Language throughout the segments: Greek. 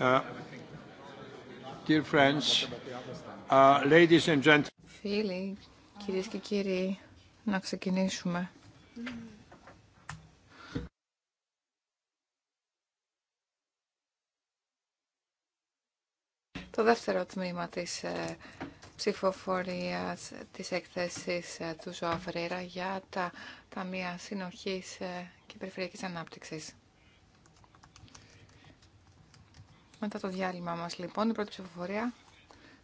Uh, uh, Φίλοι, κυρίες και κύριοι, να ξεκινήσουμε. Το δεύτερο τμήμα της ε, ψηφοφορίας της εκθέσης ε, του Ζωαβρέρα για τα Ταμεία Συνοχής ε, και Περιφερειακής Ανάπτυξης. Μετά το διάλειμμα μας λοιπόν, η πρώτη ψηφοφορία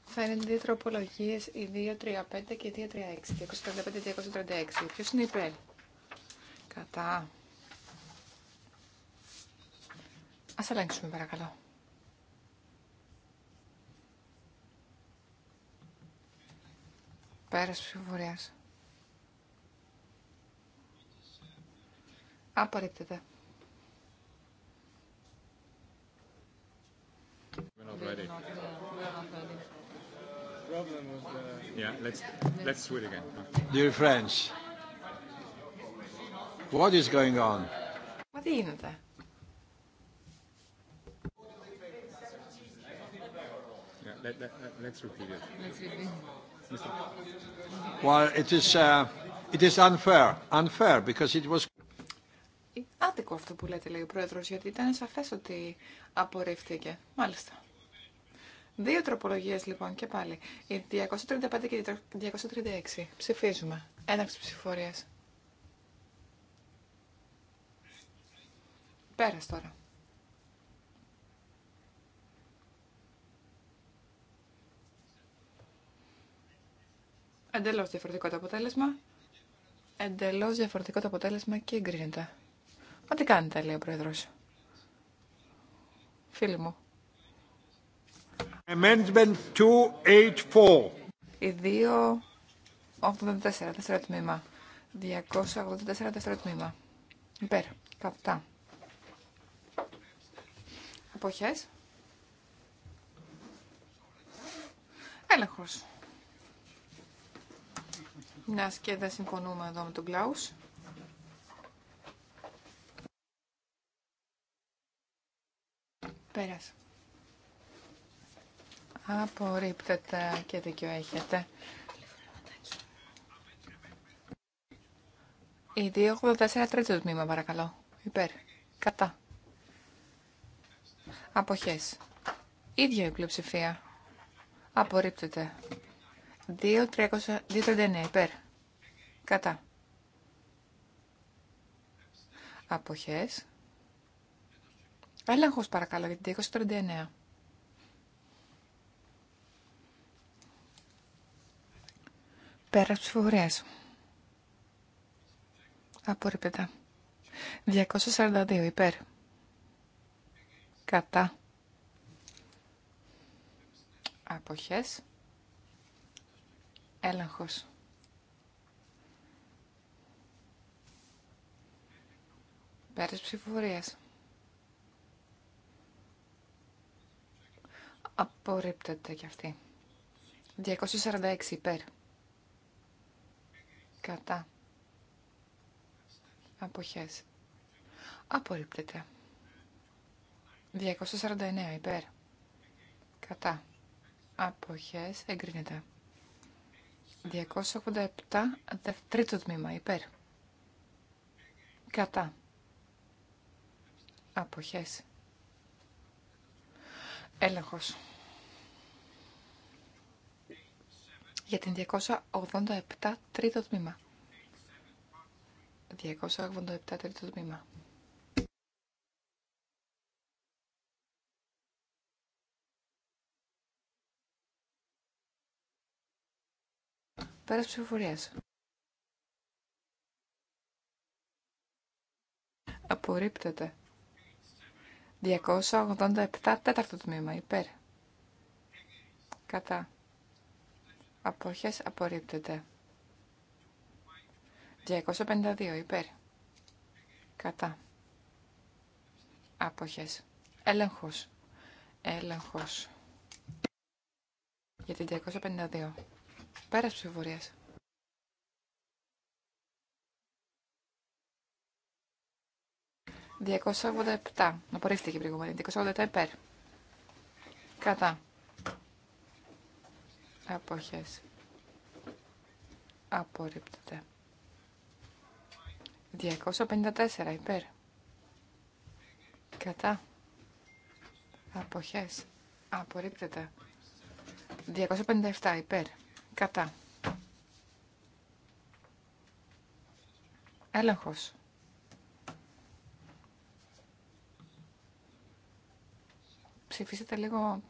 θα είναι δύο τροπολογίες, η 235 και η 236, 235 και 236. Ποιος είναι υπέρ? Κατά. Ας ελέγξουμε παρακαλώ. Πέρας ψηφοφορίας. Απορρίπτεται. We're not ready. Problem was the... Yeah, let's let's do again. Dear friends, what is going on? What is it? let, let, let's repeat it. Let's repeat it. Well, it is, uh, it is unfair, unfair because it was άδικο αυτό που λέτε, λέει ο Πρόεδρος, γιατί ήταν σαφές ότι απορρίφθηκε. Μάλιστα. Δύο τροπολογίες λοιπόν και πάλι. Η 235 και η 236. Ψηφίζουμε. Έναξη ψηφορίας. Πέρας τώρα. Εντελώς διαφορετικό το αποτέλεσμα. Εντελώς διαφορετικό το αποτέλεσμα και εγκρίνεται. Μα τι κάνετε, λέει ο πρόεδρο. Φίλοι μου. Amendment 284. Η 284, δεύτερο τμήμα. 284, δεύτερο τμήμα. Υπέρ. Κατά. Αποχές. Έλεγχος. Μια και δεν συμφωνούμε εδώ με τον Κλάους. Πέρας. Απορρίπτεται και δίκιο έχετε. Η 284 τρίτο τμήμα παρακαλώ. Υπέρ. Κατά. Αποχές. Ίδια η πλειοψηφία. Απορρίπτεται. 239 υπέρ. Κατά. Αποχές. Έλεγχο παρακαλώ για την 239. Πέρα ψηφοφορίας. Απορρίπτεται. 242 υπέρ. Κατά. Αποχές. Έλεγχος. Πέρας ψηφοφορίας. Απορρίπτεται κι αυτή. 246 υπέρ. Κατά. Αποχές. Απορρίπτεται. 249 υπέρ. Κατά. Αποχές. Εγκρίνεται. 287 τρίτο τμήμα υπέρ. Κατά. Αποχές. Έλεγχος. Για την 287 τρίτο τμήμα. 287 τρίτο τμήμα. Πέρας ψηφοφορίας. Απορρίπτεται. 287 τέταρτο τμήμα υπέρ. Κατά. Αποχές απορρίπτεται. 252 υπέρ. Κατά. Αποχές. Έλεγχος. Έλεγχος. Για την 252. Πέρας ψηφοφορίας. 287. Απορρίφθηκε η προηγούμενη. 287 υπέρ. Κατά. Αποχές. Απορρίπτεται. 254 υπέρ. Κατά. Αποχές. Απορρίπτεται. 257 υπέρ. Κατά. Έλεγχος. ψηφίσετε λίγο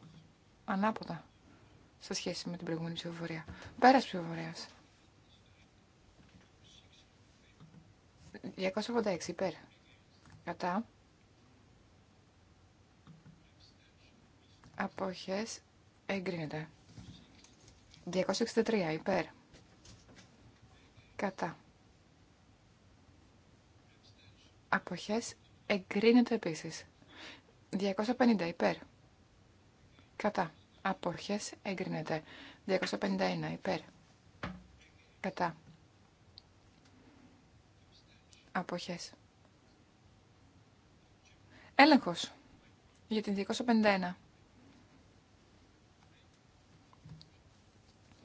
ανάποδα σε σχέση με την προηγούμενη ψηφοφορία. Πέρας ψηφοφορία. 286 υπέρ. Κατά. Απόχες εγκρίνεται. 263 υπέρ. Κατά. Αποχές εγκρίνεται επίσης. 250 υπέρ. Κατά. απορχές εγκρίνεται. 251 υπέρ. Κατά. Αποχές. Έλεγχος για την 251.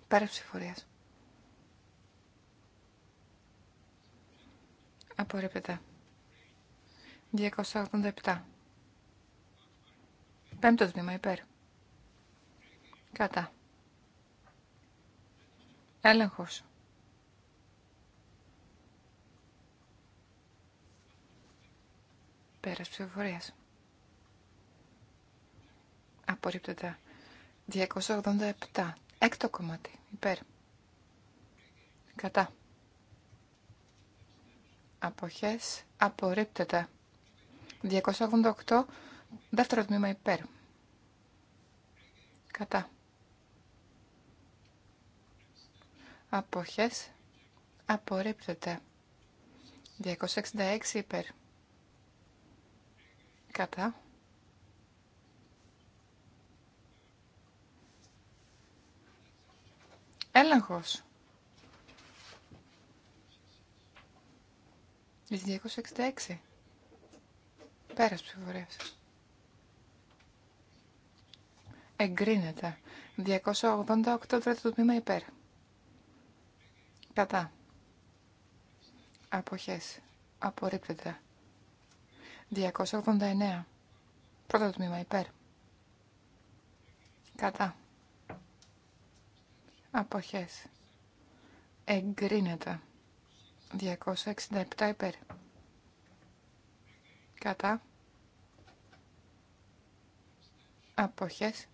Πέρα ψηφορίας. Απορρίπτεται. 287. Πέμπτο τμήμα υπέρ. Κατά. Έλεγχος. Πέρας ψηφοφορίας. Απορρίπτεται. 287. Έκτο κομμάτι. Υπέρ. Κατά. Αποχές. Απορρίπτεται. 288. Δεύτερο τμήμα υπέρ. Κατά. αποχές απορρίπτεται. 266 υπέρ. Κατά. Έλεγχος. 266. Πέρας ψηφορίας. Εγκρίνεται. 288 τρίτο τμήμα υπέρ. Κατά. Αποχές. Απορρίπτεται. 289. Πρώτο τμήμα υπέρ. Κατά. Αποχές. Εγκρίνεται. 267 υπέρ. Κατά. Αποχές.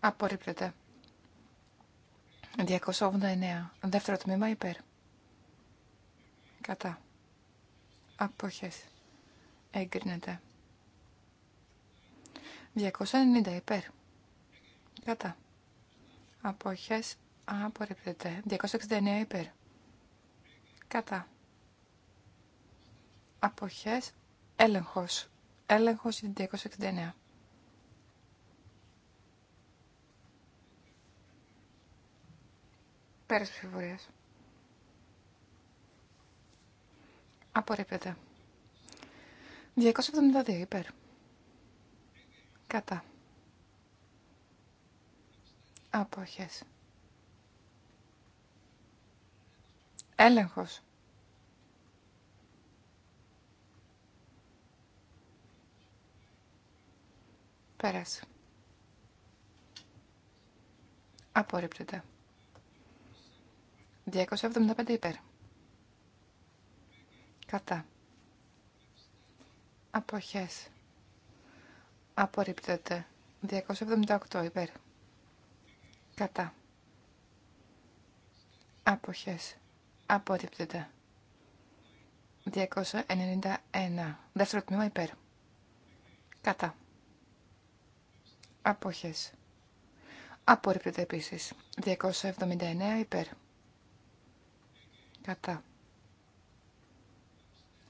Απορρίπτεται. 289. Δεύτερο τμήμα υπέρ. Κατά. Αποχές. Έγκρινεται. 290 υπέρ. Κατά. Αποχές. Απορρίπτεται. 269 υπέρ. Κατά. Αποχές. Έλεγχος. Έλεγχος 269. Πέρας ψηφοφορίας. Απορρίπτεται. 272 υπέρ. Κατά. Αποχές. Έλεγχος. Πέρασε. Απορρίπτεται. 275 υπέρ. Κατά. Αποχές. Απορρίπτεται. 278 υπέρ. Κατά. Αποχές. Απορρίπτεται. 291. Δεύτερο τμήμα υπέρ. Κατά. Αποχές. Απορρίπτεται επίσης. 279 υπέρ κατά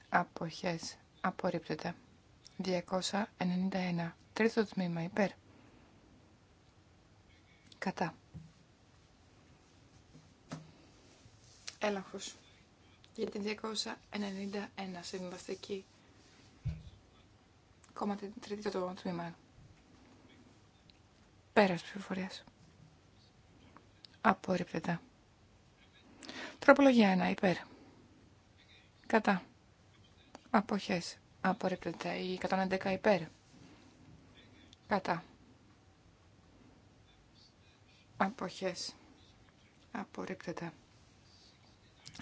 αποχές απορρίπτεται 291 τρίτο τμήμα υπέρ κατά Έλαχος για την 291 συμβαστική Κομμάτι τρίτο το τμήμα πέρας ψηφοφορίας απορρίπτεται Τροπολογία 1. Υπέρ. Κατά. Αποχές. Απορρίπτεται. Η 111 υπέρ. Κατά. Αποχές. Απορρίπτεται.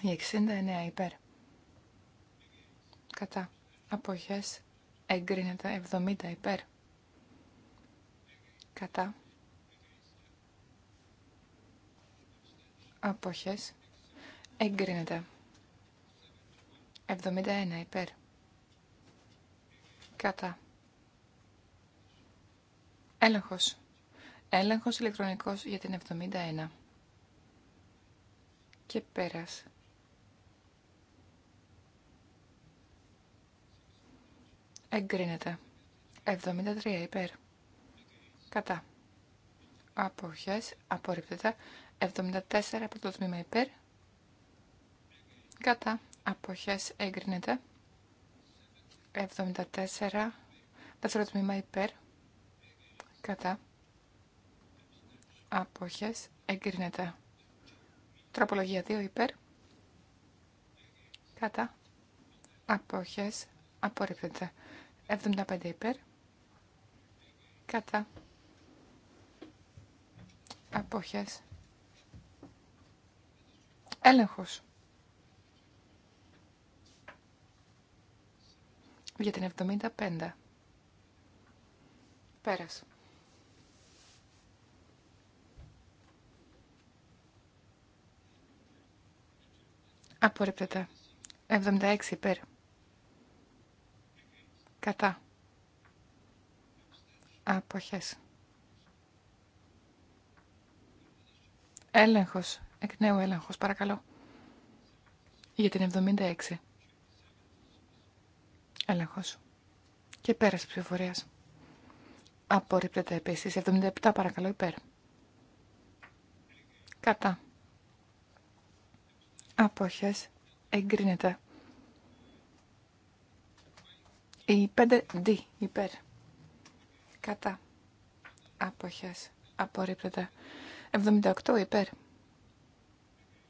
Η 69 υπέρ. Κατά. Αποχές. Εγκρίνεται. 70 υπέρ. Κατά. Αποχές. Εγκρίνεται. 71 υπέρ. Κατά. Έλεγχος. Έλεγχος ηλεκτρονικός για την 71. Και πέρας. Εγκρίνεται. 73 υπέρ. Κατά. Αποχές. Απορρίπτεται. 74 από το τμήμα υπέρ κατά αποχές εγκρίνεται 74 δεύτερο τμήμα υπέρ κατά αποχές εγκρίνεται τροπολογία 2 υπέρ κατά αποχές απορρίπτεται 75 υπέρ κατά αποχές έλεγχος για την 75. Πέρας. Απορρίπτεται. 76 υπέρ. Κατά. Αποχές. Έλεγχος. Εκ νέου έλεγχος, παρακαλώ. Για την 76 έλεγχο. Και πέρασε ψηφοφορία. Απορρίπτεται επίση, 77 παρακαλώ υπέρ. Κατά. Απόχε Εγκρίνεται. Η 5D υπέρ. Κατά. απόχέ, Απορρίπτεται. 78 υπέρ.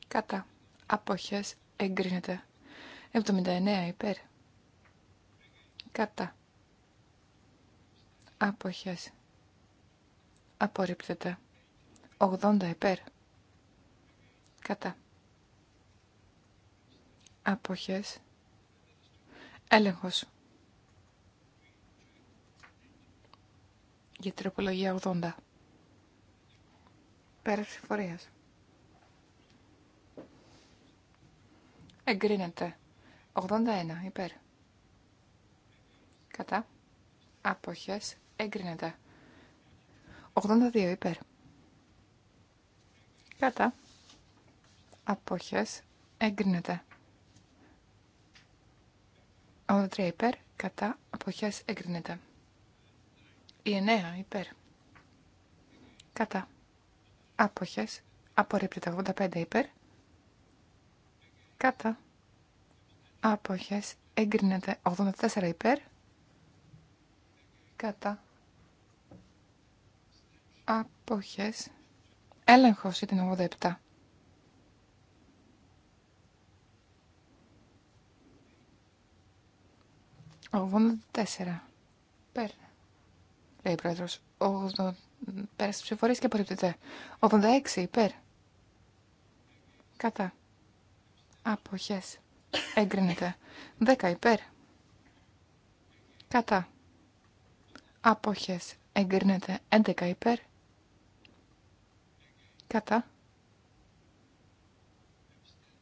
Κατά. απόχέ Εγκρίνεται. 79 υπέρ. Κατά. Αποχές. Απορρίπτεται. 80 υπέρ. Κατά. Αποχές. Έλεγχος. Για τροπολογία 80. πέραση ψηφορίας. Εγκρίνεται. 81 υπέρ. Κατά. Αποχές. Εγκρίνεται. 82 υπέρ. Κατά. Αποχές. Εγκρίνεται. 83 υπέρ. Κατά. Αποχές. Εγκρίνεται. Η 9 υπέρ. Κατά. Άποχες. Απορρίπτεται 85 υπέρ. Κατά. Άποχες. Εγκρίνεται 84 υπέρ κατά αποχές έλεγχος ή την 87 84 πέρα λέει ο πρόεδρος πέρα στις ψηφορίες και απορρίπτεται 86 υπέρ κατά αποχές εγκρίνεται 10 υπέρ κατά Απόχες εγκρίνεται 11 υπέρ. Κατά.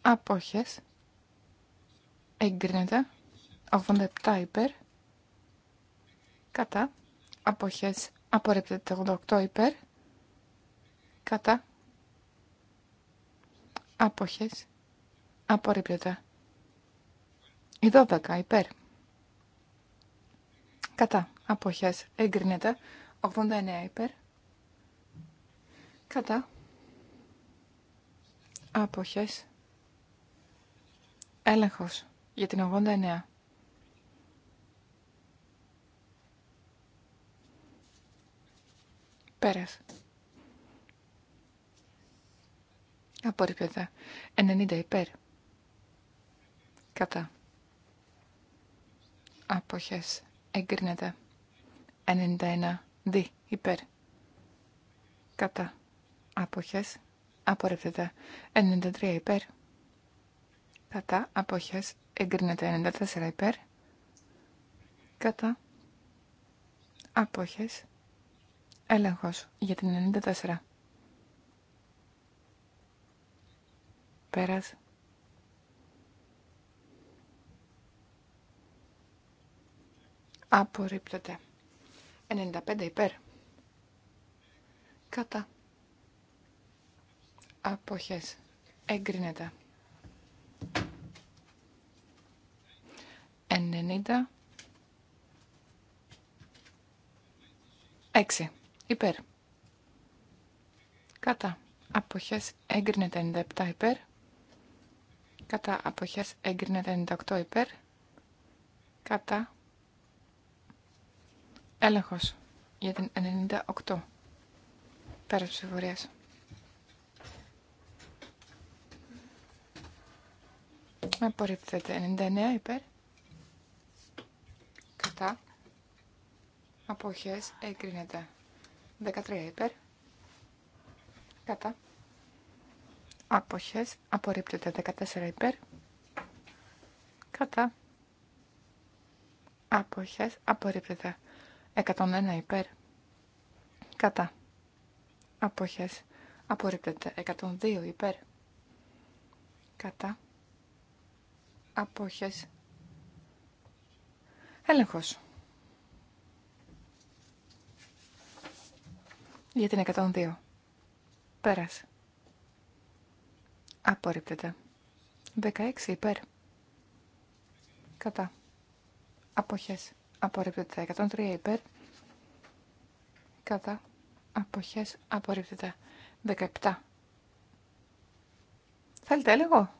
Απόχες εγκρίνεται 87 υπέρ. Κατά. Απόχες απορρίπτεται 88 υπέρ. Κατά. Απόχες απορρίπτεται. Η 12 υπέρ. Κατά αποχές εγκρίνεται 89 υπέρ κατά αποχές έλεγχος για την 89 πέρας απορρίπτεται 90 υπέρ κατά αποχές εγκρίνεται 91 δι υπέρ κατά αποχές απορρίπτεται 93 υπέρ κατά αποχές εγκρίνεται 94 υπέρ κατά αποχές έλεγχος για την 94 πέρας απορρίπτεται 95 υπέρ. Κατά. Αποχές. Εγκρίνεται. 96 υπέρ. Κατά. Αποχές έγκρινεται 97 υπέρ. Κατά αποχές έγκρινεται 98 υπέρ. Κατά Έλεγχος για την 98. πέρα Πέρας ψηφορίας. Απορρίπτεται 99 υπέρ. Κατά. Αποχές εγκρίνεται. 13 υπέρ. Κατά. Αποχές απορρίπτεται 14 υπέρ. Κατά. Αποχές απορρίπτεται 101 υπέρ. Κατά. Αποχές. Απορρίπτεται. 102 υπέρ. Κατά. Αποχές. Έλεγχος. Για την 102. Πέρασε. Απορρίπτεται. 16 υπέρ. Κατά. Αποχές απορρίπτεται. 103 υπέρ, κατά αποχές απορρίπτεται. 17. Θέλετε έλεγχο.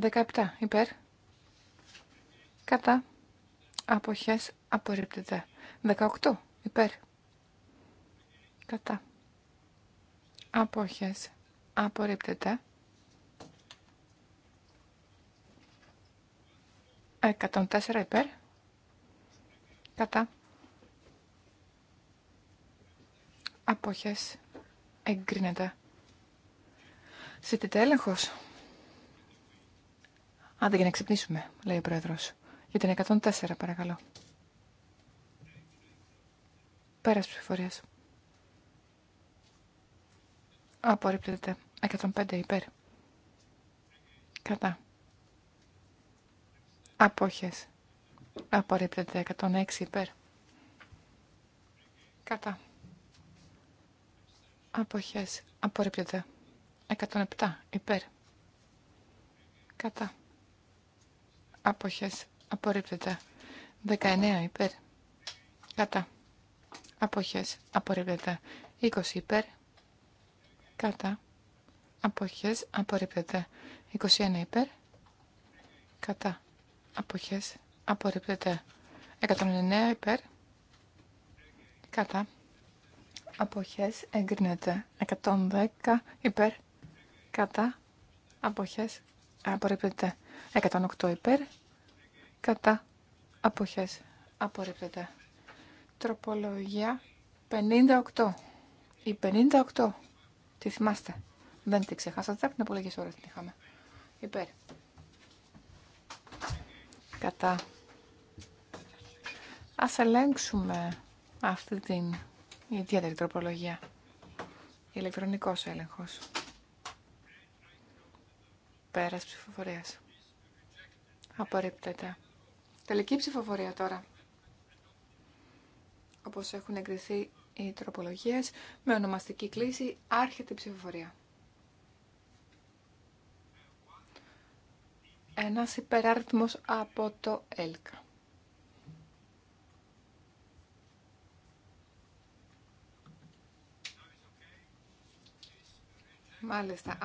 17 υπέρ, κατά αποχές απορρίπτεται. 18 υπέρ, κατά αποχές απορρίπτεται. 104 υπέρ. Κατά. Απόχες. Εγκρίνεται. Ζητείτε έλεγχο. Άντε για να ξυπνήσουμε, λέει ο πρόεδρος. Για την 104 παρακαλώ. Πέρας ψηφορίας. Απορρίπτεται. 105 υπέρ. Κατά. Απόχες. Απορρίπτεται 106 υπέρ. Κατά. Απόχες. Απορρίπτεται 107 υπέρ. Κατά. Απόχες. Απορρίπτεται 19 υπέρ. Κατά. Απόχες. Απορρίπτεται 20 υπέρ. Κατά. Απόχες. Απορρίπτεται 21 υπέρ. Κατά αποχές απορρίπτεται 109 υπέρ κατά αποχές εγκρίνεται 110 υπέρ κατά αποχές απορρίπτεται 108 υπέρ κατά αποχές απορρίπτεται τροπολογία 58 η 58 τη θυμάστε δεν τη ξεχάσατε, πριν από λίγες ώρες την είχαμε υπέρ κατά. Ας ελέγξουμε αυτή την ιδιαίτερη τροπολογία. Ηλεκτρονικός έλεγχος. Πέρας ψηφοφορίας. Απορρίπτεται. Τελική ψηφοφορία τώρα. Όπως έχουν εγκριθεί οι τροπολογίες, με ονομαστική κλίση άρχεται η ψηφοφορία. Ένας υπεράριθμος από το ΕΛΚΑ. Μάλιστα.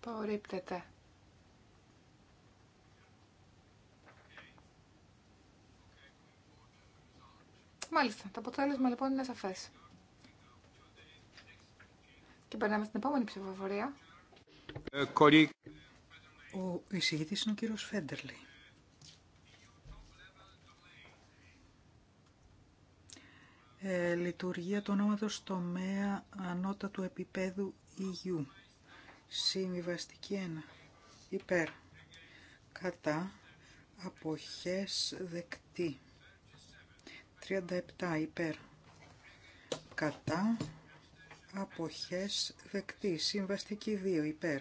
Απορρίπτεται. Μάλιστα. Το αποτέλεσμα λοιπόν είναι σαφές. Και περνάμε στην επόμενη ψηφοφορία. Ε, ο εισηγητής είναι ο κύριος Φέντερλη. Ε, λειτουργία του ονόματος τομέα ανώτατου επίπεδου ΥΓΙΟΥ. Συμβιβαστική 1. Υπέρ. Κατά. Αποχές δεκτή. 37. Υπέρ. Κατά. Αποχές δεκτή. Συμβαστική 2. Υπέρ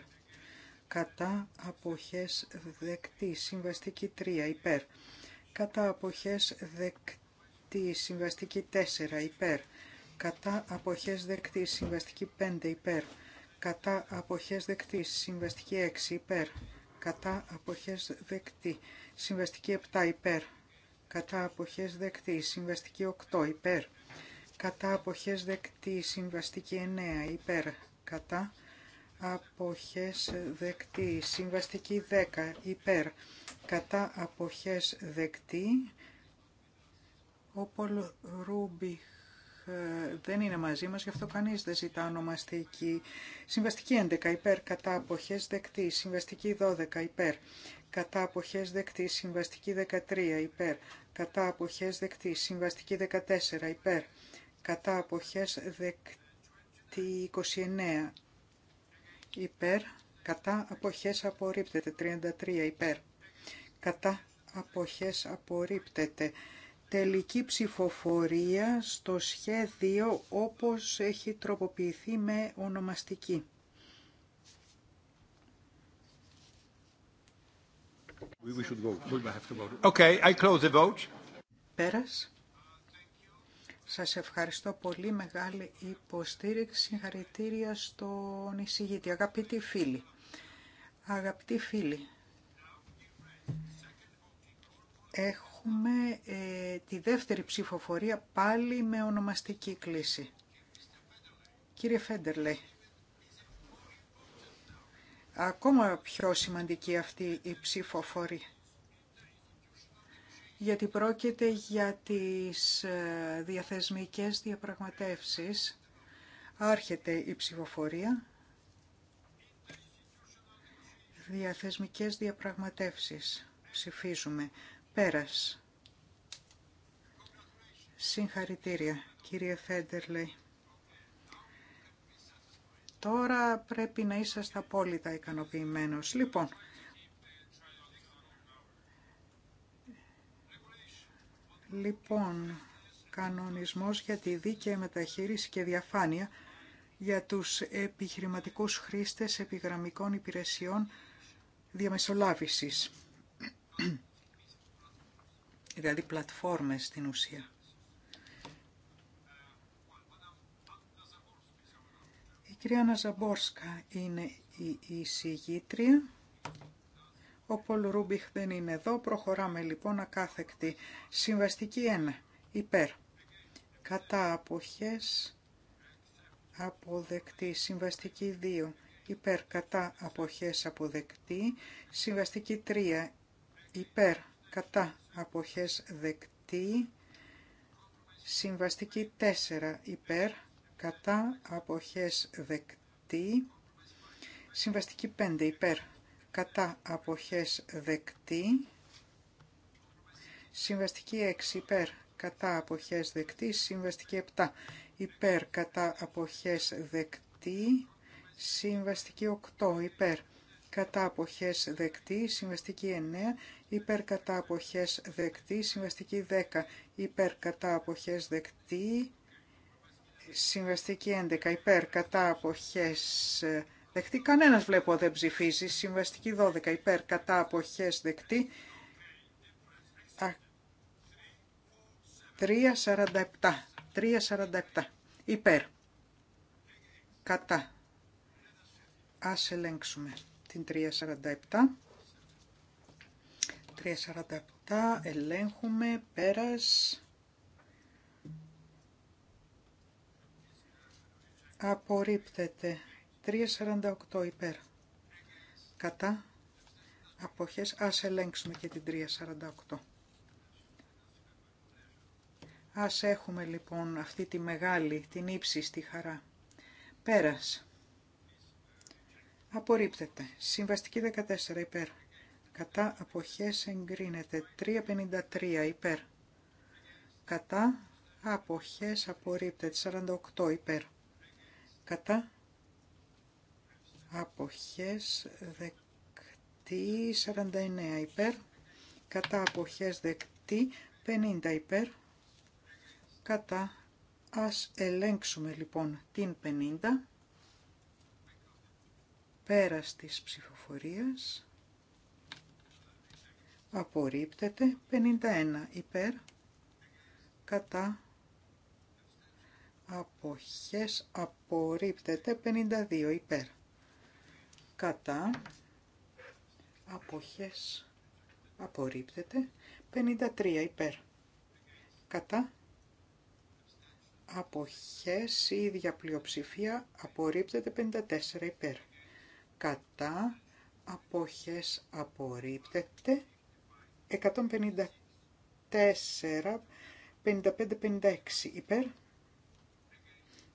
κατά αποχές δεκτή. Συμβαστική 3 υπέρ. Κατά αποχές δεκτή. Συμβαστική 4 υπέρ. Κατά αποχές δεκτή. Συμβαστική 5 υπέρ. Κατά αποχές δεκτή. Συμβαστική 6 υπέρ. Κατά αποχές δεκτή. Συμβαστική 7 υπέρ. Κατά αποχές δεκτή. Συμβαστική 8 υπέρ. Κατά αποχές δεκτή. Συμβαστική 9 υπέρ. Κατά αποχές δεκτή. Συμβαστική 10 υπέρ κατά αποχές δεκτή. Ο Πολ Ρούμπιχ ε, δεν είναι μαζί μας, γι' αυτό κανείς δεν ζητά ονομαστική. Συμβαστική 11 υπέρ κατά αποχές δεκτή. Συμβαστική 12 υπέρ κατά αποχές δεκτή. Συμβαστική 13 υπέρ κατά αποχές δεκτή. Συμβαστική 14 υπέρ κατά αποχές δεκτή. 29 υπέρ, κατά αποχές απορρίπτεται. 33 υπέρ, κατά αποχές απορρίπτεται. Τελική ψηφοφορία στο σχέδιο όπως έχει τροποποιηθεί με ονομαστική. Okay, I close the vote. Πέρας. Σας ευχαριστώ πολύ. Μεγάλη υποστήριξη. Συγχαρητήρια στον εισηγητή. Αγαπητοί φίλοι. Αγαπητοί φίλοι. Έχουμε ε, τη δεύτερη ψηφοφορία πάλι με ονομαστική κλίση. Κύριε Φέντερλε, ακόμα πιο σημαντική αυτή η ψηφοφορία γιατί πρόκειται για τις ε, διαθεσμικές διαπραγματεύσεις. Άρχεται η ψηφοφορία. Διαθεσμικές διαπραγματεύσεις. Ψηφίζουμε. Πέρας. Συγχαρητήρια, κύριε Φέντερλε. Τώρα πρέπει να είσαστε απόλυτα ικανοποιημένος. Λοιπόν, Λοιπόν, κανονισμός για τη δίκαιη μεταχείριση και διαφάνεια για τους επιχειρηματικούς χρήστες επιγραμμικών υπηρεσιών διαμεσολάβησης. δηλαδή πλατφόρμες στην ουσία. Η κυρία Ναζαμπόρσκα είναι η εισηγήτρια ο Πολ Ρούμπιχ δεν είναι εδώ. Προχωράμε λοιπόν ακάθεκτη. Συμβαστική 1. Υπέρ. Κατά αποχές αποδεκτή. Συμβαστική 2. Υπέρ κατά αποχές αποδεκτή. Συμβαστική 3. Υπέρ κατά αποχές δεκτή. Συμβαστική 4. Υπέρ κατά αποχές δεκτή. Συμβαστική 5. Υπέρ κατά αποχές δεκτή. Συμβαστική 6 υπέρ κατά αποχές δεκτή. Συμβαστική 7 υπέρ κατά αποχές δεκτή. Συμβαστική 8 υπέρ κατά αποχές δεκτή, συμβαστική 9, υπέρ κατά αποχές δεκτή, συμβαστική 10, υπέρ κατά αποχές δεκτή, συμβαστική 11, υπέρ κατά αποχές Δεχτεί Κανένας βλέπω δεν ψηφίζει. Συμβαστική 12 υπέρ κατά αποχές δεκτή. 3.47. 3.47. Υπέρ. Κατά. Ας ελέγξουμε την 3.47. 3.47. Ελέγχουμε. Πέρας. Απορρίπτεται. 3.48 υπέρ. Κατά αποχές. Ας ελέγξουμε και την 3.48. Ας έχουμε λοιπόν αυτή τη μεγάλη, την στη χαρά. Πέρας. Απορρίπτεται. Συμβαστική 14 υπέρ. Κατά αποχές εγκρίνεται. 3.53 υπέρ. Κατά αποχές απορρίπτεται. 48 υπέρ. Κατά αποχές δεκτή 49 υπέρ κατά αποχές δεκτή 50 υπέρ κατά ας ελέγξουμε λοιπόν την 50 πέρας της ψηφοφορίας απορρίπτεται 51 υπέρ κατά αποχές απορρίπτεται 52 υπέρ κατά αποχές απορρίπτεται 53 υπέρ κατά αποχές η ίδια πλειοψηφία απορρίπτεται 54 υπέρ κατά αποχές απορρίπτεται 154 55-56 υπέρ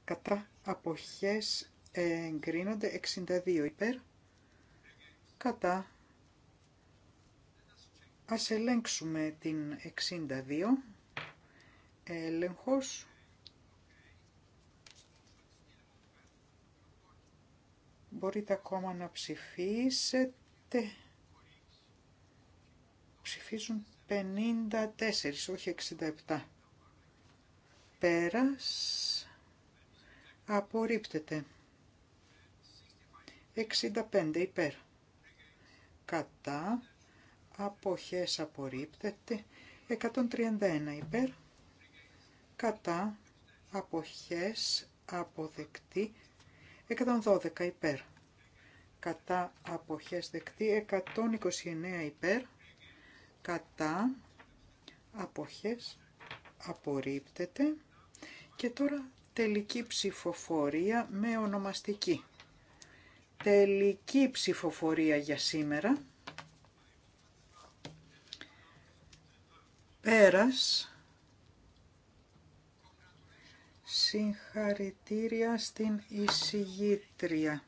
κατά αποχές εγκρίνονται 62 υπέρ κατά. Ας ελέγξουμε την 62, έλεγχος. Μπορείτε ακόμα να ψηφίσετε. Ψηφίζουν 54, όχι 67. Πέρας. Απορρίπτεται. 65 υπέρ κατά, αποχές απορρίπτεται, 131 υπέρ, κατά, αποχές αποδεκτή, 112 υπέρ, κατά, αποχές δεκτή, 129 υπέρ, κατά, αποχές απορρίπτεται και τώρα τελική ψηφοφορία με ονομαστική τελική ψηφοφορία για σήμερα. Πέρας. Συγχαρητήρια στην εισηγήτρια.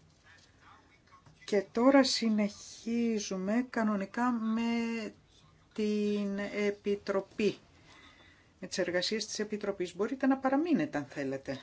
Και τώρα συνεχίζουμε κανονικά με την Επιτροπή, με τις εργασίες της Επιτροπής. Μπορείτε να παραμείνετε αν θέλετε.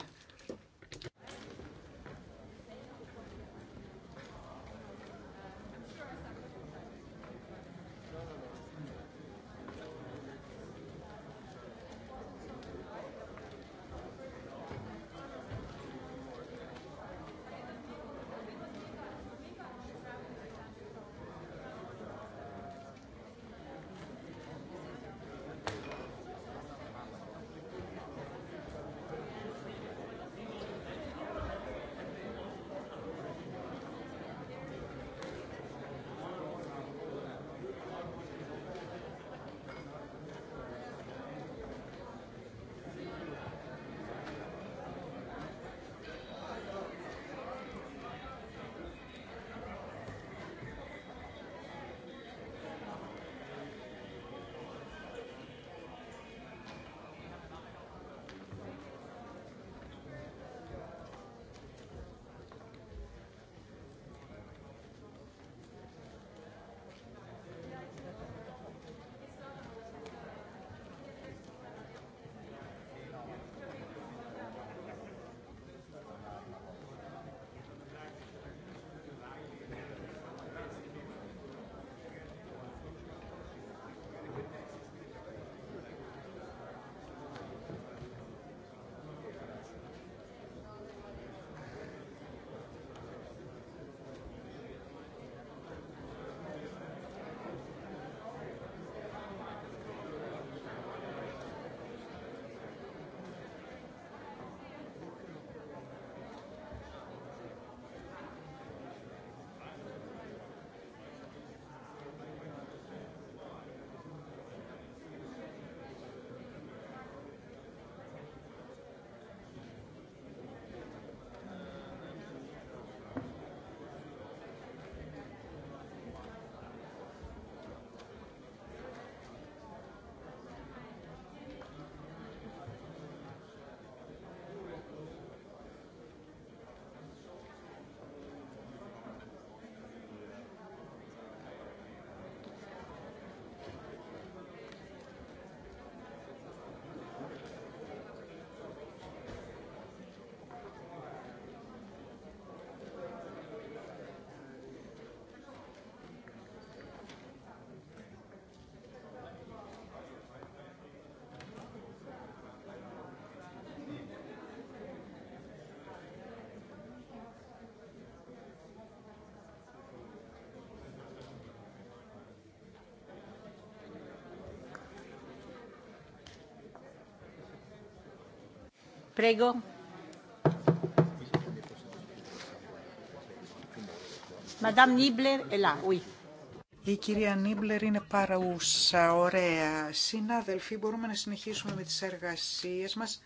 Η κυρία Νίμπλερ είναι παραούσα. Ωραία. Συνάδελφοι, μπορούμε να συνεχίσουμε με τις εργασίες μας,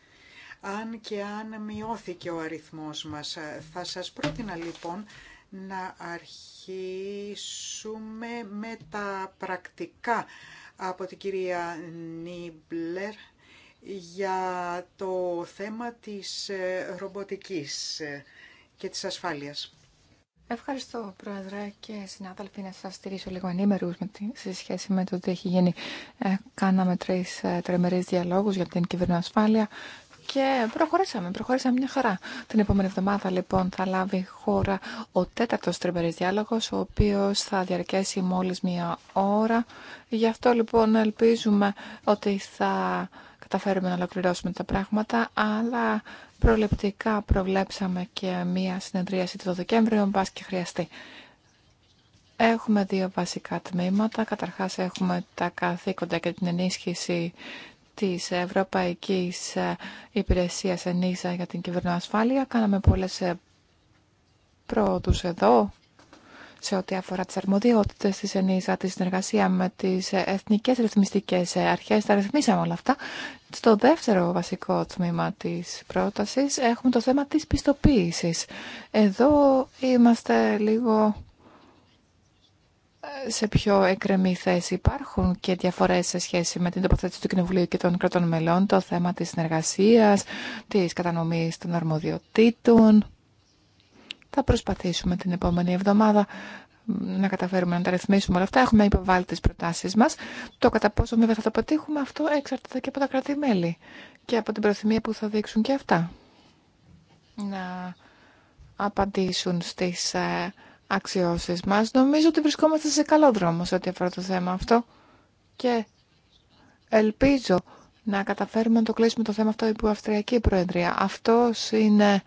αν και αν μειώθηκε ο αριθμός μας. Θα σας πρότεινα λοιπόν να αρχίσουμε με τα πρακτικά από την κυρία Νίμπλερ για το θέμα της ε, ρομποτικής ε, και της ασφάλειας. Ευχαριστώ, Πρόεδρε και συνάδελφοι, να σας στηρίσω λίγο ενήμερους με τη, σε σχέση με το τι έχει γίνει. Ε, κάναμε τρεις ε, τρεμερείς διαλόγους για την ασφάλεια και προχωρήσαμε, προχωρήσαμε μια χαρά. Την επόμενη εβδομάδα λοιπόν θα λάβει χώρα ο τέταρτος τρεμερείς διάλογος, ο οποίος θα διαρκέσει μόλις μια ώρα. Γι' αυτό λοιπόν ελπίζουμε ότι θα καταφέρουμε να ολοκληρώσουμε τα πράγματα, αλλά προληπτικά προβλέψαμε και μία συνεδρίαση το Δεκέμβριο, μπας και χρειαστεί. Έχουμε δύο βασικά τμήματα. Καταρχάς έχουμε τα καθήκοντα και την ενίσχυση της Ευρωπαϊκής Υπηρεσίας ΕΝΙΖΑ για την κυβερνοασφάλεια. Κάναμε πολλές πρόοδους εδώ σε ό,τι αφορά τις αρμοδιότητες της ΕΝΙΖΑ, τη συνεργασία με τις εθνικές ρυθμιστικές αρχές, τα ρυθμίσαμε όλα αυτά. Στο δεύτερο βασικό τμήμα της πρότασης έχουμε το θέμα της πιστοποίησης. Εδώ είμαστε λίγο ε, σε πιο εκρεμή θέση υπάρχουν και διαφορές σε σχέση με την τοποθέτηση του Κοινοβουλίου και των κρατών μελών, το θέμα της συνεργασίας, της κατανομής των αρμοδιοτήτων, θα προσπαθήσουμε την επόμενη εβδομάδα να καταφέρουμε να τα ρυθμίσουμε όλα αυτά. Έχουμε υποβάλει τι προτάσει μα. Το κατά πόσο βέβαια θα το πετύχουμε, αυτό εξαρτάται και από τα κρατημέλη και από την προθυμία που θα δείξουν και αυτά να απαντήσουν στι ε, αξιώσει μα. Νομίζω ότι βρισκόμαστε σε καλό δρόμο σε ό,τι αφορά το θέμα αυτό και ελπίζω να καταφέρουμε να το κλείσουμε το θέμα αυτό υπό Αυστριακή Προεδρία. Αυτό είναι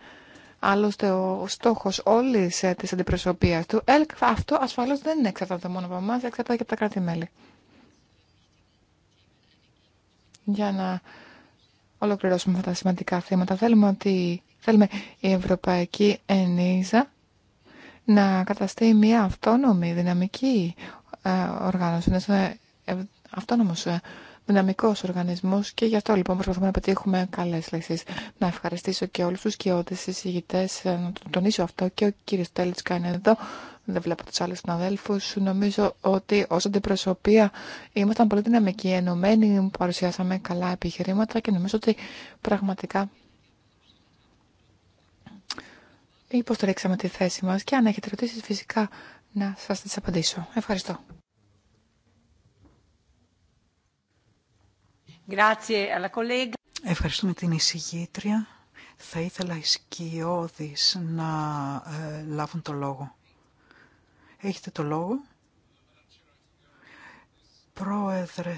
Άλλωστε, ο στόχο όλη ε, τη αντιπροσωπεία του ΕΛΚ, αυτό ασφαλώ δεν είναι εξαρτάται μόνο από εμά, εξαρτάται και από τα κράτη-μέλη. Για να ολοκληρώσουμε αυτά τα σημαντικά θέματα, θέλουμε, ότι, θέλουμε η Ευρωπαϊκή Ενίζα να καταστεί μια αυτόνομη, δυναμική ε, οργάνωση, ε, αυτόνομος ε, Δυναμικό Οργανισμό και γι' αυτό λοιπόν προσπαθούμε να πετύχουμε καλέ λέξει. Να ευχαριστήσω και όλους τους κοιότητες συζητητές, ε, να τον τονίσω αυτό και ο κύριο Τέλτσκα είναι εδώ. Δεν βλέπω του άλλου συναδέλφου. Νομίζω ότι ω αντιπροσωπεία ήμασταν πολύ δυναμικοί, ενωμένοι, παρουσιάσαμε καλά επιχειρήματα και νομίζω ότι πραγματικά υποστηρίξαμε τη θέση μας και αν έχετε ρωτήσει φυσικά να σας τις απαντήσω. Ευχαριστώ. Ευχαριστούμε την εισηγήτρια. Θα ήθελα οι σκιώδεις να ε, λάβουν το λόγο. Έχετε το λόγο. Πρόεδρε,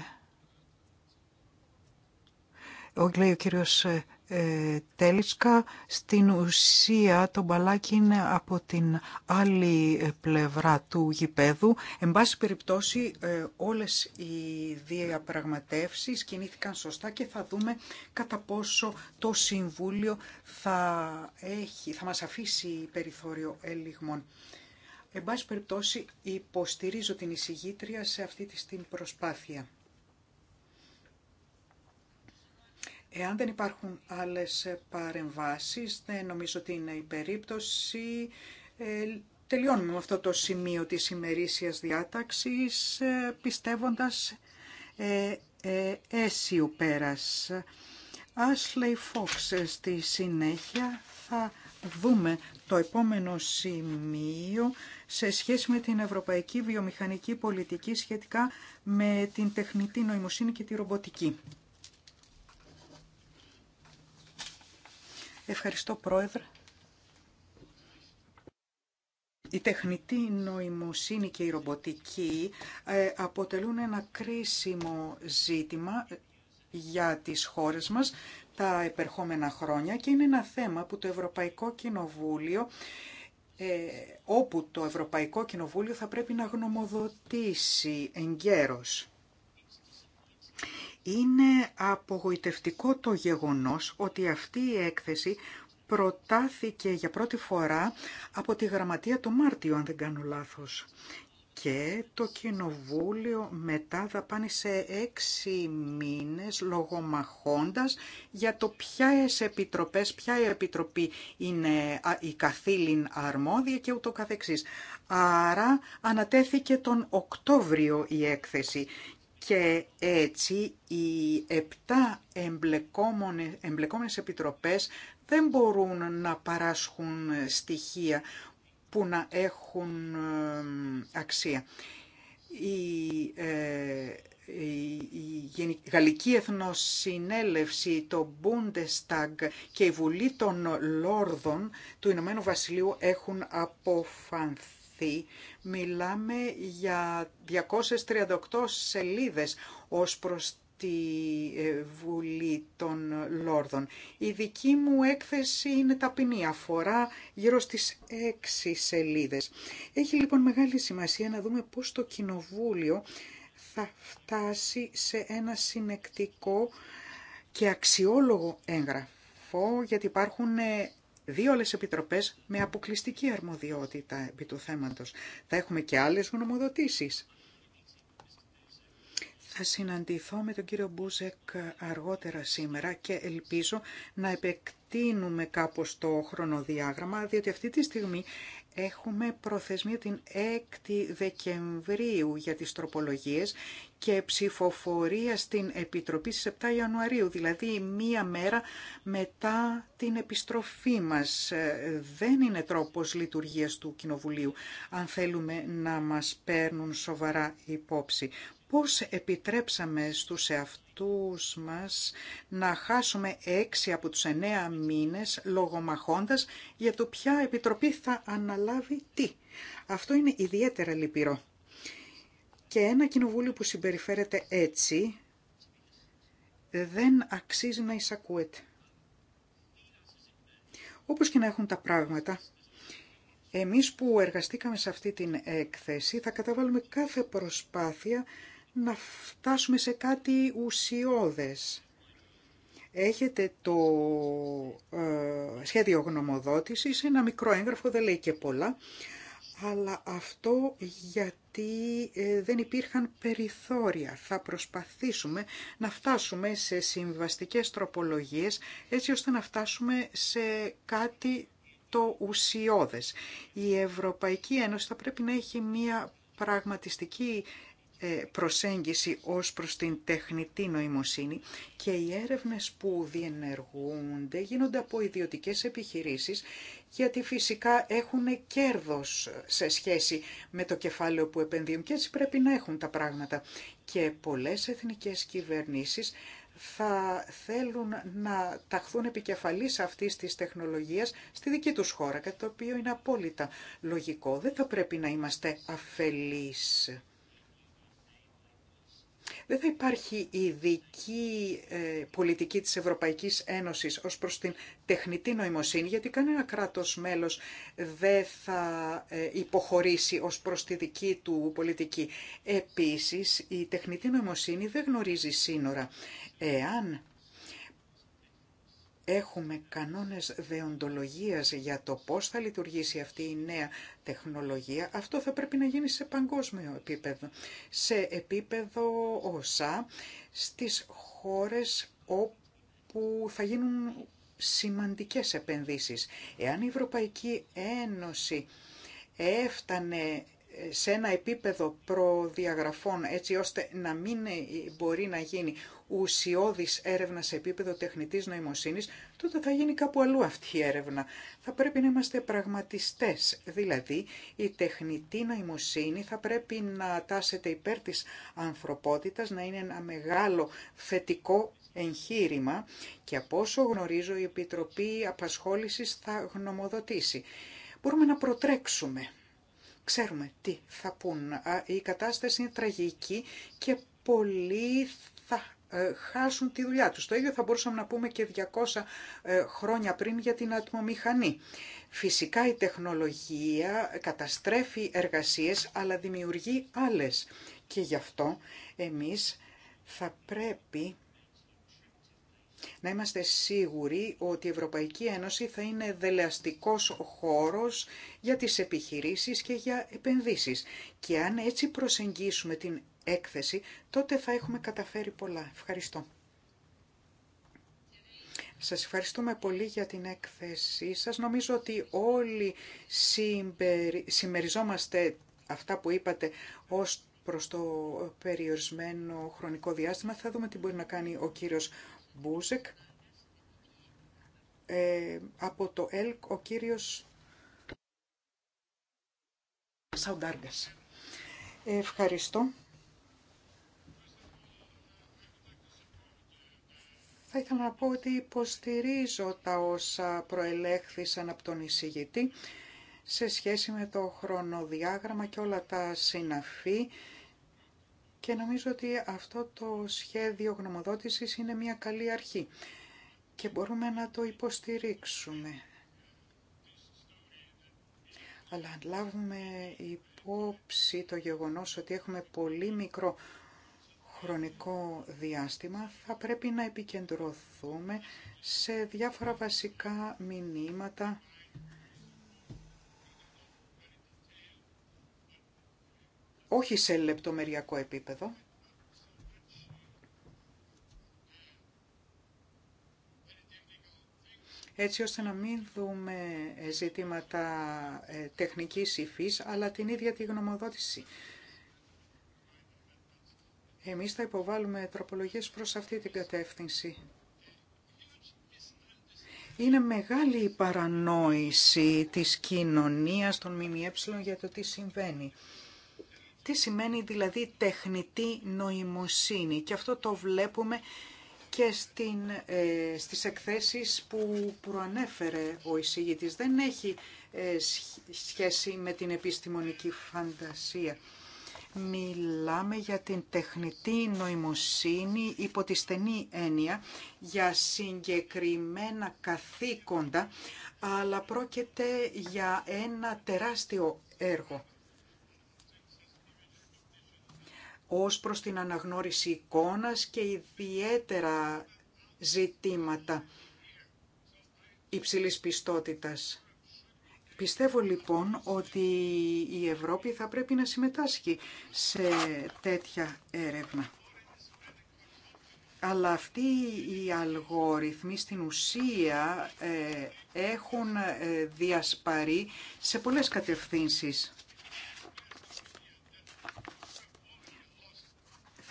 ο, ο κύριος ε, Τέλισκα, στην ουσία το μπαλάκι είναι από την άλλη πλευρά του γηπέδου. Εν πάση περιπτώσει ε, όλες οι διαπραγματεύσεις κινήθηκαν σωστά και θα δούμε κατά πόσο το Συμβούλιο θα, έχει, θα μας αφήσει περιθώριο ελιγμών. Εν πάση περιπτώσει υποστηρίζω την εισηγήτρια σε αυτή τη την προσπάθεια. Εάν δεν υπάρχουν άλλες παρεμβάσεις, δεν νομίζω ότι είναι η περίπτωση. Ε, τελειώνουμε με αυτό το σημείο της ημερήσιας διάταξης, ε, πιστεύοντας ε, ε, αίσιου πέρας. Ashley Fox ε, στη συνέχεια θα δούμε το επόμενο σημείο σε σχέση με την ευρωπαϊκή βιομηχανική πολιτική σχετικά με την τεχνητή νοημοσύνη και τη ρομποτική. Ευχαριστώ Πρόεδρε. Η τεχνητή νοημοσύνη και η ρομποτική ε, αποτελούν ένα κρίσιμο ζήτημα ε, για τις χώρες μας τα επερχόμενα χρόνια και είναι ένα θέμα που το Ευρωπαϊκό Κοινοβούλιο ε, όπου το Ευρωπαϊκό Κοινοβούλιο θα πρέπει να γνωμοδοτήσει εγκαίρως. Είναι απογοητευτικό το γεγονός ότι αυτή η έκθεση προτάθηκε για πρώτη φορά από τη Γραμματεία το Μάρτιο, αν δεν κάνω λάθος. Και το Κοινοβούλιο μετά δαπάνησε έξι μήνες λογομαχώντας για το ποιες επιτροπές, ποια η επιτροπή είναι η καθήλυν αρμόδια και ούτω καθεξής. Άρα ανατέθηκε τον Οκτώβριο η έκθεση και έτσι οι επτά εμπλεκόμενες, εμπλεκόμενες επιτροπές δεν μπορούν να παράσχουν στοιχεία που να έχουν ε, αξία. Η, ε, η Γαλλική Εθνοσυνέλευση, το Bundestag και η Βουλή των Λόρδων του Ηνωμένου Βασιλείου έχουν αποφανθεί Μιλάμε για 238 σελίδες ως προς τη ε, Βουλή των Λόρδων. Η δική μου έκθεση είναι ταπεινή, αφορά γύρω στις έξι σελίδες. Έχει λοιπόν μεγάλη σημασία να δούμε πώς το Κοινοβούλιο θα φτάσει σε ένα συνεκτικό και αξιόλογο έγγραφο, γιατί υπάρχουν ε, δύο άλλε επιτροπέ με αποκλειστική αρμοδιότητα επί του θέματος. Θα έχουμε και άλλε γνωμοδοτήσει. Θα συναντηθώ με τον κύριο Μπούζεκ αργότερα σήμερα και ελπίζω να επεκτείνουμε κάπως το χρονοδιάγραμμα, διότι αυτή τη στιγμή Έχουμε προθεσμία την 6η Δεκεμβρίου για τις τροπολογίες και ψηφοφορία στην Επιτροπή στις 7 Ιανουαρίου, δηλαδή μία μέρα μετά την επιστροφή μας. Ε, δεν είναι τρόπος λειτουργίας του Κοινοβουλίου, αν θέλουμε να μας παίρνουν σοβαρά υπόψη πώς επιτρέψαμε στους εαυτούς μας να χάσουμε έξι από τους εννέα μήνες λογομαχώντας για το ποια επιτροπή θα αναλάβει τι. Αυτό είναι ιδιαίτερα λυπηρό. Και ένα κοινοβούλιο που συμπεριφέρεται έτσι δεν αξίζει να εισακούεται. Όπως και να έχουν τα πράγματα, εμείς που εργαστήκαμε σε αυτή την έκθεση θα καταβάλουμε κάθε προσπάθεια να φτάσουμε σε κάτι ουσιώδες. Έχετε το ε, σχέδιο γνωμοδότησης, ένα μικρό έγγραφο, δεν λέει και πολλά, αλλά αυτό γιατί ε, δεν υπήρχαν περιθώρια. Θα προσπαθήσουμε να φτάσουμε σε συμβαστικές τροπολογίες, έτσι ώστε να φτάσουμε σε κάτι το ουσιώδες. Η Ευρωπαϊκή Ένωση θα πρέπει να έχει μία πραγματιστική ε, προσέγγιση ως προς την τεχνητή νοημοσύνη και οι έρευνες που διενεργούνται γίνονται από ιδιωτικές επιχειρήσεις γιατί φυσικά έχουν κέρδος σε σχέση με το κεφάλαιο που επενδύουν και έτσι πρέπει να έχουν τα πράγματα. Και πολλές εθνικές κυβερνήσεις θα θέλουν να ταχθούν επικεφαλής αυτής της τεχνολογίας στη δική τους χώρα, κάτι το οποίο είναι απόλυτα λογικό. Δεν θα πρέπει να είμαστε αφελείς δεν θα υπάρχει ειδική ε, πολιτική της Ευρωπαϊκής Ένωσης ως προς την τεχνητή νοημοσύνη, γιατί κανένα κράτος μέλος δεν θα ε, υποχωρήσει ως προς τη δική του πολιτική. Επίσης, η τεχνητή νοημοσύνη δεν γνωρίζει σύνορα. Εάν έχουμε κανόνες δεοντολογίας για το πώς θα λειτουργήσει αυτή η νέα τεχνολογία, αυτό θα πρέπει να γίνει σε παγκόσμιο επίπεδο. Σε επίπεδο όσα στις χώρες όπου θα γίνουν σημαντικές επενδύσεις. Εάν η Ευρωπαϊκή Ένωση έφτανε σε ένα επίπεδο προδιαγραφών έτσι ώστε να μην μπορεί να γίνει ουσιώδης έρευνα σε επίπεδο τεχνητής νοημοσύνης, τότε θα γίνει κάπου αλλού αυτή η έρευνα. Θα πρέπει να είμαστε πραγματιστές, δηλαδή η τεχνητή νοημοσύνη θα πρέπει να τάσεται υπέρ της ανθρωπότητας, να είναι ένα μεγάλο θετικό εγχείρημα και από όσο γνωρίζω η Επιτροπή Απασχόλησης θα γνωμοδοτήσει. Μπορούμε να προτρέξουμε Ξέρουμε τι θα πούν. Η κατάσταση είναι τραγική και πολλοί θα ε, χάσουν τη δουλειά τους. Το ίδιο θα μπορούσαμε να πούμε και 200 ε, χρόνια πριν για την ατμομηχανή. Φυσικά η τεχνολογία καταστρέφει εργασίες αλλά δημιουργεί άλλες και γι' αυτό εμείς θα πρέπει να είμαστε σίγουροι ότι η Ευρωπαϊκή Ένωση θα είναι δελεαστικός χώρος για τις επιχειρήσεις και για επενδύσεις. Και αν έτσι προσεγγίσουμε την έκθεση, τότε θα έχουμε καταφέρει πολλά. Ευχαριστώ. Σας ευχαριστούμε πολύ για την έκθεσή σας. Νομίζω ότι όλοι συμμεριζόμαστε αυτά που είπατε ως προς το περιορισμένο χρονικό διάστημα. Θα δούμε τι μπορεί να κάνει ο κύριος Μπούζεκ, ε, από το ΕΛΚ ο κύριος Σαουντάργκας. Ευχαριστώ. Θα ήθελα να πω ότι υποστηρίζω τα όσα προελέχθησαν από τον εισηγητή σε σχέση με το χρονοδιάγραμμα και όλα τα συναφή και νομίζω ότι αυτό το σχέδιο γνωμοδότησης είναι μια καλή αρχή και μπορούμε να το υποστηρίξουμε. Αλλά αν λάβουμε υπόψη το γεγονός ότι έχουμε πολύ μικρό χρονικό διάστημα, θα πρέπει να επικεντρωθούμε σε διάφορα βασικά μηνύματα όχι σε λεπτομεριακό επίπεδο. έτσι ώστε να μην δούμε ε, ζητήματα ε, τεχνικής υφής, αλλά την ίδια τη γνωμοδότηση. Εμείς θα υποβάλουμε τροπολογίες προς αυτή την κατεύθυνση. Είναι μεγάλη η παρανόηση της κοινωνίας των ΜΜΕ για το τι συμβαίνει. Τι σημαίνει δηλαδή τεχνητή νοημοσύνη και αυτό το βλέπουμε και στην, ε, στις εκθέσεις που προανέφερε ο εισηγητής. Δεν έχει ε, σχέση με την επιστημονική φαντασία. Μιλάμε για την τεχνητή νοημοσύνη υπό τη στενή έννοια για συγκεκριμένα καθήκοντα, αλλά πρόκειται για ένα τεράστιο έργο ως προς την αναγνώριση εικόνας και ιδιαίτερα ζητήματα υψηλής πιστότητας. Πιστεύω λοιπόν ότι η Ευρώπη θα πρέπει να συμμετάσχει σε τέτοια έρευνα. Αλλά αυτοί οι αλγόριθμοι στην ουσία ε, έχουν ε, διασπαρεί σε πολλές κατευθύνσεις.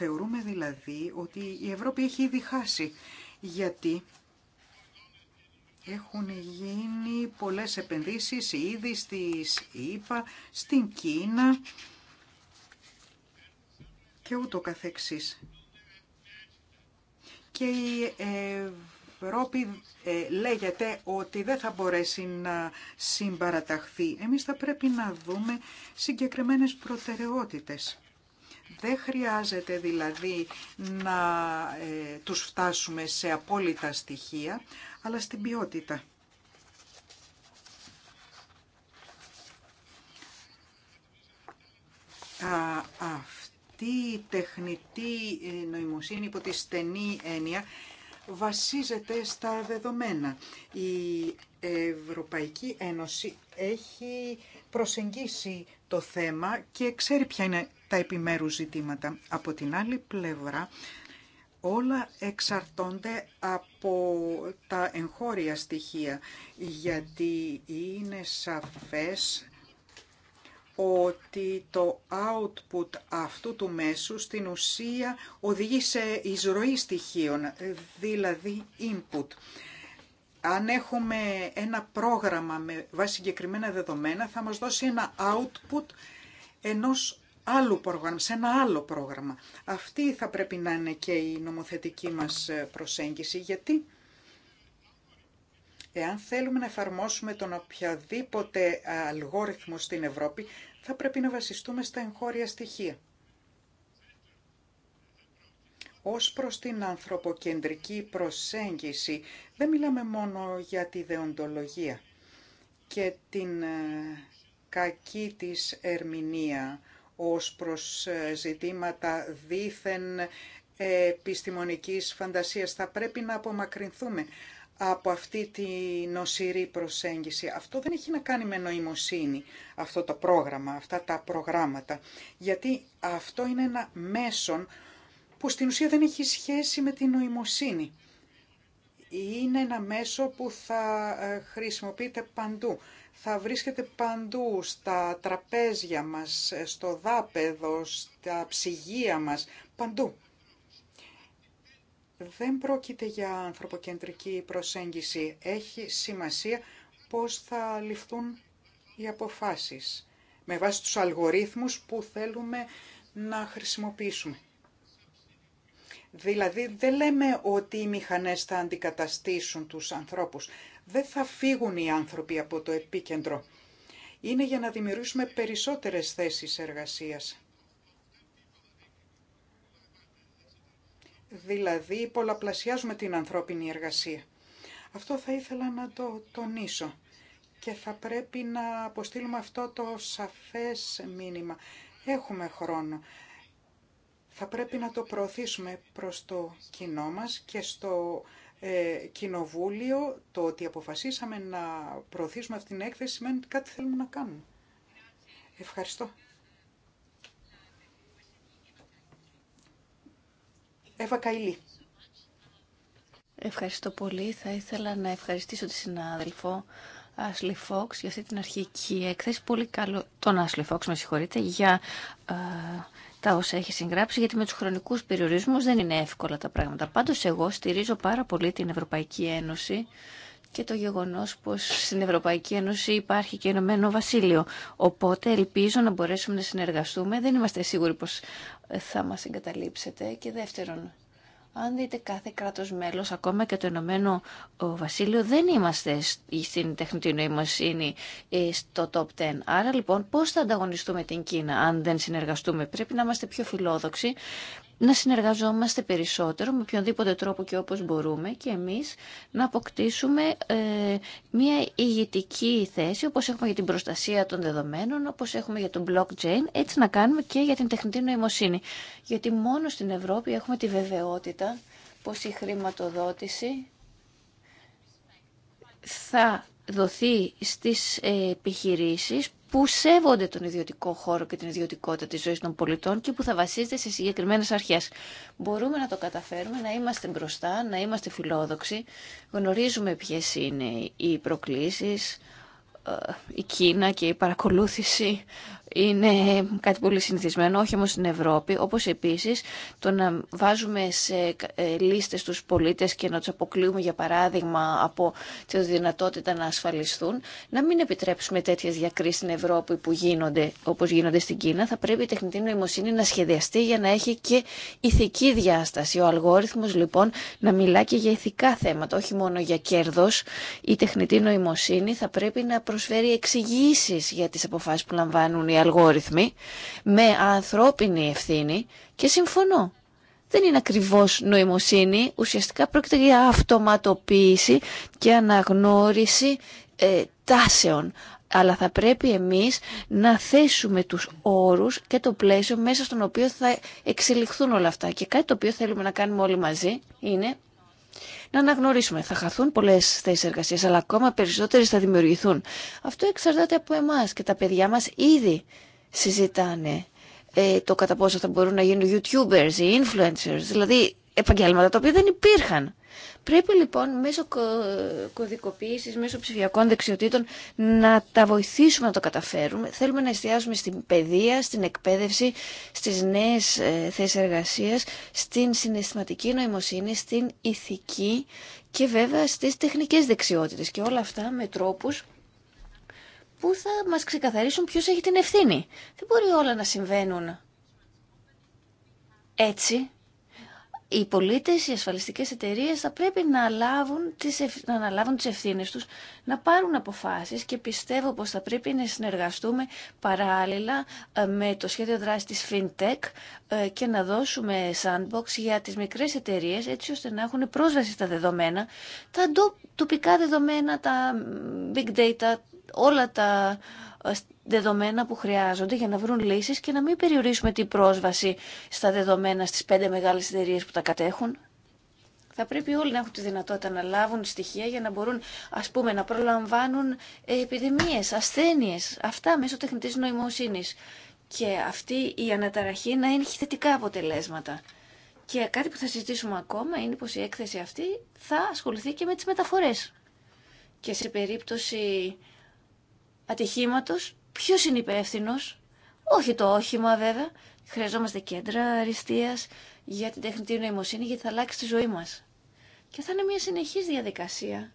Θεωρούμε δηλαδή ότι η Ευρώπη έχει ήδη χάσει, γιατί έχουν γίνει πολλές επενδύσεις ήδη στις ΗΠΑ, στην Κίνα και ούτω καθεξής. Και η Ευρώπη ε, λέγεται ότι δεν θα μπορέσει να συμπαραταχθεί. Εμείς θα πρέπει να δούμε συγκεκριμένες προτεραιότητες δεν χρειάζεται δηλαδή να ε, τους φτάσουμε σε απόλυτα στοιχεία, αλλά στην ποιότητα. Α, αυτή η τεχνητή ε, νοημοσύνη υπό τη στενή έννοια βασίζεται στα δεδομένα. Η Ευρωπαϊκή Ένωση έχει προσεγγίσει το θέμα και ξέρει ποια είναι τα επιμέρους ζητήματα. Από την άλλη πλευρά, όλα εξαρτώνται από τα εγχώρια στοιχεία, γιατί είναι σαφές ότι το output αυτού του μέσου στην ουσία οδηγεί σε εισρωή στοιχείων, δηλαδή input. Αν έχουμε ένα πρόγραμμα με βάση συγκεκριμένα δεδομένα θα μας δώσει ένα output ενός άλλου πρόγραμμα, σε ένα άλλο πρόγραμμα. Αυτή θα πρέπει να είναι και η νομοθετική μας ε, προσέγγιση, γιατί εάν θέλουμε να εφαρμόσουμε τον οποιαδήποτε ε, αλγόριθμο στην Ευρώπη, θα πρέπει να βασιστούμε στα εγχώρια στοιχεία. Ως προς την ανθρωποκεντρική προσέγγιση, δεν μιλάμε μόνο για τη δεοντολογία και την ε, κακή της ερμηνεία ως προς ε, ζητήματα δήθεν ε, επιστημονικής φαντασίας. Θα πρέπει να απομακρυνθούμε από αυτή τη νοσηρή προσέγγιση. Αυτό δεν έχει να κάνει με νοημοσύνη, αυτό το πρόγραμμα, αυτά τα προγράμματα, γιατί αυτό είναι ένα μέσο που στην ουσία δεν έχει σχέση με τη νοημοσύνη. Είναι ένα μέσο που θα ε, χρησιμοποιείται παντού θα βρίσκεται παντού, στα τραπέζια μας, στο δάπεδο, στα ψυγεία μας, παντού. Δεν πρόκειται για ανθρωποκεντρική προσέγγιση. Έχει σημασία πώς θα ληφθούν οι αποφάσεις με βάση τους αλγορίθμους που θέλουμε να χρησιμοποιήσουμε. Δηλαδή δεν λέμε ότι οι μηχανές θα αντικαταστήσουν τους ανθρώπους δεν θα φύγουν οι άνθρωποι από το επίκεντρο. Είναι για να δημιουργήσουμε περισσότερες θέσεις εργασίας. Δηλαδή πολλαπλασιάζουμε την ανθρώπινη εργασία. Αυτό θα ήθελα να το τονίσω και θα πρέπει να αποστείλουμε αυτό το σαφές μήνυμα. Έχουμε χρόνο. Θα πρέπει να το προωθήσουμε προς το κοινό μας και στο ε, κοινοβούλιο, το ότι αποφασίσαμε να προωθήσουμε αυτή την έκθεση σημαίνει ότι κάτι θέλουμε να κάνουμε. Ευχαριστώ. Εύα Καϊλή. Ευχαριστώ πολύ. Θα ήθελα να ευχαριστήσω τη συνάδελφο Ashley Fox για αυτή την αρχική έκθεση. Πολύ καλό, τον Ashley Fox, με συγχωρείτε, για ε, τα όσα έχει συγγράψει, γιατί με τους χρονικούς περιορισμούς δεν είναι εύκολα τα πράγματα. Πάντως εγώ στηρίζω πάρα πολύ την Ευρωπαϊκή Ένωση και το γεγονός πως στην Ευρωπαϊκή Ένωση υπάρχει και Ενωμένο Βασίλειο. Οπότε ελπίζω να μπορέσουμε να συνεργαστούμε. Δεν είμαστε σίγουροι πως θα μας εγκαταλείψετε. Και δεύτερον, αν δείτε κάθε κράτος μέλος, ακόμα και το Ενωμένο Βασίλειο, δεν είμαστε στην τεχνητή νοημοσύνη ε, στο top 10. Άρα λοιπόν πώς θα ανταγωνιστούμε την Κίνα αν δεν συνεργαστούμε. Πρέπει να είμαστε πιο φιλόδοξοι να συνεργαζόμαστε περισσότερο με οποιονδήποτε τρόπο και όπως μπορούμε και εμείς να αποκτήσουμε ε, μια ηγητική θέση όπως έχουμε για την προστασία των δεδομένων, όπως έχουμε για το blockchain, έτσι να κάνουμε και για την τεχνητή νοημοσύνη. Γιατί μόνο στην Ευρώπη έχουμε τη βεβαιότητα πως η χρηματοδότηση θα δοθεί στις ε, επιχειρήσεις που σέβονται τον ιδιωτικό χώρο και την ιδιωτικότητα της ζωής των πολιτών και που θα βασίζεται σε συγκεκριμένες αρχές. Μπορούμε να το καταφέρουμε, να είμαστε μπροστά, να είμαστε φιλόδοξοι. Γνωρίζουμε ποιες είναι οι προκλήσεις, ε, η Κίνα και η παρακολούθηση είναι κάτι πολύ συνηθισμένο, όχι όμως στην Ευρώπη, όπως επίσης το να βάζουμε σε ε, λίστες τους πολίτες και να τους αποκλείουμε για παράδειγμα από τη δυνατότητα να ασφαλιστούν, να μην επιτρέψουμε τέτοιες διακρίσεις στην Ευρώπη που γίνονται όπως γίνονται στην Κίνα, θα πρέπει η τεχνητή νοημοσύνη να σχεδιαστεί για να έχει και ηθική διάσταση. Ο αλγόριθμος λοιπόν να μιλά και για ηθικά θέματα, όχι μόνο για κέρδος. Η τεχνητή νοημοσύνη θα πρέπει να προσφέρει εξηγήσει για τις αποφάσεις που λαμβάνουν αλγόριθμοι με ανθρώπινη ευθύνη και συμφωνώ. Δεν είναι ακριβώς νοημοσύνη, ουσιαστικά πρόκειται για αυτοματοποίηση και αναγνώριση ε, τάσεων. Αλλά θα πρέπει εμείς να θέσουμε τους όρους και το πλαίσιο μέσα στον οποίο θα εξελιχθούν όλα αυτά. Και κάτι το οποίο θέλουμε να κάνουμε όλοι μαζί είναι να αναγνωρίσουμε. Θα χαθούν πολλέ θέσει εργασία, αλλά ακόμα περισσότερε θα δημιουργηθούν. Αυτό εξαρτάται από εμά και τα παιδιά μα ήδη συζητάνε ε, το κατά πόσο θα μπορούν να γίνουν YouTubers ή influencers, δηλαδή επαγγέλματα τα οποία δεν υπήρχαν. Πρέπει λοιπόν μέσω κωδικοποίησης, μέσω ψηφιακών δεξιοτήτων να τα βοηθήσουμε να το καταφέρουμε. Θέλουμε να εστιάσουμε στην παιδεία, στην εκπαίδευση, στις νέες ε, θέσεις εργασίας, στην συναισθηματική νοημοσύνη, στην ηθική και βέβαια στις τεχνικές δεξιότητες και όλα αυτά με τρόπους που θα μας ξεκαθαρίσουν ποιος έχει την ευθύνη. Δεν μπορεί όλα να συμβαίνουν έτσι οι πολίτες, οι ασφαλιστικές εταιρείες θα πρέπει να, λάβουν τις να αναλάβουν τις ευθύνες τους, να πάρουν αποφάσεις και πιστεύω πως θα πρέπει να συνεργαστούμε παράλληλα ε, με το σχέδιο δράση της FinTech ε, και να δώσουμε sandbox για τις μικρές εταιρείες έτσι ώστε να έχουν πρόσβαση στα δεδομένα, τα τοπικά δεδομένα, τα big data, όλα τα ε, δεδομένα που χρειάζονται για να βρουν λύσει και να μην περιορίσουμε την πρόσβαση στα δεδομένα στι πέντε μεγάλε εταιρείε που τα κατέχουν. Θα πρέπει όλοι να έχουν τη δυνατότητα να λάβουν στοιχεία για να μπορούν ας πούμε, να προλαμβάνουν επιδημίες, ασθένειες, αυτά μέσω τεχνητής νοημοσύνης. Και αυτή η αναταραχή να έχει θετικά αποτελέσματα. Και κάτι που θα συζητήσουμε ακόμα είναι πως η έκθεση αυτή θα ασχοληθεί και με τις μεταφορές. Και σε περίπτωση Ατυχήματο, ποιο είναι υπεύθυνο. Όχι το όχημα βέβαια. Χρειαζόμαστε κέντρα αριστείας για την τεχνητή νοημοσύνη γιατί θα αλλάξει τη ζωή μα. Και θα είναι μια συνεχή διαδικασία.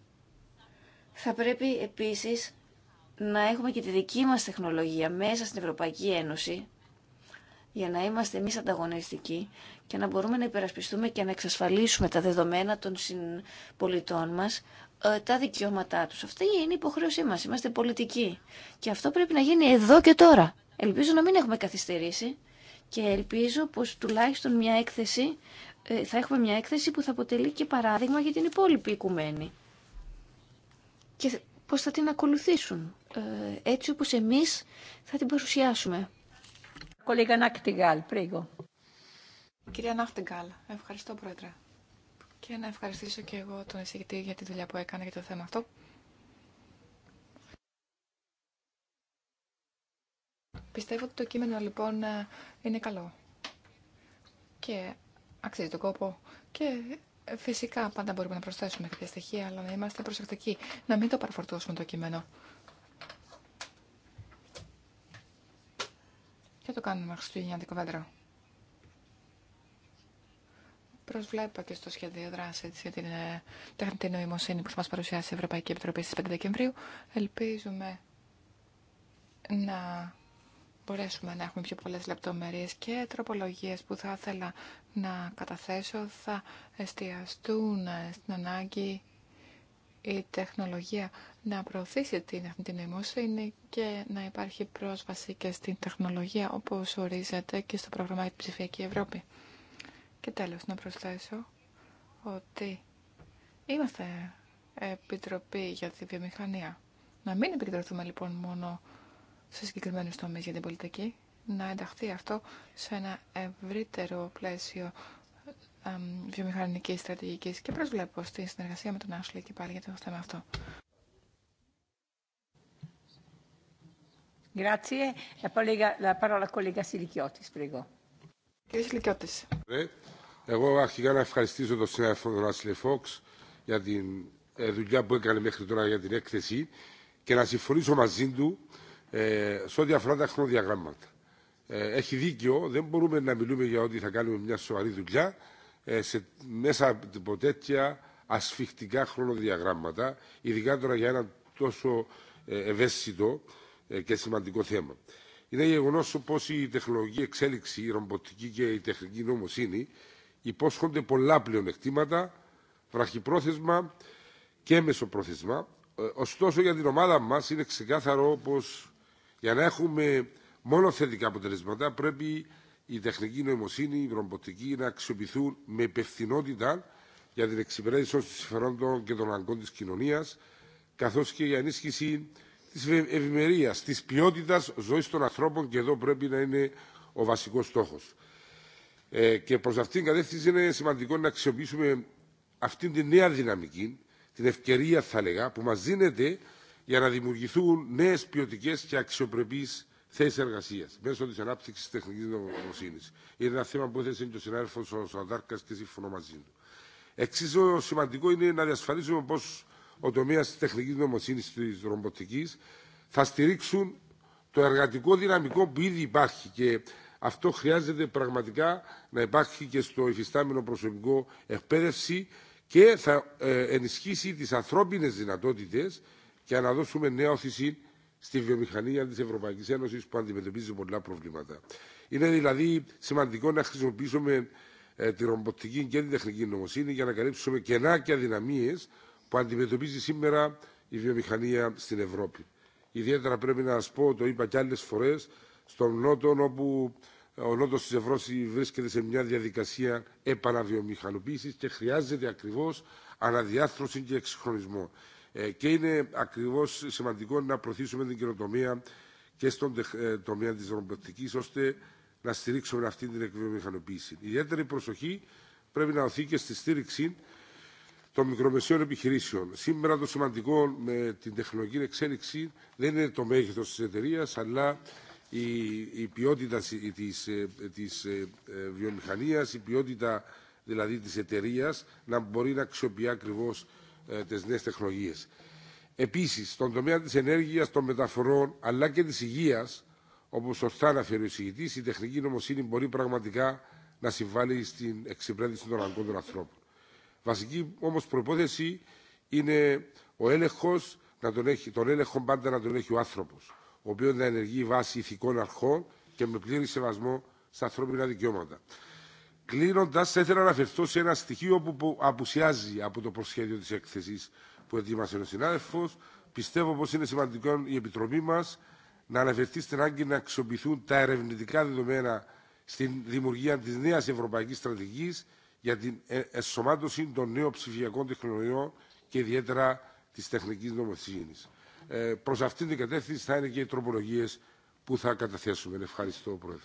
Θα πρέπει επίση να έχουμε και τη δική μας τεχνολογία μέσα στην Ευρωπαϊκή Ένωση για να είμαστε εμείς ανταγωνιστικοί και να μπορούμε να υπερασπιστούμε και να εξασφαλίσουμε τα δεδομένα των συμπολιτών μας ε, τα δικαιώματά τους. Αυτή είναι η υποχρέωσή μας. Είμαστε πολιτικοί. Και αυτό πρέπει να γίνει εδώ και τώρα. Ελπίζω να μην έχουμε καθυστερήσει και ελπίζω πως τουλάχιστον μια έκθεση, ε, θα έχουμε μια έκθεση που θα αποτελεί και παράδειγμα για την υπόλοιπη οικουμένη. Και πως θα την ακολουθήσουν, ε, έτσι όπως εμείς θα την παρουσιάσουμε. Κυρία Νάχτιγκάλ, ευχαριστώ πρόεδρε και να ευχαριστήσω και εγώ τον εισηγητή για τη δουλειά που έκανε για το θέμα αυτό. Πιστεύω ότι το κείμενο λοιπόν είναι καλό και αξίζει τον κόπο και φυσικά πάντα μπορούμε να προσθέσουμε κάποια στοιχεία αλλά να είμαστε προσεκτικοί, να μην το παραφορτώσουμε το κείμενο. Και το κάνουμε χριστουγεννιάτικο βέντρο προσβλέπω και στο σχέδιο δράση για την ε, τεχνητή νοημοσύνη που θα μα παρουσιάσει η Ευρωπαϊκή Επιτροπή στι 5 Δεκεμβρίου. Ελπίζουμε να μπορέσουμε να έχουμε πιο πολλές λεπτομέρειε και τροπολογίες που θα ήθελα να καταθέσω θα εστιαστούν ε, στην ανάγκη η τεχνολογία να προωθήσει την τεχνητή νοημοσύνη και να υπάρχει πρόσβαση και στην τεχνολογία όπως ορίζεται και στο πρόγραμμα Ψηφιακή Ευρώπη. Και τέλος να προσθέσω ότι είμαστε επιτροπή για τη βιομηχανία. Να μην επικεντρωθούμε λοιπόν μόνο σε συγκεκριμένους τομείς για την πολιτική, να ενταχθεί αυτό σε ένα ευρύτερο πλαίσιο βιομηχανικής στρατηγικής και προσβλέπω στη συνεργασία με τον Άσλη και πάλι για το θέμα αυτό. Grazie. La parola, collega Silichiotis, prego. Εγώ αρχικά να ευχαριστήσω τον συνάδελφο τον Άσλε Φόξ για τη ε, δουλειά που έκανε μέχρι τώρα για την έκθεση και να συμφωνήσω μαζί του ε, σε ό,τι αφορά τα χρονοδιαγράμματα. Ε, έχει δίκιο, δεν μπορούμε να μιλούμε για ότι θα κάνουμε μια σοβαρή δουλειά ε, σε, μέσα από τέτοια ασφιχτικά χρονοδιαγράμματα, ειδικά τώρα για ένα τόσο ε, ευαίσθητο και σημαντικό θέμα. Είναι γεγονό πω η τεχνολογική εξέλιξη, η ρομποτική και η τεχνική νομοσύνη υπόσχονται πολλά πλεονεκτήματα, βραχυπρόθεσμα και μεσοπρόθεσμα. Ε, ωστόσο, για την ομάδα μα είναι ξεκάθαρο πω για να έχουμε μόνο θετικά αποτελέσματα πρέπει η τεχνική νοημοσύνη, η ρομποτική να αξιοποιηθούν με υπευθυνότητα για την εξυπηρέτηση των συμφερόντων και των αγκών τη κοινωνία, καθώ και για ενίσχυση τη ευημερία, τη ποιότητα ζωή των ανθρώπων, και εδώ πρέπει να είναι ο βασικό στόχο. Ε, και προ αυτήν την κατεύθυνση είναι σημαντικό να αξιοποιήσουμε αυτήν την νέα δυναμική, την ευκαιρία θα λέγα, που μας δίνεται για να δημιουργηθούν νέε ποιοτικέ και αξιοπρεπείς θέσει εργασία, μέσω της ανάπτυξης τεχνική νομοσύνης. Είναι ένα θέμα που έθεσε και ο συνάδελφο ο Σαντάρκα και σύμφωνο μαζί του. Εξίσου σημαντικό είναι να διασφαλίσουμε πώ ο τομέας της τεχνικής νομοσύνης τη ρομποτική, θα στηρίξουν το εργατικό δυναμικό που ήδη υπάρχει και αυτό χρειάζεται πραγματικά να υπάρχει και στο υφιστάμενο προσωπικό εκπαίδευση και θα ε, ενισχύσει τις ανθρώπινες δυνατότητες και να δώσουμε νέα όθηση στη βιομηχανία της Ευρωπαϊκής Ένωσης που αντιμετωπίζει πολλά προβλήματα. Είναι δηλαδή σημαντικό να χρησιμοποιήσουμε ε, τη ρομποτική και την τεχνική νομοσύνη για να καλύψουμε κενά και αδυναμίες που αντιμετωπίζει σήμερα η βιομηχανία στην Ευρώπη. Ιδιαίτερα πρέπει να σα πω, το είπα και άλλε φορέ, στον Νότο, όπου ε, ο Νότο τη Ευρώπη βρίσκεται σε μια διαδικασία επαναβιομηχανοποίηση και χρειάζεται ακριβώ αναδιάρθρωση και εξυγχρονισμό. Ε, και είναι ακριβώ σημαντικό να προωθήσουμε την καινοτομία και στον ε, τομέα τη ρομποτική, ώστε να στηρίξουμε αυτή την εκβιομηχανοποίηση. Ιδιαίτερη προσοχή πρέπει να οθεί και στη στήριξη των μικρομεσαίων επιχειρήσεων. Σήμερα το σημαντικό με την τεχνολογική εξέλιξη δεν είναι το μέγεθο τη εταιρεία, αλλά η ποιότητα της, της ε, ε, ε, βιομηχανίας, η ποιότητα δηλαδή της εταιρεία να μπορεί να αξιοποιεί ακριβώ τις νέες τεχνολογίες. Επίσης, στον τομέα της ενέργειας, των μεταφορών αλλά και της υγείας, όπως σωστά αναφέρει ο εισηγητής, η τεχνική νομοσύνη μπορεί πραγματικά να συμβάλλει στην εξυπηρέτηση των αγκών των ανθρώπων. Βασική όμως προπόθεση είναι ο έλεγχος, να τον, έχει, τον έλεγχο πάντα να τον έχει ο άνθρωπος ο οποίο να ενεργεί βάσει ηθικών αρχών και με πλήρη σεβασμό στα ανθρώπινα δικαιώματα. Κλείνοντα, θα ήθελα να αναφερθώ σε ένα στοιχείο που απουσιάζει από το προσχέδιο τη έκθεση που ετοίμασε ο συνάδελφο. Πιστεύω πω είναι σημαντικό η Επιτροπή μα να αναφερθεί στην άγκη να αξιοποιηθούν τα ερευνητικά δεδομένα στην δημιουργία τη νέα ευρωπαϊκή στρατηγική για την ε, εσωμάτωση των νέων ψηφιακών τεχνολογιών και ιδιαίτερα τη τεχνική νομοσύνη. Ε, προς αυτήν την κατεύθυνση θα είναι και οι τροπολογίες που θα καταθέσουμε. Ευχαριστώ, Πρόεδρε.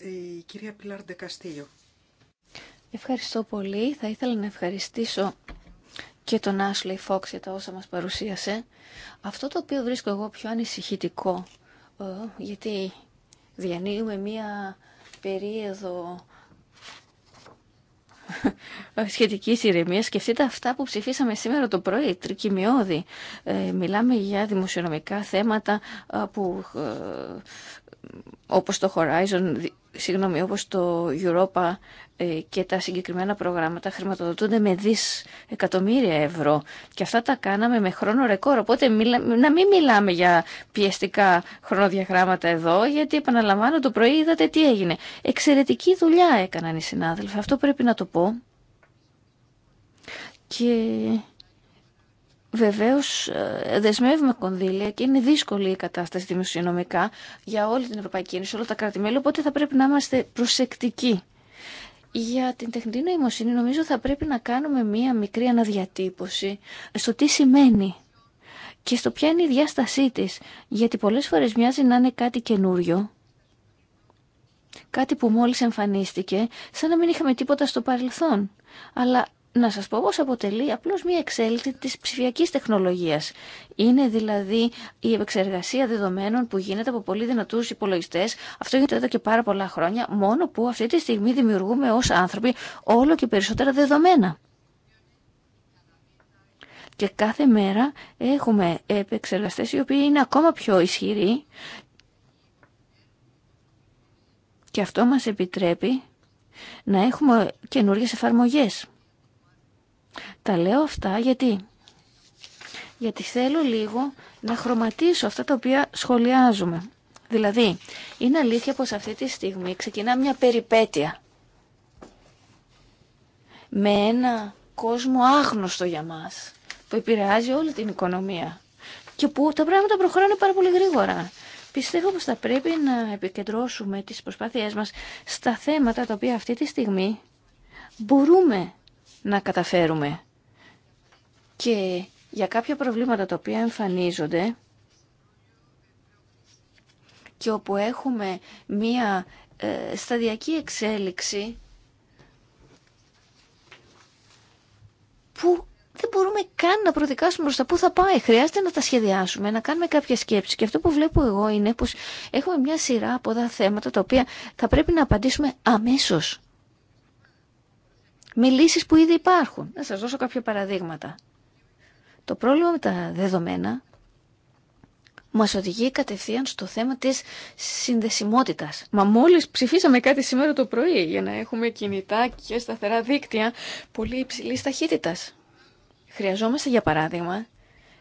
Ε, Ευχαριστώ πολύ. Θα ήθελα να ευχαριστήσω και τον Άσλεϊ Φόξ για τα όσα μας παρουσίασε. Αυτό το οποίο βρίσκω εγώ πιο ανησυχητικό, ε, γιατί διανύουμε μία περίοδο σχετική ηρεμία. Σκεφτείτε αυτά που ψηφίσαμε σήμερα το πρωί, τρικυμιώδη. Ε, μιλάμε για δημοσιονομικά θέματα ε, που ε, όπως το Horizon, συγγνώμη, όπως το Europa ε, και τα συγκεκριμένα προγράμματα χρηματοδοτούνται με δις εκατομμύρια ευρώ και αυτά τα κάναμε με χρόνο ρεκόρ. Οπότε να μην μιλάμε για πιεστικά χρονοδιαγράμματα εδώ, γιατί επαναλαμβάνω το πρωί είδατε τι έγινε. Εξαιρετική δουλειά έκαναν οι συνάδελφοι, αυτό πρέπει να το πω. Και Βεβαίω ε, δεσμεύουμε κονδύλια και είναι δύσκολη η κατάσταση δημοσιονομικά για όλη την Ευρωπαϊκή Ένωση, όλα τα κράτη-μέλη, οπότε θα πρέπει να είμαστε προσεκτικοί. Για την τεχνητή νοημοσύνη νομίζω θα πρέπει να κάνουμε μία μικρή αναδιατύπωση στο τι σημαίνει και στο ποια είναι η διάστασή τη, γιατί πολλέ φορέ μοιάζει να είναι κάτι καινούριο, κάτι που μόλι εμφανίστηκε, σαν να μην είχαμε τίποτα στο παρελθόν. Αλλά να σας πω πως αποτελεί απλώς μία εξέλιξη της ψηφιακής τεχνολογίας. Είναι δηλαδή η επεξεργασία δεδομένων που γίνεται από πολύ δυνατούς υπολογιστές. Αυτό γίνεται εδώ και πάρα πολλά χρόνια, μόνο που αυτή τη στιγμή δημιουργούμε ως άνθρωποι όλο και περισσότερα δεδομένα. Και κάθε μέρα έχουμε επεξεργαστές οι οποίοι είναι ακόμα πιο ισχυροί και αυτό μας επιτρέπει να έχουμε καινούργιες εφαρμογές. Τα λέω αυτά γιατί γιατί θέλω λίγο να χρωματίσω αυτά τα οποία σχολιάζουμε. Δηλαδή, είναι αλήθεια πως αυτή τη στιγμή ξεκινά μια περιπέτεια με ένα κόσμο άγνωστο για μας, που επηρεάζει όλη την οικονομία και που τα πράγματα προχωράνε πάρα πολύ γρήγορα. Πιστεύω πως θα πρέπει να επικεντρώσουμε τις προσπάθειές μας στα θέματα τα οποία αυτή τη στιγμή μπορούμε να καταφέρουμε. Και για κάποια προβλήματα τα οποία εμφανίζονται και όπου έχουμε μία ε, σταδιακή εξέλιξη που δεν μπορούμε καν να προδικάσουμε προς πού θα πάει. Χρειάζεται να τα σχεδιάσουμε, να κάνουμε κάποια σκέψη. Και αυτό που βλέπω εγώ είναι πως έχουμε μια σειρά από τα θέματα τα οποία θα πρέπει να απαντήσουμε αμέσως με λύσεις που ήδη υπάρχουν. Να σας δώσω κάποια παραδείγματα. Το πρόβλημα με τα δεδομένα μας οδηγεί κατευθείαν στο θέμα της συνδεσιμότητας. Μα μόλις ψηφίσαμε κάτι σήμερα το πρωί για να έχουμε κινητά και σταθερά δίκτυα πολύ υψηλή ταχύτητα. Χρειαζόμαστε για παράδειγμα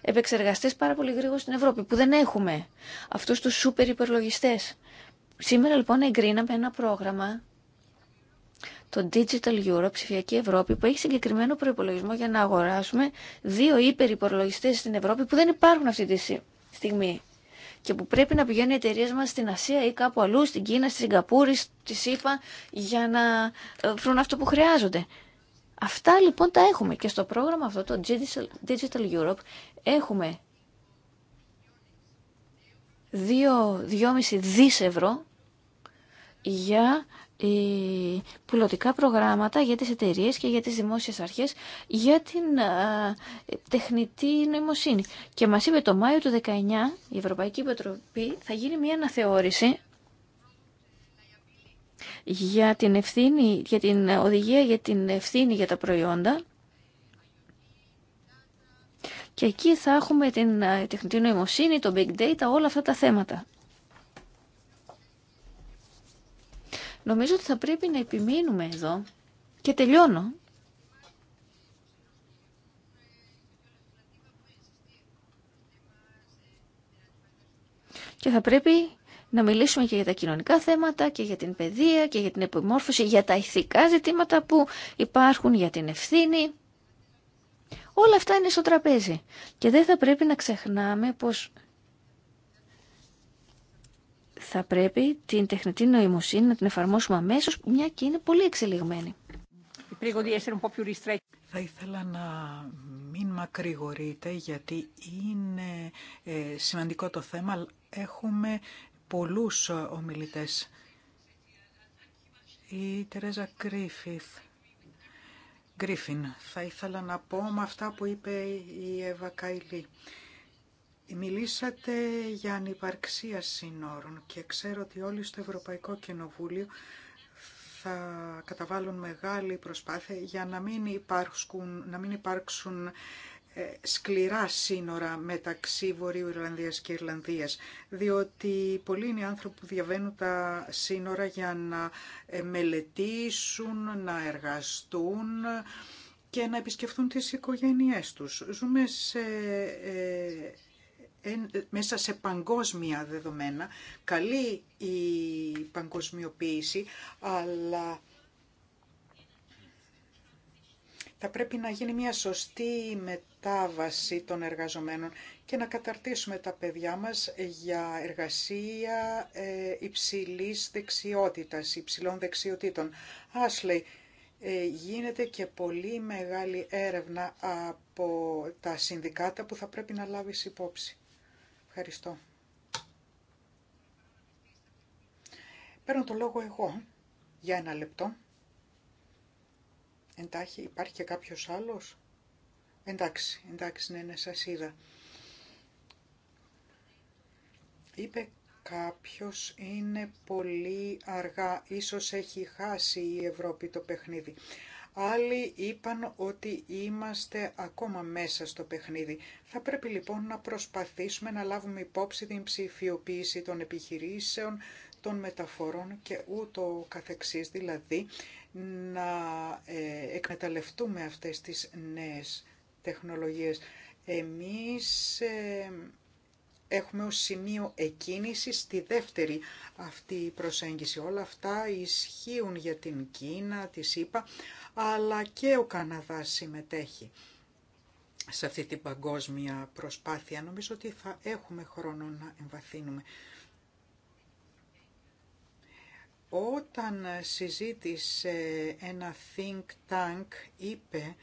επεξεργαστές πάρα πολύ γρήγορα στην Ευρώπη που δεν έχουμε. Αυτούς τους σούπερ υπερλογιστές. Σήμερα λοιπόν εγκρίναμε ένα πρόγραμμα το Digital Europe, ψηφιακή Ευρώπη, που έχει συγκεκριμένο προπολογισμό για να αγοράσουμε δύο υπερυπολογιστέ στην Ευρώπη που δεν υπάρχουν αυτή τη στιγμή και που πρέπει να πηγαίνουν οι εταιρείε μα στην Ασία ή κάπου αλλού, στην Κίνα, στη Σιγκαπούρη, στη ΣΥΠΑ, για να ε, βρουν αυτό που χρειάζονται. Αυτά λοιπόν τα έχουμε και στο πρόγραμμα αυτό, το Digital Europe, έχουμε 2,5 δις ευρώ για πουλωτικά προγράμματα για τις εταιρείε και για τις δημόσιες αρχές για την ε, τεχνητή νοημοσύνη. Και μας είπε το Μάιο του 19 η Ευρωπαϊκή Επιτροπή θα γίνει μια αναθεώρηση για την, ευθύνη, για την οδηγία για την ευθύνη για τα προϊόντα και εκεί θα έχουμε την ε, τεχνητή νοημοσύνη, το big data, όλα αυτά τα θέματα. Νομίζω ότι θα πρέπει να επιμείνουμε εδώ και τελειώνω. Και θα πρέπει να μιλήσουμε και για τα κοινωνικά θέματα και για την παιδεία και για την επιμόρφωση, για τα ηθικά ζητήματα που υπάρχουν, για την ευθύνη. Όλα αυτά είναι στο τραπέζι. Και δεν θα πρέπει να ξεχνάμε πως θα πρέπει την τεχνητή νοημοσύνη να την εφαρμόσουμε αμέσως, μια και είναι πολύ εξελιγμένη. Θα ήθελα να μην μακρηγορείτε, γιατί είναι ε, σημαντικό το θέμα. Έχουμε πολλούς ομιλητές. Η Τερέζα Κρίφιθ. Γκρίφιν, θα ήθελα να πω με αυτά που είπε η Εύα Καϊλή. Μιλήσατε για ανυπαρξία σύνορων και ξέρω ότι όλοι στο Ευρωπαϊκό Κοινοβούλιο θα καταβάλουν μεγάλη προσπάθεια για να μην υπάρξουν, να μην ε, σκληρά σύνορα μεταξύ Βορείου Ιρλανδίας και Ιρλανδίας, διότι πολλοί είναι οι άνθρωποι που διαβαίνουν τα σύνορα για να ε, μελετήσουν, να εργαστούν και να επισκεφθούν τις οικογένειές τους. Ζούμε ε, ε, μέσα σε παγκόσμια δεδομένα. Καλή η παγκοσμιοποίηση, αλλά θα πρέπει να γίνει μια σωστή μετάβαση των εργαζομένων και να καταρτήσουμε τα παιδιά μας για εργασία ε, υψηλής δεξιότητας, υψηλών δεξιοτήτων. Άσλεϊ, ε, γίνεται και πολύ μεγάλη έρευνα από τα συνδικάτα που θα πρέπει να λάβεις υπόψη. Ευχαριστώ. Παίρνω το λόγο εγώ για ένα λεπτό. Εντάχει, υπάρχει και κάποιος άλλος. Εντάξει, εντάξει, ναι, ναι, σας είδα. Είπε κάποιος είναι πολύ αργά, ίσως έχει χάσει η Ευρώπη το παιχνίδι. Άλλοι είπαν ότι είμαστε ακόμα μέσα στο παιχνίδι. Θα πρέπει λοιπόν να προσπαθήσουμε να λάβουμε υπόψη την ψηφιοποίηση των επιχειρήσεων, των μεταφορών και ούτω καθεξής, δηλαδή να ε, εκμεταλλευτούμε αυτές τις νέες τεχνολογίες. Εμείς ε, έχουμε ως σημείο εκκίνησης τη δεύτερη αυτή προσέγγιση. Όλα αυτά ισχύουν για την Κίνα, τη ΣΥΠΑ, αλλά και ο Καναδάς συμμετέχει σε αυτή την παγκόσμια προσπάθεια. Νομίζω ότι θα έχουμε χρόνο να εμβαθύνουμε. Όταν συζήτησε ένα think tank είπε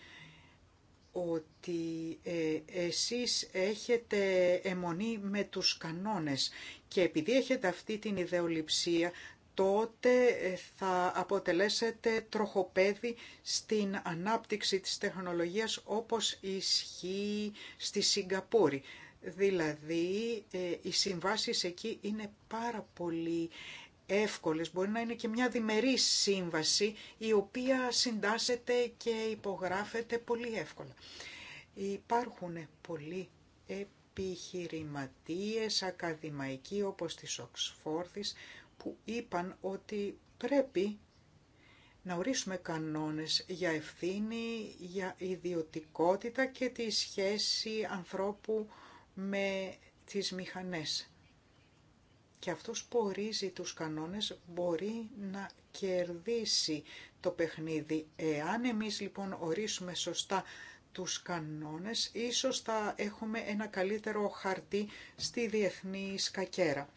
ότι ε, εσείς έχετε αιμονή με τους κανόνες και επειδή έχετε αυτή την ιδεολειψία τότε ε, θα αποτελέσετε τροχοπέδι στην ανάπτυξη της τεχνολογίας όπως ισχύει στη Σιγκαπούρη. Δηλαδή, ε, οι συμβάσεις εκεί είναι πάρα πολύ εύκολες. Μπορεί να είναι και μια διμερή σύμβαση η οποία συντάσσεται και υπογράφεται πολύ εύκολα. Υπάρχουν πολλοί επιχειρηματίες, ακαδημαϊκοί όπως της Οξφόρδης που είπαν ότι πρέπει να ορίσουμε κανόνες για ευθύνη, για ιδιωτικότητα και τη σχέση ανθρώπου με τις μηχανές και αυτός που ορίζει τους κανόνες μπορεί να κερδίσει το παιχνίδι. Εάν εμείς λοιπόν ορίσουμε σωστά τους κανόνες, ίσως θα έχουμε ένα καλύτερο χαρτί στη διεθνή σκακέρα.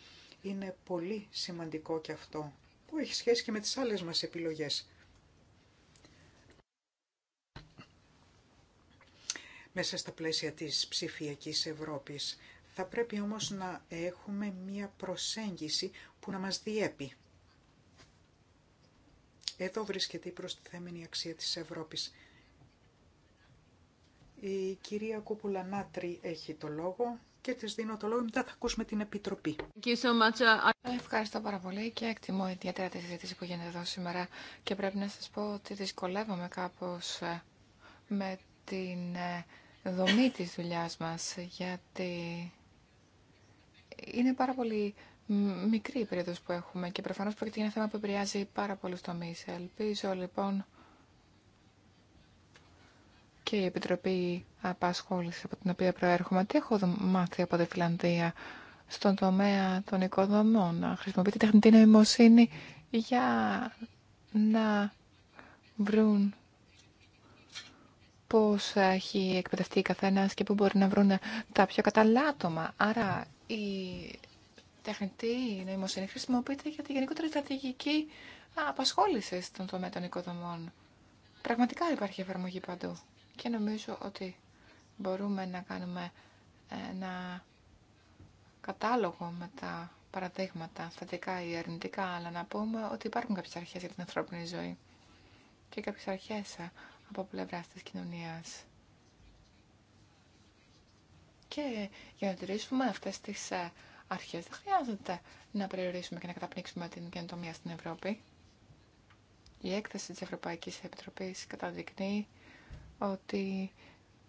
Είναι πολύ σημαντικό και αυτό, που έχει σχέση και με τις άλλες μας επιλογές. Μέσα στα πλαίσια της ψηφιακής Ευρώπης θα πρέπει όμως να έχουμε μία προσέγγιση που να μας διέπει. Εδώ βρίσκεται η προστιθέμενη αξία της Ευρώπης. Η κυρία Κούπουλα Νάτρη έχει το λόγο και της δίνω το λόγο. Μετά θα ακούσουμε την Επιτροπή. Uh, Ευχαριστώ πάρα πολύ και εκτιμώ ιδιαίτερα τη συζήτηση που γίνεται εδώ σήμερα και πρέπει να σας πω ότι δυσκολεύομαι κάπως ε, με την ε, δομή της δουλειάς μας γιατί είναι πάρα πολύ μικρή η περίοδος που έχουμε και προφανώ πρόκειται για ένα θέμα που επηρεάζει πάρα πολλού τομεί. Ελπίζω λοιπόν και η Επιτροπή Απασχόληση από την οποία προέρχομαι. Τι έχω μάθει από τη Φιλανδία στον τομέα των οικοδομών. Να τη τεχνητή νοημοσύνη για να βρουν πώς έχει εκπαιδευτεί καθένας και πού μπορεί να βρουν τα πιο καταλάτωμα. Άρα η τεχνητή νοημοσύνη χρησιμοποιείται για τη γενικότερη στρατηγική απασχόληση στον τομέα των οικοδομών. Πραγματικά υπάρχει εφαρμογή παντού και νομίζω ότι μπορούμε να κάνουμε ε, ένα κατάλογο με τα παραδείγματα, θετικά ή αρνητικά, αλλά να πούμε ότι υπάρχουν κάποιες αρχές για την ανθρώπινη ζωή και κάποιες αρχές ε, από πλευράς της κοινωνίας. Και για να τηρήσουμε αυτέ τι ε, αρχές δεν χρειάζεται να περιορίσουμε και να καταπνίξουμε την καινοτομία στην Ευρώπη. Η έκθεση της Ευρωπαϊκής Επιτροπής καταδεικνύει ότι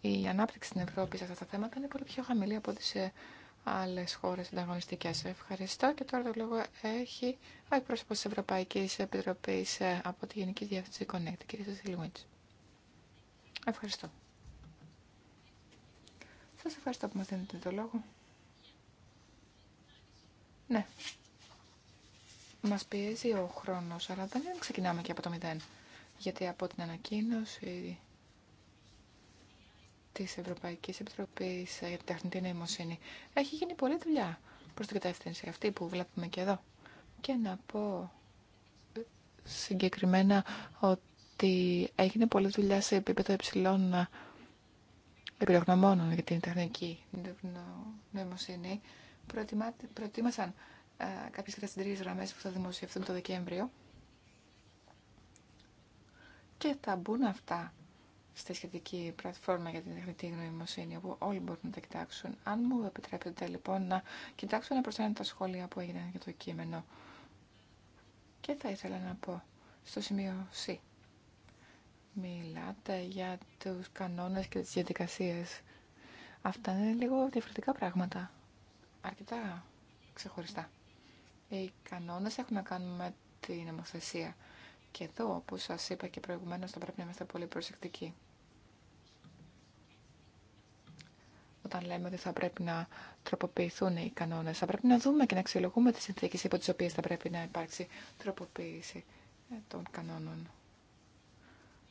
η ανάπτυξη στην Ευρώπη σε αυτά τα θέματα είναι πολύ πιο χαμηλή από τι άλλες χώρες ανταγωνιστικέ. Ευχαριστώ και τώρα το λόγο έχει ο εκπρόσωπο τη Ευρωπαϊκή Επιτροπή ε, από τη Γενική Διεύθυνση Connect, κ. Σιλουίντς. Ευχαριστώ. Σας ευχαριστώ που μας δίνετε το λόγο. Ναι. Μας πιέζει ο χρόνος, αλλά δεν ξεκινάμε και από το μηδέν. Γιατί από την ανακοίνωση της Ευρωπαϊκής Επιτροπής για την τεχνητή νοημοσύνη έχει γίνει πολλή δουλειά προς την κατεύθυνση αυτή που βλέπουμε και εδώ. Και να πω συγκεκριμένα ότι έγινε πολλή δουλειά σε επίπεδο υψηλών Επιλογνωμόνων για την τεχνική νοημοσύνη προετοίμασαν κάποιε κάποιες γραμμέ που θα δημοσιευτούν το Δεκέμβριο και θα μπουν αυτά στη σχετική πλατφόρμα για την τεχνητή νοημοσύνη, όπου όλοι μπορούν να τα κοιτάξουν. Αν μου επιτρέπετε λοιπόν να κοιτάξω να προσθέσω τα σχόλια που έγιναν για το κείμενο. Και θα ήθελα να πω στο σημείο C μιλάτε για τους κανόνες και τις διαδικασίες. Αυτά είναι λίγο διαφορετικά πράγματα. Αρκετά ξεχωριστά. Οι κανόνες έχουν να κάνουν με την νομοθεσία. Και εδώ, όπως σας είπα και προηγουμένως, θα πρέπει να είμαστε πολύ προσεκτικοί. Όταν λέμε ότι θα πρέπει να τροποποιηθούν οι κανόνες, θα πρέπει να δούμε και να αξιολογούμε τις συνθήκες υπό τις οποίες θα πρέπει να υπάρξει τροποποίηση των κανόνων.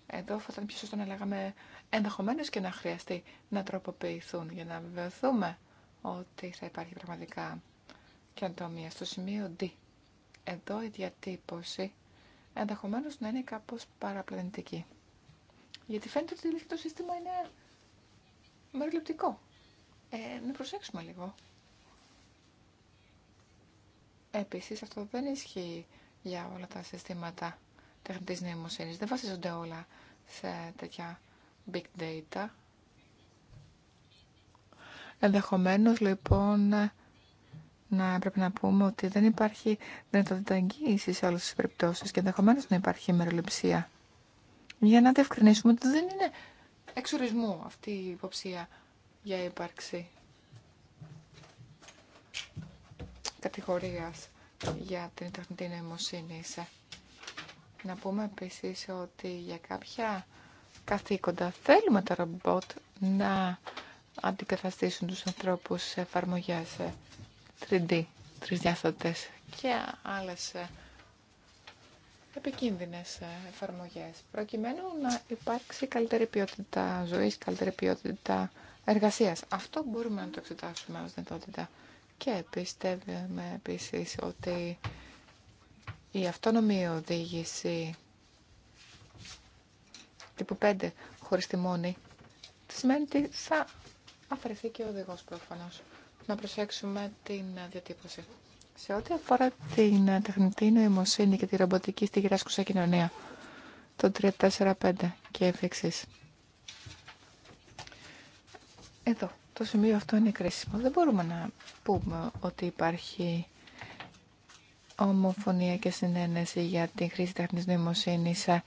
Εδώ θα ήταν πιο σωστό να λέγαμε ενδεχομένω και να χρειαστεί να τροποποιηθούν για να βεβαιωθούμε ότι θα υπάρχει πραγματικά αντομία Στο σημείο D. Εδώ η διατύπωση ενδεχομένω να είναι κάπω παραπλανητική. Γιατί φαίνεται ότι το σύστημα είναι μεροληπτικό. Ε, να προσέξουμε λίγο. Επίσης αυτό δεν ισχύει για όλα τα συστήματα τεχνητή νοημοσύνη. Δεν βασίζονται όλα σε τέτοια big data. Ενδεχομένω λοιπόν, να πρέπει να πούμε ότι δεν υπάρχει δυνατότητα εγγύηση σε όλε τι περιπτώσει και ενδεχομένω να υπάρχει μεροληψία. Για να διευκρινίσουμε ότι δεν είναι ορισμού αυτή η υποψία για ύπαρξη κατηγορίας για την τεχνητή νοημοσύνη. Να πούμε επίσης ότι για κάποια καθήκοντα θέλουμε τα ρομπότ να αντικαταστήσουν τους ανθρώπους σε εφαρμογές 3D, τρισδιάστατες και άλλες επικίνδυνες εφαρμογές, προκειμένου να υπάρξει καλύτερη ποιότητα ζωής, καλύτερη ποιότητα εργασίας. Αυτό μπορούμε να το εξετάσουμε ως δυνατότητα. Και πιστεύουμε επίσης ότι η αυτόνομη οδήγηση τύπου 5 χωρίς μόνη σημαίνει ότι θα αφαιρεθεί και ο οδηγός προφανώς. Να προσέξουμε την διατύπωση. Σε ό,τι αφορά την τεχνητή νοημοσύνη και τη ρομποτική στη γυράσκουσα κοινωνία, το 5 και εξής. Εδώ, το σημείο αυτό είναι κρίσιμο. Δεν μπορούμε να πούμε ότι υπάρχει ομοφωνία και συνένεση για τη χρήση τεχνής νοημοσύνης ε,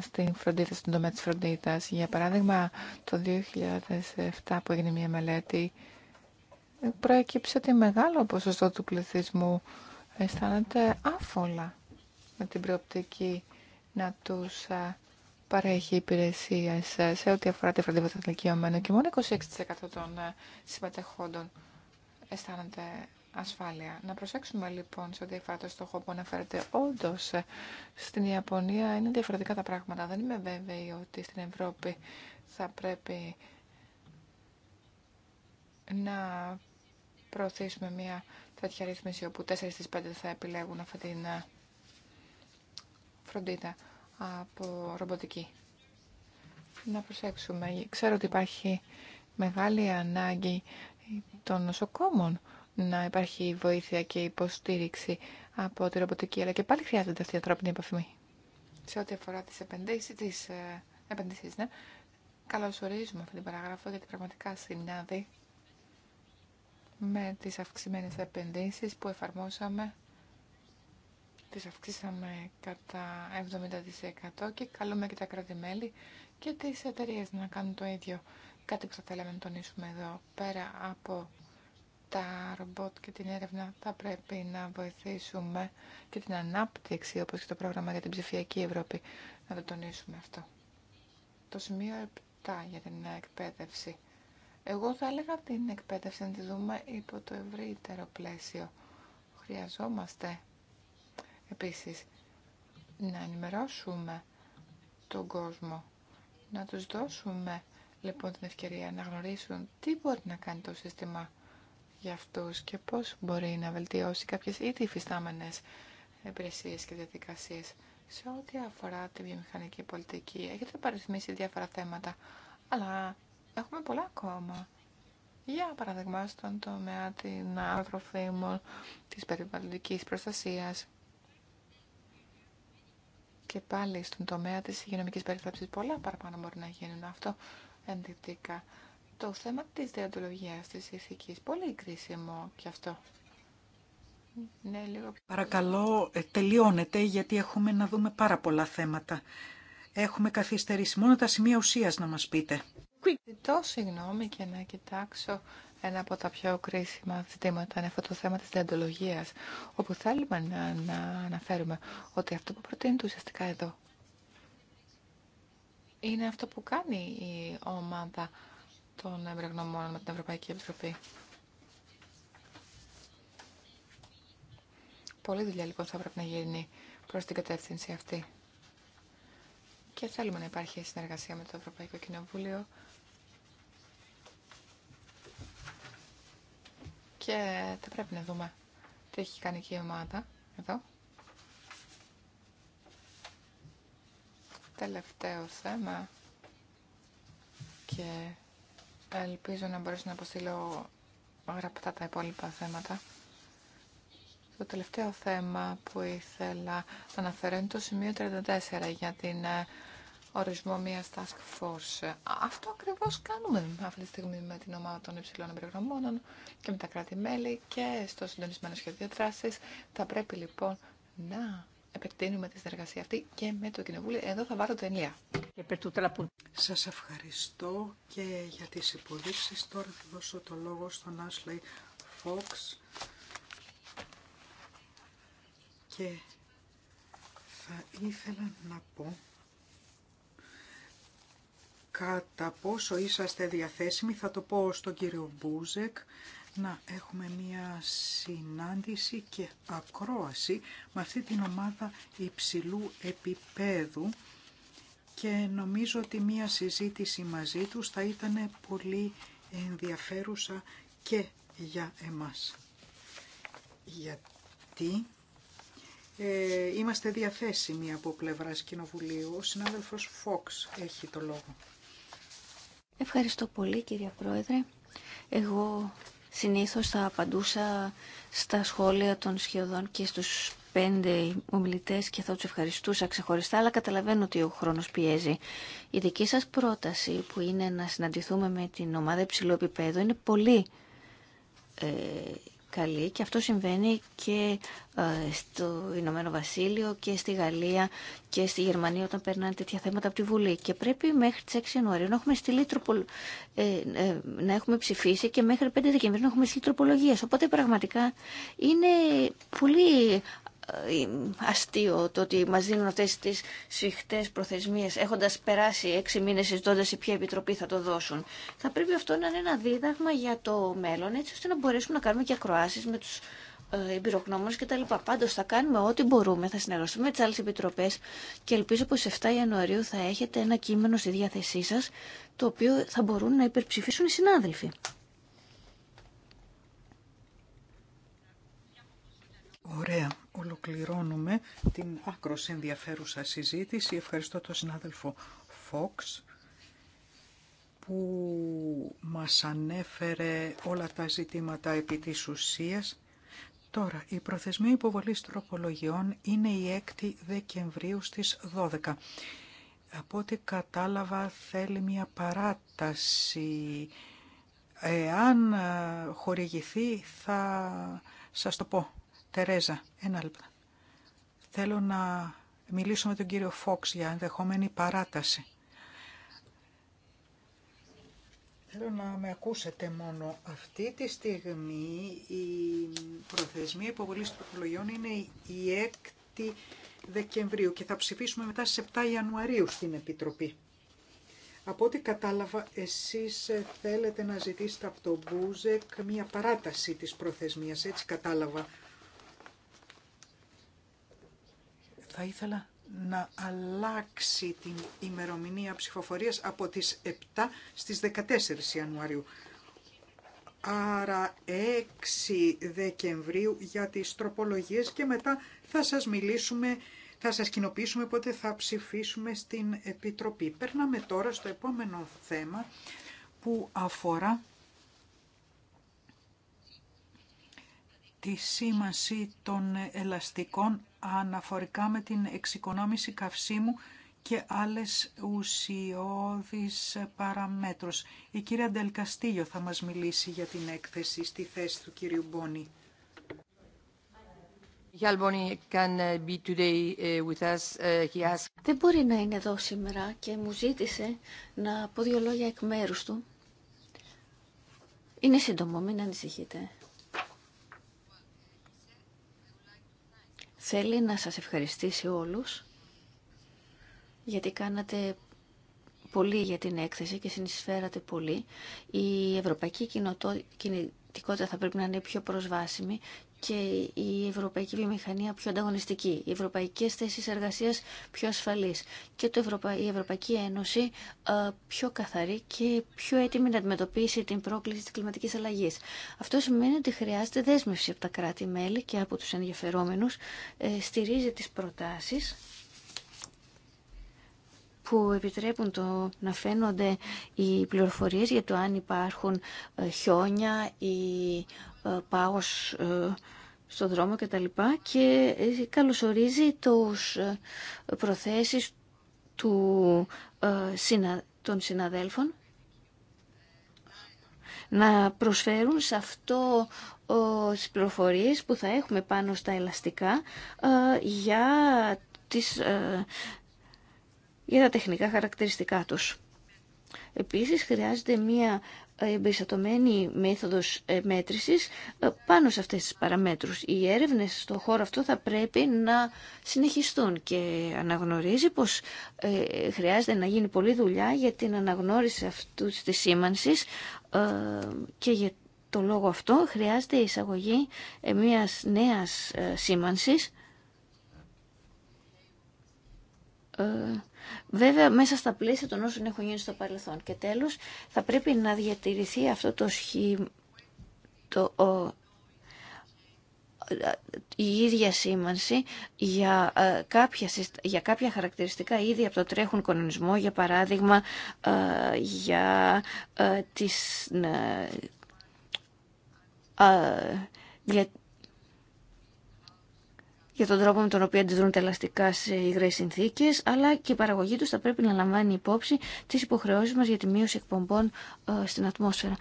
στην φροντίδα, στον τομέα της φροντίδας. Για παράδειγμα, το 2007 που έγινε μια μελέτη, προέκυψε ότι μεγάλο ποσοστό του πληθυσμού αισθάνεται άφολα με την προοπτική να τους ε, παρέχει υπηρεσίε ε, σε ό,τι αφορά τη φροντίδα των ηλικιωμένων και μόνο 26% των συμμετεχόντων αισθάνονται ασφάλεια. Να προσέξουμε λοιπόν σε ό,τι αφορά το στόχο που αναφέρεται. Όντω στην Ιαπωνία είναι διαφορετικά τα πράγματα. Δεν είμαι βέβαιη ότι στην Ευρώπη θα πρέπει να προωθήσουμε μια τέτοια ρύθμιση όπου 4 στις 5 θα επιλέγουν αυτή την ε, φροντίδα από ρομποτική. Να προσέξουμε. Ξέρω ότι υπάρχει μεγάλη ανάγκη των νοσοκόμων να υπάρχει βοήθεια και υποστήριξη από τη ρομποτική, αλλά και πάλι χρειάζεται αυτή η ανθρώπινη επαφή. Σε ό,τι αφορά τι επενδύσει, τι ορίζουμε ναι. καλωσορίζουμε αυτή την παράγραφο, γιατί πραγματικά συνάδει με τι αυξημένε επενδύσει που εφαρμόσαμε. Τις αυξήσαμε κατά 70% και καλούμε και τα κρατη και τις εταιρείε να κάνουν το ίδιο. Κάτι που θα θέλαμε να τονίσουμε εδώ, πέρα από τα ρομπότ και την έρευνα θα πρέπει να βοηθήσουμε και την ανάπτυξη, όπως και το πρόγραμμα για την ψηφιακή Ευρώπη, να το τονίσουμε αυτό. Το σημείο 7 για την εκπαίδευση. Εγώ θα έλεγα την εκπαίδευση να τη δούμε υπό το ευρύτερο πλαίσιο. Χρειαζόμαστε επίσης να ενημερώσουμε τον κόσμο, να τους δώσουμε λοιπόν την ευκαιρία να γνωρίσουν τι μπορεί να κάνει το σύστημα για αυτούς και πώς μπορεί να βελτιώσει κάποιες ήδη υφιστάμενες υπηρεσίες και διαδικασίες. Σε ό,τι αφορά τη βιομηχανική πολιτική, έχετε παριθμίσει διάφορα θέματα, αλλά έχουμε πολλά ακόμα. Για παράδειγμα, στον τομέα την αγροφήμων, της περιβαλλοντικής προστασίας και πάλι στον τομέα της υγειονομικής περιθέψης. πολλά παραπάνω μπορεί να γίνουν αυτό ενδεικτικά. Το θέμα της διατολογίας της ηθικής, πολύ κρίσιμο κι αυτό. Ναι, λίγο... Παρακαλώ, ε, τελειώνετε, γιατί έχουμε να δούμε πάρα πολλά θέματα. Έχουμε καθυστερήσει μόνο τα σημεία ουσίας να μας πείτε. Ζητώ συγγνώμη και να κοιτάξω ένα από τα πιο κρίσιμα ζητήματα είναι αυτό το θέμα της διαντολογίας, όπου θέλουμε να, να αναφέρουμε ότι αυτό που προτείνεται ουσιαστικά εδώ είναι αυτό που κάνει η ομάδα των εμπειρογνωμών με την Ευρωπαϊκή Επιτροπή. Πολλή δουλειά λοιπόν θα πρέπει να γίνει προς την κατεύθυνση αυτή. Και θέλουμε να υπάρχει συνεργασία με το Ευρωπαϊκό Κοινοβούλιο και θα πρέπει να δούμε τι έχει κάνει και η ομάδα εδώ. Τελευταίο θέμα και Ελπίζω να μπορέσω να αποστείλω γραπτά τα υπόλοιπα θέματα. Το τελευταίο θέμα που ήθελα να αναφέρω είναι το σημείο 34 για την ε, ορισμό μια task force. Αυτό ακριβώ κάνουμε αυτή τη στιγμή με την ομάδα των υψηλών εμπειρογνωμόνων και με τα κράτη-μέλη και στο συντονισμένο σχέδιο δράση. Θα πρέπει λοιπόν να επεκτείνουμε τη συνεργασία αυτή και με το Κοινοβούλιο. Εδώ θα βάλω ταινία. Σας ευχαριστώ και για τις υποδείξεις. Τώρα θα δώσω το λόγο στον Ashley Fox και θα ήθελα να πω κατά πόσο είσαστε διαθέσιμοι, θα το πω στον κύριο Μπούζεκ, να έχουμε μία συνάντηση και ακρόαση με αυτή την ομάδα υψηλού επίπεδου και νομίζω ότι μία συζήτηση μαζί τους θα ήταν πολύ ενδιαφέρουσα και για εμάς. Γιατί ε, είμαστε διαθέσιμοι από πλευράς Κοινοβουλίου. Ο συνάδελφος Φόξ έχει το λόγο. Ευχαριστώ πολύ κυρία Πρόεδρε. Εγώ συνήθως θα απαντούσα στα σχόλια των σχεδόν και στους πέντε ομιλητές και θα τους ευχαριστούσα ξεχωριστά, αλλά καταλαβαίνω ότι ο χρόνος πιέζει. Η δική σας πρόταση που είναι να συναντηθούμε με την ομάδα υψηλού επίπεδου είναι πολύ ε, και αυτό συμβαίνει και ε, στο Ηνωμένο Βασίλειο και στη Γαλλία και στη Γερμανία όταν περνάνε τέτοια θέματα από τη Βουλή. Και πρέπει μέχρι τις 6 Ιανουαρίου να έχουμε ε, ε, να έχουμε ψηφίσει και μέχρι 5 Δεκεμβρίου να έχουμε στείλει τροπολογίες. Οπότε πραγματικά είναι πολύ ε, αστείο το ότι μας δίνουν αυτές τις σφιχτές προθεσμίες έχοντας περάσει έξι μήνες συζητώντα σε ποια επιτροπή θα το δώσουν. Θα πρέπει αυτό να είναι ένα δίδαγμα για το μέλλον έτσι ώστε να μπορέσουμε να κάνουμε και ακροάσει με τους ε, τα κτλ. Πάντω θα κάνουμε ό,τι μπορούμε, θα συνεργαστούμε με τι άλλε επιτροπές και ελπίζω πω 7 Ιανουαρίου θα έχετε ένα κείμενο στη διάθεσή σα το οποίο θα μπορούν να υπερψηφίσουν οι συνάδελφοι. Ωραία. Ολοκληρώνουμε την άκρος ενδιαφέρουσα συζήτηση. Ευχαριστώ τον συνάδελφο Φόξ που μας ανέφερε όλα τα ζητήματα επί της ουσίας. Τώρα, η προθεσμία υποβολής τροπολογιών είναι η 6η Δεκεμβρίου στις 12. Από ό,τι κατάλαβα θέλει μια παράταση. Εάν ε, χορηγηθεί θα σας το πω Τερέζα, ένα Θέλω να μιλήσω με τον κύριο Φόξ για ενδεχόμενη παράταση. Θέλω να με ακούσετε μόνο. Αυτή τη στιγμή η προθεσμία υποβολής τροπολογιών είναι η 6η Δεκεμβρίου και θα ψηφίσουμε μετά στις 7 Ιανουαρίου στην Επιτροπή. Από ό,τι κατάλαβα, εσείς θέλετε να ζητήσετε από τον Μπούζεκ μία παράταση της προθεσμίας, έτσι κατάλαβα Θα ήθελα να αλλάξει την ημερομηνία ψηφοφορίας από τις 7 στις 14 Ιανουαρίου. Άρα 6 Δεκεμβρίου για τις τροπολογίες και μετά θα σας μιλήσουμε, θα σας κοινοποιήσουμε πότε θα ψηφίσουμε στην Επιτροπή. Περνάμε τώρα στο επόμενο θέμα που αφορά τη σήμαση των ελαστικών αναφορικά με την εξοικονόμηση καυσίμου και άλλες ουσιώδεις παραμέτρους. Η κυρία Ντελκαστήλιο θα μας μιλήσει για την έκθεση στη θέση του κυρίου Μπόνη. Uh, uh, uh, Δεν μπορεί να είναι εδώ σήμερα και μου ζήτησε να πω δύο λόγια εκ μέρους του. Είναι σύντομο, μην ανησυχείτε. Θέλει να σας ευχαριστήσει όλους γιατί κάνατε πολύ για την έκθεση και συνεισφέρατε πολύ. Η ευρωπαϊκή κινητικότητα θα πρέπει να είναι πιο προσβάσιμη και η ευρωπαϊκή βιομηχανία πιο ανταγωνιστική, οι ευρωπαϊκές θέσεις εργασίας πιο ασφαλείς και το η Ευρωπαϊκή Ένωση ε, πιο καθαρή και πιο έτοιμη να αντιμετωπίσει την πρόκληση της κλιματικής αλλαγής. Αυτό σημαίνει ότι χρειάζεται δέσμευση από τα κράτη-μέλη και από τους ενδιαφερόμενους, ε, στηρίζει τις προτάσεις που επιτρέπουν το να φαίνονται οι πληροφορίες για το αν υπάρχουν ε, χιόνια ή ε, πάω ε, στον δρόμο και τα λοιπά και ε, καλωσορίζει τους προθέσεις του, των συναδέλφων να προσφέρουν σε αυτό τις πληροφορίες που θα έχουμε πάνω στα ελαστικά για, τις, για τα τεχνικά χαρακτηριστικά τους. Επίσης χρειάζεται μία ε, εμπεριστατωμένη μέθοδος ε, μέτρησης ε, πάνω σε αυτές τις παραμέτρους. Οι έρευνες στον χώρο αυτό θα πρέπει να συνεχιστούν και αναγνωρίζει πως χρειάζεται να γίνει πολλή δουλειά για την αναγνώριση αυτού της σήμανσης και για το λόγο αυτό χρειάζεται η εισαγωγή μιας νέας σήμανσης Ε, βέβαια μέσα στα πλαίσια των όσων έχουν γίνει στο παρελθόν. Και τέλος θα πρέπει να διατηρηθεί αυτό το σχήμα, το, η ίδια σήμανση για, ε, κάποια, για κάποια χαρακτηριστικά ήδη από το τρέχον κανονισμό, για παράδειγμα ε, για τις, για για τον τρόπο με τον οποίο αντιδρούν τα ελαστικά σε υγρές συνθήκες, αλλά και η παραγωγή τους θα πρέπει να λαμβάνει υπόψη τις υποχρεώσεις μας για τη μείωση εκπομπών ε, στην ατμόσφαιρα.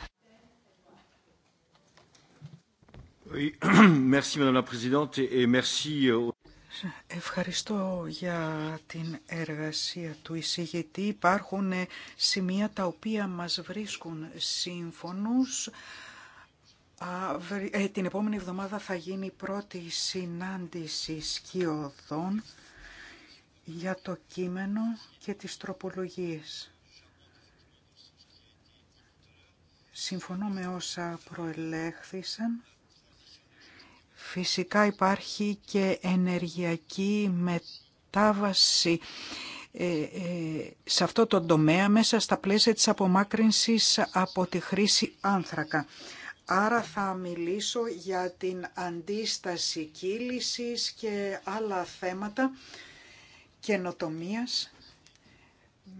Ευχαριστώ για την εργασία του εισηγητή. Υπάρχουν ε, σημεία τα οποία μας βρίσκουν σύμφωνους ε, την επόμενη εβδομάδα θα γίνει η πρώτη συνάντηση σκιωδών για το κείμενο και τις τροπολογίες. Συμφωνώ με όσα προελέχθησαν. Φυσικά υπάρχει και ενεργειακή μετάβαση ε, ε, σε αυτό το τομέα μέσα στα πλαίσια της απομάκρυνσης από τη χρήση άνθρακα. Άρα θα μιλήσω για την αντίσταση κύλησης και άλλα θέματα καινοτομίας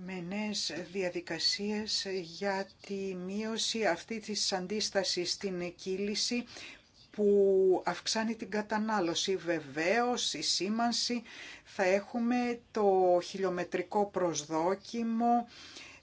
με νέες διαδικασίες για τη μείωση αυτή της αντίστασης στην κύληση που αυξάνει την κατανάλωση. Βεβαίως, η σήμανση θα έχουμε το χιλιομετρικό προσδόκιμο,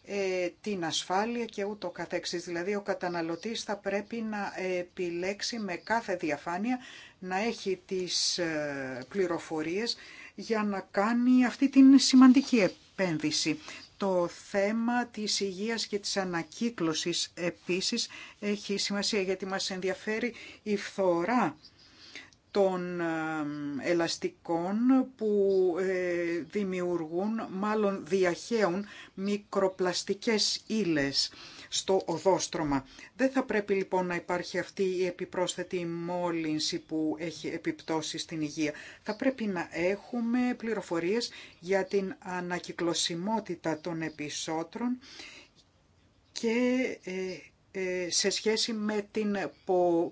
ε, την ασφάλεια και ούτω καθεξής. Δηλαδή ο καταναλωτής θα πρέπει να επιλέξει με κάθε διαφάνεια να έχει τις ε, πληροφορίες για να κάνει αυτή την σημαντική επένδυση. Το θέμα της υγείας και της ανακύκλωσης επίσης έχει σημασία γιατί μας ενδιαφέρει η φθορά των ε, ελαστικών που ε, δημιουργούν, μάλλον διαχέουν μικροπλαστικές ύλες στο οδόστρωμα. Δεν θα πρέπει λοιπόν να υπάρχει αυτή η επιπρόσθετη μόλυνση που έχει επιπτώσει στην υγεία. Θα πρέπει να έχουμε πληροφορίες για την ανακυκλωσιμότητα των επισώτρων και ε, σε σχέση με την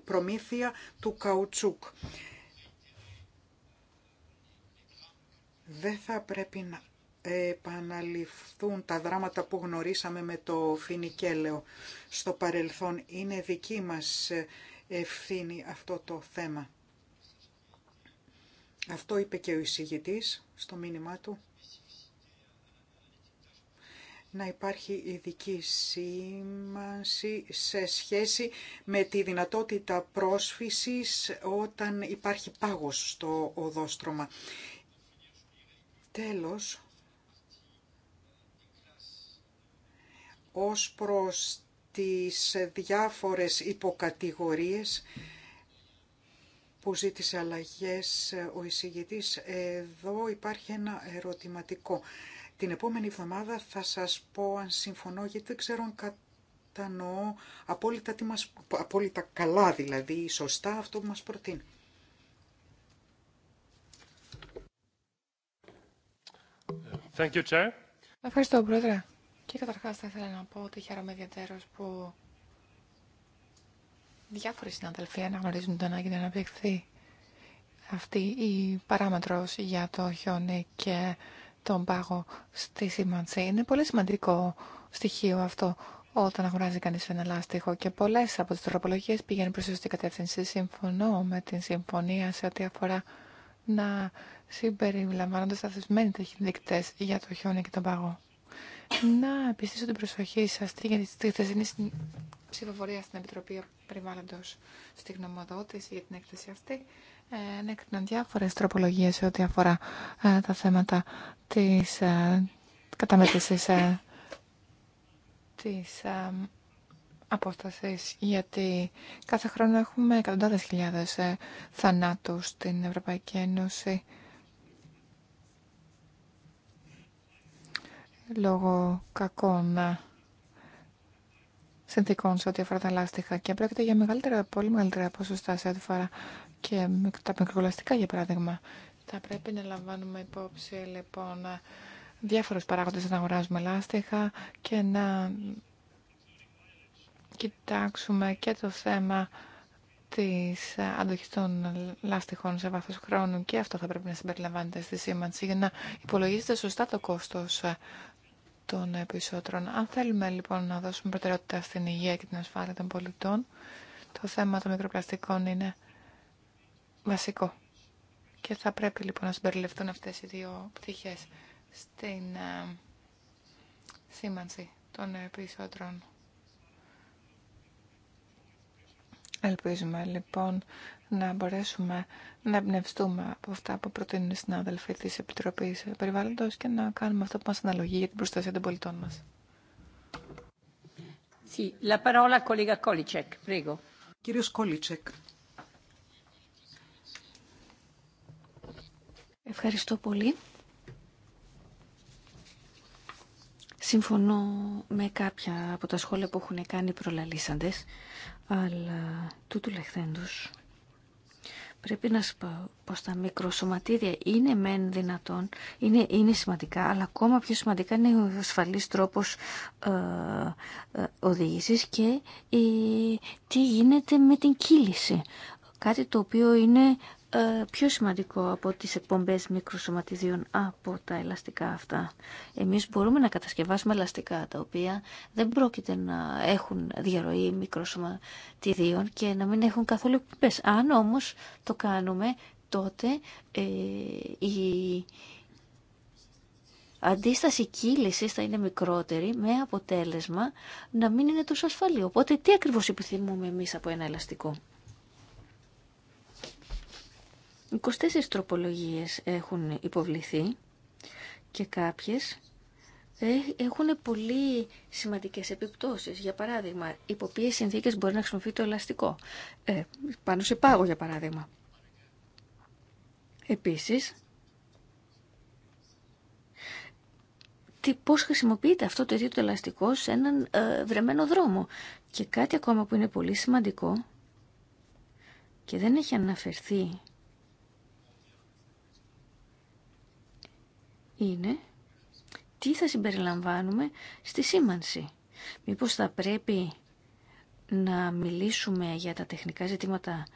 προμήθεια του καουτσούκ. Δεν θα πρέπει να επαναληφθούν τα δράματα που γνωρίσαμε με το Φινικέλεο στο παρελθόν. Είναι δική μας ευθύνη αυτό το θέμα. Αυτό είπε και ο εισηγητής στο μήνυμά του. Να υπάρχει ειδική σήμανση σε σχέση με τη δυνατότητα πρόσφυσης όταν υπάρχει πάγος στο οδόστρωμα. Τέλος, ως προς τις διάφορες υποκατηγορίες που ζήτησε αλλαγές ο εισηγητής, εδώ υπάρχει ένα ερωτηματικό. Την επόμενη εβδομάδα θα σας πω αν συμφωνώ, γιατί δεν ξέρω αν κατανοώ απόλυτα, τι μας, απόλυτα καλά δηλαδή, σωστά αυτό που μας προτείνει. Ευχαριστώ, Πρόεδρε. Και καταρχάς θα ήθελα να πω ότι χαίρομαι ιδιαίτερως που διάφοροι συναδελφοί αναγνωρίζουν την ανάγκη να αναπτυχθεί αυτή η παράμετρος για το χιόνι και τον πάγο στη σήμανση. Είναι πολύ σημαντικό στοιχείο αυτό όταν αγοράζει κανείς ένα λάστιχο και πολλές από τις τροπολογίες πηγαίνουν προς σωστή κατεύθυνση. Συμφωνώ με την συμφωνία σε ό,τι αφορά να συμπεριλαμβάνονται σταθμισμένοι ταχυδεικτέ για το χιόνι και τον παγό. Να επιστήσω την προσοχή σα για τη χθεσινή ψηφοφορία στην Επιτροπή Περιβάλλοντο στη γνωμοδότηση για την έκθεση αυτή. Ε, ενέκριναν διάφορε τροπολογίε σε ό,τι αφορά ε, τα θέματα τη ε, καταμέτρησης καταμέτρηση τη απόστασης, γιατί κάθε χρόνο έχουμε εκατοντάδες χιλιάδες ε, θανάτους στην Ευρωπαϊκή Ένωση λόγω κακών ε, συνθήκων σε ό,τι αφορά τα λάστιχα και πρόκειται για μεγαλύτερα, πολύ μεγαλύτερα ποσοστά σε ό,τι αφορά και τα μικρολαστικά για παράδειγμα. Θα πρέπει να λαμβάνουμε υπόψη λοιπόν ε, διάφορους παράγοντες να αγοράζουμε λάστιχα και να κοιτάξουμε και το θέμα της αντοχής των λάστιχων σε βάθος χρόνου και αυτό θα πρέπει να συμπεριλαμβάνεται στη σήμανση για να υπολογίζεται σωστά το κόστος των επισώτρων. Αν θέλουμε λοιπόν να δώσουμε προτεραιότητα στην υγεία και την ασφάλεια των πολιτών, το θέμα των μικροπλαστικών είναι βασικό. Και θα πρέπει λοιπόν να συμπεριληφθούν αυτές οι δύο πτυχές στην ε, σήμανση των επισώτρων. Ελπίζουμε λοιπόν να μπορέσουμε να εμπνευστούμε από αυτά που προτείνουν οι συνάδελφοι της Επιτροπής Περιβάλλοντος και να κάνουμε αυτό που μας αναλογεί για την προστασία των πολιτών μας. Sì, la Ευχαριστώ πολύ. Συμφωνώ με κάποια από τα σχόλια που έχουν κάνει οι προλαλήσαντες, αλλά τούτου λεχθέντος πρέπει να σου πω πως τα μικροσωματίδια είναι μεν δυνατόν, είναι, είναι σημαντικά, αλλά ακόμα πιο σημαντικά είναι ο ασφαλής τρόπος ε, ε οδήγησης και τι γίνεται με την κύληση. Κάτι το οποίο είναι ε, πιο σημαντικό από τις εκπομπές μικροσωματιδίων από τα ελαστικά αυτά. Εμείς μπορούμε να κατασκευάσουμε ελαστικά τα οποία δεν πρόκειται να έχουν διαρροή μικροσωματιδίων και να μην έχουν καθόλου εκπομπές. Αν όμως το κάνουμε τότε ε, η αντίσταση κύληση θα είναι μικρότερη με αποτέλεσμα να μην είναι τόσο ασφαλή. Οπότε τι ακριβώς επιθυμούμε εμείς από ένα ελαστικό. 24 τροπολογίες έχουν υποβληθεί και κάποιες ε, έχουν πολύ σημαντικές επιπτώσεις. Για παράδειγμα, υπό ποιες συνθήκες μπορεί να χρησιμοποιεί το ελαστικό. Ε, πάνω σε πάγο, για παράδειγμα. Επίσης, τι, πώς χρησιμοποιείται αυτό το ίδιο το ελαστικό σε έναν ε, βρεμένο δρόμο. Και κάτι ακόμα που είναι πολύ σημαντικό και δεν έχει αναφερθεί είναι τι θα συμπεριλαμβάνουμε στη σήμανση. Μήπως θα πρέπει να μιλήσουμε για τα τεχνικά ζητήματα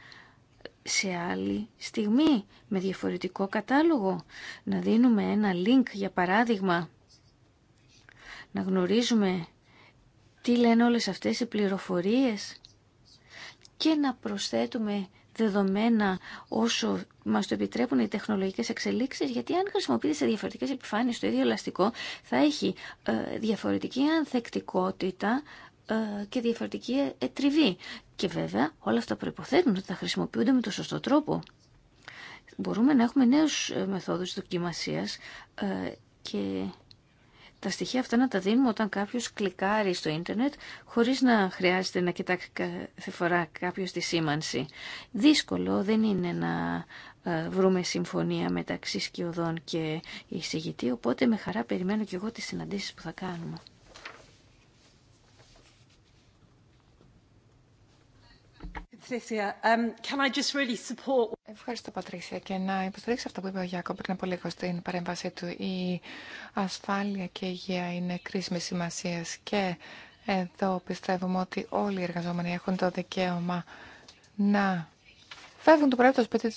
σε άλλη στιγμή, με διαφορετικό κατάλογο. Να δίνουμε ένα link, για παράδειγμα, να γνωρίζουμε τι λένε όλες αυτές οι πληροφορίες και να προσθέτουμε δεδομένα όσο μα το επιτρέπουν οι τεχνολογικέ εξελίξει, γιατί αν χρησιμοποιείται σε διαφορετικέ επιφάνειε το ίδιο ελαστικό, θα έχει ε, διαφορετική ανθεκτικότητα ε, και διαφορετική ε, τριβή. Και βέβαια όλα αυτά προποθέτουν ότι θα χρησιμοποιούνται με το σωστό τρόπο. Μπορούμε να έχουμε νέους μεθόδους δοκιμασίας και τα στοιχεία αυτά να τα δίνουμε όταν κάποιο κλικάρει στο ίντερνετ χωρί να χρειάζεται να κοιτάξει κάθε φορά κάποιο τη σήμανση. Δύσκολο δεν είναι να ε, βρούμε συμφωνία μεταξύ σκιωδών και εισηγητή, οπότε με χαρά περιμένω και εγώ τις συναντήσεις που θα κάνουμε. Um, Ευχαριστώ, Πατρίσια. Και να υποστηρίξω αυτό που είπε ο Γιάκο πριν από λίγο στην παρέμβασή του. Η ασφάλεια και η υγεία είναι κρίσιμη σημασία και εδώ πιστεύουμε ότι όλοι οι εργαζόμενοι έχουν το δικαίωμα να φεύγουν το πρωί σπίτι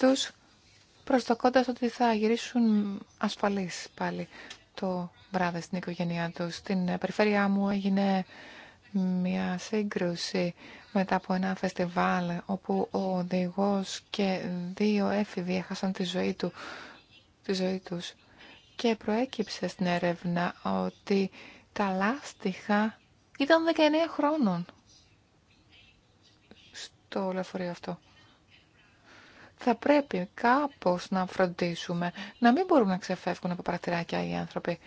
προσδοκώντας ότι θα γυρίσουν ασφαλείς πάλι το βράδυ στην οικογένειά τους. Στην περιφέρειά μου έγινε μια σύγκρουση μετά από ένα φεστιβάλ όπου ο οδηγός και δύο έφηβοι έχασαν τη ζωή, του, τη ζωή τους και προέκυψε στην έρευνα ότι τα λάστιχα ήταν 19 χρόνων στο λεωφορείο αυτό θα πρέπει κάπως να φροντίσουμε να μην μπορούμε να ξεφεύγουν από παραθυράκια οι άνθρωποι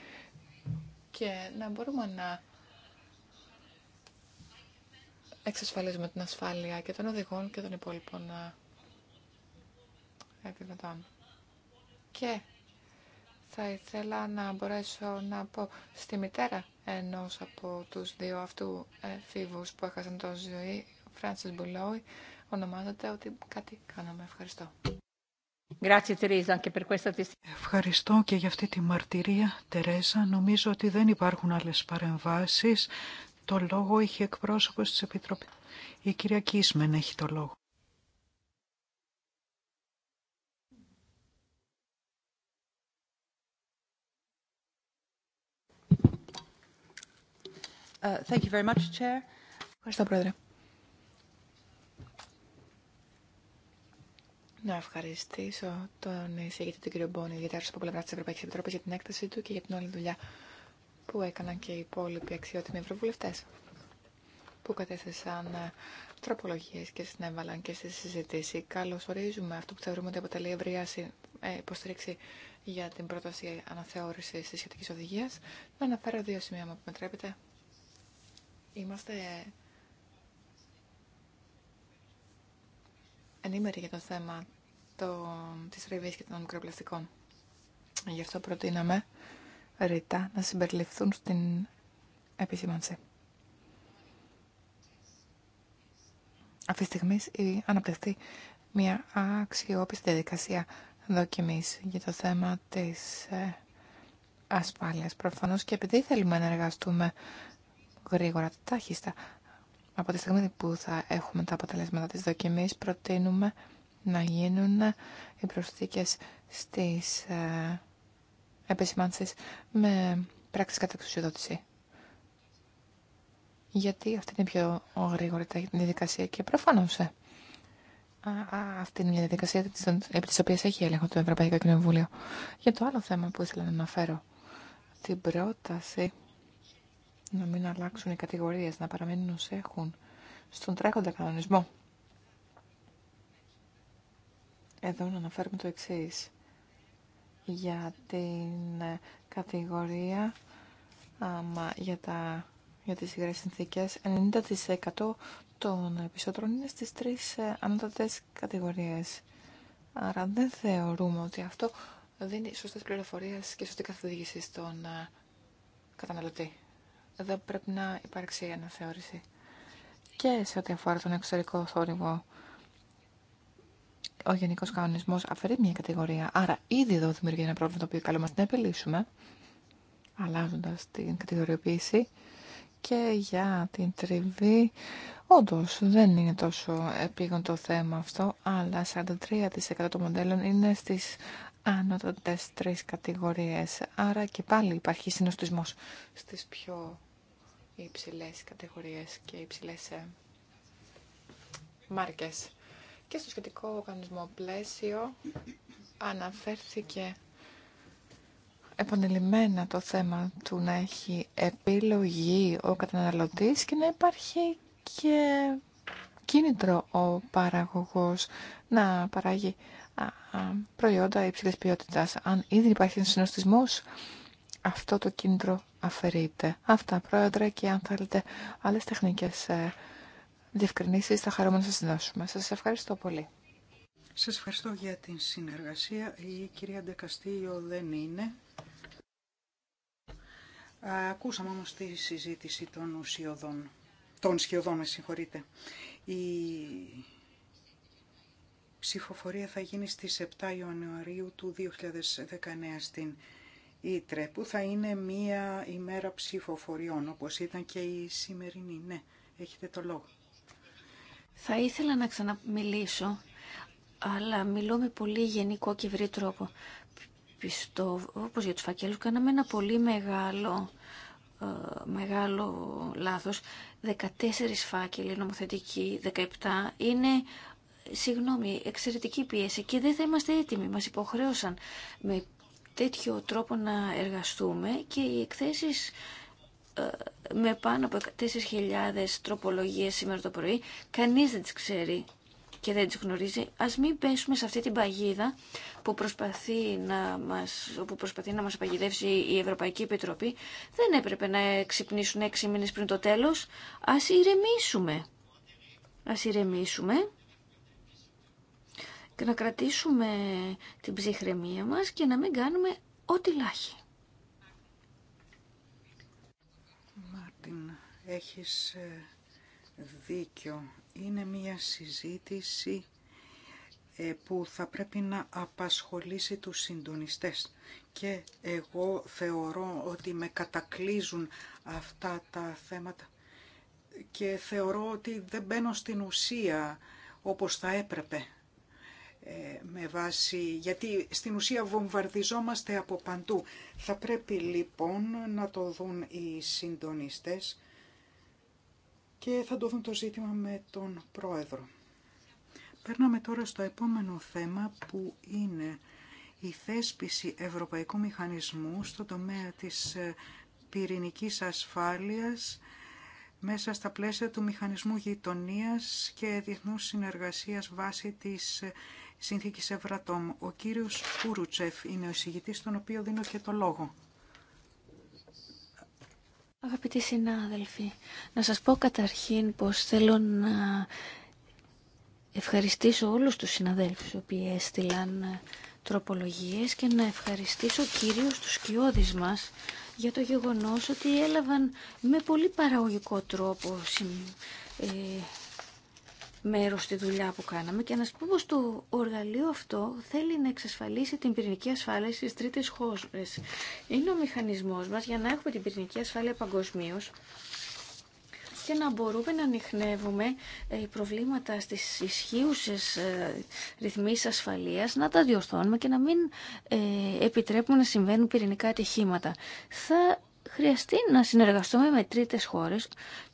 και να μπορούμε να εξασφαλίζουμε την ασφάλεια και των οδηγών και των υπόλοιπων ε, επιβατών. Και θα ήθελα να μπορέσω να πω στη μητέρα ενός από τους δύο αυτού φίβους ε, που έχασαν το ζωή, Φράνσις Μπουλόι, ονομάζεται ότι κάτι κάναμε. Ευχαριστώ. Ευχαριστώ και για αυτή τη μαρτυρία, Τερέζα. Νομίζω ότι δεν υπάρχουν άλλε παρεμβάσει. Το λόγο είχε εκπρόσωπο τη Επιτροπή. Η κυρία Κίσμεν έχει το λόγο. Uh, thank you Ευχαριστώ, Πρόεδρε. Να ευχαριστήσω τον εισηγητή του κ. Μπόνη, ιδιαίτερα από πλευρά τη Ευρωπαϊκή Επιτροπή για την έκτασή του και για την όλη δουλειά που έκαναν και οι υπόλοιποι αξιότιμοι ευρωβουλευτέ που κατέθεσαν ε, τροπολογίε και συνέβαλαν και στη συζήτηση. Καλώ ορίζουμε αυτό που θεωρούμε ότι αποτελεί ευρεία ε, υποστήριξη για την πρόταση αναθεώρηση τη σχετική οδηγία. Να αναφέρω δύο σημεία που επιτρέπετε. Είμαστε ενήμεροι για το θέμα το, της ρεβής και των μικροπλαστικών. Γι' αυτό προτείναμε ρητά να συμπεριληφθούν στην επισήμανση. Αυτή τη στιγμή αναπτυχθεί μια αξιόπιστη διαδικασία δοκιμής για το θέμα της ε, ασφάλειας. Προφανώς και επειδή θέλουμε να εργαστούμε γρήγορα, τάχιστα, από τη στιγμή που θα έχουμε τα αποτελέσματα της δοκιμής, προτείνουμε να γίνουν οι προσθήκες στις ε, με πράξη κατά εξουσιοδότηση. Γιατί αυτή είναι η πιο γρήγορη διαδικασία και προφανώς ε. α, αυτή είναι μια διαδικασία επί της οποίας έχει έλεγχο το Ευρωπαϊκό Κοινοβούλιο. Για το άλλο θέμα που ήθελα να αναφέρω, την πρόταση να μην αλλάξουν οι κατηγορίες, να παραμένουν όσοι έχουν στον τρέχοντα κανονισμό. Εδώ να αναφέρουμε το εξή για την ε, κατηγορία άμα, για, τα, για τις υγρές συνθήκες 90% των επισώτρων είναι στις τρεις ε, ανώτατες κατηγορίες. Άρα δεν θεωρούμε ότι αυτό δίνει σωστές πληροφορίες και σωστή καθοδήγηση στον ε, καταναλωτή εδώ πρέπει να υπάρξει αναθεώρηση. Και σε ό,τι αφορά τον εξωτερικό θόρυβο, ο γενικό κανονισμό αφαιρεί μια κατηγορία. Άρα, ήδη εδώ δημιουργεί ένα πρόβλημα το οποίο καλούμαστε να επιλύσουμε, αλλάζοντα την κατηγοριοποίηση. Και για την τριβή, όντω δεν είναι τόσο επίγον θέμα αυτό, αλλά 43% των μοντέλων είναι στις ανώτατες τρεις κατηγορίες. Άρα και πάλι υπάρχει συνοστισμός στις πιο υψηλές κατηγορίες και υψηλές ε, μάρκες. Και στο σχετικό οργανισμό πλαίσιο αναφέρθηκε επανειλημμένα το θέμα του να έχει επιλογή ο καταναλωτής και να υπάρχει και κίνητρο ο παραγωγός να παράγει προϊόντα υψηλής ποιότητας. Αν ήδη υπάρχει συνοστισμός, αυτό το κίνητρο αφαιρείται. Αυτά, Πρόεδρε, και αν θέλετε άλλες τεχνικές ε, διευκρινήσεις, θα χαρούμε να σας δώσουμε. Σας ευχαριστώ πολύ. Σας ευχαριστώ για την συνεργασία. Η κυρία Ντεκαστήλιο δεν είναι. Ακούσαμε όμως τη συζήτηση των ουσιοδών, των σχεδόν, με συγχωρείτε. Η ψηφοφορία θα γίνει στις 7 Ιανουαρίου του 2019 στην Ήτρε, που θα είναι μία ημέρα ψηφοφοριών, όπως ήταν και η σημερινή. Ναι, έχετε το λόγο. Θα ήθελα να ξαναμιλήσω, αλλά μιλώ με πολύ γενικό και ευρύ τρόπο. Πιστεύω για τους φακέλους κάναμε ένα πολύ μεγάλο ε, μεγάλο λάθος. 14 φάκελοι νομοθετικοί, 17 είναι συγγνώμη, εξαιρετική πίεση και δεν θα είμαστε έτοιμοι. Μας υποχρέωσαν με τέτοιο τρόπο να εργαστούμε και οι εκθέσεις ε, με πάνω από 4.000 τροπολογίες σήμερα το πρωί, κανείς δεν τις ξέρει και δεν τις γνωρίζει. Ας μην πέσουμε σε αυτή την παγίδα που προσπαθεί να μας, που προσπαθεί να μας παγιδεύσει η Ευρωπαϊκή Επιτροπή. Δεν έπρεπε να ξυπνήσουν έξι μήνες πριν το τέλος. Ας ηρεμήσουμε. Ας ηρεμήσουμε να κρατήσουμε την ψυχραιμία μας και να μην κάνουμε ό,τι λάχει. Μάρτιν, έχεις ε, δίκιο. Είναι μια συζήτηση ε, που θα πρέπει να απασχολήσει τους συντονιστές. Και εγώ θεωρώ ότι με κατακλίζουν αυτά τα θέματα και θεωρώ ότι δεν μπαίνω στην ουσία όπως θα έπρεπε ε, με βάση, γιατί στην ουσία βομβαρδιζόμαστε από παντού. Θα πρέπει λοιπόν να το δουν οι συντονιστές και θα το δουν το ζήτημα με τον Πρόεδρο. Παίρναμε τώρα στο επόμενο θέμα που είναι η θέσπιση Ευρωπαϊκού Μηχανισμού στο τομέα της ε, πυρηνικής ασφάλειας μέσα στα πλαίσια του Μηχανισμού Γειτονίας και Διεθνούς Συνεργασίας βάσει της ε, Σύνθηκη Ευρατόμ. Ο κύριος Ούρουτσεφ είναι ο εισηγητής, τον οποίο δίνω και το λόγο. Αγαπητοί συνάδελφοι, να σας πω καταρχήν πως θέλω να ευχαριστήσω όλους τους συναδέλφους οι οποίοι έστειλαν τροπολογίες και να ευχαριστήσω κυρίως τους σκιώδεις μας για το γεγονός ότι έλαβαν με πολύ παραγωγικό τρόπο ε, μέρος στη δουλειά που κάναμε και να σας πω το οργαλείο αυτό θέλει να εξασφαλίσει την πυρηνική ασφάλεια στις τρίτες χώρες. Είναι ο μηχανισμός μας για να έχουμε την πυρηνική ασφάλεια παγκοσμίω και να μπορούμε να ανοιχνεύουμε ε, προβλήματα στις ισχύουσες ε, ρυθμίσεις ασφαλείας, να τα διορθώνουμε και να μην ε, επιτρέπουμε να συμβαίνουν πυρηνικά ατυχήματα. Θα χρειαστεί να συνεργαστούμε με τρίτες χώρες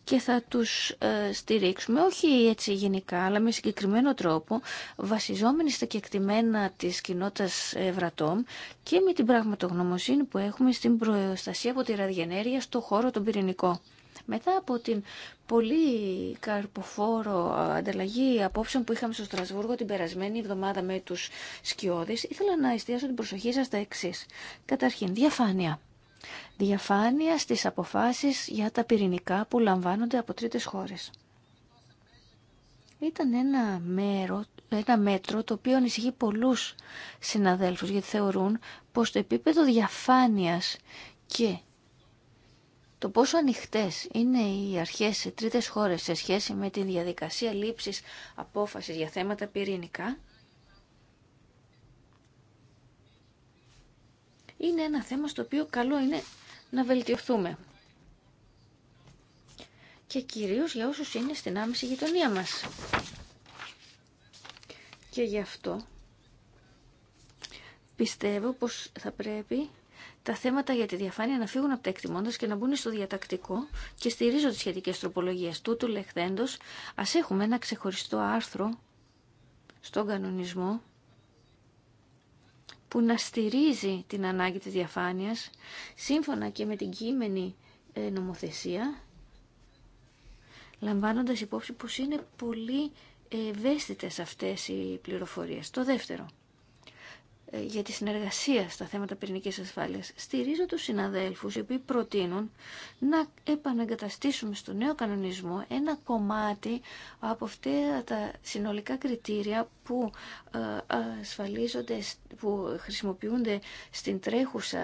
και θα τους ε, στηρίξουμε όχι έτσι γενικά αλλά με συγκεκριμένο τρόπο βασιζόμενοι στα κεκτημένα της κοινότητας Ευρατόμ και με την πραγματογνωμοσύνη που έχουμε στην προστασία από τη ραδιενέργεια στο χώρο τον πυρηνικό. Μετά από την πολύ καρποφόρο ανταλλαγή απόψεων που είχαμε στο Στρασβούργο την περασμένη εβδομάδα με τους σκιώδεις, ήθελα να εστιάσω την προσοχή σας στα εξή. Καταρχήν, διαφάνεια. Διαφάνεια στις αποφάσεις για τα πυρηνικά που λαμβάνονται από τρίτες χώρες. Ήταν ένα, μέρο, ένα μέτρο το οποίο ανησυχεί πολλούς συναδέλφους γιατί θεωρούν πως το επίπεδο διαφάνειας και το πόσο ανοιχτές είναι οι αρχές σε τρίτες χώρες σε σχέση με τη διαδικασία λήψης απόφασης για θέματα πυρηνικά είναι ένα θέμα στο οποίο καλό είναι να βελτιωθούμε. Και κυρίως για όσους είναι στην άμεση γειτονία μας. Και γι' αυτό πιστεύω πως θα πρέπει τα θέματα για τη διαφάνεια να φύγουν από τα εκτιμώντα και να μπουν στο διατακτικό και στηρίζω τι σχετικέ τροπολογίε. Τούτου λεχθέντο, α έχουμε ένα ξεχωριστό άρθρο στον κανονισμό που να στηρίζει την ανάγκη της διαφάνειας σύμφωνα και με την κείμενη ε, νομοθεσία λαμβάνοντας υπόψη πως είναι πολύ ε, ευαίσθητες αυτές οι πληροφορίες. Το δεύτερο. Ε, για τη συνεργασία στα θέματα πυρηνική ασφάλειας. Στηρίζω του συναδέλφους οι οποίοι προτείνουν να επαναγκαταστήσουμε στο νέο κανονισμό ένα κομμάτι από αυτά τα συνολικά κριτήρια που ε, ασφαλίζονται, που χρησιμοποιούνται στην τρέχουσα,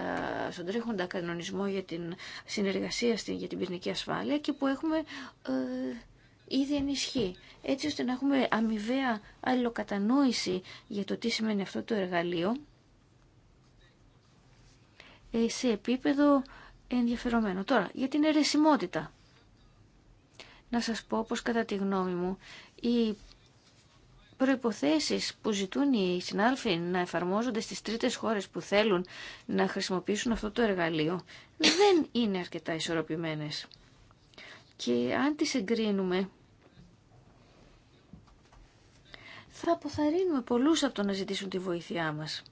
στον τρέχοντα κανονισμό για την συνεργασία για την πυρηνική ασφάλεια και που έχουμε ε, ήδη ενισχύει. Έτσι ώστε να έχουμε αμοιβαία αλληλοκατανόηση για το τι σημαίνει αυτό το εργαλείο ε, σε επίπεδο ενδιαφερομένο. Τώρα, για την αιρεσιμότητα. Να σας πω πως κατά τη γνώμη μου οι προϋποθέσεις που ζητούν οι συνάλφοι να εφαρμόζονται στις τρίτες χώρες που θέλουν να χρησιμοποιήσουν αυτό το εργαλείο δεν είναι αρκετά ισορροπημένες. Και αν τις εγκρίνουμε θα αποθαρρύνουμε πολλούς από το να ζητήσουν τη βοήθειά μας.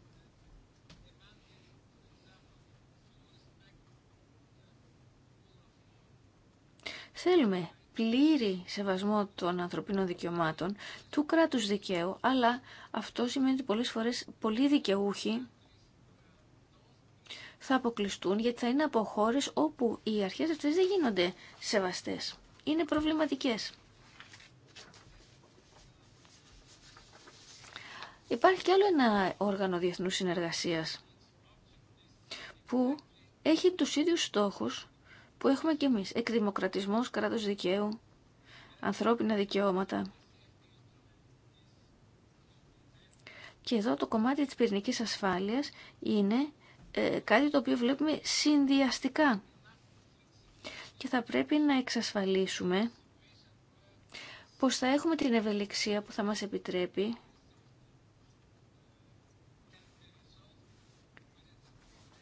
Θέλουμε πλήρη σεβασμό των ανθρωπίνων δικαιωμάτων, του κράτους δικαίου, αλλά αυτό σημαίνει ότι πολλές φορές πολλοί δικαιούχοι θα αποκλειστούν γιατί θα είναι από χώρε όπου οι αρχές αυτές δεν γίνονται σεβαστές. Είναι προβληματικές. Υπάρχει κι άλλο ένα όργανο διεθνούς συνεργασίας που έχει τους ίδιους στόχους που έχουμε κι εμείς. Εκδημοκρατισμός, κράτος δικαίου, ανθρώπινα δικαιώματα. Και εδώ το κομμάτι της πυρηνικής ασφάλειας είναι ε, κάτι το οποίο βλέπουμε συνδυαστικά. Και θα πρέπει να εξασφαλίσουμε πως θα έχουμε την ευελιξία που θα μας επιτρέπει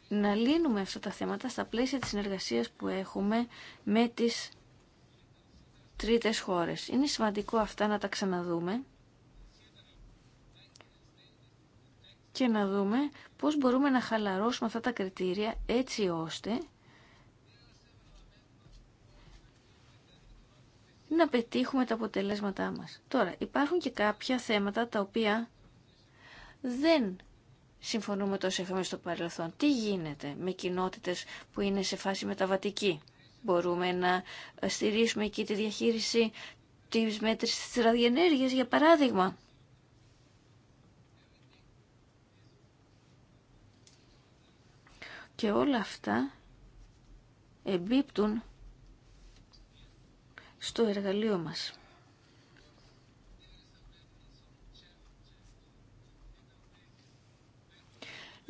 να λύνουμε αυτά τα θέματα στα πλαίσια της συνεργασίας που έχουμε με τις τρίτες χώρες. Είναι σημαντικό αυτά να τα ξαναδούμε και να δούμε πώς μπορούμε να χαλαρώσουμε αυτά τα κριτήρια έτσι ώστε να πετύχουμε τα αποτελέσματά μας. Τώρα, υπάρχουν και κάποια θέματα τα οποία δεν συμφωνούμε τόσο είχαμε στο παρελθόν. Τι γίνεται με κοινότητες που είναι σε φάση μεταβατική. Μπορούμε να στηρίσουμε εκεί τη διαχείριση της μέτρησης της ραδιενέργειας, για παράδειγμα. Και όλα αυτά εμπίπτουν στο εργαλείο μας.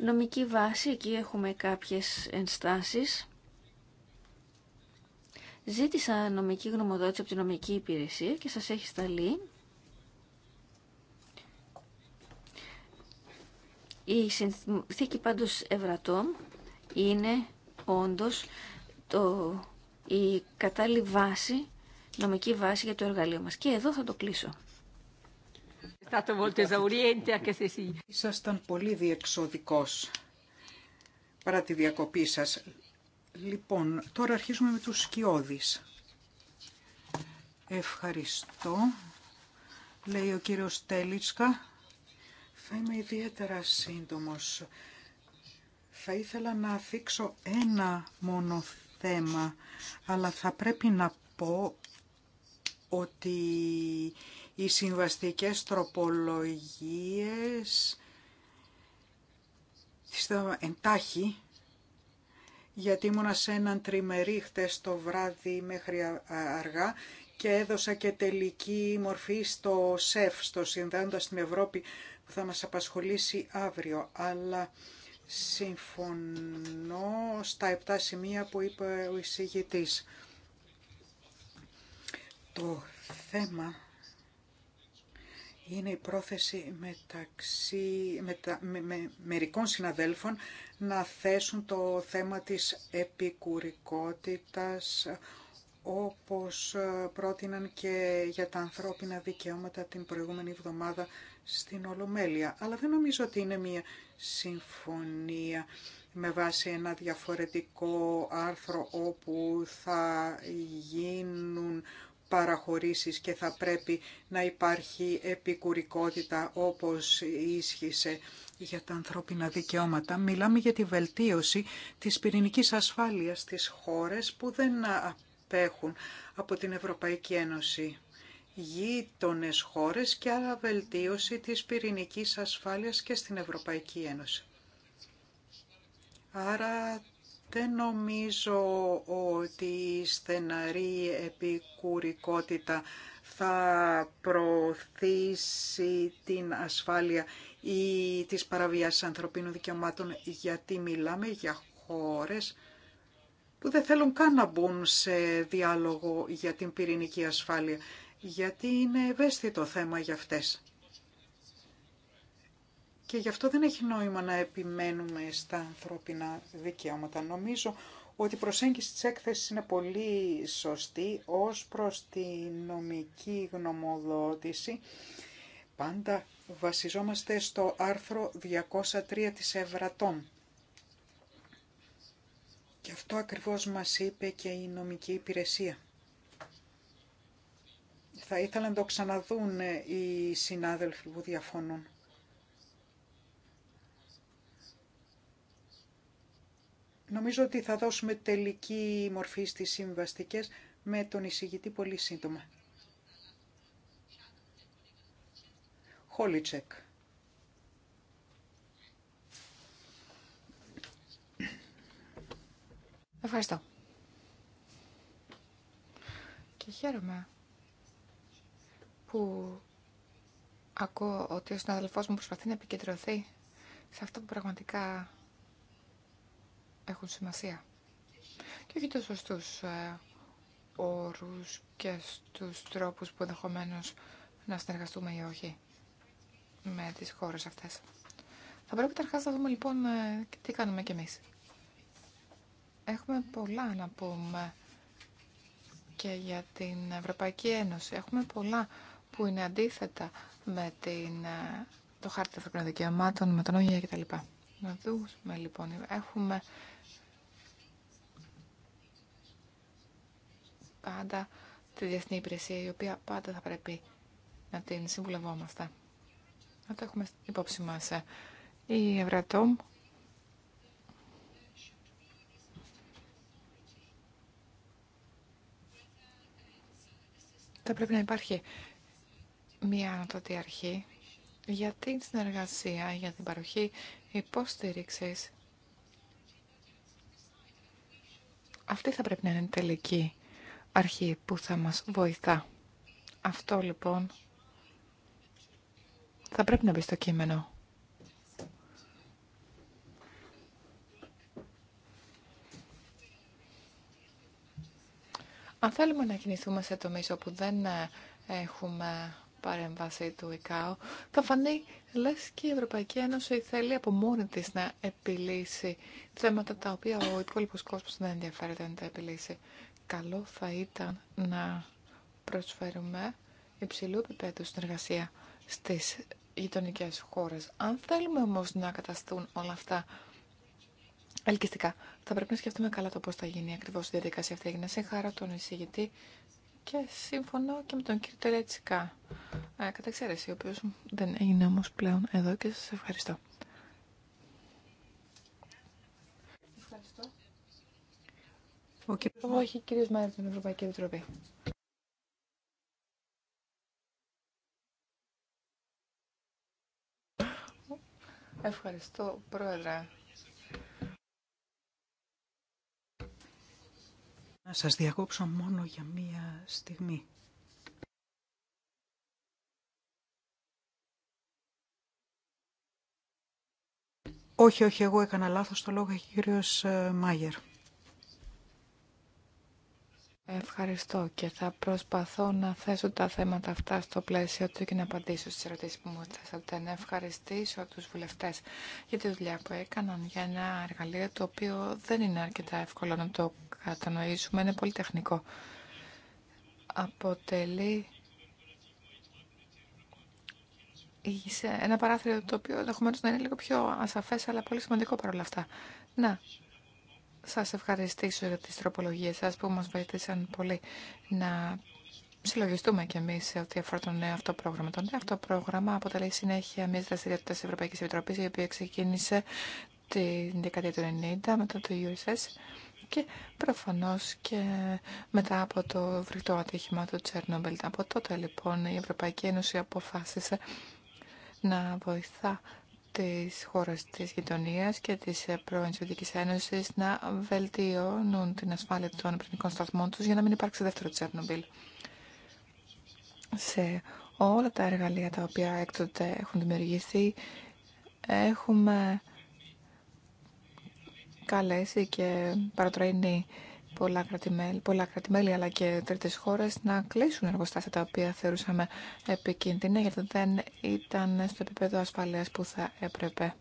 Νομική βάση, εκεί έχουμε κάποιες ενστάσεις. Ζήτησα νομική γνωμοδότηση από την νομική υπηρεσία και σας έχει σταλεί. Η συνθήκη πάντως Ευρατών είναι όντως το, η κατάλληλη βάση, νομική βάση για το εργαλείο μας. Και εδώ θα το κλείσω. Ήσασταν πολύ διεξοδικός παρά τη διακοπή σας. Λοιπόν, τώρα αρχίζουμε με τους σκιώδεις. Ευχαριστώ, λέει ο κύριος Τέλιτσκα. Θα είμαι ιδιαίτερα σύντομος. Θα ήθελα να θίξω ένα μόνο θέμα, αλλά θα πρέπει να πω ότι οι συμβαστικές τροπολογίες εντάχει γιατί ήμουνα σε έναν τριμερή χτες το βράδυ μέχρι αργά και έδωσα και τελική μορφή στο ΣΕΦ, στο Συνδέοντα στην Ευρώπη, που θα μας απασχολήσει αύριο. Αλλά συμφωνώ στα επτά σημεία που είπε ο εισηγητής. Το θέμα είναι η πρόθεση μεταξύ με, με, μερικών συναδέλφων να θέσουν το θέμα της επικουρικότητας όπως ε, πρότειναν και για τα ανθρώπινα δικαιώματα την προηγούμενη εβδομάδα στην Ολομέλεια. Αλλά δεν νομίζω ότι είναι μια συμφωνία με βάση ένα διαφορετικό άρθρο όπου θα γίνουν παραχωρήσεις και θα πρέπει να υπάρχει επικουρικότητα όπως ίσχυσε για τα ανθρώπινα δικαιώματα. Μιλάμε για τη βελτίωση της πυρηνικής ασφάλειας στις χώρες που δεν απέχουν από την Ευρωπαϊκή Ένωση γείτονες χώρες και άλλα βελτίωση της πυρηνικής ασφάλειας και στην Ευρωπαϊκή Ένωση. Άρα δεν νομίζω ότι η στεναρή επικουρικότητα θα προωθήσει την ασφάλεια ή τις παραβιάσεις ανθρωπίνων δικαιωμάτων γιατί μιλάμε για χώρες που δεν θέλουν καν να μπουν σε διάλογο για την πυρηνική ασφάλεια γιατί είναι ευαίσθητο θέμα για αυτές. Και γι' αυτό δεν έχει νόημα να επιμένουμε στα ανθρώπινα δικαιώματα. Νομίζω ότι η προσέγγιση της έκθεσης είναι πολύ σωστή ως προς τη νομική γνωμοδότηση. Πάντα βασιζόμαστε στο άρθρο 203 της Ευρατών. Και αυτό ακριβώς μας είπε και η νομική υπηρεσία. Θα ήθελα να το ξαναδούν οι συνάδελφοι που διαφωνούν. Νομίζω ότι θα δώσουμε τελική μορφή στις συμβαστικές με τον εισηγητή πολύ σύντομα. Χόλιτσεκ. Ευχαριστώ. Και χαίρομαι που ακούω ότι ο συναδελφός μου προσπαθεί να επικεντρωθεί σε αυτό που πραγματικά έχουν σημασία. Και όχι τόσο στους ε, όρους και στους τρόπους που ενδεχομένω να συνεργαστούμε ή όχι με τις χώρες αυτές. Θα πρέπει καταρχά να δούμε λοιπόν ε, τι κάνουμε κι εμείς. Έχουμε πολλά να πούμε και για την Ευρωπαϊκή Ένωση. Έχουμε πολλά που είναι αντίθετα με την, ε, το χάρτη των δικαιωμάτων, με τον ΟΓΙΑ κτλ. Να δούμε λοιπόν. Έχουμε πάντα τη διεθνή υπηρεσία, η οποία πάντα θα πρέπει να την συμβουλευόμαστε. Να το έχουμε υπόψη μας. Η Ευρατόμ θα πρέπει να υπάρχει μια ανατοτή αρχή για την συνεργασία, για την παροχή υποστήριξης. Αυτή θα πρέπει να είναι τελική αρχή που θα μας βοηθά. Αυτό λοιπόν θα πρέπει να μπει στο κείμενο. Αν θέλουμε να κινηθούμε σε τομείς όπου δεν ε, έχουμε παρέμβαση του ΙΚΑΟ, θα φανεί λες και η Ευρωπαϊκή Ένωση θέλει από μόνη της να επιλύσει θέματα τα οποία ο υπόλοιπο κόσμος δεν ενδιαφέρεται να τα επιλύσει καλό θα ήταν να προσφέρουμε υψηλού επίπεδου συνεργασία στις γειτονικέ χώρες. Αν θέλουμε όμως να καταστούν όλα αυτά ελκυστικά, θα πρέπει να σκεφτούμε καλά το πώς θα γίνει ακριβώς η διαδικασία αυτή. Έγινε σε χάρα τον εισηγητή και σύμφωνο και με τον κύριο Τελετσικά, ε, κατά εξαίρεση, ο οποίος δεν είναι όμως πλέον εδώ και σας ευχαριστώ. Ο κύριος... Όχι, κύριε την Ευρωπαϊκή Επιτροπή. Ευχαριστώ, Πρόεδρε. Να σας διακόψω μόνο για μία στιγμή. Όχι, όχι, εγώ έκανα λάθος, το λόγο έχει ο κύριος ε, Μάγερ. Ευχαριστώ και θα προσπαθώ να θέσω τα θέματα αυτά στο πλαίσιο του και να απαντήσω στις ερωτήσεις που μου θέσατε. Να ευχαριστήσω τους βουλευτές για τη δουλειά που έκαναν για ένα εργαλείο το οποίο δεν είναι αρκετά εύκολο να το κατανοήσουμε, είναι πολύ τεχνικό. Αποτελεί ένα παράθυρο το οποίο ενδεχομένω να είναι λίγο πιο ασαφές αλλά πολύ σημαντικό παρόλα αυτά. Να, σας ευχαριστήσω για τις τροπολογίες σας που μας βοήθησαν πολύ να συλλογιστούμε κι εμείς σε ό,τι αφορά το νέο αυτό πρόγραμμα. Το νέο αυτό πρόγραμμα αποτελεί συνέχεια μια δραστηριότητα της Ευρωπαϊκής Επιτροπής η οποία ξεκίνησε την δεκαετία του 90 μετά το USS και προφανώς και μετά από το φρικτό ατύχημα του Τσέρνομπελ. Από τότε λοιπόν η Ευρωπαϊκή Ένωση αποφάσισε να βοηθά τις χώρες της γειτονίας και της ε, πρώην Σοβιετικής Ένωσης να βελτιώνουν την ασφάλεια των πυρηνικών σταθμών τους για να μην υπάρξει δεύτερο Τσέρνομπιλ. Σε όλα τα εργαλεία τα οποία έκτοτε έχουν δημιουργηθεί έχουμε καλέσει και παρατραίνει πολλά κρατημέλη, πολλά αλλά και τρίτε χώρε να κλείσουν εργοστάσια τα οποία θεωρούσαμε επικίνδυνα γιατί δεν ήταν στο επίπεδο ασφαλείας που θα έπρεπε.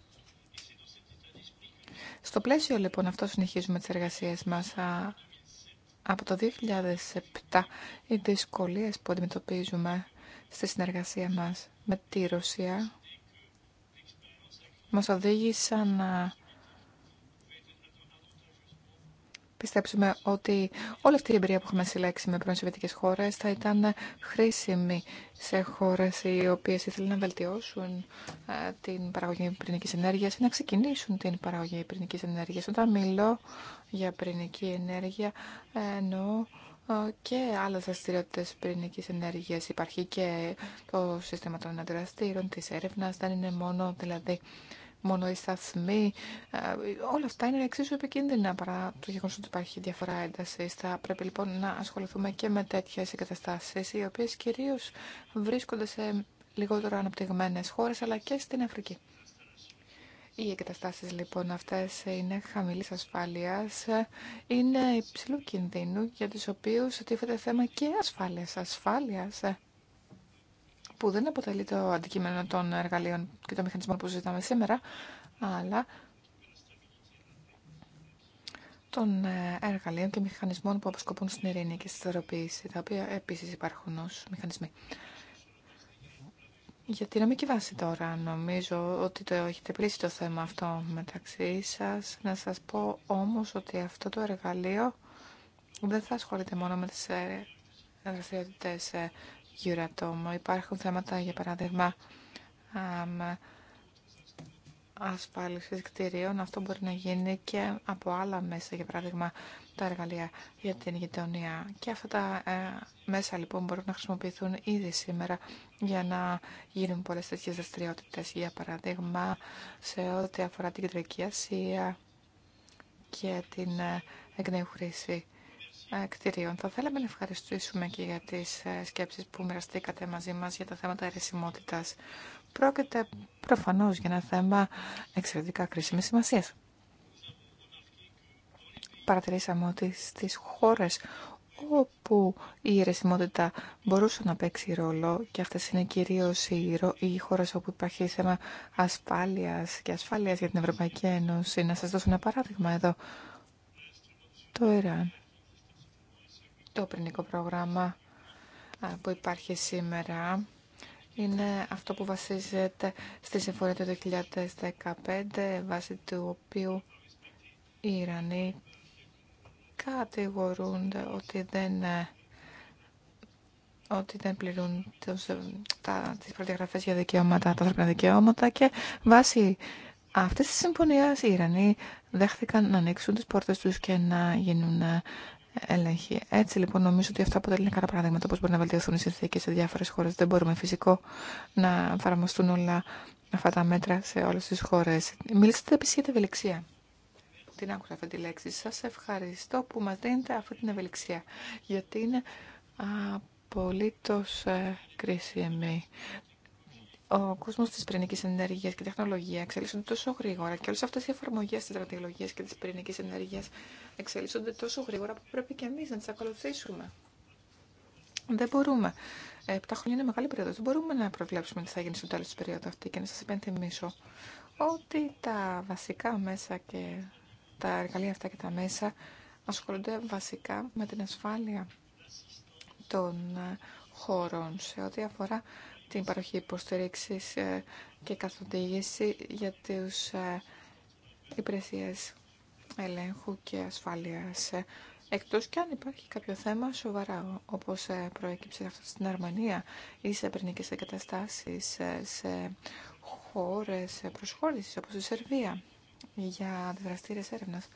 Στο πλαίσιο λοιπόν αυτό συνεχίζουμε τις εργασίες μας. Από το 2007 οι δυσκολίες που αντιμετωπίζουμε στη συνεργασία μας με τη Ρωσία μας οδήγησαν να πιστέψουμε ότι όλη αυτή η εμπειρία που έχουμε συλλέξει με πρώην Σοβιετικέ χώρες θα ήταν χρήσιμη σε χώρε οι οποίε ήθελαν να βελτιώσουν ε, την παραγωγή πυρηνική ενέργεια ή να ξεκινήσουν την παραγωγή πυρηνική ενέργεια. Όταν μιλώ για πυρηνική ενέργεια ε, εννοώ ε, και άλλε δραστηριότητε πυρηνική ενέργεια. Υπάρχει και το σύστημα των αντιδραστήρων, τη έρευνα, δεν είναι μόνο δηλαδή μόνο οι σταθμοί. Ε, όλα αυτά είναι εξίσου επικίνδυνα παρά το γεγονό ότι υπάρχει διαφορά ένταση. Θα πρέπει λοιπόν να ασχοληθούμε και με τέτοιε εγκαταστάσει, οι οποίε κυρίω βρίσκονται σε λιγότερο αναπτυγμένε χώρε αλλά και στην Αφρική. Οι εγκαταστάσει λοιπόν αυτέ είναι χαμηλή ασφάλεια, είναι υψηλού κινδύνου για του οποίου τίθεται θέμα και ασφάλεια ασφάλεια ε, που δεν αποτελεί το αντικείμενο των εργαλείων και των μηχανισμών που ζητάμε σήμερα, αλλά των ε, εργαλείων και μηχανισμών που αποσκοπούν στην ειρήνη και στη θεωροποίηση, τα οποία επίσης υπάρχουν ως μηχανισμοί. Για την νομική βάση τώρα, νομίζω ότι το έχετε πλήσει το θέμα αυτό μεταξύ σας. Να σας πω όμως ότι αυτό το εργαλείο δεν θα ασχολείται μόνο με τις ε, δραστηριότητε ε, Υπάρχουν θέματα, για παράδειγμα, ασφάλιση κτηρίων. Αυτό μπορεί να γίνει και από άλλα μέσα, για παράδειγμα, τα εργαλεία για την γειτονία. Και αυτά τα ε, μέσα, λοιπόν, μπορούν να χρησιμοποιηθούν ήδη σήμερα για να γίνουν πολλές τέτοιες δραστηριότητε. Για παράδειγμα, σε ό,τι αφορά την Κεντρική Ασία και την ε, χρήση κτηρίων. Θα θέλαμε να ευχαριστήσουμε και για τις ε, σκέψεις που μοιραστήκατε μαζί μας για τα θέματα αιρεσιμότητας. Πρόκειται προφανώς για ένα θέμα εξαιρετικά κρίσιμης σημασίας. Παρατηρήσαμε ότι στις χώρες όπου η αιρεσιμότητα μπορούσε να παίξει ρόλο και αυτές είναι κυρίως οι χώρες όπου υπάρχει θέμα ασφάλεια και ασφάλεια για την Ευρωπαϊκή Ένωση. Να σας δώσω ένα παράδειγμα εδώ. Το Ιράν το πρινικό πρόγραμμα που υπάρχει σήμερα είναι αυτό που βασίζεται στη συμφωνία του 2015, βάσει του οποίου οι Ιρανοί κατηγορούνται ότι δεν ε, ότι δεν πληρούν ε, τα, τις προδιαγραφές για δικαιώματα, τα ανθρώπινα δικαιώματα και βάσει αυτής της συμφωνίας οι Ιρανοί δέχθηκαν να ανοίξουν τις πόρτες τους και να γίνουν ε, ελέγχει. Έτσι λοιπόν νομίζω ότι αυτό αποτελεί ένα καλά παράδειγμα το πώς μπορεί να βελτιωθούν οι συνθήκε σε διάφορες χώρες. Δεν μπορούμε φυσικό να εφαρμοστούν όλα αυτά τα μέτρα σε όλες τις χώρες. Μιλήσατε επίσης για την ευελιξία. Την άκουσα αυτή τη λέξη. Σας ευχαριστώ που μας δίνετε αυτή την ευελιξία. Γιατί είναι απολύτως ε, κρίσιμη ο κόσμο τη πυρηνική ενέργεια και τεχνολογία εξελίσσονται τόσο γρήγορα και όλε αυτέ οι εφαρμογέ τη στρατηγική και τη πυρηνική ενέργεια εξελίσσονται τόσο γρήγορα που πρέπει και εμεί να τι ακολουθήσουμε. Δεν μπορούμε. Ε, επτά χρόνια είναι μεγάλη περίοδο. Δεν μπορούμε να προβλέψουμε τι θα γίνει στο τέλο τη περίοδο αυτή. Και να σα υπενθυμίσω ότι τα βασικά μέσα και τα εργαλεία αυτά και τα μέσα ασχολούνται βασικά με την ασφάλεια των ε, χώρων σε ό,τι αφορά την παροχή υποστηρίξη ε, και καθοδήγηση για τους ε, υπηρεσίες ελέγχου και ασφάλειας. Εκτός και αν υπάρχει κάποιο θέμα σοβαρά, όπως ε, προέκυψε αυτό στην Αρμανία ή σε πυρηνικές εγκαταστάσεις σε χώρες προσχώρησης όπως η σε πρινικες εγκαταστασεις σε χωρες προσχωρησης οπως η σερβια για δραστήρες έρευνας.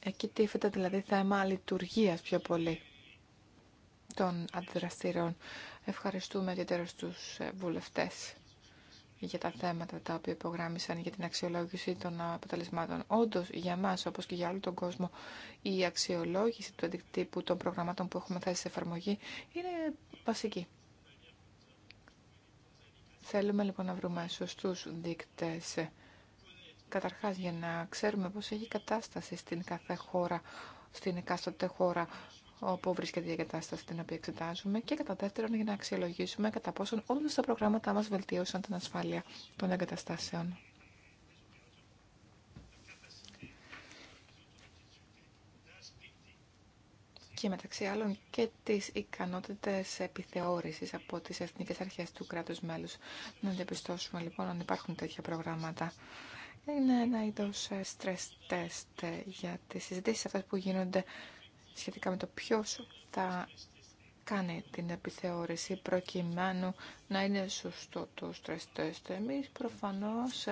Εκεί τύφεται δηλαδή θέμα λειτουργίας πιο πολύ των αντιδραστήρων Ευχαριστούμε ιδιαίτερα του ε, βουλευτές για τα θέματα τα οποία υπογράμμισαν για την αξιολόγηση των αποτελεσμάτων. Όντω, για εμά, όπω και για όλο τον κόσμο, η αξιολόγηση του αντικτύπου των προγραμμάτων που έχουμε θέσει σε εφαρμογή είναι βασική. Θέλουμε λοιπόν να βρούμε σωστούς δείκτες, καταρχάς για να ξέρουμε πώς έχει κατάσταση στην κάθε χώρα, στην εκάστοτε χώρα, όπου βρίσκεται η εγκατάσταση την οποία εξετάζουμε και κατά δεύτερον για να αξιολογήσουμε κατά πόσον όλα τα προγράμματά μας βελτίωσαν την ασφάλεια των εγκαταστάσεων. και μεταξύ άλλων και τις ικανότητες επιθεώρησης από τις εθνικές αρχές του κράτους μέλους. Να διαπιστώσουμε λοιπόν αν υπάρχουν τέτοια προγράμματα. Είναι ένα είδος ε, stress test ε, για τις συζητήσεις αυτές που γίνονται σχετικά με το ποιο θα κάνει την επιθεώρηση προκειμένου να είναι σωστό το stress test. Εμείς προφανώς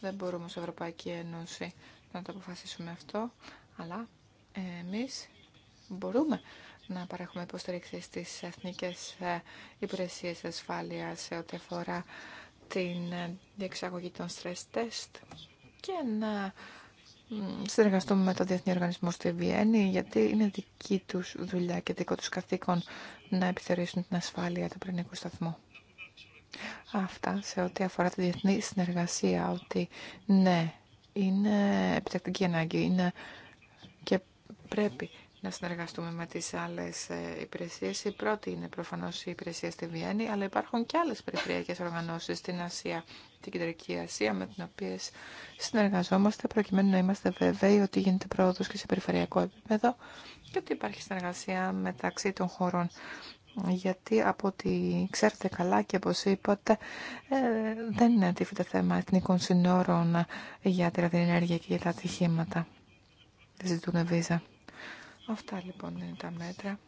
δεν μπορούμε στην Ευρωπαϊκή Ένωση να το αποφασίσουμε αυτό, αλλά εμείς μπορούμε να παρέχουμε υποστήριξη στις εθνικές ε, υπηρεσίες ασφάλειας σε ό,τι αφορά την ε, διεξαγωγή των stress test και να συνεργαστούμε με το Διεθνή Οργανισμό στη Βιέννη, γιατί είναι δική τους δουλειά και δικό του καθήκον να επιθερήσουν την ασφάλεια του πυρηνικού σταθμού. Αυτά σε ό,τι αφορά τη διεθνή συνεργασία, ότι ναι, είναι επιτακτική ανάγκη, είναι και πρέπει να συνεργαστούμε με τις άλλες ε, υπηρεσίες. Η πρώτη είναι προφανώς η υπηρεσία στη Βιέννη, αλλά υπάρχουν και άλλες περιφερειακές οργανώσεις στην Ασία, την Κεντρική Ασία, με τις οποίες συνεργαζόμαστε, προκειμένου να είμαστε βέβαιοι ότι γίνεται πρόοδος και σε περιφερειακό επίπεδο και ότι υπάρχει συνεργασία μεταξύ των χωρών. Γιατί από ό,τι ξέρετε καλά και όπω είπατε, ε, δεν είναι αντίθετο θέμα εθνικών συνόρων για τη ραδιενέργεια και για τα ατυχήματα. Ζητούν βίζα. Αυτά λοιπόν είναι τα μέτρα.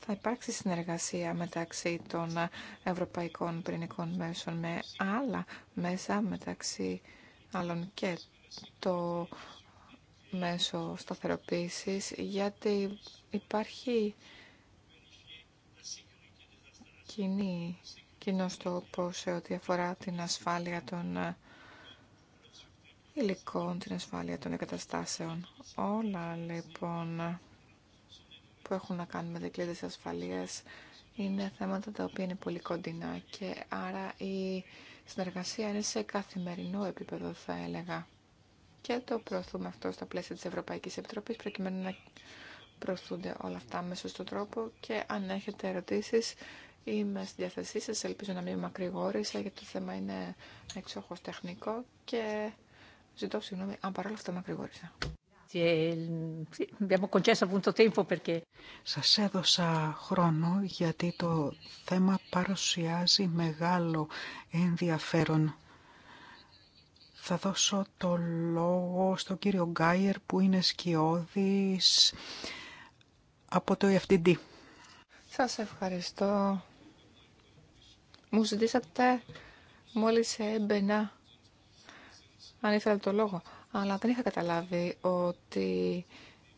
Θα υπάρξει συνεργασία μεταξύ των ευρωπαϊκών πυρηνικών μέσων με άλλα μέσα, μεταξύ άλλων και το μέσο σταθεροποίησης, γιατί υπάρχει κοινή, κοινό στόχο σε ό,τι αφορά την ασφάλεια των υλικών, την ασφάλεια των εγκαταστάσεων. Όλα λοιπόν που έχουν να κάνουν με δικλείδες ασφαλείας είναι θέματα τα οποία είναι πολύ κοντινά και άρα η συνεργασία είναι σε καθημερινό επίπεδο θα έλεγα. Και το προωθούμε αυτό στα πλαίσια της Ευρωπαϊκής Επιτροπής προκειμένου να προωθούνται όλα αυτά με σωστό τρόπο και αν έχετε ερωτήσεις είμαι στη διάθεσή σας. Ελπίζω να μην μακρηγόρησα γιατί το θέμα είναι εξόχως τεχνικό και Ζητώ συγγνώμη αν παρόλα αυτά με ακρηγόρησα. Ε, ναι, Σας έδωσα χρόνο γιατί το θέμα παρουσιάζει μεγάλο ενδιαφέρον. Θα δώσω το λόγο στον κύριο Γκάιερ που είναι σκιώδης από το EFTD. Σας ευχαριστώ. Μου ζητήσατε μόλις έμπαινα αν ήθελα το λόγο. Αλλά δεν είχα καταλάβει ότι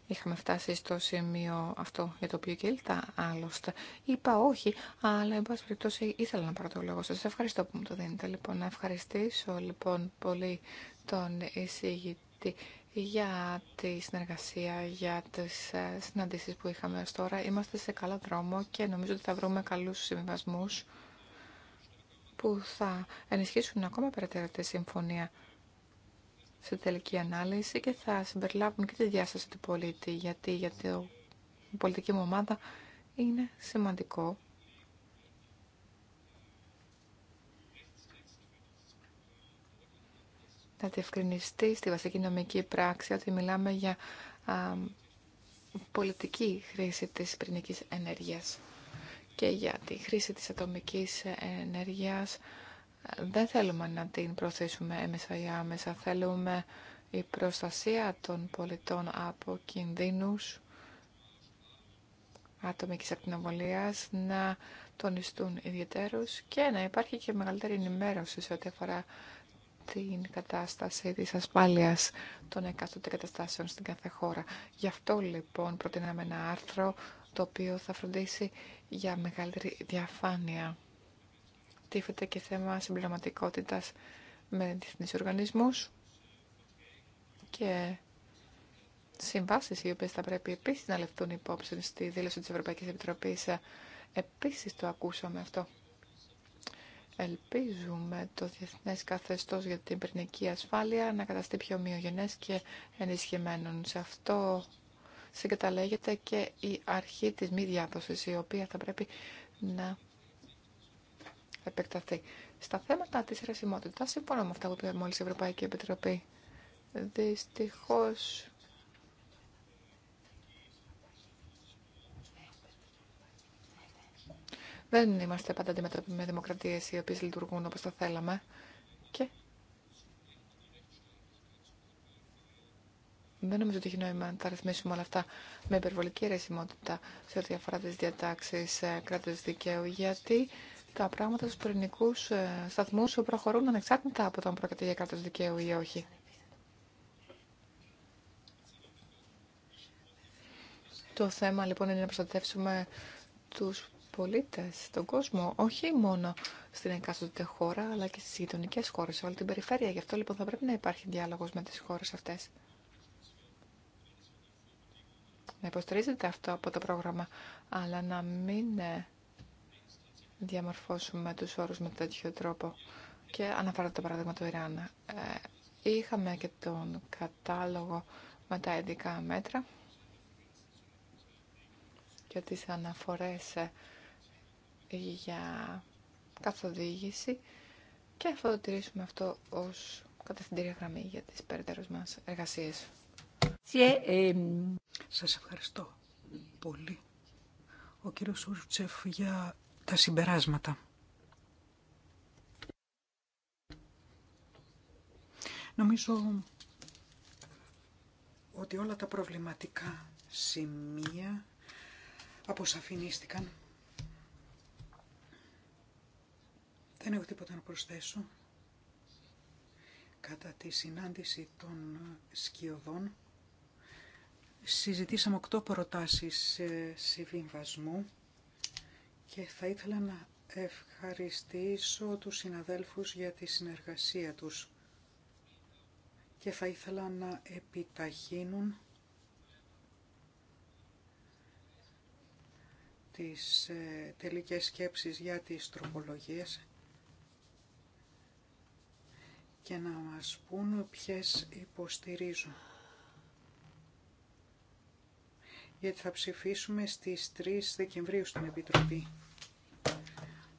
είχαμε φτάσει στο σημείο αυτό για το οποίο κελτά. άλλωστε. Είπα όχι, αλλά εν πάση περιπτώσει ήθελα να πάρω το λόγο σας. Ευχαριστώ που μου το δίνετε λοιπόν. Να ευχαριστήσω λοιπόν πολύ τον εισηγητή για τη συνεργασία, για τις ε, συναντήσεις που είχαμε ως τώρα. Είμαστε σε καλό δρόμο και νομίζω ότι θα βρούμε καλούς συμβιβασμού που θα ενισχύσουν ακόμα περαιτέρω τη συμφωνία σε τελική ανάλυση και θα συμπεριλάβουν και τη διάσταση του πολίτη, γιατί για η πολιτική μου ομάδα είναι σημαντικό να διευκρινιστεί στη βασική νομική πράξη ότι μιλάμε για πολιτική χρήση της πυρηνικής ενέργειας και για τη χρήση της ατομικής ενέργειας δεν θέλουμε να την προωθήσουμε έμεσα ή άμεσα. Θέλουμε η προστασία των πολιτών από κινδύνους ατομικής ακτινοβολίας να τονιστούν ιδιαίτερους και να υπάρχει και μεγαλύτερη ενημέρωση σε ό,τι αφορά την κατάσταση της ασφάλειας των εκάστοτε καταστάσεων στην κάθε χώρα. Γι' αυτό λοιπόν προτείναμε ένα άρθρο το οποίο θα φροντίσει για μεγαλύτερη διαφάνεια τίθεται και θέμα συμπληρωματικότητα με διεθνείς οργανισμούς και συμβάσει οι οποίε θα πρέπει επίση να λεφτούν υπόψη στη δήλωση τη Ευρωπαϊκή Επιτροπή. Επίση το ακούσαμε αυτό. Ελπίζουμε το διεθνέ καθεστώ για την πυρηνική ασφάλεια να καταστεί πιο ομοιογενέ και ενισχυμένων. Σε αυτό συγκαταλέγεται και η αρχή της μη διάδοση, η οποία θα πρέπει να επεκταθεί. Στα θέματα τη ρεσιμότητα. συμφωνώ με αυτά που είπε μόλι η Ευρωπαϊκή Επιτροπή. Δυστυχώ. δεν είμαστε πάντα αντιμετωπισμένοι με δημοκρατίες οι οποίε λειτουργούν όπως θα θέλαμε. Και Δεν νομίζω ότι έχει νόημα να τα ρυθμίσουμε όλα αυτά με υπερβολική ρεσιμότητα σε ό,τι αφορά τι διατάξει ε, κράτου δικαίου, γιατί τα πράγματα στους πυρηνικούς ε, σταθμούς που προχωρούν ανεξάρτητα από το αν πρόκειται για κράτος δικαίου ή όχι. Το θέμα λοιπόν είναι να προστατεύσουμε τους πολίτες, τον κόσμο, όχι μόνο στην εκάστοτε χώρα, αλλά και στις γειτονικές χώρες, σε όλη την περιφέρεια. Γι' αυτό λοιπόν θα πρέπει να υπάρχει διάλογος με τις χώρες αυτές. Να υποστηρίζεται αυτό από το πρόγραμμα, αλλά να μην ε, διαμορφώσουμε τους όρους με τέτοιο τρόπο. Και αναφέρατε το παράδειγμα του Ιράν. Ε, είχαμε και τον κατάλογο με τα ειδικά μέτρα και τις αναφορές ε, για καθοδήγηση και θα το τηρήσουμε αυτό ως κατευθυντήρια γραμμή για τις περαιτέρω μας εργασίες. Σας ευχαριστώ πολύ. Ο κύριος Ούρτσεφ για τα συμπεράσματα. Νομίζω ότι όλα τα προβληματικά σημεία αποσαφηνίστηκαν. Δεν έχω τίποτα να προσθέσω. Κατά τη συνάντηση των σκιωδών συζητήσαμε οκτώ προτάσεις ε, συμβιβασμού και θα ήθελα να ευχαριστήσω τους συναδέλφους για τη συνεργασία τους και θα ήθελα να επιταχύνουν τις ε, τελικές σκέψεις για τις τροπολογίες και να μας πούν ποιες υποστηρίζουν. γιατί θα ψηφίσουμε στις 3 Δεκεμβρίου στην Επιτροπή.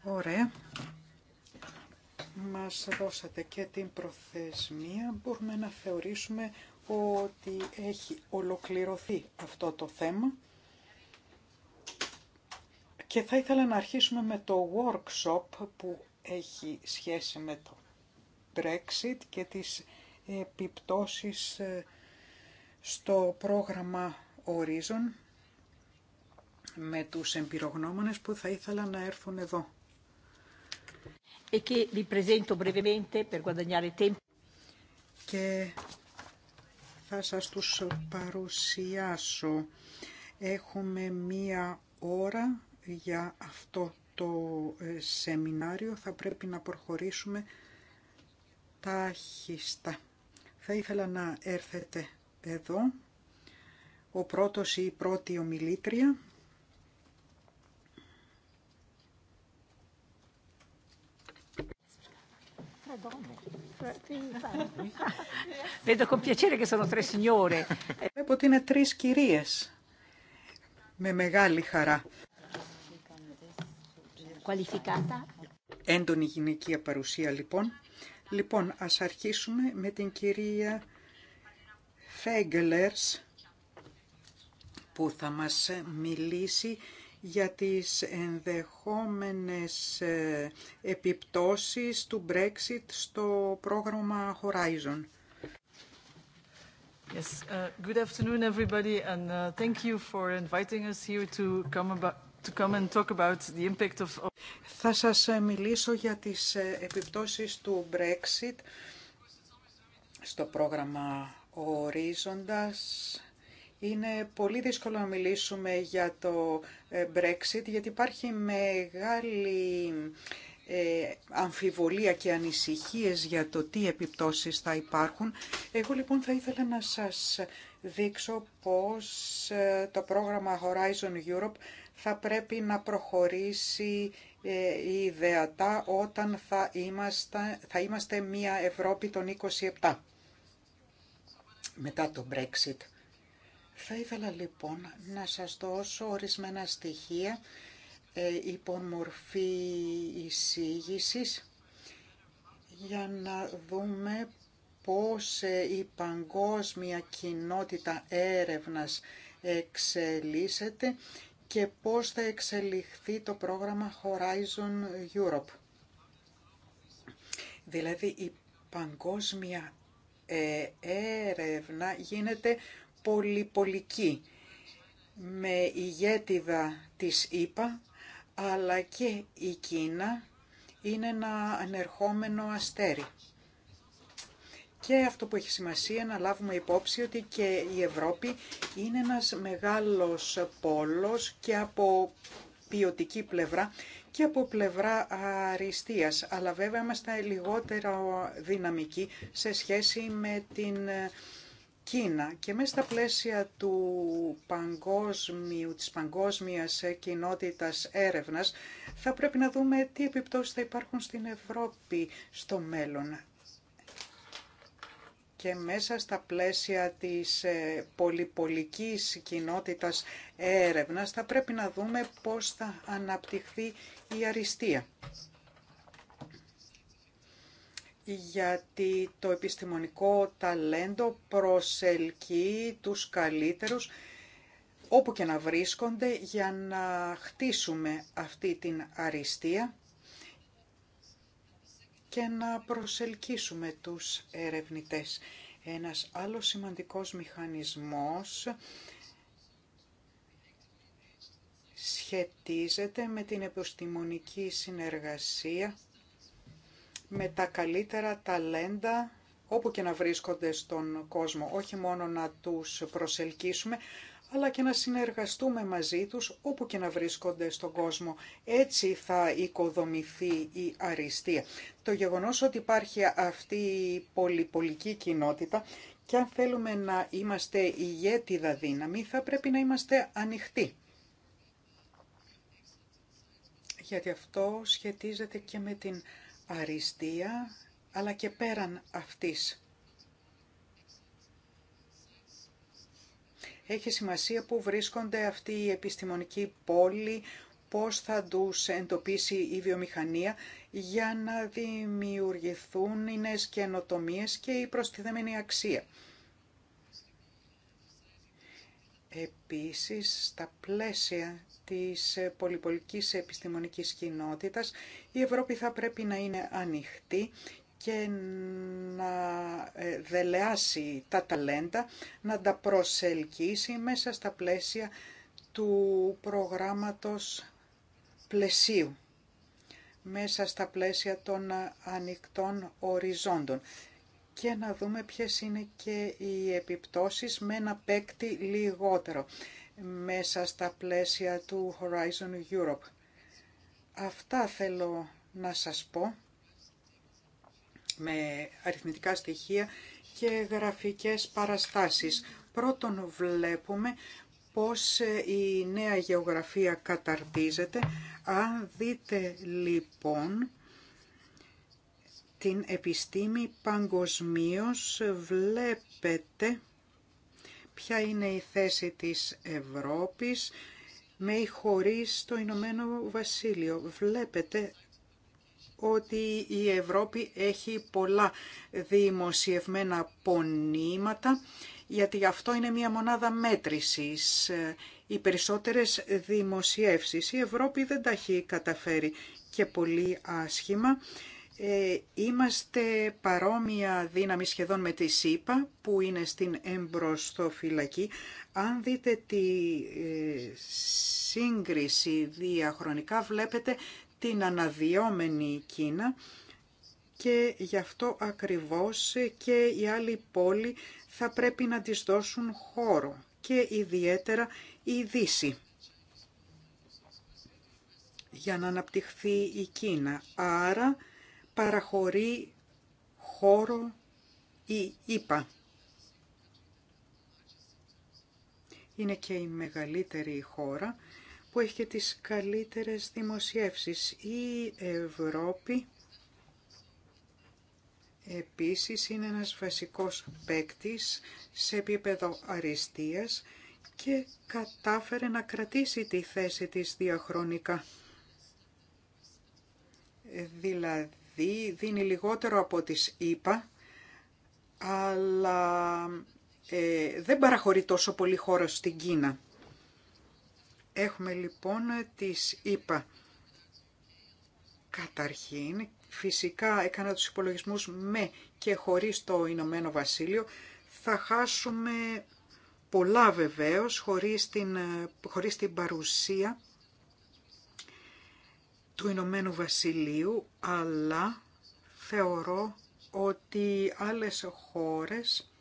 Ωραία. Μας δώσατε και την προθεσμία. Μπορούμε να θεωρήσουμε ότι έχει ολοκληρωθεί αυτό το θέμα. Και θα ήθελα να αρχίσουμε με το workshop που έχει σχέση με το Brexit και τις επιπτώσεις ε, στο πρόγραμμα ορίζον με τους εμπειρογνώμονες που θα ήθελα να έρθουν εδώ. E Και θα σας τους παρουσιάσω. Έχουμε μία ώρα για αυτό το ε, σεμινάριο. Θα πρέπει να προχωρήσουμε τάχιστα. Θα ήθελα να έρθετε εδώ ο πρώτος ή η πρώτη ομιλήτρια. Βλέπω ότι είναι τρεις κυρίες. Με μεγάλη χαρά. Έντονη γυναικεία παρουσία λοιπόν. Λοιπόν, ας αρχίσουμε με την κυρία Φέγγελερς που θα μας μιλήσει για τις ενδεχόμενες επιπτώσεις του Brexit στο πρόγραμμα Horizon. Yes, uh, good afternoon everybody and uh, thank you for inviting us here to come about To come and talk about the impact of... Θα σας μιλήσω για τις επιπτώσεις του Brexit στο πρόγραμμα Ορίζοντας είναι πολύ δύσκολο να μιλήσουμε για το ε, Brexit γιατί υπάρχει μεγάλη ε, αμφιβολία και ανησυχίες για το τι επιπτώσεις θα υπάρχουν. Εγώ λοιπόν θα ήθελα να σας δείξω πώς ε, το πρόγραμμα Horizon Europe θα πρέπει να προχωρήσει ιδεατά όταν θα είμαστε, θα είμαστε μια Ευρώπη των 27 μετά το Brexit. Θα ήθελα λοιπόν να σας δώσω ορισμένα στοιχεία ε, μορφή εισήγησης για να δούμε πώς ε, η παγκόσμια κοινότητα έρευνας εξελίσσεται και πώς θα εξελιχθεί το πρόγραμμα Horizon Europe. Δηλαδή η παγκόσμια ε, έρευνα γίνεται πολυπολική με ηγέτιδα της ΙΠΑ αλλά και η Κίνα είναι ένα ανερχόμενο αστέρι. Και αυτό που έχει σημασία να λάβουμε υπόψη ότι και η Ευρώπη είναι ένας μεγάλος πόλος και από ποιοτική πλευρά και από πλευρά αριστείας. Αλλά βέβαια είμαστε λιγότερο δυναμικοί σε σχέση με την Κίνα και μέσα στα πλαίσια του παγκόσμιου, της παγκόσμιας ε, κοινότητας έρευνας θα πρέπει να δούμε τι επιπτώσεις θα υπάρχουν στην Ευρώπη στο μέλλον. Και μέσα στα πλαίσια της ε, πολυπολικής κοινότητας έρευνας θα πρέπει να δούμε πώς θα αναπτυχθεί η αριστεία γιατί το επιστημονικό ταλέντο προσελκύει τους καλύτερους όπου και να βρίσκονται για να χτίσουμε αυτή την αριστεία και να προσελκύσουμε τους ερευνητές. Ένας άλλο σημαντικός μηχανισμός σχετίζεται με την επιστημονική συνεργασία με τα καλύτερα ταλέντα όπου και να βρίσκονται στον κόσμο. Όχι μόνο να τους προσελκύσουμε, αλλά και να συνεργαστούμε μαζί τους όπου και να βρίσκονται στον κόσμο. Έτσι θα οικοδομηθεί η αριστεία. Το γεγονός ότι υπάρχει αυτή η πολυπολική κοινότητα και αν θέλουμε να είμαστε ηγέτιδα δύναμη θα πρέπει να είμαστε ανοιχτοί. Γιατί αυτό σχετίζεται και με την αριστεία, αλλά και πέραν αυτής. Έχει σημασία που βρίσκονται αυτοί οι επιστημονικοί πόλοι, πώς θα τους εντοπίσει η βιομηχανία για να δημιουργηθούν οι νέες καινοτομίες και η προστιθέμενη αξία. Επίσης, στα πλαίσια της πολυπολικής επιστημονικής κοινότητας, η Ευρώπη θα πρέπει να είναι ανοιχτή και να ε, δελεάσει τα ταλέντα, να τα προσελκύσει μέσα στα πλαίσια του προγράμματος πλαισίου, μέσα στα πλαίσια των ανοιχτών οριζόντων και να δούμε ποιες είναι και οι επιπτώσεις με ένα παίκτη λιγότερο μέσα στα πλαίσια του Horizon Europe. Αυτά θέλω να σας πω με αριθμητικά στοιχεία και γραφικές παραστάσεις. Πρώτον βλέπουμε πώς η νέα γεωγραφία καταρτίζεται. Αν δείτε λοιπόν την επιστήμη παγκοσμίως βλέπετε ποια είναι η θέση της Ευρώπης με ή χωρίς το Ηνωμένο Βασίλειο. Βλέπετε ότι η Ευρώπη έχει πολλά δημοσιευμένα πονήματα, γιατί αυτό είναι μια μονάδα μέτρησης. Οι περισσότερες δημοσιεύσεις η Ευρώπη δεν τα έχει καταφέρει και πολύ άσχημα ε, είμαστε παρόμοια δύναμη σχεδόν με τη ΣΥΠΑ που είναι στην εμπροστοφυλακή. Αν δείτε τη ε, σύγκριση διαχρονικά βλέπετε την αναδυόμενη Κίνα και γι' αυτό ακριβώς και οι άλλοι πόλοι θα πρέπει να τις δώσουν χώρο και ιδιαίτερα η Δύση για να αναπτυχθεί η Κίνα. Άρα παραχωρεί χώρο ή ΙΠΑ. Είναι και η μεγαλύτερη χώρα που έχει και τις καλύτερες δημοσιεύσεις. Η Ευρώπη επίσης είναι ένας βασικός παίκτης σε επίπεδο αριστείας και κατάφερε να κρατήσει τη θέση της διαχρονικά. Δηλαδή δηλαδή δίνει λιγότερο από τις ΗΠΑ, αλλά ε, δεν παραχωρεί τόσο πολύ χώρο στην Κίνα. Έχουμε λοιπόν τις ΕΠΑ Καταρχήν, φυσικά έκανα τους υπολογισμούς με και χωρίς το Ηνωμένο Βασίλειο. Θα χάσουμε πολλά βεβαίως χωρίς την, χωρίς την παρουσία του Ηνωμένου Βασιλείου, αλλά θεωρώ ότι άλλες χώρες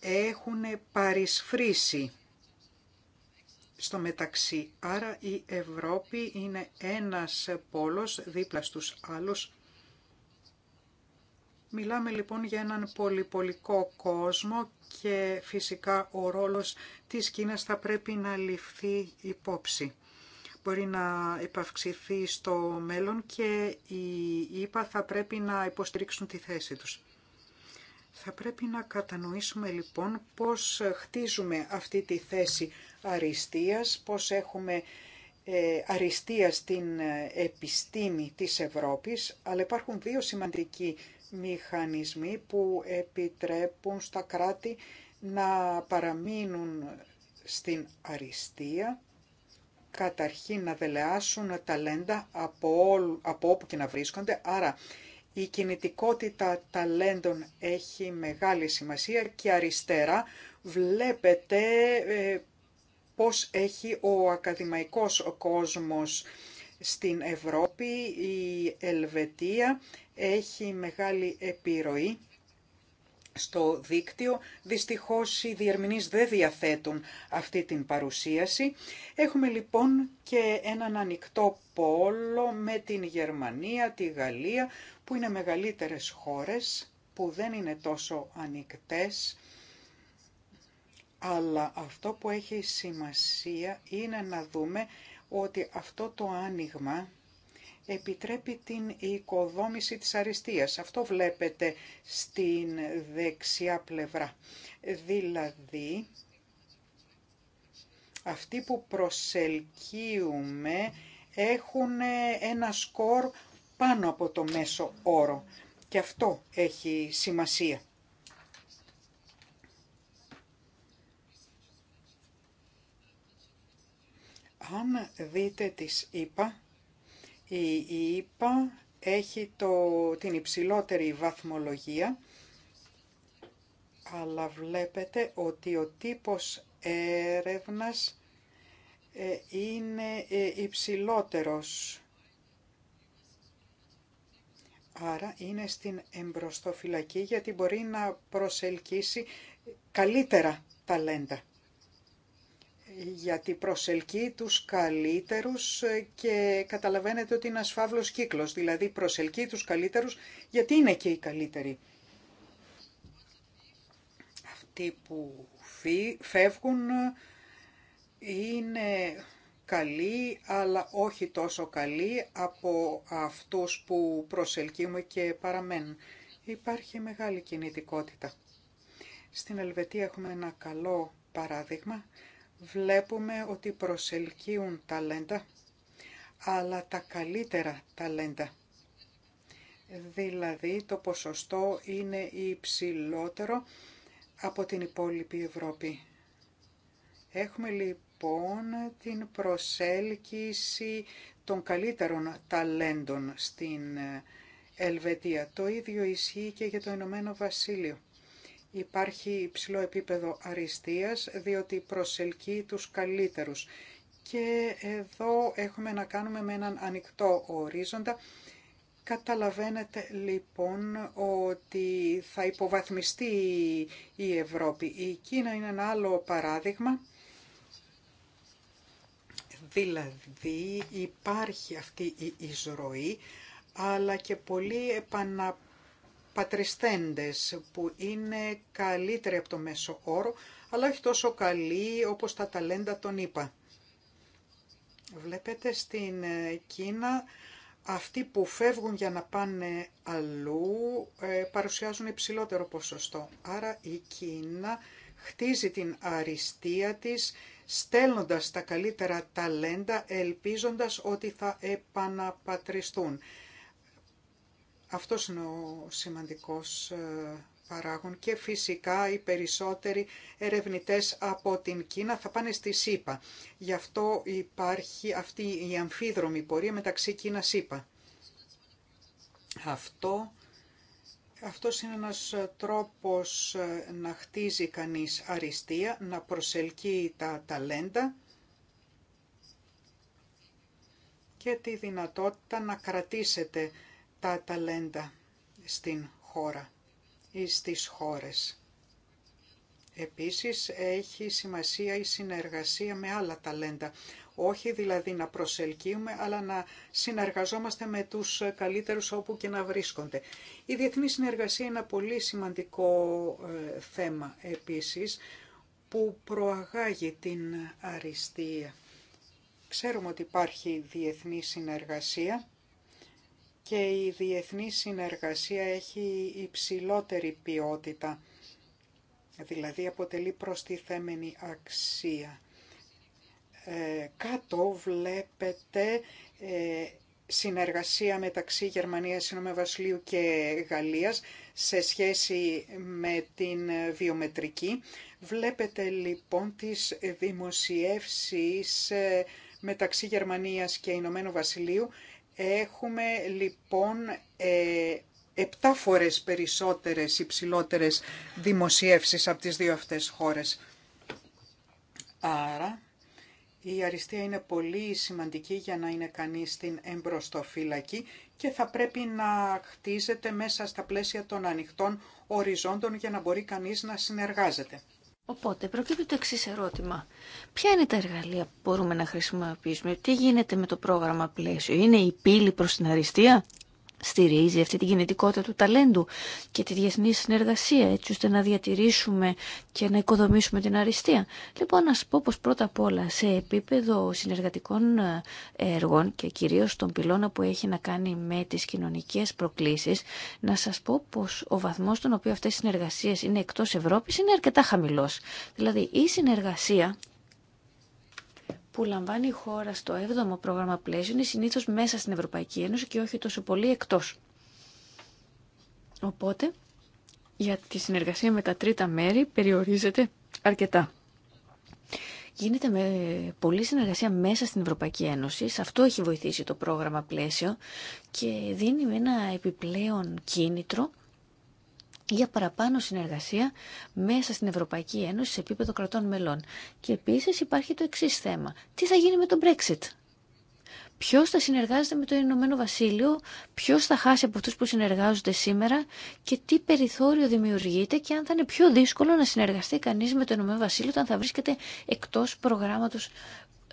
έχουν παρισφρήσει στο μεταξύ. Άρα η Ευρώπη είναι ένας πόλος δίπλα στους άλλους. Μιλάμε λοιπόν για έναν πολυπολικό κόσμο και φυσικά ο ρόλος της Κίνας θα πρέπει να ληφθεί υπόψη μπορεί να επαυξηθεί στο μέλλον και οι ΙΠΑ θα πρέπει να υποστηρίξουν τη θέση τους. Θα πρέπει να κατανοήσουμε λοιπόν πώς χτίζουμε αυτή τη θέση αριστείας, πώς έχουμε ε, αριστεία στην επιστήμη της Ευρώπης, αλλά υπάρχουν δύο σημαντικοί μηχανισμοί που επιτρέπουν στα κράτη να παραμείνουν στην αριστεία καταρχήν να δελεάσουν ταλέντα από, από όπου και να βρίσκονται, άρα η κινητικότητα ταλέντων έχει μεγάλη σημασία και αριστερά βλέπετε ε, πώς έχει ο ακαδημαϊκός κόσμος στην Ευρώπη. Η Ελβετία έχει μεγάλη επιρροή στο δίκτυο. Δυστυχώς οι διερμηνείς δεν διαθέτουν αυτή την παρουσίαση. Έχουμε λοιπόν και έναν ανοιχτό πόλο με την Γερμανία, τη Γαλλία, που είναι μεγαλύτερες χώρες, που δεν είναι τόσο ανοιχτές. Αλλά αυτό που έχει σημασία είναι να δούμε ότι αυτό το άνοιγμα επιτρέπει την οικοδόμηση της αριστείας. Αυτό βλέπετε στην δεξιά πλευρά. Δηλαδή, αυτοί που προσελκύουμε έχουν ένα σκορ πάνω από το μέσο όρο. Και αυτό έχει σημασία. Αν δείτε τις είπα, η ίπα έχει το, την υψηλότερη βαθμολογία, αλλά βλέπετε ότι ο τύπος έρευνας ε, είναι ε, υψηλότερος. Άρα είναι στην εμπροστοφυλακή γιατί μπορεί να προσελκύσει καλύτερα ταλέντα γιατί προσελκύει τους καλύτερους και καταλαβαίνετε ότι είναι ένας κύκλος, δηλαδή προσελκύει τους καλύτερους γιατί είναι και οι καλύτεροι. Αυτοί που φεύγουν είναι καλοί, αλλά όχι τόσο καλοί από αυτούς που προσελκύουμε και παραμένουν. Υπάρχει μεγάλη κινητικότητα. Στην Ελβετία έχουμε ένα καλό παράδειγμα βλέπουμε ότι προσελκύουν ταλέντα, αλλά τα καλύτερα ταλέντα. Δηλαδή το ποσοστό είναι υψηλότερο από την υπόλοιπη Ευρώπη. Έχουμε λοιπόν την προσέλκυση των καλύτερων ταλέντων στην ε, Ελβετία. Το ίδιο ισχύει και για το Ηνωμένο Βασίλειο υπάρχει υψηλό επίπεδο αριστείας διότι προσελκύει τους καλύτερους. Και εδώ έχουμε να κάνουμε με έναν ανοιχτό ορίζοντα. Καταλαβαίνετε λοιπόν ότι θα υποβαθμιστεί η Ευρώπη. Η Κίνα είναι ένα άλλο παράδειγμα. Δηλαδή υπάρχει αυτή η εισρωή, αλλά και πολύ επανα πατριστέντες που είναι καλύτεροι από το μέσο όρο, αλλά όχι τόσο καλοί όπως τα ταλέντα τον είπα. Βλέπετε στην ε, Κίνα αυτοί που φεύγουν για να πάνε αλλού ε, παρουσιάζουν υψηλότερο ποσοστό. Άρα η Κίνα χτίζει την αριστεία της στέλνοντας τα καλύτερα ταλέντα ελπίζοντας ότι θα επαναπατριστούν. Αυτός είναι ο σημαντικός ε, παράγων και φυσικά οι περισσότεροι ερευνητές από την Κίνα θα πάνε στη ΣΥΠΑ. Γι' αυτό υπάρχει αυτή η αμφίδρομη πορεία μεταξύ Κίνα-ΣΥΠΑ. Αυτό αυτός είναι ένας ε, τρόπος ε, να χτίζει κανείς αριστεία, να προσελκύει τα ταλέντα και τη δυνατότητα να κρατήσετε τα ταλέντα στην χώρα ή στις χώρες. Επίσης έχει σημασία η συνεργασία με άλλα ταλέντα. Όχι δηλαδή να προσελκύουμε, αλλά να συνεργαζόμαστε με τους καλύτερους όπου και να βρίσκονται. Η διεθνή συνεργασία είναι ένα πολύ σημαντικό ε, θέμα επίσης που προαγάγει την αριστεία. Ξέρουμε ότι υπάρχει διεθνή συνεργασία και η διεθνή συνεργασία έχει υψηλότερη ποιότητα, δηλαδή αποτελεί προστιθέμενη αξία. Ε, κάτω βλέπετε ε, συνεργασία μεταξύ Γερμανίας, Βασιλείου και Γαλλίας σε σχέση με την βιομετρική. Βλέπετε λοιπόν τις δημοσιεύσεις ε, μεταξύ Γερμανίας και Ηνωμένου Βασιλείου Έχουμε λοιπόν ε, επτά φορές περισσότερες υψηλότερες δημοσιεύσεις από τις δύο αυτές χώρες. Άρα η αριστεία είναι πολύ σημαντική για να είναι κανείς στην εμπροστοφύλακη και θα πρέπει να χτίζεται μέσα στα πλαίσια των ανοιχτών οριζόντων για να μπορεί κανείς να συνεργάζεται. Οπότε προκύπτει το εξή ερώτημα. Ποια είναι τα εργαλεία που μπορούμε να χρησιμοποιήσουμε, τι γίνεται με το πρόγραμμα πλαίσιο, είναι η πύλη προς την αριστεία στηρίζει αυτή την κινητικότητα του ταλέντου και τη διεθνή συνεργασία έτσι ώστε να διατηρήσουμε και να οικοδομήσουμε την αριστεία. Λοιπόν, να σας πω πως πρώτα απ' όλα σε επίπεδο συνεργατικών ε, έργων και κυρίως των πυλώνα που έχει να κάνει με τις κοινωνικές προκλήσεις, να σας πω πως ο βαθμός στον οποίο αυτές οι συνεργασίες είναι εκτός Ευρώπης είναι αρκετά χαμηλός. Δηλαδή η συνεργασία που λαμβάνει η χώρα στο 7ο πρόγραμμα πλαίσιο είναι συνήθως μέσα στην Ευρωπαϊκή Ένωση και όχι τόσο πολύ εκτός. Οπότε, για τη συνεργασία με τα τρίτα μέρη περιορίζεται αρκετά. Γίνεται με πολλή συνεργασία μέσα στην Ευρωπαϊκή Ένωση. Σε αυτό έχει βοηθήσει το πρόγραμμα πλαίσιο και δίνει ένα επιπλέον κίνητρο για παραπάνω συνεργασία μέσα στην Ευρωπαϊκή Ένωση σε επίπεδο κρατών μελών. Και επίσης υπάρχει το εξής θέμα. Τι θα γίνει με το Brexit. Ποιος θα συνεργάζεται με το Ηνωμένο Βασίλειο, ποιος θα χάσει από αυτούς που συνεργάζονται σήμερα και τι περιθώριο δημιουργείται και αν θα είναι πιο δύσκολο να συνεργαστεί κανείς με το Ηνωμένο Βασίλειο όταν θα βρίσκεται εκτός προγράμματος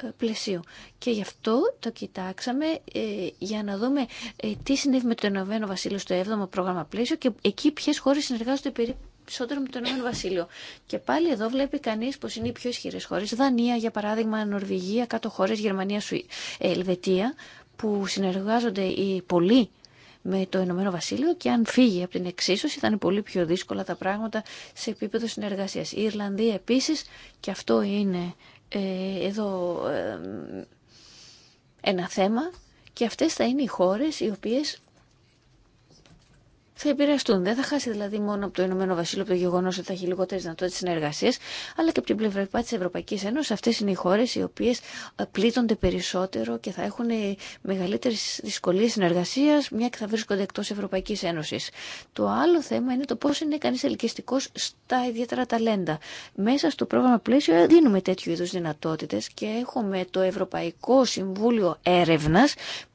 ε, πλαισίου. Και γι' αυτό το κοιτάξαμε ε, για να δούμε ε, τι συνέβη με το Ενωμένο Βασίλειο στο 7ο πρόγραμμα πλαίσιο και εκεί ποιε χώρε συνεργάζονται περισσότερο με το Ενωμένο Βασίλειο. Και πάλι εδώ βλέπει κανεί πω είναι οι πιο ισχυρέ χώρε. Δανία, για παράδειγμα, Νορβηγία, κάτω χώρε, Γερμανία, Σου... Ελβετία, που συνεργάζονται οι πολλοί με το Ηνωμένο Βασίλειο και αν φύγει από την εξίσωση θα είναι πολύ πιο δύσκολα τα πράγματα σε επίπεδο συνεργασία. Η Ιρλανδία επίσης και αυτό είναι ε, εδώ ένα θέμα και αυτές θα είναι οι χώρες οι οποίες θα επηρεαστούν. Δεν θα χάσει δηλαδή μόνο από το Ηνωμένο Βασίλειο το γεγονό ότι θα έχει λιγότερε δυνατότητε συνεργασία, αλλά και από την πλευρά τη Ευρωπαϊκή Ένωση. Αυτέ είναι οι χώρε οι οποίε ε, πλήττονται περισσότερο και θα έχουν ε, μεγαλύτερε δυσκολίε συνεργασία, μια και θα βρίσκονται εκτό Ευρωπαϊκή Ένωση. Το άλλο θέμα είναι το πώ είναι κανεί ελκυστικό στα ιδιαίτερα ταλέντα. Μέσα στο πρόγραμμα πλαίσιο ε, δίνουμε τέτοιου είδου δυνατότητε και έχουμε το Ευρωπαϊκό Συμβούλιο Έρευνα,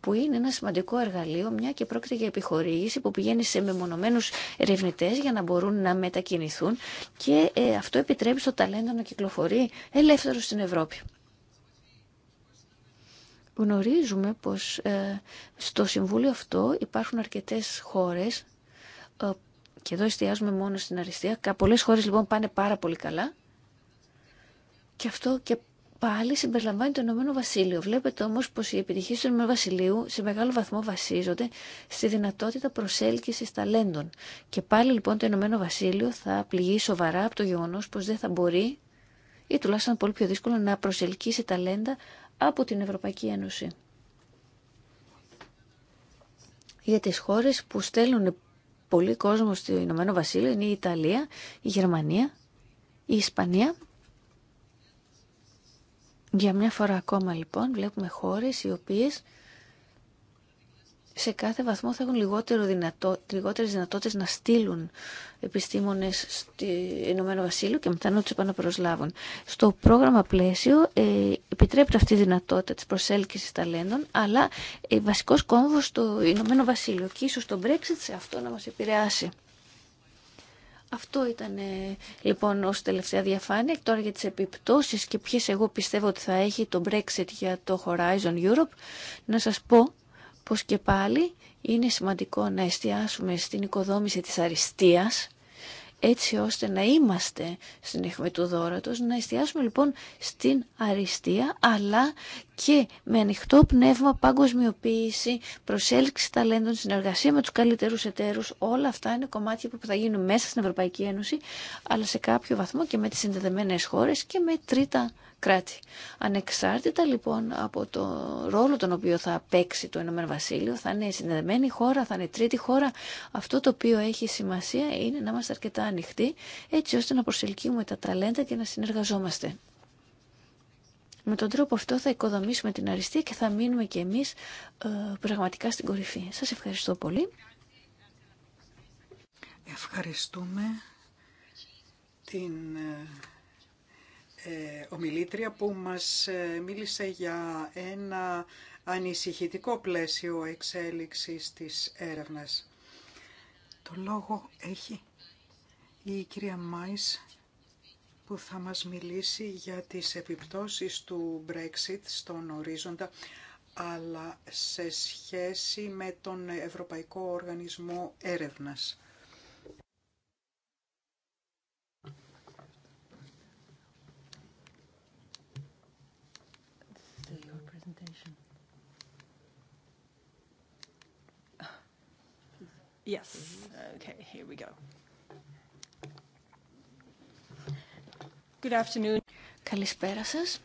που είναι ένα σημαντικό εργαλείο, μια και πρόκειται για επιχορήγηση που πηγαίνει σε μεμονωμένους ερευνητές για να μπορούν να μετακινηθούν και ε, αυτό επιτρέπει στο ταλέντο να κυκλοφορεί ελεύθερο στην Ευρώπη. Γνωρίζουμε πως ε, στο Συμβούλιο αυτό υπάρχουν αρκετές χώρες ε, και εδώ εστιάζουμε μόνο στην αριστεία. Πολλές χώρες λοιπόν πάνε πάρα πολύ καλά και αυτό και πάλι συμπεριλαμβάνει το Ηνωμένο Βασίλειο. Βλέπετε όμω πω οι επιτυχίε του Ηνωμένου Βασιλείου σε μεγάλο βαθμό βασίζονται στη δυνατότητα προσέλκυσης ταλέντων. Και πάλι λοιπόν το Ηνωμένο Βασίλειο θα πληγεί σοβαρά από το γεγονό πω δεν θα μπορεί ή τουλάχιστον πολύ πιο δύσκολο να προσελκύσει ταλέντα από την Ευρωπαϊκή Ένωση. Για τι χώρε που στέλνουν πολύ κόσμο στο Ηνωμένο Βασίλειο είναι η Ιταλία, η Γερμανία, η Ισπανία για μια φορά ακόμα λοιπόν βλέπουμε χώρες οι οποίες σε κάθε βαθμό θα έχουν λιγότερο δυνατό, λιγότερες δυνατότητες να στείλουν επιστήμονες στο Ηνωμένο Βασίλειο και μετά να τους επαναπροσλάβουν. Στο πρόγραμμα πλαίσιο ε, επιτρέπεται αυτή η δυνατότητα της προσέλκυσης ταλέντων, αλλά ε, βασικός κόμβος στο Ηνωμένο Βασίλειο και ίσως το Brexit σε αυτό να μας επηρεάσει. Αυτό ήταν ε, λοιπόν ως τελευταία διαφάνεια. τώρα για τις επιπτώσεις και ποιες εγώ πιστεύω ότι θα έχει το Brexit για το Horizon Europe. Να σας πω πως και πάλι είναι σημαντικό να εστιάσουμε στην οικοδόμηση της αριστείας έτσι ώστε να είμαστε στην αιχμή του δώρατος, να εστιάσουμε λοιπόν στην αριστεία αλλά και με ανοιχτό πνεύμα, παγκοσμιοποίηση, προσέλκυση ταλέντων, συνεργασία με τους καλύτερους εταίρους, όλα αυτά είναι κομμάτια που θα γίνουν μέσα στην Ευρωπαϊκή Ένωση, αλλά σε κάποιο βαθμό και με τις συνδεδεμένες χώρες και με τρίτα κράτη. Ανεξάρτητα λοιπόν από το ρόλο τον οποίο θα παίξει το Ηνωμένο Βασίλειο, θα είναι συνδεδεμένη χώρα, θα είναι τρίτη χώρα, αυτό το οποίο έχει σημασία είναι να είμαστε αρκετά ανοιχτοί, έτσι ώστε να προσελκύουμε τα ταλέντα και να συνεργαζόμαστε. Με τον τρόπο αυτό θα οικοδομήσουμε την αριστεία και θα μείνουμε κι εμείς ε, πραγματικά στην κορυφή. Σας ευχαριστώ πολύ. Ευχαριστούμε την ε, ε, ομιλήτρια που μας μίλησε για ένα ανησυχητικό πλαίσιο εξέλιξης της έρευνας. Το λόγο έχει η κυρία Μάης που θα μας μιλήσει για τις επιπτώσεις του Brexit στον ορίζοντα, αλλά σε σχέση με τον Ευρωπαϊκό Οργανισμό Έρευνας. Yes. Good afternoon. Καλησπέρα σας.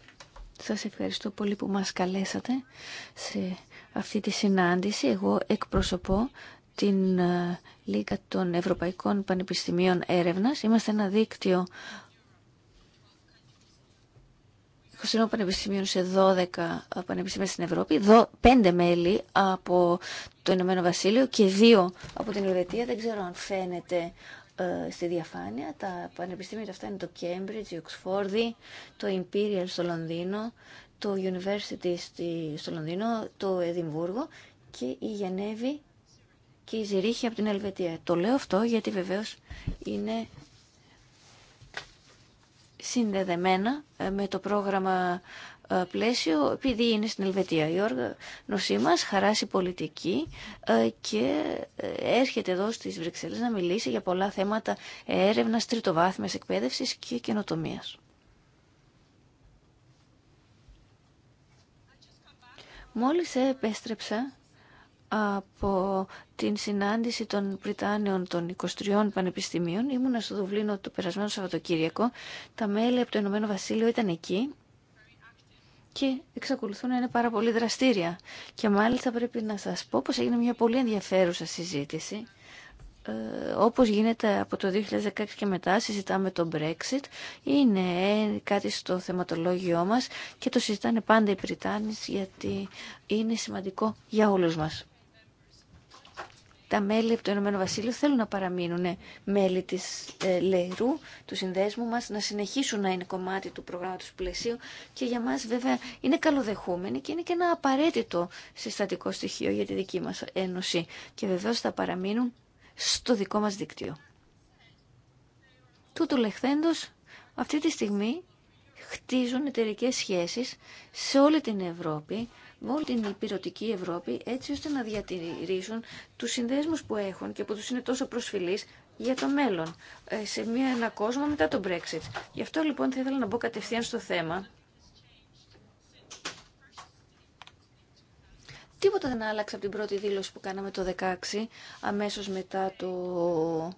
Σας ευχαριστώ πολύ που μας καλέσατε σε αυτή τη συνάντηση. Εγώ εκπροσωπώ την ε, Λίγα των Ευρωπαϊκών Πανεπιστημίων Έρευνας. Είμαστε ένα δίκτυο 20 πανεπιστημίων σε 12 πανεπιστήμια στην Ευρώπη, Πέντε μέλη από το Ηνωμένο Βασίλειο και 2 από την Ελβετία. Δεν ξέρω αν φαίνεται ε, στη διαφάνεια. Τα πανεπιστήμια αυτά είναι το Cambridge, η Oxford, το Imperial στο Λονδίνο, το University στο Λονδίνο, το Εδιμβούργο και η Γενέβη και η Ζηρίχη από την Ελβετία. Το λέω αυτό γιατί βεβαίως είναι συνδεδεμένα ε, με το πρόγραμμα ε, πλαίσιο επειδή είναι στην Ελβετία. Η όργανωσή μα, χαράσει πολιτική ε, και ε, έρχεται εδώ στις Βρυξέλλες να μιλήσει για πολλά θέματα έρευνα, τριτοβάθμιας εκπαίδευση και καινοτομίας. Μόλις επέστρεψα από την συνάντηση των Πριτάνεων των 23 πανεπιστημίων. Ήμουνα στο Δουβλίνο το περασμένο Σαββατοκύριακο. Τα μέλη από το Ηνωμένο Βασίλειο ήταν εκεί και εξακολουθούν να είναι πάρα πολύ δραστήρια. Και μάλιστα πρέπει να σας πω πως έγινε μια πολύ ενδιαφέρουσα συζήτηση ε, όπως γίνεται από το 2016 και μετά συζητάμε το Brexit είναι ε, κάτι στο θεματολόγιο μας και το συζητάνε πάντα οι Πριτάνες γιατί είναι σημαντικό για όλους μας τα μέλη από το Ηνωμένο θέλουν να παραμείνουν μέλη της ε, ΛΕΡΟΥ, του συνδέσμου μας, να συνεχίσουν να είναι κομμάτι του προγράμματος πλαισίου και για μας βέβαια είναι καλοδεχούμενοι και είναι και ένα απαραίτητο συστατικό στοιχείο για τη δική μας ένωση και βεβαίω θα παραμείνουν στο δικό μας δίκτυο. Τούτου λεχθέντος αυτή τη στιγμή χτίζουν εταιρικέ σχέσεις σε όλη την Ευρώπη με όλη την υπηρετική Ευρώπη έτσι ώστε να διατηρήσουν τους συνδέσμους που έχουν και που τους είναι τόσο προσφυλείς για το μέλλον, ε, σε μια, ένα κόσμο μετά το Brexit. Γι' αυτό λοιπόν θα ήθελα να μπω κατευθείαν στο θέμα. Τίποτα δεν άλλαξε από την πρώτη δήλωση που κάναμε το 16, αμέσως μετά το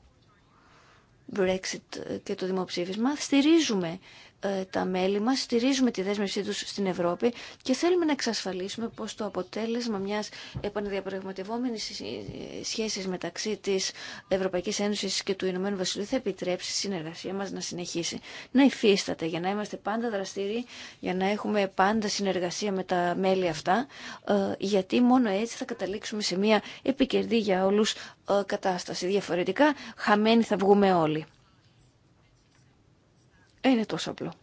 Brexit και το δημοψήφισμα. Στηρίζουμε ε, τα μέλη μας, στηρίζουμε τη δέσμευσή τους στην Ευρώπη και θέλουμε να εξασφαλίσουμε πως το αποτέλεσμα μιας επαναδιαπραγματευόμενης ε, σχέσης μεταξύ της Ευρωπαϊκής Ένωσης και του Ηνωμένου Βασιλείου θα επιτρέψει η συνεργασία μας να συνεχίσει, να υφίσταται για να είμαστε πάντα δραστήριοι, για να έχουμε πάντα συνεργασία με τα μέλη αυτά, ε, γιατί μόνο έτσι θα καταλήξουμε σε μια επικερδή για όλους κατάσταση. Διαφορετικά, χαμένοι θα βγούμε όλοι. Δεν είναι τόσο απλό.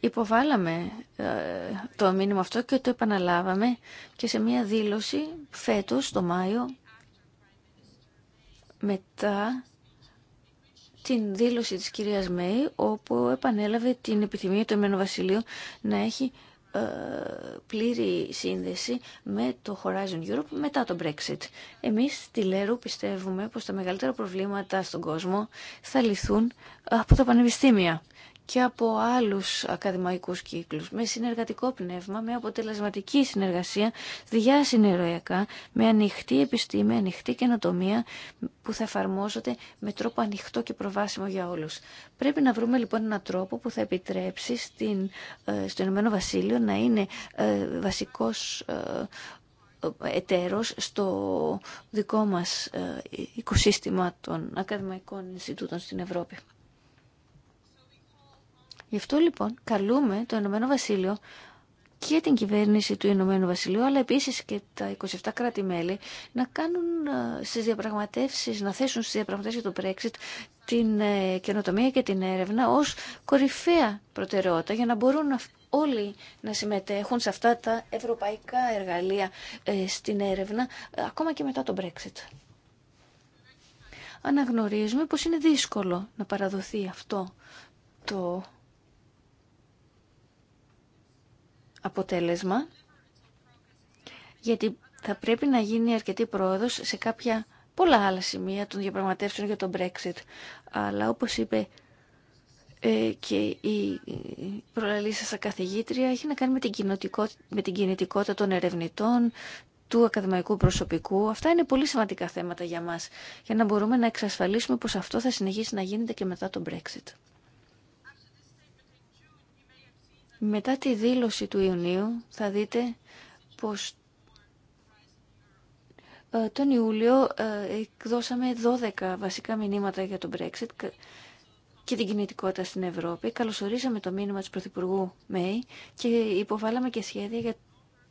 Υποβάλαμε ε, το μήνυμα αυτό και το επαναλάβαμε και σε μια δήλωση φέτος, το Μάιο, μετά την δήλωση της κυρίας Μέη, όπου επανέλαβε την επιθυμία του Εμένου Βασιλείου να έχει πλήρη σύνδεση με το Horizon Europe μετά το Brexit. Εμείς στη Λέρου πιστεύουμε πως τα μεγαλύτερα προβλήματα στον κόσμο θα λυθούν από τα πανεπιστήμια και από άλλους ακαδημαϊκούς κύκλους με συνεργατικό πνεύμα, με αποτελεσματική συνεργασία, διάσυνεροιακά, με ανοιχτή επιστήμη, ανοιχτή καινοτομία που θα εφαρμόζονται με τρόπο ανοιχτό και προβάσιμο για όλους. Πρέπει να βρούμε λοιπόν έναν τρόπο που θα επιτρέψει στην, ε, στο Ηνωμένο Βασίλειο να είναι ε, βασικός ε, εταίρος στο δικό μας οικοσύστημα των ακαδημαϊκών Ινστιτούτων στην Ευρώπη. Γι' αυτό λοιπόν καλούμε το Ηνωμένο Βασίλειο και την κυβέρνηση του Ηνωμένου Βασιλείου, αλλά επίσης και τα 27 κράτη-μέλη, να κάνουν ε, να θέσουν στις διαπραγματεύσεις για το Brexit την ε, καινοτομία και την έρευνα ως κορυφαία προτεραιότητα για να μπορούν όλοι να συμμετέχουν σε αυτά τα ευρωπαϊκά εργαλεία ε, στην έρευνα, ακόμα και μετά το Brexit. Αναγνωρίζουμε πως είναι δύσκολο να παραδοθεί αυτό το αποτέλεσμα, γιατί θα πρέπει να γίνει αρκετή πρόοδος σε κάποια πολλά άλλα σημεία των διαπραγματεύσεων για τον Brexit. Αλλά όπως είπε ε, και η προλαλή σα καθηγήτρια έχει να κάνει με την, με την κινητικότητα των ερευνητών, του ακαδημαϊκού προσωπικού. Αυτά είναι πολύ σημαντικά θέματα για μας, για να μπορούμε να εξασφαλίσουμε πως αυτό θα συνεχίσει να γίνεται και μετά τον Brexit. Μετά τη δήλωση του Ιουνίου θα δείτε πως ε, τον Ιούλιο ε, εκδώσαμε 12 βασικά μηνύματα για τον Brexit και την κινητικότητα στην Ευρώπη. Καλωσορίσαμε το μήνυμα της Πρωθυπουργού Μέη και υποβάλαμε και σχέδια για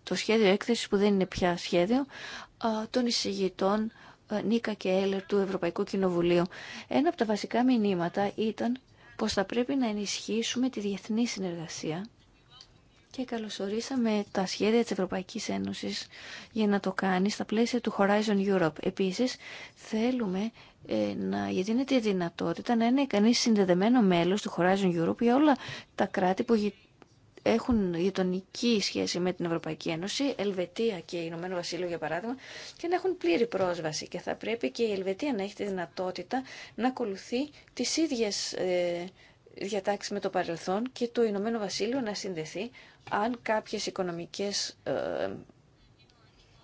το σχέδιο έκθεσης που δεν είναι πια σχέδιο των εισηγητών ε, Νίκα και Έλερ του Ευρωπαϊκού Κοινοβουλίου. Ένα από τα βασικά μηνύματα ήταν πως θα πρέπει να ενισχύσουμε τη διεθνή συνεργασία και καλωσορίσαμε τα σχέδια της Ευρωπαϊκής Ένωσης για να το κάνει στα πλαίσια του Horizon Europe. Επίσης, θέλουμε ε, να γίνεται τη δυνατότητα να είναι κανείς συνδεδεμένο μέλος του Horizon Europe για όλα τα κράτη που έχουν γειτονική σχέση με την Ευρωπαϊκή Ένωση, Ελβετία και Ηνωμένο Βασίλειο για παράδειγμα, και να έχουν πλήρη πρόσβαση. Και θα πρέπει και η Ελβετία να έχει τη δυνατότητα να ακολουθεί τις ίδιες ε, διατάξει με το παρελθόν και το Ηνωμένο Βασίλειο να συνδεθεί αν κάποιες οικονομικές ε,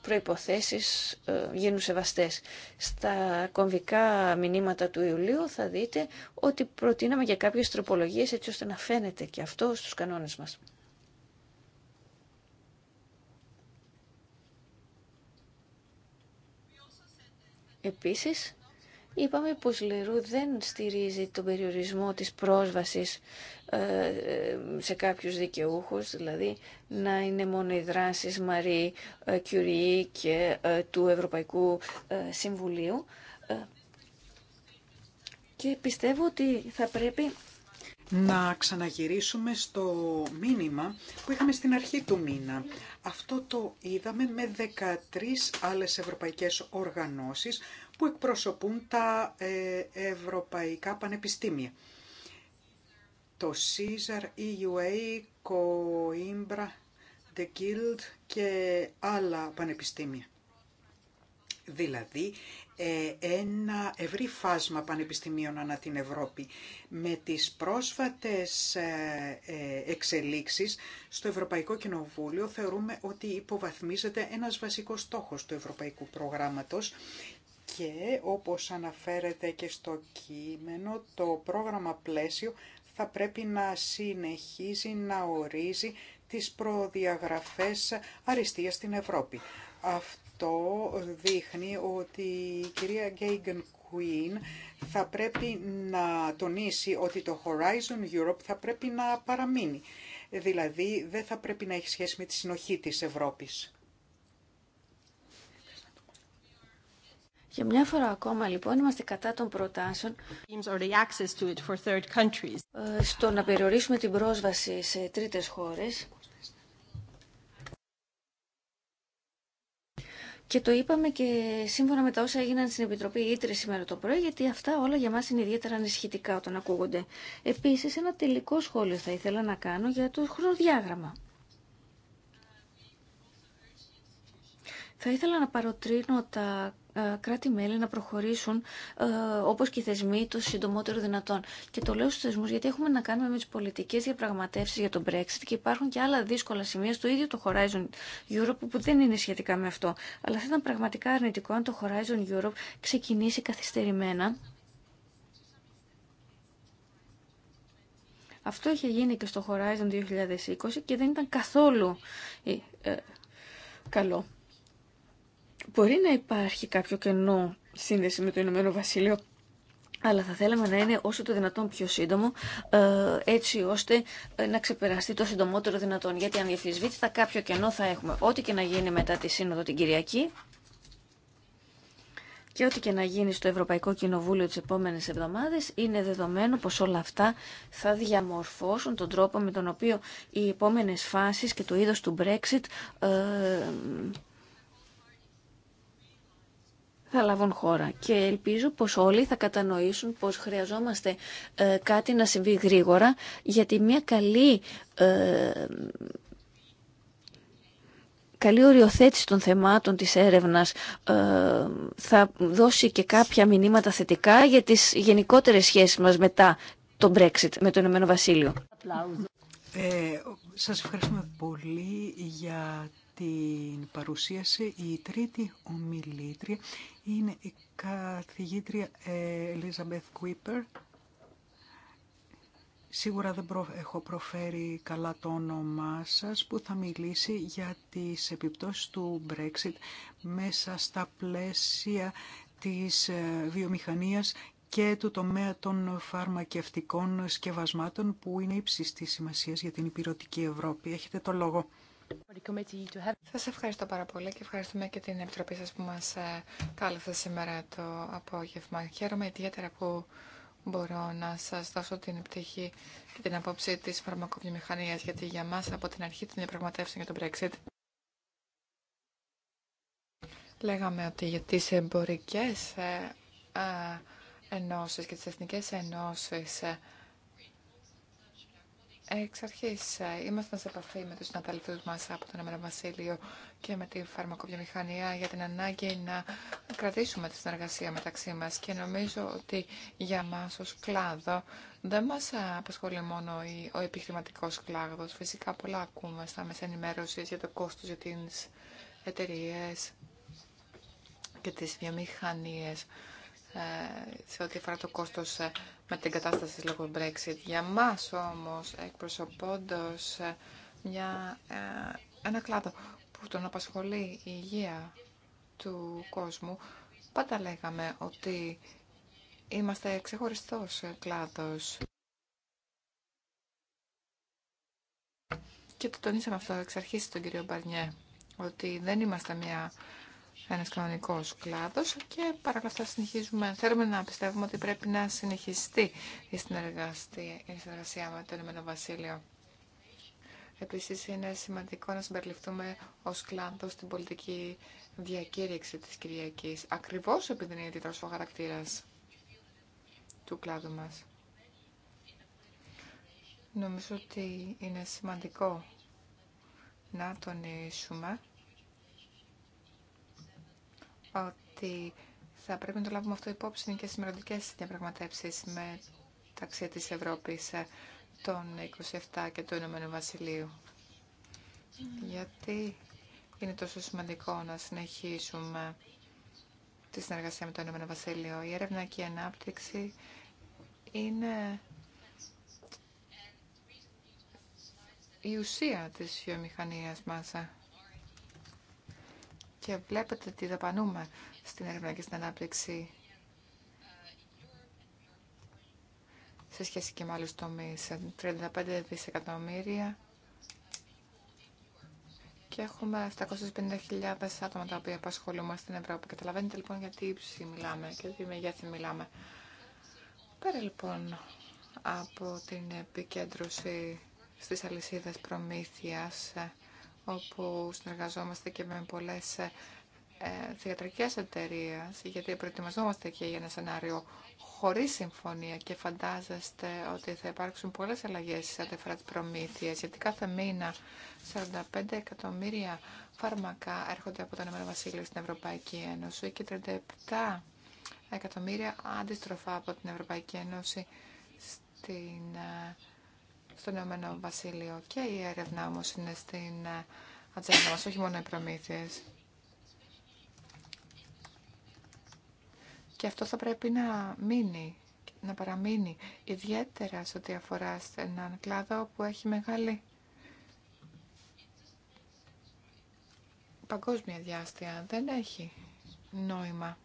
προϋποθέσεις ε, γίνουν σεβαστές. Στα κομβικά μηνύματα του Ιουλίου θα δείτε ότι προτείναμε για κάποιες τροπολογίες έτσι ώστε να φαίνεται και αυτό στους κανόνες μας. Επίσης, Είπαμε πως Λερού δεν στηρίζει τον περιορισμό της πρόσβασης ε, σε κάποιους δικαιούχους, δηλαδή να είναι μόνο οι δράσεις Μαρή ε, Κιουρί και ε, του Ευρωπαϊκού Συμβουλίου. Και πιστεύω ότι θα πρέπει να ξαναγυρίσουμε στο μήνυμα που είχαμε στην αρχή του μήνα. Αυτό το είδαμε με 13 άλλες ευρωπαϊκές οργανώσεις που εκπροσωπούν τα ε, ευρωπαϊκά πανεπιστήμια. Το Caesar EUA, Coimbra, The Guild και άλλα πανεπιστήμια. Δηλαδή ε, ένα ευρύ φάσμα πανεπιστημίων ανά την Ευρώπη. Με τις πρόσφατες ε, εξελίξεις στο Ευρωπαϊκό Κοινοβούλιο θεωρούμε ότι υποβαθμίζεται ένας βασικός στόχος του Ευρωπαϊκού Προγράμματος και όπως αναφέρεται και στο κείμενο, το πρόγραμμα πλαίσιο θα πρέπει να συνεχίζει να ορίζει τις προδιαγραφές αριστείας στην Ευρώπη. Αυτό δείχνει ότι η κυρία Γκέιγκεν Queen θα πρέπει να τονίσει ότι το Horizon Europe θα πρέπει να παραμείνει. Δηλαδή δεν θα πρέπει να έχει σχέση με τη συνοχή της Ευρώπης. Και μια φορά ακόμα λοιπόν είμαστε κατά των προτάσεων ε, στο να περιορίσουμε την πρόσβαση σε τρίτες χώρες Και το είπαμε και σύμφωνα με τα όσα έγιναν στην Επιτροπή Ήτρε σήμερα το πρωί, γιατί αυτά όλα για μας είναι ιδιαίτερα ανησυχητικά όταν ακούγονται. Επίσης, ένα τελικό σχόλιο θα ήθελα να κάνω για το χρονοδιάγραμμα. Θα ήθελα να παροτρύνω τα ε, κράτη-μέλη να προχωρήσουν ε, όπω και οι θεσμοί το συντομότερο δυνατόν. Και το λέω στου θεσμού γιατί έχουμε να κάνουμε με τι πολιτικέ διαπραγματεύσει για τον Brexit και υπάρχουν και άλλα δύσκολα σημεία στο ίδιο το Horizon Europe που δεν είναι σχετικά με αυτό. Αλλά θα ήταν πραγματικά αρνητικό αν το Horizon Europe ξεκινήσει καθυστερημένα Αυτό είχε γίνει και στο Horizon 2020 και δεν ήταν καθόλου ε, καλό. Μπορεί να υπάρχει κάποιο κενό σύνδεση με το Ηνωμένο Βασίλειο, αλλά θα θέλαμε να είναι όσο το δυνατόν πιο σύντομο, ε, έτσι ώστε ε, να ξεπεραστεί το συντομότερο δυνατόν. Γιατί αν διαφυσβήτητα κάποιο κενό θα έχουμε. Ό,τι και να γίνει μετά τη Σύνοδο την Κυριακή και ό,τι και να γίνει στο Ευρωπαϊκό Κοινοβούλιο τις επόμενες εβδομάδες, είναι δεδομένο πως όλα αυτά θα διαμορφώσουν τον τρόπο με τον οποίο οι επόμενες φάσεις και το είδος του Brexit ε, θα λάβουν χώρα. Και ελπίζω πως όλοι θα κατανοήσουν πως χρειαζόμαστε ε, κάτι να συμβεί γρήγορα, γιατί μια καλή, ε, καλή οριοθέτηση των θεμάτων της έρευνας ε, θα δώσει και κάποια μηνύματα θετικά για τις γενικότερες σχέσεις μας μετά το Brexit με το Ηνωμένο Βασίλειο. Ε, σας ευχαριστούμε πολύ για την παρουσίαση. Η τρίτη ομιλήτρια είναι η καθηγήτρια Ελίζαμπεθ Κουίπερ. Σίγουρα δεν έχω προφέρει καλά το όνομά σας που θα μιλήσει για τις επιπτώσεις του Brexit μέσα στα πλαίσια της ε, βιομηχανίας και του τομέα των φαρμακευτικών σκευασμάτων που είναι ύψης σημασίας για την υπηρετική Ευρώπη. Έχετε το λόγο. Σας ευχαριστώ πάρα πολύ και ευχαριστούμε και την Επιτροπή σας που μας ε, κάλεσε σήμερα το απόγευμα. Χαίρομαι ιδιαίτερα που μπορώ να σας δώσω την επιτυχή και την απόψη της φαρμακοβιομηχανίας, γιατί για μας από την αρχή την διαπραγματεύσεων για τον Brexit λέγαμε ότι για τις εμπορικές ε, ε, ενώσεις και τις εθνικές ενώσεις Εξ αρχή ε, ήμασταν σε επαφή με του συναδέλφου μα από τον Εμμανό Βασίλειο και με τη φαρμακοβιομηχανία για την ανάγκη να κρατήσουμε τη συνεργασία μεταξύ μα. Και νομίζω ότι για μα ω κλάδο δεν μα απασχολεί μόνο ο επιχειρηματικό κλάδο. Φυσικά πολλά ακούμε στα μέσα ενημέρωση για το κόστο για τι εταιρείε και τι βιομηχανίε ε, σε ό,τι αφορά το κόστος ε, με την κατάσταση λόγω Brexit. Για μας όμως εκπροσωπώντας ε, μια, ε, ένα κλάδο που τον απασχολεί η υγεία του κόσμου, πάντα λέγαμε ότι είμαστε ξεχωριστός κλάδος. Και το τονίσαμε αυτό εξ αρχής τον κύριο Μπαρνιέ, ότι δεν είμαστε μια ένα κανονικό κλάδο και παρακαλώ αυτά συνεχίζουμε. Θέλουμε να πιστεύουμε ότι πρέπει να συνεχιστεί η συνεργασία με το Ηνωμένο Βασίλειο. Επίση, είναι σημαντικό να συμπεριληφθούμε ω κλάδο στην πολιτική διακήρυξη τη Κυριακή, ακριβώ επειδή είναι ο χαρακτήρα του κλάδου μα. Νομίζω ότι είναι σημαντικό να τονίσουμε ότι θα πρέπει να το λάβουμε αυτό υπόψη και στι μελλοντικέ διαπραγματεύσει μεταξύ τη Ευρώπη ε, των 27 και του Ηνωμένου Βασιλείου. Γιατί είναι τόσο σημαντικό να συνεχίσουμε τη συνεργασία με το Ηνωμένο Βασίλειο. Η έρευνα και η ανάπτυξη είναι η ουσία της βιομηχανίας μας και βλέπετε τι δαπανούμε στην έρευνα και στην ανάπτυξη σε σχέση και με άλλους τομείς, 35 δισεκατομμύρια και έχουμε 750.000 άτομα τα οποία απασχολούμε στην Ευρώπη. Καταλαβαίνετε λοιπόν για τι ύψη μιλάμε και τι μεγέθη μιλάμε. Πέρα λοιπόν από την επικέντρωση στις αλυσίδες προμήθειας, όπου συνεργαζόμαστε και με πολλές ε, θεατρικές εταιρείε, γιατί προετοιμαζόμαστε και για ένα σενάριο χωρίς συμφωνία και φαντάζεστε ότι θα υπάρξουν πολλές αλλαγές σε αφορά προμήθειες, γιατί κάθε μήνα 45 εκατομμύρια φάρμακα έρχονται από το ΕΒ Βασίλειο στην Ευρωπαϊκή Ένωση και 37 εκατομμύρια αντίστροφα από την Ευρωπαϊκή Ένωση στην ε, στον Ηνωμένο Βασίλειο. Και η έρευνα όμω είναι στην ατζέντα μα, όχι μόνο οι προμήθειε. Και αυτό θα πρέπει να μείνει, να παραμείνει, ιδιαίτερα σε ό,τι αφορά σε έναν κλάδο που έχει μεγάλη παγκόσμια διάστηση. Δεν έχει νόημα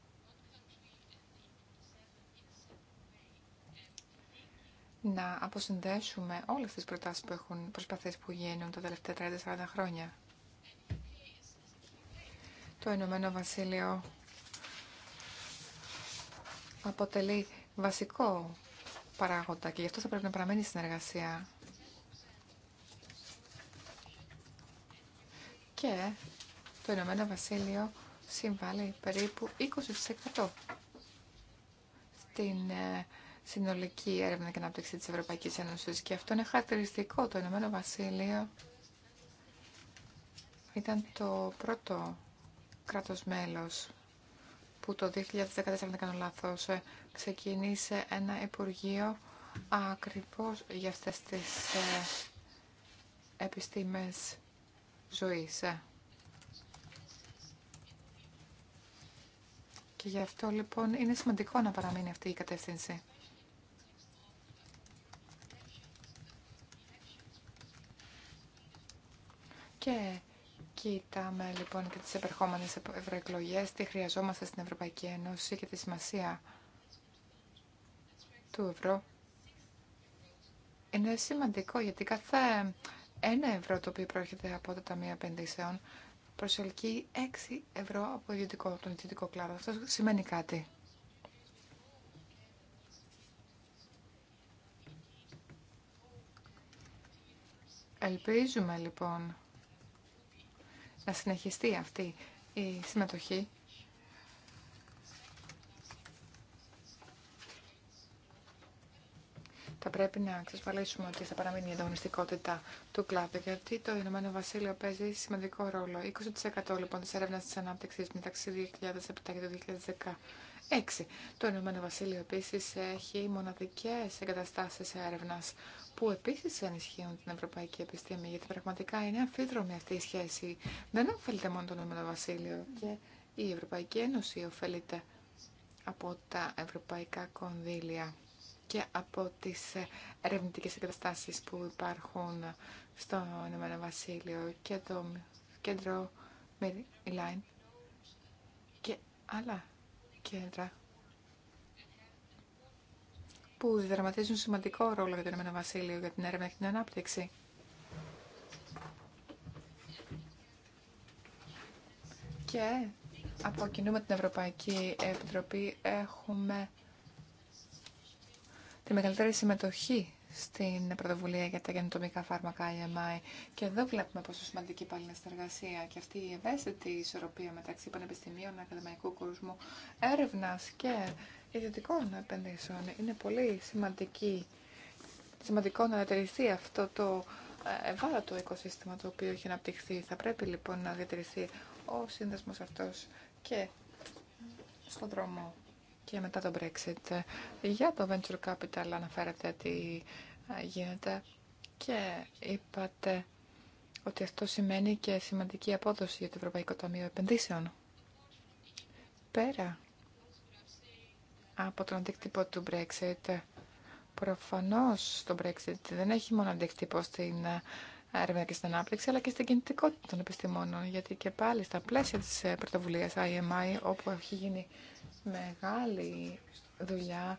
να αποσυνδέσουμε όλες τις προτάσεις που έχουν προσπαθήσει που γίνουν τα τελευταία 30-40 χρόνια. Το Ηνωμένο Βασίλειο αποτελεί βασικό παράγοντα και γι' αυτό θα πρέπει να παραμένει συνεργασία. Και το Ηνωμένο Βασίλειο συμβάλλει περίπου 20% στην ε, συνολική έρευνα και ανάπτυξη της Ευρωπαϊκής Ένωσης και αυτό είναι χαρακτηριστικό. Το Ηνωμένο Βασίλειο ήταν το πρώτο κράτος μέλος που το 2014, αν δεν κάνω λάθος, ε, ξεκίνησε ένα Υπουργείο ακριβώς για αυτές τις ε, επιστήμες ζωής. Ε. Και γι' αυτό λοιπόν είναι σημαντικό να παραμείνει αυτή η κατεύθυνση. Και κοιτάμε λοιπόν και τις επερχόμενες ευρωεκλογέ, τι χρειαζόμαστε στην Ευρωπαϊκή Ένωση και τη σημασία του ευρώ. Είναι σημαντικό γιατί κάθε ένα ευρώ το οποίο προέρχεται από τα ταμεία επενδύσεων προσελκύει 6 ευρώ από ιδιωτικό, τον ιδιωτικό κλάδο. Αυτό σημαίνει κάτι. Ελπίζουμε λοιπόν να συνεχιστεί αυτή η συμμετοχή. Θα πρέπει να εξασφαλίσουμε ότι θα παραμείνει η ανταγωνιστικότητα του κλάδου, γιατί το Ηνωμένο Βασίλειο παίζει σημαντικό ρόλο. 20% λοιπόν τη έρευνα τη ανάπτυξη μεταξύ 2007 και 2016. Το Ηνωμένο Βασίλειο επίση έχει μοναδικέ εγκαταστάσει έρευνα που επίσης ενισχύουν την Ευρωπαϊκή Επιστήμη, γιατί πραγματικά είναι αμφίδρομη αυτή η σχέση. Δεν ωφελείται μόνο το Ηνωμένο Βασίλειο και η Ευρωπαϊκή Ένωση ωφελείται από τα ευρωπαϊκά κονδύλια και από τις ε, ερευνητικές εγκαταστάσεις που υπάρχουν στο Ηνωμένο Βασίλειο και το κέντρο Midline και άλλα κέντρα που διδραματίζουν σημαντικό ρόλο για το Ηνωμένο Βασίλειο για την έρευνα και την ανάπτυξη. Και από κοινού με την Ευρωπαϊκή Επιτροπή έχουμε τη μεγαλύτερη συμμετοχή στην πρωτοβουλία για τα γενοτομικά φάρμακα IMI. E και εδώ βλέπουμε πόσο σημαντική πάλι είναι συνεργασία και αυτή η ευαίσθητη ισορροπία μεταξύ πανεπιστημίων, ακαδημαϊκού κόσμου, έρευνα και ιδιωτικών επενδύσεων. Είναι πολύ σημαντική, σημαντικό να διατηρηθεί αυτό το ε, ευάλωτο οικοσύστημα το οποίο έχει αναπτυχθεί. Θα πρέπει λοιπόν να διατηρηθεί ο σύνδεσμος αυτός και στον δρόμο και μετά το Brexit. Για το Venture Capital αναφέρατε τι ε, γίνεται και είπατε ότι αυτό σημαίνει και σημαντική απόδοση για το Ευρωπαϊκό Ταμείο Επενδύσεων. Πέρα από τον αντίκτυπο του Brexit. Προφανώς το Brexit δεν έχει μόνο αντίκτυπο στην ε, έρευνα και στην ανάπτυξη, αλλά και στην κινητικότητα των επιστημόνων. Γιατί και πάλι στα πλαίσια της ε, πρωτοβουλία IMI, όπου έχει γίνει μεγάλη δουλειά,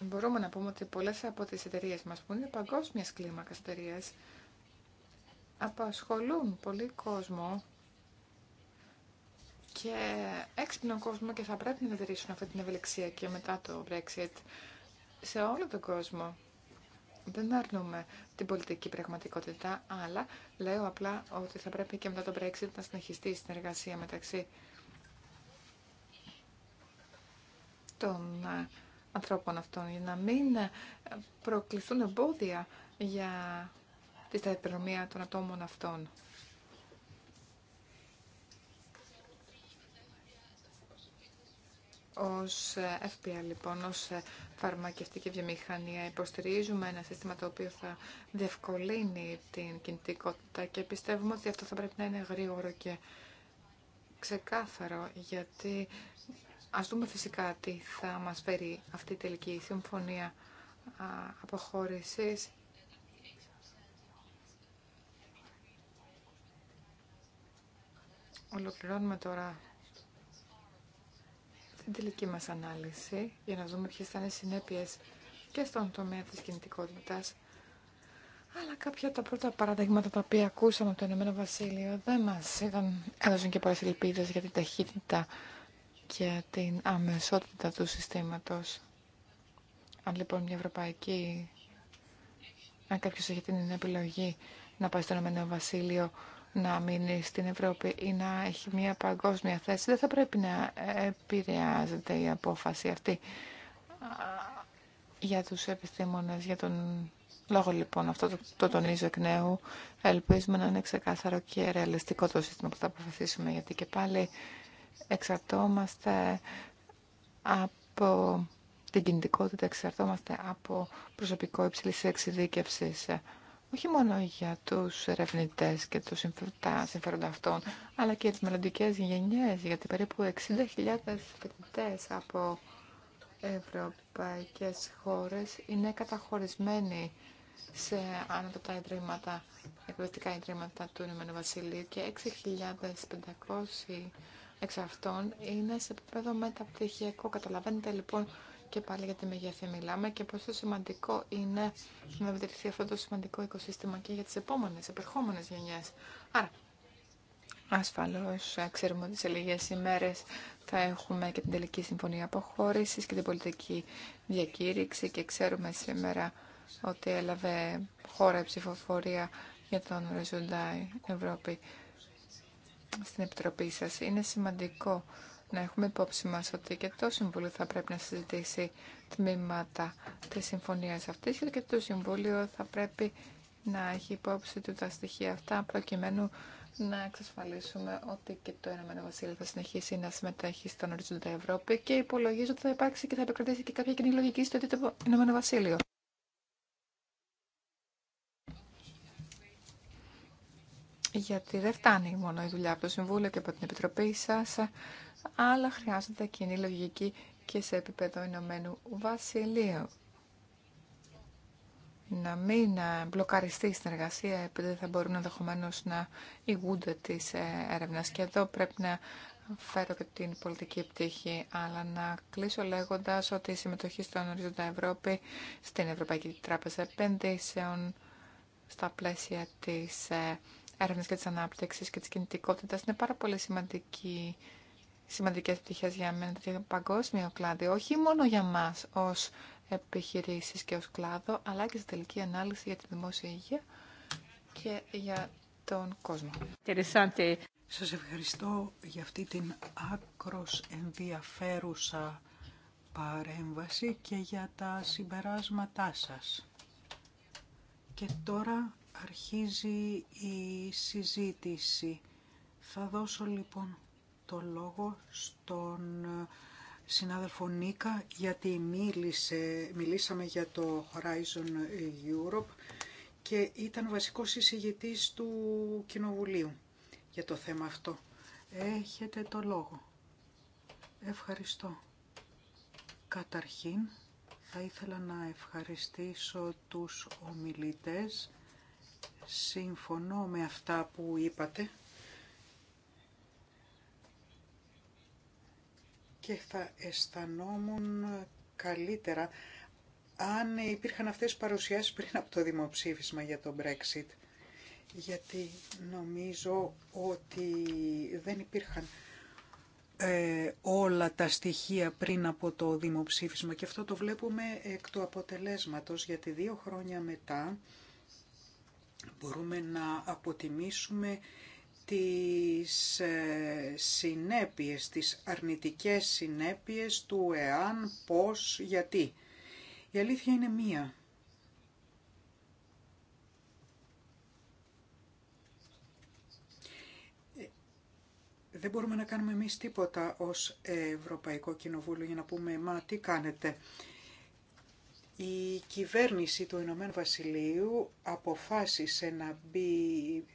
μπορούμε να πούμε ότι πολλές από τις εταιρείες μας, που είναι παγκόσμιες κλίμακας εταιρείες, απασχολούν πολύ κόσμο και έξυπνο κόσμο και θα πρέπει να διατηρήσουν αυτή την ευελιξία και μετά το Brexit σε όλο τον κόσμο. Δεν αρνούμε την πολιτική πραγματικότητα, αλλά λέω απλά ότι θα πρέπει και μετά το Brexit να συνεχιστεί η συνεργασία μεταξύ των ε, ανθρώπων αυτών για να μην ε, προκληθούν εμπόδια για τη σταθερομία των ατόμων αυτών. Ως ε, FPA λοιπόν, ως ε, φαρμακευτική βιομηχανία υποστηρίζουμε ένα σύστημα το οποίο θα διευκολύνει την κινητικότητα και πιστεύουμε ότι αυτό θα πρέπει να είναι γρήγορο και ξεκάθαρο γιατί ας δούμε φυσικά τι θα μας φέρει αυτή η τελική συμφωνία αποχώρησης Ολοκληρώνουμε τώρα στην τελική μας ανάλυση για να δούμε ποιες θα είναι συνέπειες και στον τομέα της κινητικότητας. Αλλά κάποια από τα πρώτα παραδείγματα τα οποία ακούσαμε από το Ηνωμένο Βασίλειο δεν μας ήταν, έδωσαν και πολλές ελπίδες για την ταχύτητα και την αμεσότητα του συστήματος. Αν λοιπόν μια ευρωπαϊκή, αν κάποιος έχει την επιλογή να πάει στο Ηνωμένο Βασίλειο να μείνει στην Ευρώπη ή να έχει μια παγκόσμια θέση. Δεν θα πρέπει να επηρεάζεται η απόφαση αυτή για τους επιστήμονες, για τον λόγο λοιπόν αυτό το, το τονίζω εκ νέου. Ελπίζουμε να είναι ξεκάθαρο και ρεαλιστικό το σύστημα που θα αποφασίσουμε γιατί και πάλι εξαρτώμαστε από την κινητικότητα, εξαρτώμαστε από προσωπικό υψηλής εξειδίκευσης όχι μόνο για τους ερευνητέ και τους τα συμφέροντα αυτών, αλλά και τις μελλοντικέ γενιές, γιατί περίπου 60.000 φοιτητέ από ευρωπαϊκές χώρες είναι καταχωρισμένοι σε άνωτα ιδρύματα, εκπαιδευτικά ιδρύματα του Ηνωμένου Βασιλείου και 6.500 εξ αυτών είναι σε επίπεδο μεταπτυχιακό. Καταλαβαίνετε λοιπόν και πάλι για τη μεγέθεια μιλάμε και πόσο σημαντικό είναι να διατηρηθεί αυτό το σημαντικό οικοσύστημα και για τις επόμενες, επερχόμενες γενιές. Άρα, ασφαλώς ε, ξέρουμε ότι σε λίγες ημέρες θα έχουμε και την τελική συμφωνία αποχώρησης και την πολιτική διακήρυξη και ξέρουμε σήμερα ότι έλαβε χώρα η ψηφοφορία για τον Ρεζοντάι Ευρώπη στην Επιτροπή σας. Είναι σημαντικό να έχουμε υπόψη μας ότι και το Συμβούλιο θα πρέπει να συζητήσει τμήματα της συμφωνίας αυτής και το Συμβούλιο θα πρέπει να έχει υπόψη του τα στοιχεία αυτά προκειμένου να εξασφαλίσουμε ότι και το Ηνωμένο Βασίλειο θα συνεχίσει να συμμετέχει στον οριζόντα Ευρώπη και υπολογίζω ότι θα υπάρξει και θα επικρατήσει και κάποια κοινή λογική στο το Ηνωμένο Βασίλειο. Γιατί δεν φτάνει μόνο η δουλειά από το Συμβούλιο και από την Επιτροπή σας αλλά χρειάζεται κοινή λογική και σε επίπεδο Ηνωμένου Βασιλείου. Να μην ε, μπλοκαριστεί η συνεργασία επειδή δεν θα μπορούν ενδεχομένω να ηγούνται τη ε, έρευνα. Και εδώ πρέπει να φέρω και την πολιτική πτύχη, αλλά να κλείσω λέγοντα ότι η συμμετοχή στον Ορίζοντα Ευρώπη στην Ευρωπαϊκή Τράπεζα Επενδύσεων στα πλαίσια τη ε, έρευνα και τη ανάπτυξη και τη κινητικότητα είναι πάρα πολύ σημαντική σημαντικές πτυχές για μένα το παγκόσμιο κλάδι, όχι μόνο για μας ως επιχειρήσεις και ως κλάδο, αλλά και στην τελική ανάλυση για τη δημόσια υγεία και για τον κόσμο. Σας ευχαριστώ για αυτή την άκρος ενδιαφέρουσα παρέμβαση και για τα συμπεράσματά σας. Και τώρα αρχίζει η συζήτηση. Θα δώσω λοιπόν το λόγο στον ε, συνάδελφο Νίκα γιατί μίλησε, μιλήσαμε για το Horizon Europe και ήταν βασικός εισηγητής του Κοινοβουλίου για το θέμα αυτό. Έχετε το λόγο. Ευχαριστώ. Καταρχήν θα ήθελα να ευχαριστήσω τους ομιλητές. Συμφωνώ με αυτά που είπατε και θα αισθανόμουν καλύτερα αν υπήρχαν αυτές οι παρουσιάσεις πριν από το δημοψήφισμα για το Brexit. Γιατί νομίζω ότι δεν υπήρχαν ε, όλα τα στοιχεία πριν από το δημοψήφισμα και αυτό το βλέπουμε εκ του αποτελέσματος γιατί δύο χρόνια μετά μπορούμε να αποτιμήσουμε τις ε, συνέπειες, τις αρνητικές συνέπειες του εάν, πώς, γιατί. Η αλήθεια είναι μία. Ε, δεν μπορούμε να κάνουμε εμείς τίποτα ως Ευρωπαϊκό Κοινοβούλιο για να πούμε «Μα τι κάνετε». Η κυβέρνηση του Ηνωμένου Βασιλείου αποφάσισε να μπει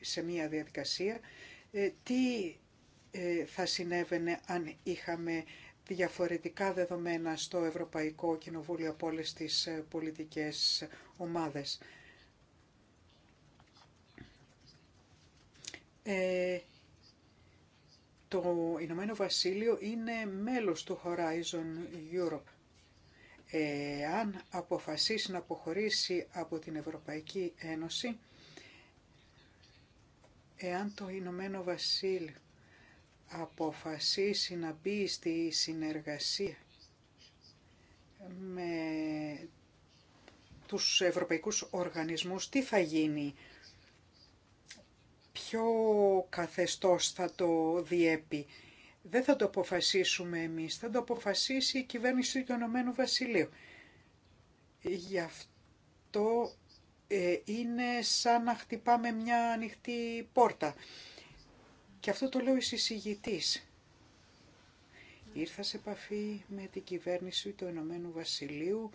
σε μία διαδικασία ε, τι ε, θα συνέβαινε αν είχαμε διαφορετικά δεδομένα στο Ευρωπαϊκό Κοινοβούλιο από όλες τις ε, πολιτικές ομάδες. το Ηνωμένο Βασίλειο είναι μέλος του Horizon Europe. Ε, αν αποφασίσει να αποχωρήσει από την Ευρωπαϊκή Ένωση, Εάν το Ηνωμένο Βασίλειο αποφασίσει να μπει στη συνεργασία με τους ευρωπαϊκούς οργανισμούς, τι θα γίνει, ποιο καθεστώς θα το διέπει. Δεν θα το αποφασίσουμε εμείς, θα το αποφασίσει η κυβέρνηση του Ηνωμένου Βασιλείου. Γι' αυτό ε, είναι σαν να χτυπάμε μια ανοιχτή πόρτα. Και αυτό το λέω εις εισηγητής. Ήρθα σε επαφή με την κυβέρνηση του Ενωμένου Βασιλείου,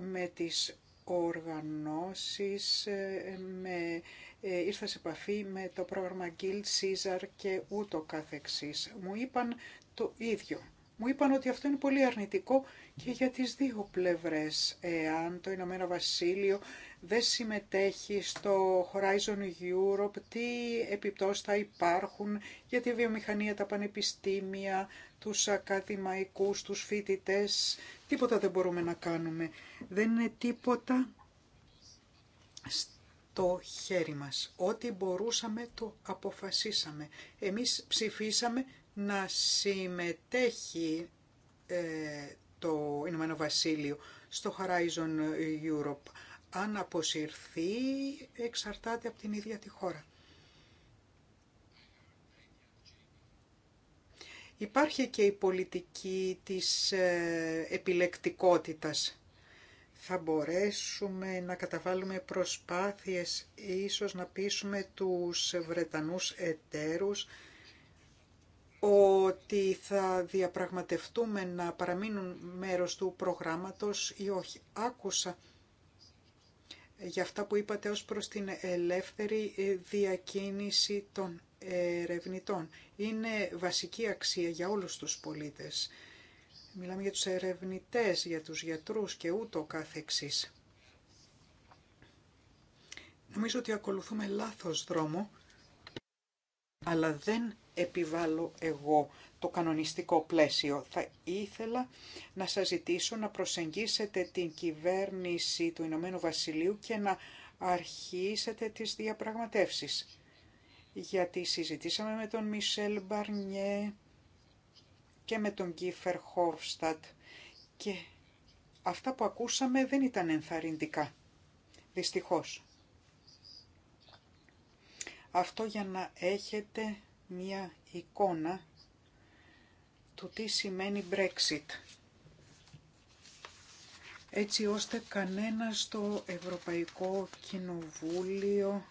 με τις οργανώσεις, ε, με, ε, ήρθα σε επαφή με το πρόγραμμα Guild Caesar και ούτω καθεξής. Μου είπαν το ίδιο. Μου είπαν ότι αυτό είναι πολύ αρνητικό και για τις δύο πλευρές. Εάν το Ηνωμένο Βασίλειο δεν συμμετέχει στο Horizon Europe, τι επιπτώσεις θα υπάρχουν για τη βιομηχανία, τα πανεπιστήμια, τους ακαδημαϊκούς, τους φοιτητές, τίποτα δεν μπορούμε να κάνουμε. Δεν είναι τίποτα στο χέρι μας. Ό,τι μπορούσαμε το αποφασίσαμε. Εμείς ψηφίσαμε να συμμετέχει ε, το Ηνωμένο Βασίλειο στο Horizon Europe αν αποσυρθεί εξαρτάται από την ίδια τη χώρα. Υπάρχει και η πολιτική της ε, επιλεκτικότητας. Θα μπορέσουμε να καταβάλουμε προσπάθειες, ίσως να πείσουμε τους Βρετανούς εταίρους ότι θα διαπραγματευτούμε να παραμείνουν μέρος του προγράμματος ή όχι. Άκουσα για αυτά που είπατε ως προς την ελεύθερη ε, διακίνηση των ερευνητών. Είναι βασική αξία για όλους τους πολίτες. Μιλάμε για τους ερευνητές, για τους γιατρούς και ούτω καθεξής. Νομίζω ότι ακολουθούμε λάθος δρόμο, αλλά δεν επιβάλλω εγώ το κανονιστικό πλαίσιο. Θα ήθελα να σας ζητήσω να προσεγγίσετε την κυβέρνηση του Ηνωμένου Βασιλείου και να αρχίσετε τις διαπραγματεύσεις. Γιατί συζητήσαμε με τον Μισελ Μπαρνιέ και με τον Κίφερ Χόρφστατ και αυτά που ακούσαμε δεν ήταν ενθαρρυντικά. Δυστυχώς. Αυτό για να έχετε μια εικόνα του τι σημαίνει Brexit. Έτσι ώστε κανένα στο Ευρωπαϊκό Κοινοβούλιο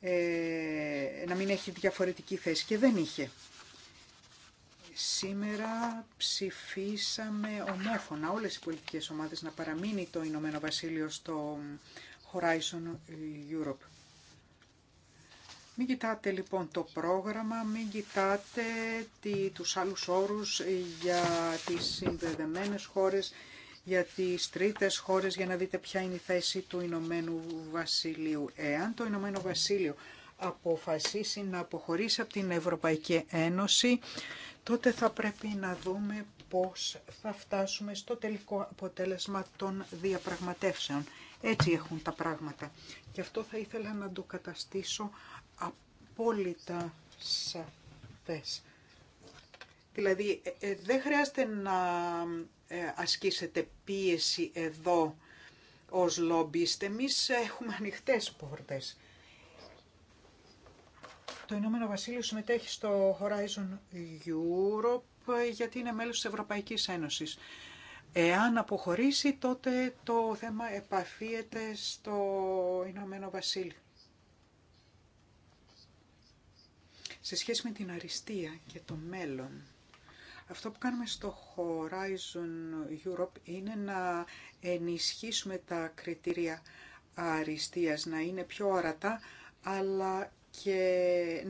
ε, να μην έχει διαφορετική θέση και δεν είχε. Σήμερα ψηφίσαμε ομόφωνα όλες οι πολιτικές ομάδες να παραμείνει το Ηνωμένο Βασίλειο στο Horizon Europe. Μην κοιτάτε λοιπόν το πρόγραμμα, μην κοιτάτε τι, τους άλλους όρους για τις συνδεδεμένες χώρες, για τις τρίτες χώρες, για να δείτε ποια είναι η θέση του Ηνωμένου Βασιλείου. Εάν το Ηνωμένο Βασίλειο αποφασίσει να αποχωρήσει από την Ευρωπαϊκή Ένωση, τότε θα πρέπει να δούμε πώς θα φτάσουμε στο τελικό αποτέλεσμα των διαπραγματεύσεων. Έτσι έχουν τα πράγματα. Και αυτό θα ήθελα να το καταστήσω απόλυτα σαφές. Δηλαδή ε, ε, δεν χρειάζεται να ε, ασκήσετε πίεση εδώ ως λόμπιστε. Εμείς έχουμε ανοιχτές πόρτες. Το Ηνωμένο Βασίλειο συμμετέχει στο Horizon Europe γιατί είναι μέλος της Ευρωπαϊκής Ένωσης. Εάν αποχωρήσει τότε το θέμα επαφίεται στο Ηνωμένο Βασίλειο. σε σχέση με την αριστεία και το μέλλον. Αυτό που κάνουμε στο Horizon Europe είναι να ενισχύσουμε τα κριτήρια αριστείας, να είναι πιο ορατά, αλλά και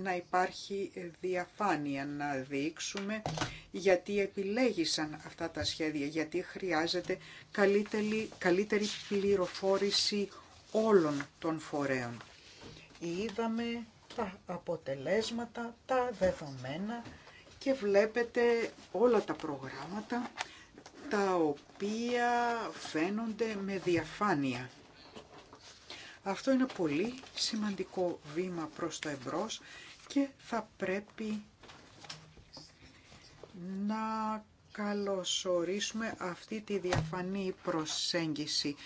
να υπάρχει διαφάνεια, να δείξουμε γιατί επιλέγησαν αυτά τα σχέδια, γιατί χρειάζεται καλύτερη, καλύτερη πληροφόρηση όλων των φορέων. Είδαμε τα αποτελέσματα, τα δεδομένα και βλέπετε όλα τα προγράμματα τα οποία φαίνονται με διαφάνεια. Αυτό είναι πολύ σημαντικό βήμα προς τα εμπρός και θα πρέπει να καλωσορίσουμε αυτή τη διαφανή προσέγγιση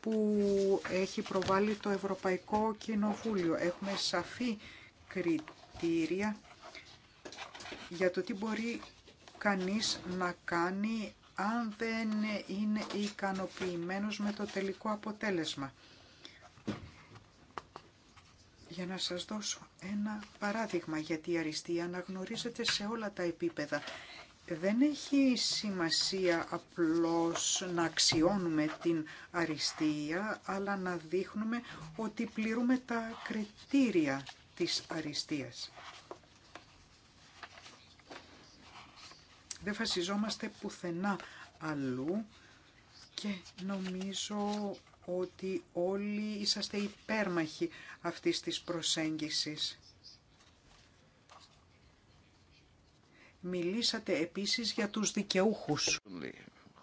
που έχει προβάλει το Ευρωπαϊκό Κοινοβούλιο. Έχουμε σαφή κριτήρια για το τι μπορεί κανείς να κάνει αν δεν είναι ικανοποιημένος με το τελικό αποτέλεσμα. Για να σας δώσω ένα παράδειγμα, γιατί η αριστεία αναγνωρίζεται σε όλα τα επίπεδα. Δεν έχει σημασία απλώς να αξιώνουμε την αριστεία, αλλά να δείχνουμε ότι πληρούμε τα κριτήρια της αριστείας. Δεν φασιζόμαστε πουθενά αλλού και νομίζω ότι όλοι είσαστε υπέρμαχοι αυτής της προσέγγισης. Μιλήσατε επίσης για τους δικαιούχους.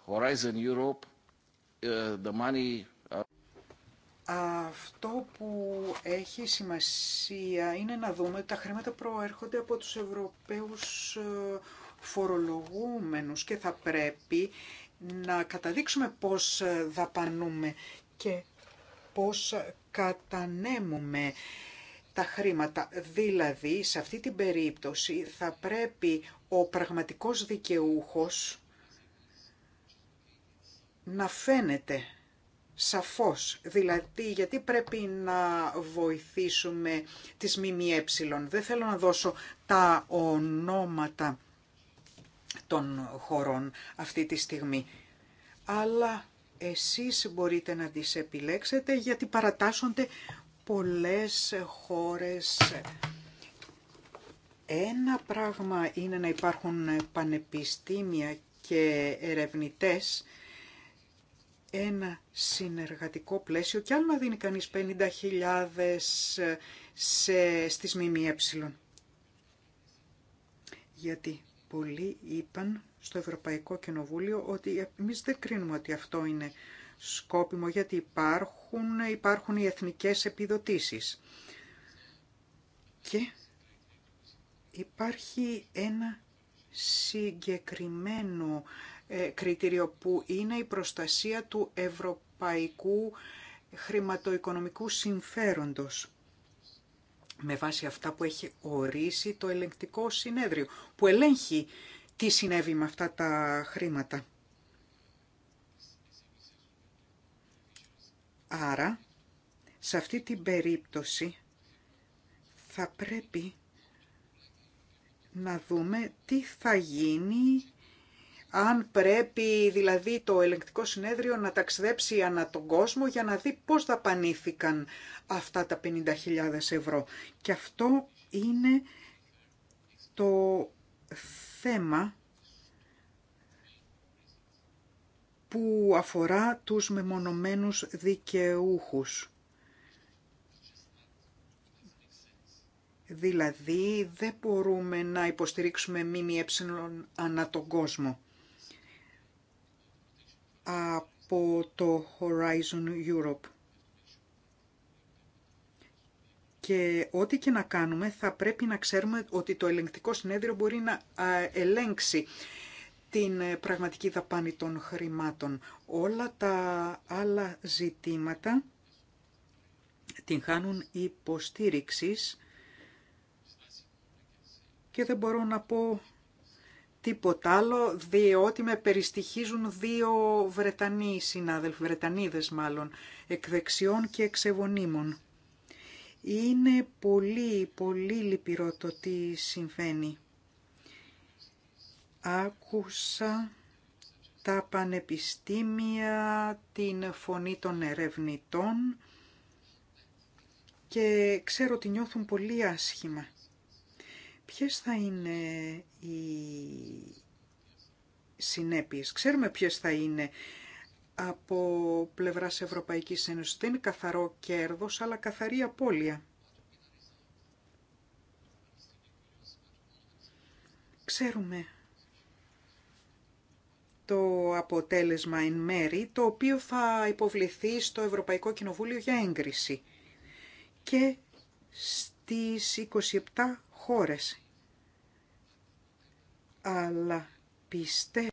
Horizon Europe, ε, the money αυτό που έχει σημασία είναι να δούμε ότι τα χρήματα προέρχονται από τους Ευρωπαίους ε, φορολογούμενους και θα πρέπει να καταδείξουμε πώς ε, δαπανούμε και πώς κατανέμουμε τα χρήματα. Δηλαδή, σε αυτή την περίπτωση θα πρέπει ο πραγματικός δικαιούχος να φαίνεται σαφώς. Δηλαδή, γιατί πρέπει να βοηθήσουμε τις ΜΜΕ. Δεν θέλω να δώσω τα ονόματα των χωρών αυτή τη στιγμή. Αλλά εσείς μπορείτε να τις επιλέξετε γιατί παρατάσσονται πολλές χώρες. Ένα πράγμα είναι να υπάρχουν πανεπιστήμια και ερευνητές ένα συνεργατικό πλαίσιο και άλλο να δίνει κανείς 50.000 σε, στις ΜΜΕ. Γιατί πολλοί είπαν στο Ευρωπαϊκό Κοινοβούλιο ότι εμείς δεν κρίνουμε ότι αυτό είναι σκόπιμο γιατί υπάρχουν, υπάρχουν οι εθνικές επιδοτήσεις. Και υπάρχει ένα συγκεκριμένο ε, κριτήριο που είναι η προστασία του ευρωπαϊκού χρηματοοικονομικού συμφέροντος με βάση αυτά που έχει ορίσει το ελεγκτικό συνέδριο, που ελέγχει τι συνέβη με αυτά τα χρήματα. Άρα, σε αυτή την περίπτωση θα πρέπει να δούμε τι θα γίνει αν πρέπει δηλαδή το ελεγκτικό συνέδριο να ταξιδέψει ανά τον κόσμο για να δει πώς δαπανήθηκαν αυτά τα 50.000 ευρώ. Και αυτό είναι το θέμα που αφορά τους μεμονωμένους δικαιούχους. Δηλαδή δεν μπορούμε να υποστηρίξουμε ε ανά τον κόσμο από το Horizon Europe. Και ό,τι και να κάνουμε θα πρέπει να ξέρουμε ότι το ελεγκτικό συνέδριο μπορεί να ελέγξει την ε, πραγματική δαπάνη των χρημάτων. Όλα τα άλλα ζητήματα την χάνουν υποστήριξης και δεν μπορώ να πω τίποτα άλλο, διότι με περιστοιχίζουν δύο Βρετανοί συνάδελφοι, Βρετανίδες μάλλον, εκδεξιών και εξεβονίμων. Είναι πολύ, πολύ λυπηρό το τι συμβαίνει. Άκουσα τα πανεπιστήμια, την φωνή των ερευνητών και ξέρω ότι νιώθουν πολύ άσχημα. Ποιες θα είναι οι συνέπειες. Ξέρουμε ποιες θα είναι από πλευράς Ευρωπαϊκής Ένωσης. Δεν είναι καθαρό κέρδος, αλλά καθαρή απώλεια. Ξέρουμε το αποτέλεσμα εν μέρη, το οποίο θα υποβληθεί στο Ευρωπαϊκό Κοινοβούλιο για έγκριση. Και στις 27 χώρες. Αλλά πιστεύω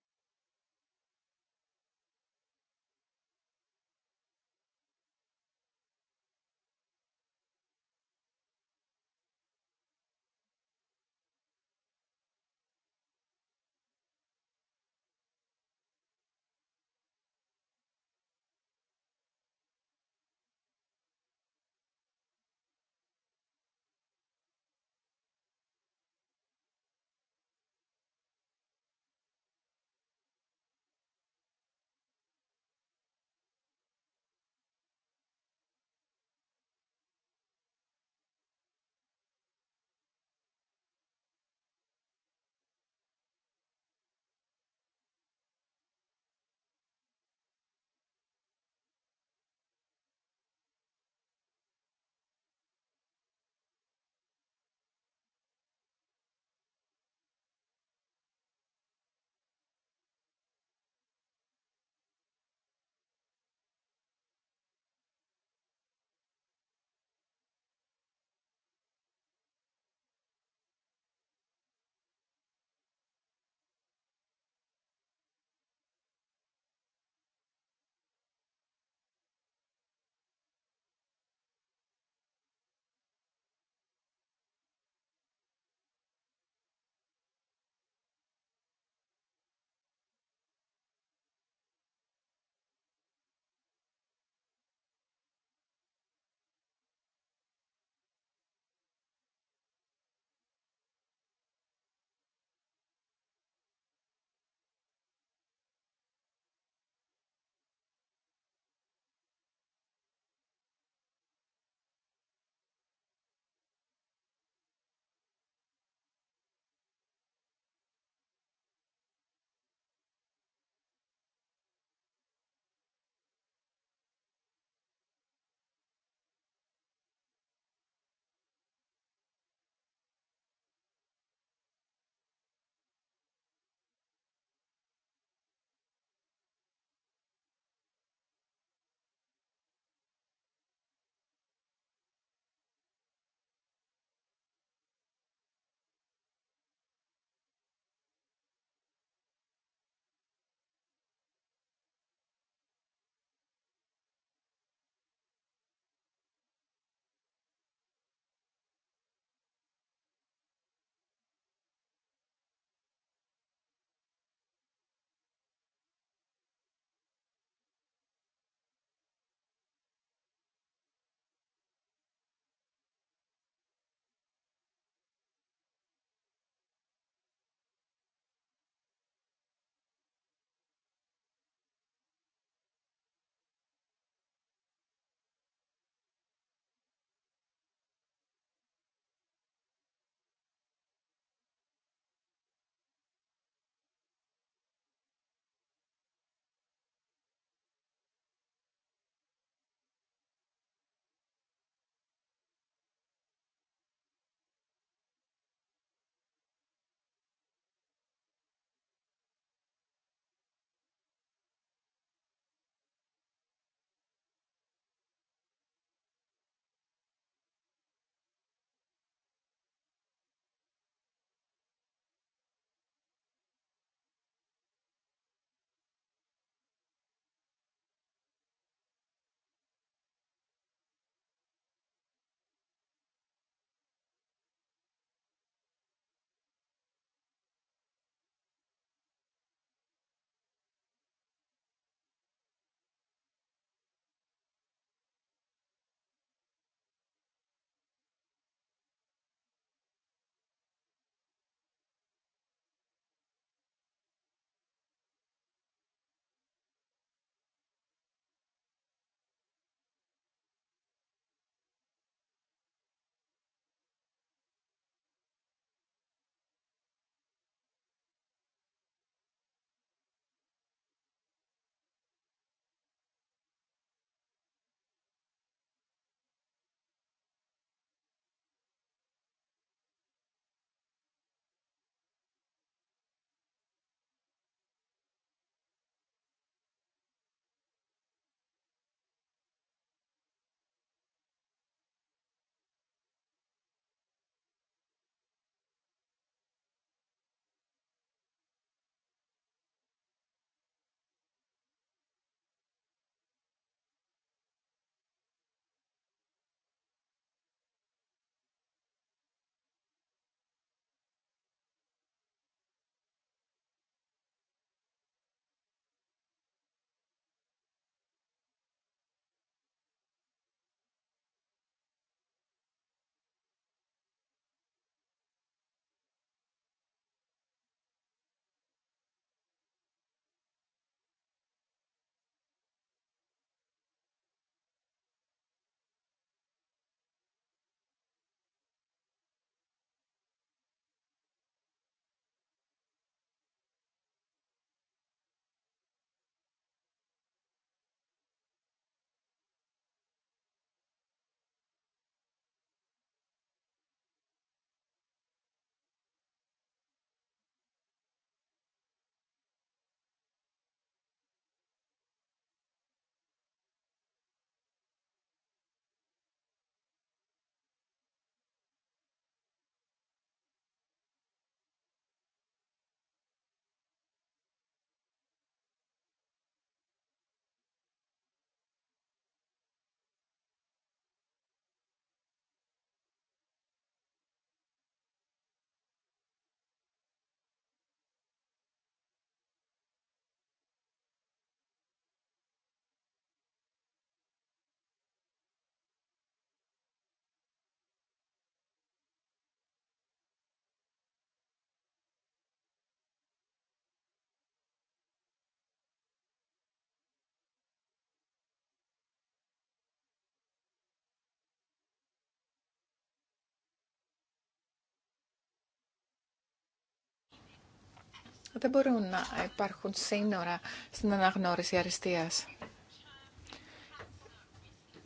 δεν μπορούν να υπάρχουν σύνορα στην αναγνώριση αριστείας.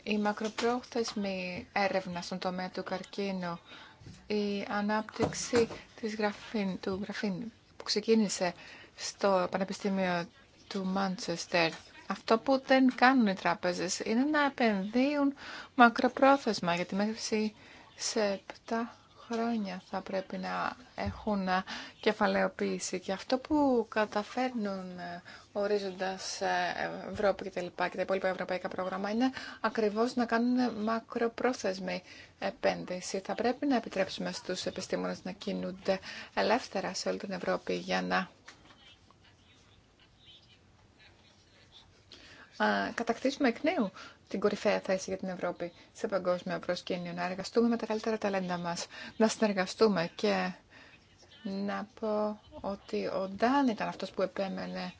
Η μακροπρόθεσμη έρευνα στον τομέα του καρκίνου, η ανάπτυξη της γραφήν, του γραφήν που ξεκίνησε στο Πανεπιστήμιο του Μάντσεστερ, αυτό που δεν κάνουν οι τράπεζες είναι να επενδύουν μακροπρόθεσμα, γιατί μέχρι σε 7 χρόνια θα πρέπει να έχουν κεφαλαιοποίηση και αυτό που καταφέρνουν ε, ορίζοντας ε, Ευρώπη και τα λοιπά και τα υπόλοιπα ευρωπαϊκά πρόγραμμα είναι ακριβώς να κάνουν μακροπρόθεσμη επένδυση. Θα πρέπει να επιτρέψουμε στους επιστήμονες να κινούνται ελεύθερα σε όλη την Ευρώπη για να ε, κατακτήσουμε εκ νέου την κορυφαία θέση για την Ευρώπη σε παγκόσμιο προσκήνιο, να εργαστούμε με τα καλύτερα ταλέντα μας, να συνεργαστούμε και να πω ότι ο Ντάν ήταν αυτός που επέμενε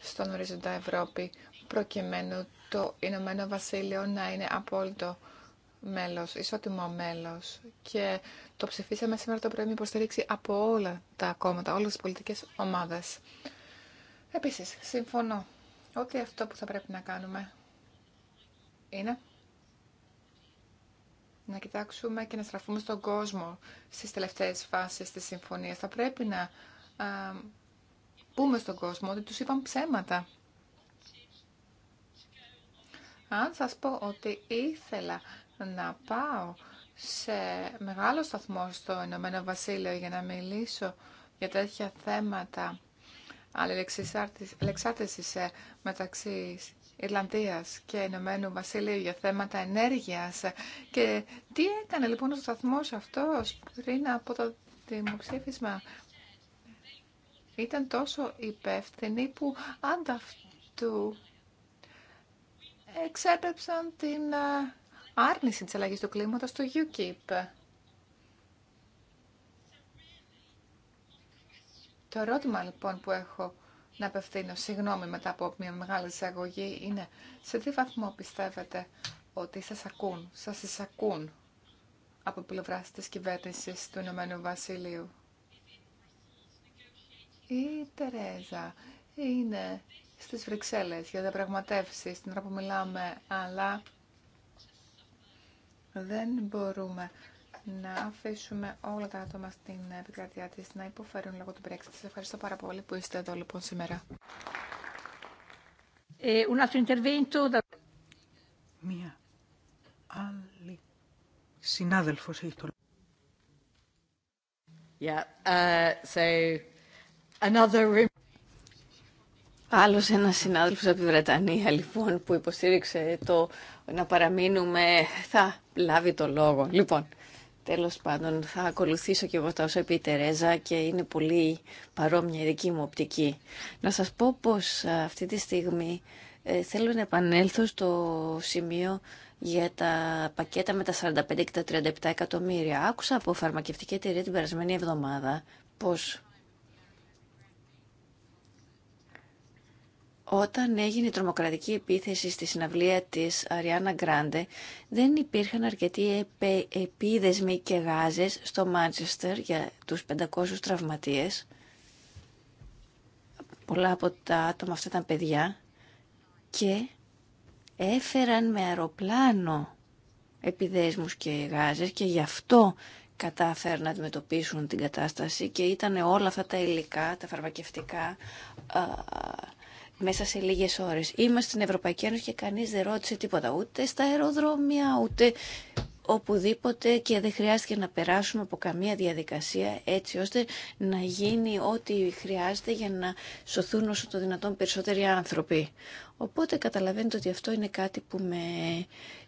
στον ορίζοντα Ευρώπη προκειμένου το Ηνωμένο Βασίλειο να είναι απόλυτο μέλος, ισότιμο μέλος και το ψηφίσαμε σήμερα το πρωί με υποστήριξη από όλα τα κόμματα, όλες τις πολιτικές ομάδες. Επίσης, συμφωνώ ότι αυτό που θα πρέπει να κάνουμε είναι να κοιτάξουμε και να στραφούμε στον κόσμο στις τελευταίες φάσεις της συμφωνίας. Θα πρέπει να πούμε στον κόσμο ότι τους είπαν ψέματα. Αν σας πω ότι ήθελα να πάω σε μεγάλο σταθμό στο Ηνωμένο Βασίλειο για να μιλήσω για τέτοια θέματα αλληλεξάρτησης ε, μεταξύ Ιρλανδίας και Ηνωμένου Βασιλείου για θέματα ενέργειας. Και τι έκανε λοιπόν ο σταθμός αυτός πριν από το δημοψήφισμα. Ήταν τόσο υπεύθυνοι που ανταυτού εξέπεψαν την ε, άρνηση της αλλαγής του κλίματος του UKIP. Το ερώτημα λοιπόν που έχω να απευθύνω. Συγγνώμη μετά από μια μεγάλη εισαγωγή είναι σε τι βαθμό πιστεύετε ότι σας ακούν, σας εισακούν από πλευρά τη κυβέρνηση του Ηνωμένου Βασιλείου. Η Τερέζα είναι στις Βρυξέλλες για διαπραγματεύσει την ώρα που μιλάμε, αλλά δεν μπορούμε να αφήσουμε όλα τα άτομα στην επικρατεία τη να υποφέρουν λόγω του Brexit. Σα ευχαριστώ πάρα πολύ που είστε εδώ λοιπόν σήμερα. Άλλο ε, Μία άλλη Yeah. Uh, so another... Άλλος ένας συνάδελφος από τη Βρετανία, λοιπόν, που υποστήριξε το να παραμείνουμε, θα λάβει το λόγο. Λοιπόν, Τέλος πάντων, θα ακολουθήσω και εγώ τα όσα είπε η Τερέζα και είναι πολύ παρόμοια η δική μου οπτική. Να σας πω πως αυτή τη στιγμή ε, θέλω να επανέλθω στο σημείο για τα πακέτα με τα 45 και τα 37 εκατομμύρια. Άκουσα από φαρμακευτική εταιρεία την περασμένη εβδομάδα πως Όταν έγινε η τρομοκρατική επίθεση στη συναυλία της Αριάννα Γκράντε, δεν υπήρχαν αρκετοί επίδεσμοι και γάζες στο Μάντσεστερ για τους 500 τραυματίες. Πολλά από τα άτομα αυτά ήταν παιδιά και έφεραν με αεροπλάνο επιδέσμους και γάζες και γι' αυτό κατάφεραν να αντιμετωπίσουν την κατάσταση και ήταν όλα αυτά τα υλικά, τα φαρμακευτικά μέσα σε λίγες ώρες. Είμαστε στην Ευρωπαϊκή Ένωση και κανείς δεν ρώτησε τίποτα, ούτε στα αεροδρόμια, ούτε οπουδήποτε και δεν χρειάστηκε να περάσουμε από καμία διαδικασία έτσι ώστε να γίνει ό,τι χρειάζεται για να σωθούν όσο το δυνατόν περισσότεροι άνθρωποι. Οπότε καταλαβαίνετε ότι αυτό είναι κάτι που με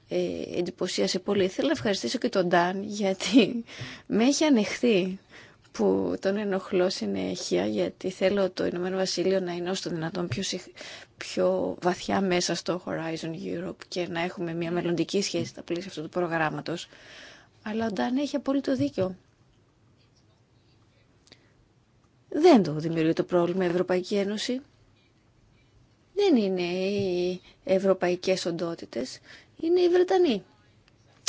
ε, εντυπωσίασε πολύ. Θέλω να ευχαριστήσω και τον Ντάν γιατί με έχει ανεχθεί που τον ενοχλώ συνέχεια γιατί θέλω το Ηνωμένο Βασίλειο να είναι όσο δυνατόν πιο, πιο βαθιά μέσα στο Horizon Europe και να έχουμε μια μελλοντική σχέση στα πλαίσια αυτού του προγράμματος. Αλλά ο Ντάν έχει απόλυτο δίκιο. Δεν το δημιουργεί το πρόβλημα η Ευρωπαϊκή Ένωση. Δεν είναι οι ευρωπαϊκές οντότητες, είναι οι Βρετανοί.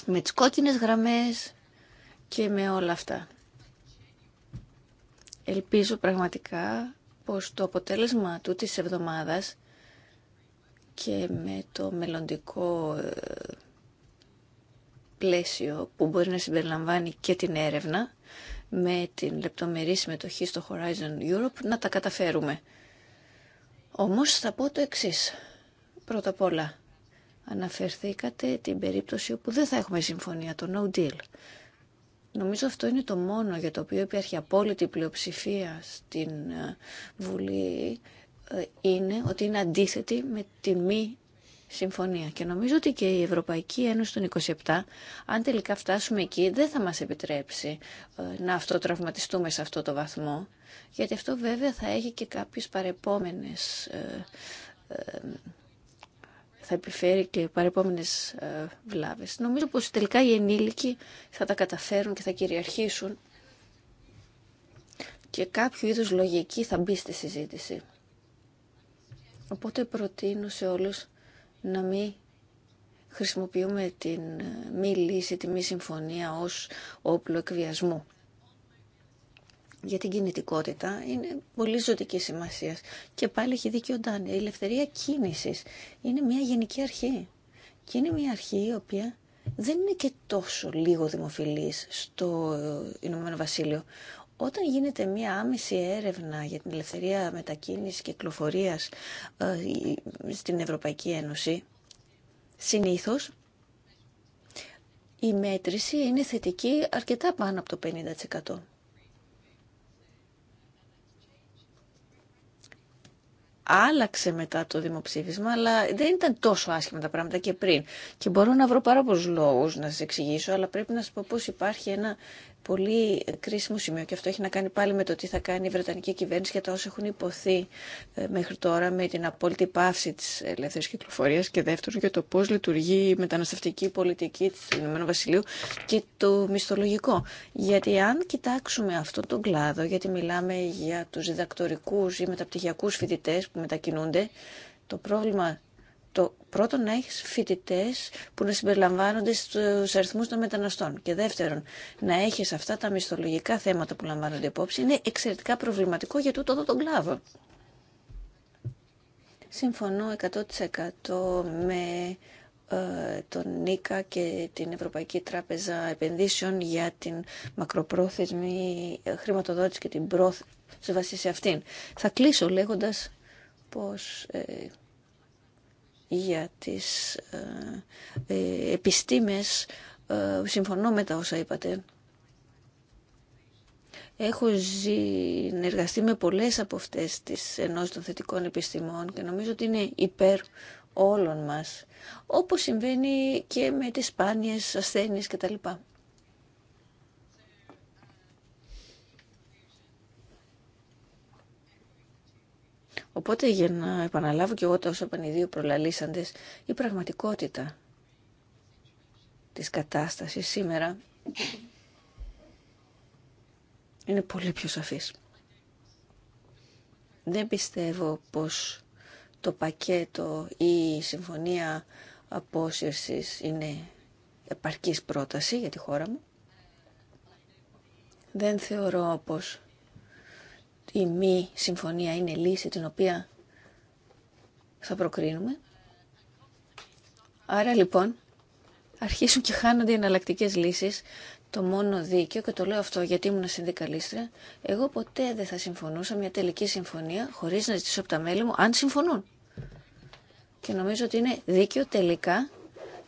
Με τις κόκκινες γραμμές και με όλα αυτά. Ελπίζω πραγματικά πως το αποτέλεσμα του της εβδομάδας και με το μελλοντικό ε, πλαίσιο που μπορεί να συμπεριλαμβάνει και την έρευνα με την λεπτομερή συμμετοχή στο Horizon Europe να τα καταφέρουμε. Όμως θα πω το εξής. Πρώτα απ' όλα, αναφερθήκατε την περίπτωση όπου δεν θα έχουμε συμφωνία, το no deal. Νομίζω αυτό είναι το μόνο για το οποίο υπάρχει απόλυτη πλειοψηφία στην ε, Βουλή ε, είναι ότι είναι αντίθετη με τη μη συμφωνία. Και νομίζω ότι και η Ευρωπαϊκή Ένωση των 27, αν τελικά φτάσουμε εκεί, δεν θα μας επιτρέψει ε, να αυτοτραυματιστούμε σε αυτό το βαθμό, γιατί αυτό βέβαια θα έχει και κάποιες παρεπόμενες θα επιφέρει και παρεπόμενες ε, βλάβες. Νομίζω πω τελικά οι ενήλικοι θα τα καταφέρουν και θα κυριαρχήσουν και κάποιο είδους λογική θα μπει στη συζήτηση. Οπότε προτείνω σε όλους να μην χρησιμοποιούμε την ε, μη λύση, τη μη συμφωνία ως όπλο εκβιασμού για την κινητικότητα είναι πολύ ζωτική σημασία. Και πάλι έχει δίκιο Ντάνι. Η ελευθερία κίνησης είναι μια γενική αρχή. Και είναι μια αρχή η οποία δεν είναι και τόσο λίγο δημοφιλής στο Ηνωμένο Βασίλειο. Όταν γίνεται μια άμεση έρευνα για την ελευθερία μετακίνησης και κυκλοφορία ε, στην Ευρωπαϊκή Ένωση, συνήθω η μέτρηση είναι θετική αρκετά πάνω από το 50%. άλλαξε μετά το δημοψήφισμα, αλλά δεν ήταν τόσο άσχημα τα πράγματα και πριν. Και μπορώ να βρω πάρα πολλού λόγου να σα εξηγήσω, αλλά πρέπει να σα πω πω υπάρχει ένα πολύ κρίσιμο σημείο και αυτό έχει να κάνει πάλι με το τι θα κάνει η Βρετανική κυβέρνηση για τα όσα έχουν υποθεί ε, μέχρι τώρα με την απόλυτη πάυση της ελεύθερης κυκλοφορίας και δεύτερον για το πώς λειτουργεί η μεταναστευτική πολιτική του Ηνωμένου Βασιλείου και το μισθολογικό. Γιατί αν κοιτάξουμε αυτόν τον κλάδο, γιατί μιλάμε για του διδακτορικούς ή μεταπτυχιακούς φοιτητές που μετακινούνται, το πρόβλημα το πρώτο να έχεις φοιτητέ που να συμπεριλαμβάνονται στους αριθμούς των μεταναστών και δεύτερον να έχεις αυτά τα μισθολογικά θέματα που λαμβάνονται υπόψη είναι εξαιρετικά προβληματικό για τούτο το τον κλάδο. Συμφωνώ 100% με ε, τον ΝΙΚΑ και την Ευρωπαϊκή Τράπεζα Επενδύσεων για την μακροπρόθεσμη ε, χρηματοδότηση και την πρόθεση σε αυτήν. Θα κλείσω λέγοντας πως ε, για τις ε, ε, επιστήμες. Ε, συμφωνώ με τα όσα είπατε. Έχω συνεργαστεί με πολλές από αυτές τις ενώσεις των θετικών επιστημών και νομίζω ότι είναι υπέρ όλων μας, όπως συμβαίνει και με τις σπάνιες ασθένειες κτλ. Οπότε για να επαναλάβω και εγώ τα όσα είπαν οι δύο προλαλήσαντες, η πραγματικότητα της κατάστασης σήμερα είναι πολύ πιο σαφής. Δεν πιστεύω πως το πακέτο ή η συμφωνία απόσυρσης είναι επαρκής πρόταση για τη χώρα μου. Δεν θεωρώ πως η μη συμφωνία είναι λύση την οποία θα προκρίνουμε. Άρα λοιπόν αρχίσουν και χάνονται οι εναλλακτικέ λύσεις, το μόνο δίκαιο και το λέω αυτό γιατί ήμουν συνδικαλίστρια. Εγώ ποτέ δεν θα συμφωνούσα μια τελική συμφωνία χωρίς να ζητήσω από τα μέλη μου αν συμφωνούν. Και νομίζω ότι είναι δίκαιο τελικά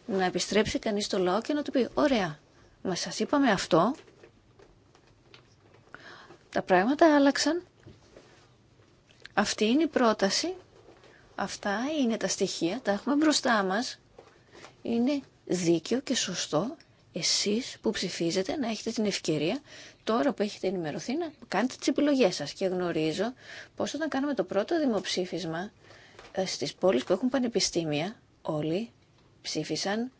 να επιστρέψει κανείς στο λαό και να του πει «Ωραία, Μα σας είπαμε αυτό, τα πράγματα άλλαξαν, αυτή είναι η πρόταση. Αυτά είναι τα στοιχεία, τα έχουμε μπροστά μας. Είναι δίκαιο και σωστό εσείς που ψηφίζετε να έχετε την ευκαιρία τώρα που έχετε ενημερωθεί να κάνετε τις επιλογές σας. Και γνωρίζω πως όταν κάναμε το πρώτο δημοψήφισμα ε, στις πόλεις που έχουν πανεπιστήμια όλοι ψήφισαν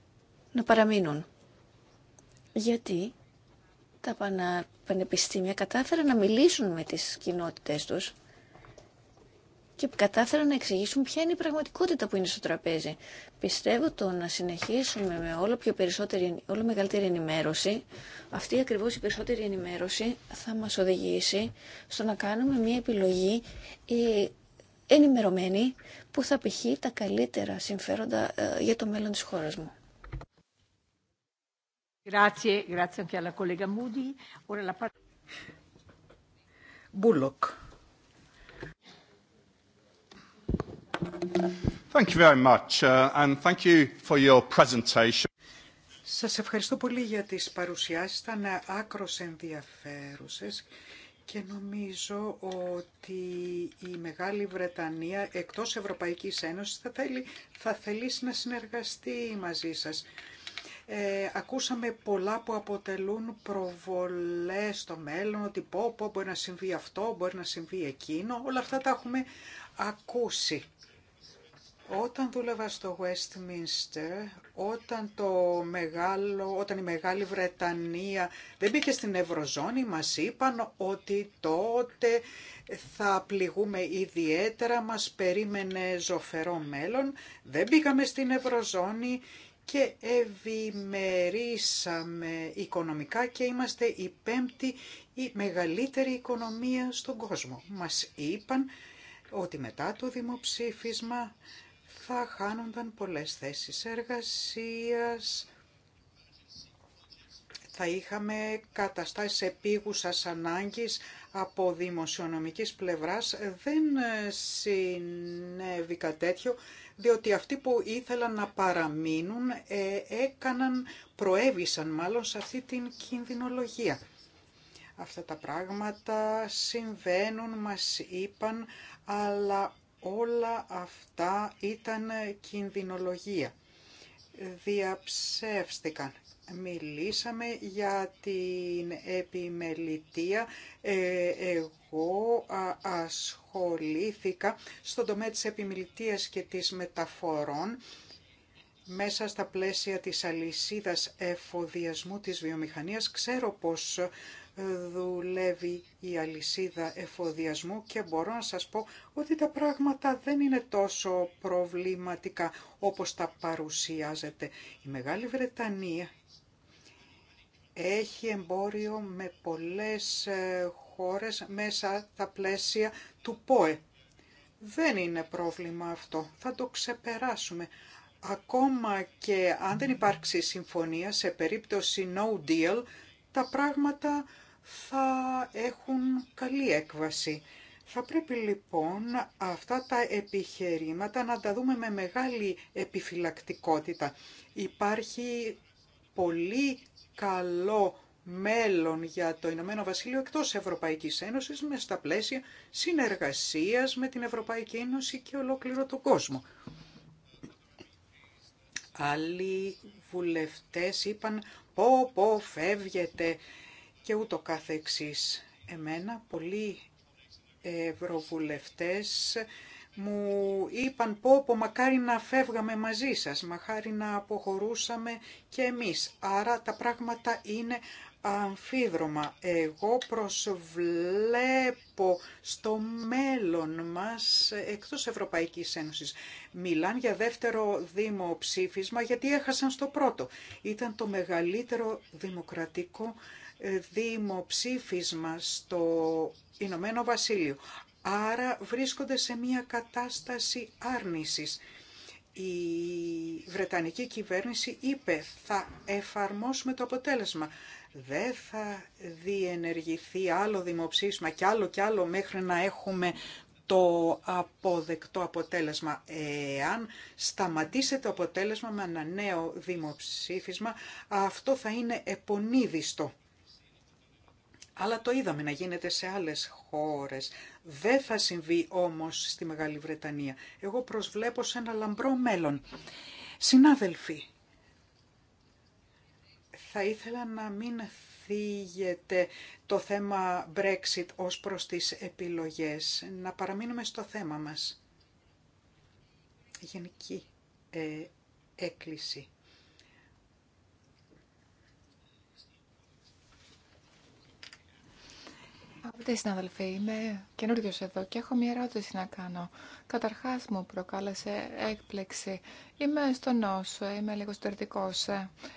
να παραμείνουν. Γιατί τα πανεπιστήμια κατάφεραν να μιλήσουν με τις κοινότητες τους και κατάφεραν να εξηγήσουν ποια είναι η πραγματικότητα που είναι στο τραπέζι. Πιστεύω το να συνεχίσουμε με όλο, πιο περισσότερη, όλο μεγαλύτερη ενημέρωση, αυτή ακριβώς η περισσότερη ενημέρωση θα μας οδηγήσει στο να κάνουμε μια επιλογή ε, ενημερωμένη που θα πηχεί τα καλύτερα συμφέροντα ε, για το μέλλον της χώρας μου. Thank Σας ευχαριστώ πολύ για τις παρουσιάσεις, ήταν άκρος ενδιαφέρουσες και νομίζω ότι η Μεγάλη Βρετανία εκτός Ευρωπαϊκής Ένωσης θα, θέλει, θα θελήσει να συνεργαστεί μαζί σας. Ε, ακούσαμε πολλά που αποτελούν προβολές στο μέλλον, ότι πω, πω μπορεί να συμβεί αυτό, μπορεί να συμβεί εκείνο, όλα αυτά τα έχουμε ακούσει. Όταν δούλευα στο Westminster, όταν, το μεγάλο, όταν η Μεγάλη Βρετανία δεν μπήκε στην Ευρωζώνη, μας είπαν ότι τότε θα πληγούμε ιδιαίτερα, μας περίμενε ζωφερό μέλλον. Δεν μπήκαμε στην Ευρωζώνη και ευημερίσαμε οικονομικά και είμαστε η πέμπτη η μεγαλύτερη οικονομία στον κόσμο. Μας είπαν ότι μετά το δημοψήφισμα θα χάνονταν πολλές θέσεις εργασίας, θα είχαμε καταστάσεις επίγουσας ανάγκης από δημοσιονομικής πλευράς. Δεν ε, συνέβη κάτι τέτοιο, διότι αυτοί που ήθελαν να παραμείνουν ε, έκαναν, προέβησαν μάλλον σε αυτή την κινδυνολογία. Αυτά τα πράγματα συμβαίνουν, μας είπαν, αλλά όλα αυτά ήταν κινδυνολογία. Διαψεύστηκαν. Μιλήσαμε για την επιμελητία. Ε, εγώ ασχολήθηκα στον τομέα της επιμελητίας και της μεταφορών μέσα στα πλαίσια της αλυσίδας εφοδιασμού της βιομηχανίας. Ξέρω πως δουλεύει η αλυσίδα εφοδιασμού και μπορώ να σας πω ότι τα πράγματα δεν είναι τόσο προβληματικά όπως τα παρουσιάζεται. Η Μεγάλη Βρετανία έχει εμπόριο με πολλές ε, χώρες μέσα τα πλαίσια του ΠΟΕ. Δεν είναι πρόβλημα αυτό. Θα το ξεπεράσουμε. Ακόμα και αν δεν υπάρξει συμφωνία, σε περίπτωση no deal, τα πράγματα θα έχουν καλή έκβαση. Θα πρέπει λοιπόν αυτά τα επιχειρήματα να τα δούμε με μεγάλη επιφυλακτικότητα. Υπάρχει πολύ καλό μέλλον για το Ηνωμένο Βασίλειο εκτός Ευρωπαϊκής Ένωσης με στα πλαίσια συνεργασίας με την Ευρωπαϊκή Ένωση και ολόκληρο τον κόσμο. Άλλοι βουλευτές είπαν πω πω φεύγετε και ούτω κάθε εξής. Εμένα πολλοί ευρωβουλευτές μου είπαν πω, πω μακάρι να φεύγαμε μαζί σας, μακάρι να αποχωρούσαμε και εμείς. Άρα τα πράγματα είναι αμφίδρομα. Εγώ προσβλέπω στο μέλλον μας εκτός Ευρωπαϊκής Ένωσης. Μιλάν για δεύτερο δημοψήφισμα γιατί έχασαν στο πρώτο. Ήταν το μεγαλύτερο δημοκρατικό δημοψήφισμα στο Ηνωμένο Βασίλειο. Άρα βρίσκονται σε μια κατάσταση άρνησης. Η Βρετανική κυβέρνηση είπε θα εφαρμόσουμε το αποτέλεσμα. Δεν θα διενεργηθεί άλλο δημοψήφισμα και άλλο και άλλο μέχρι να έχουμε το αποδεκτό αποτέλεσμα. Εάν σταματήσετε το αποτέλεσμα με ένα νέο δημοψήφισμα, αυτό θα είναι επονίδιστο. Αλλά το είδαμε να γίνεται σε άλλες χώρες. Δεν θα συμβεί όμως στη Μεγάλη Βρετανία. Εγώ προσβλέπω σε ένα λαμπρό μέλλον. Συνάδελφοι, θα ήθελα να μην θίγεται το θέμα Brexit ως προς τις επιλογές. Να παραμείνουμε στο θέμα μας. Γενική ε, έκκληση. Αγαπητοί συνάδελφοι, είμαι καινούριο εδώ και έχω μια ερώτηση να κάνω. Καταρχά, μου προκάλεσε έκπληξη. Είμαι στο νόσο, είμαι λίγο στερετικό.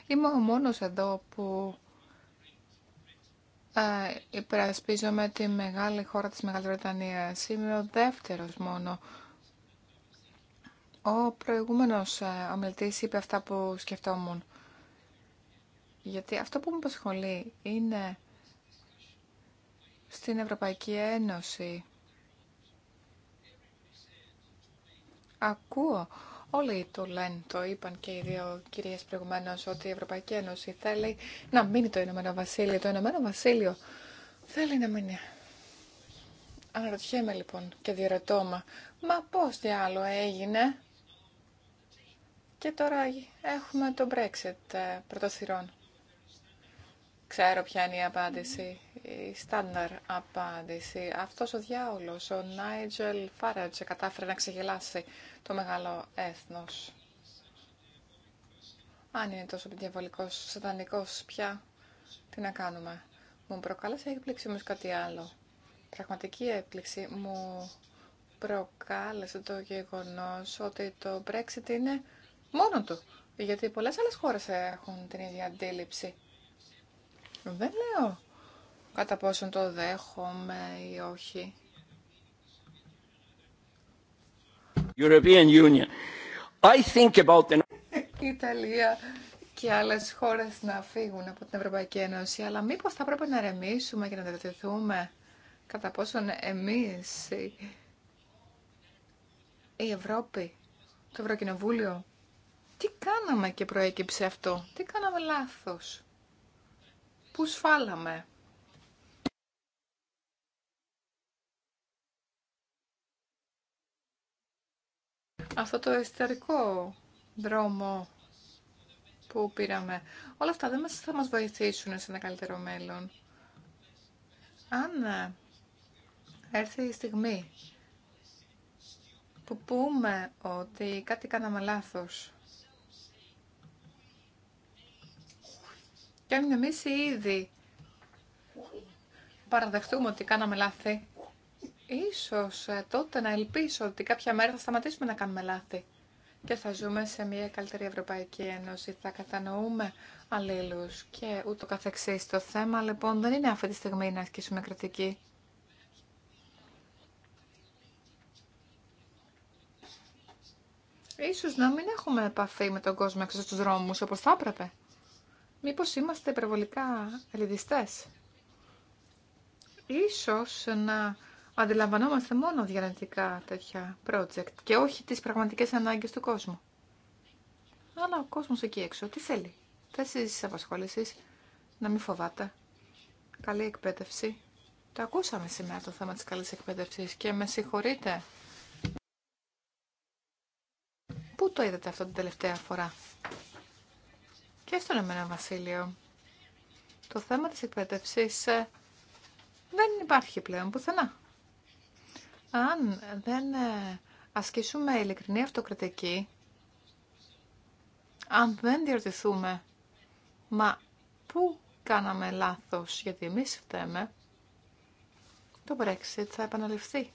Είμαι ο μόνο εδώ που ε, υπερασπίζομαι τη μεγάλη χώρα της Μεγάλης Βρετανίας. Είμαι ο δεύτερος μόνο. Ο προηγούμενος ε, ομιλητή είπε αυτά που σκεφτόμουν. Γιατί αυτό που με απασχολεί είναι στην Ευρωπαϊκή Ένωση. Ακούω. Όλοι το λένε, το είπαν και οι δύο κυρίες προηγουμένως, ότι η Ευρωπαϊκή Ένωση θέλει να μείνει το Ηνωμένο Βασίλειο. Το Ηνωμένο Βασίλειο θέλει να μείνει. Αναρωτιέμαι λοιπόν και διαρωτώ μα, μα πώς τι άλλο έγινε. Και τώρα έχουμε το Brexit ε, πρωτοθυρών. Ξέρω ποια είναι η απάντηση η στάνταρ απάντηση. Αυτός ο διάολος, ο Νάιτζελ Φάρατζε, κατάφερε να ξεγελάσει το μεγάλο έθνος. Αν είναι τόσο διαβολικός, σατανικός πια, τι να κάνουμε. Μου προκάλεσε έκπληξη όμως κάτι άλλο. Πραγματική έκπληξη μου προκάλεσε το γεγονός ότι το Brexit είναι μόνο του. Γιατί πολλές άλλες χώρες έχουν την ίδια αντίληψη. Δεν λέω κατά πόσον το δέχομαι ή όχι. European Union. I think about Ιταλία και άλλες χώρες να φύγουν από την Ευρωπαϊκή Ένωση, αλλά μήπως θα πρέπει να ρεμίσουμε και να δεδοτηθούμε. κατά πόσον εμείς, η Ευρώπη, το Ευρωκοινοβούλιο, τι κάναμε και προέκυψε αυτό, τι κάναμε λάθος, πού σφάλαμε. αυτό το εσωτερικό δρόμο που πήραμε. Όλα αυτά δεν θα μας βοηθήσουν σε ένα καλύτερο μέλλον. Αν ε, έρθει η στιγμή που πούμε ότι κάτι κάναμε λάθος και αν εμείς ήδη παραδεχτούμε ότι κάναμε λάθη, Ίσως ε, τότε να ελπίσω ότι κάποια μέρα θα σταματήσουμε να κάνουμε λάθη και θα ζούμε σε μια καλύτερη Ευρωπαϊκή Ένωση, θα κατανοούμε αλλήλους και ούτω καθεξής. Το θέμα λοιπόν δεν είναι αυτή τη στιγμή να ασκήσουμε κριτική. Ίσως να μην έχουμε επαφή με τον κόσμο έξω στους δρόμους όπως θα έπρεπε. Μήπως είμαστε υπερβολικά ελιδιστές. Ίσως να αντιλαμβανόμαστε μόνο διαρρετικά τέτοια project και όχι τις πραγματικές ανάγκες του κόσμου. Αλλά ο κόσμος εκεί έξω τι θέλει. Θέσεις απασχόλησης, να μην φοβάται, καλή εκπαίδευση. Το ακούσαμε σήμερα το θέμα της καλής εκπαίδευσης και με συγχωρείτε. Πού το είδατε αυτό την τελευταία φορά. Και στον εμένα βασίλειο. Το θέμα της εκπαίδευσης ε, δεν υπάρχει πλέον πουθενά. Αν δεν ε, ασκήσουμε ειλικρινή αυτοκριτική, αν δεν διορτηθούμε, μα πού κάναμε λάθος, γιατί εμείς φταίμε, το Brexit θα επαναληφθεί.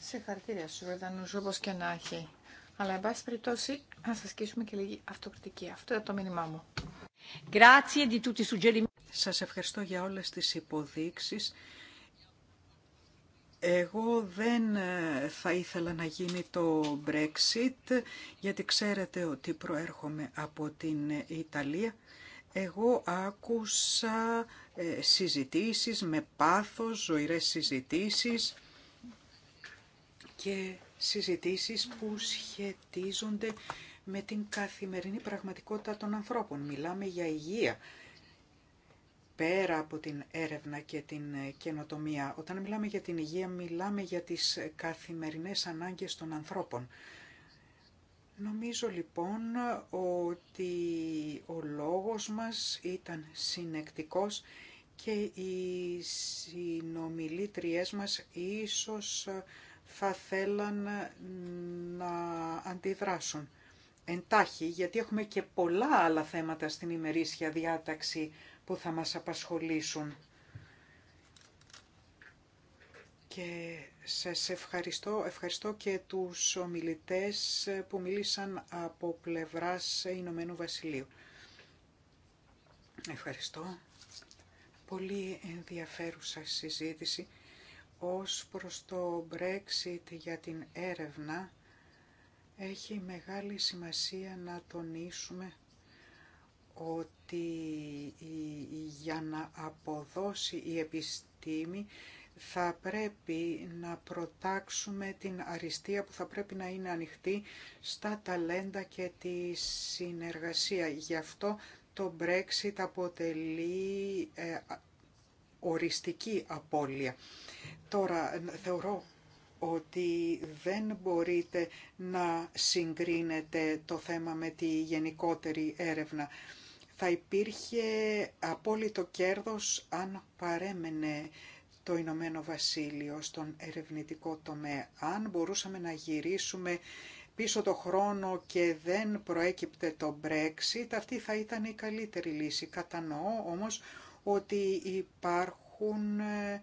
Σε Συγχαρητήρια σου, Βρετανούς, όπως και να έχει. Αλλά, εν πάση περιπτώσει, να ασκήσουμε και λίγη αυτοκριτική. Αυτό είναι το μήνυμά μου. Σας ευχαριστώ για όλες τις υποδείξεις. Εγώ δεν ε, θα ήθελα να γίνει το Brexit, γιατί ξέρετε ότι προέρχομαι από την ε, Ιταλία. Εγώ άκουσα ε, συζητήσεις με πάθος, ζωηρές συζητήσεις και συζητήσεις που σχετίζονται με την καθημερινή πραγματικότητα των ανθρώπων. Μιλάμε για υγεία. Πέρα από την έρευνα και την ε, καινοτομία, όταν μιλάμε για την υγεία, μιλάμε για τις ε, καθημερινές ανάγκες των ανθρώπων. Νομίζω λοιπόν ότι ο λόγος μας ήταν συνεκτικός και οι συνομιλήτριές μας ίσως ε, θα θέλαν να αντιδράσουν εντάχει, γιατί έχουμε και πολλά άλλα θέματα στην ημερήσια διάταξη που θα μας απασχολήσουν. Και σε ευχαριστώ, ευχαριστώ και τους ομιλητές που μίλησαν από πλευράς Ηνωμένου Βασιλείου. Ευχαριστώ. Πολύ ενδιαφέρουσα συζήτηση ως προς το Brexit για την έρευνα έχει μεγάλη σημασία να τονίσουμε ότι για να αποδώσει η επιστήμη θα πρέπει να προτάξουμε την αριστεία που θα πρέπει να είναι ανοιχτή στα ταλέντα και τη συνεργασία. Γι' αυτό το Brexit αποτελεί ε, οριστική απώλεια. Τώρα θεωρώ ότι δεν μπορείτε να συγκρίνετε το θέμα με τη γενικότερη έρευνα. Θα υπήρχε απόλυτο κέρδος αν παρέμενε το Ηνωμένο Βασίλειο στον ερευνητικό τομέα. Αν μπορούσαμε να γυρίσουμε πίσω το χρόνο και δεν προέκυπτε το Brexit, αυτή θα ήταν η καλύτερη λύση. Κατανοώ όμως ότι υπάρχουν ε,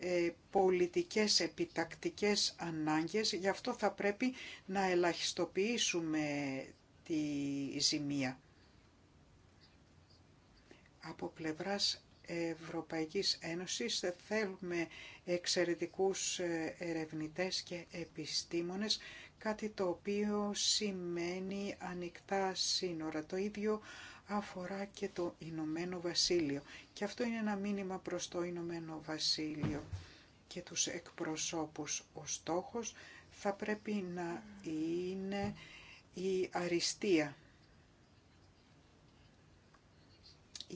ε, πολιτικές επιτακτικές ανάγκες, γι' αυτό θα πρέπει να ελαχιστοποιήσουμε τη ζημία. Από πλευράς Ευρωπαϊκής Ένωσης θέλουμε εξαιρετικούς ε, ερευνητές και επιστήμονες, κάτι το οποίο σημαίνει ανοιχτά σύνορα. Το ίδιο αφορά και το Ηνωμένο Βασίλειο. Και αυτό είναι ένα μήνυμα προς το Ηνωμένο Βασίλειο και τους εκπροσώπους. Ο στόχος θα πρέπει να είναι η αριστεία.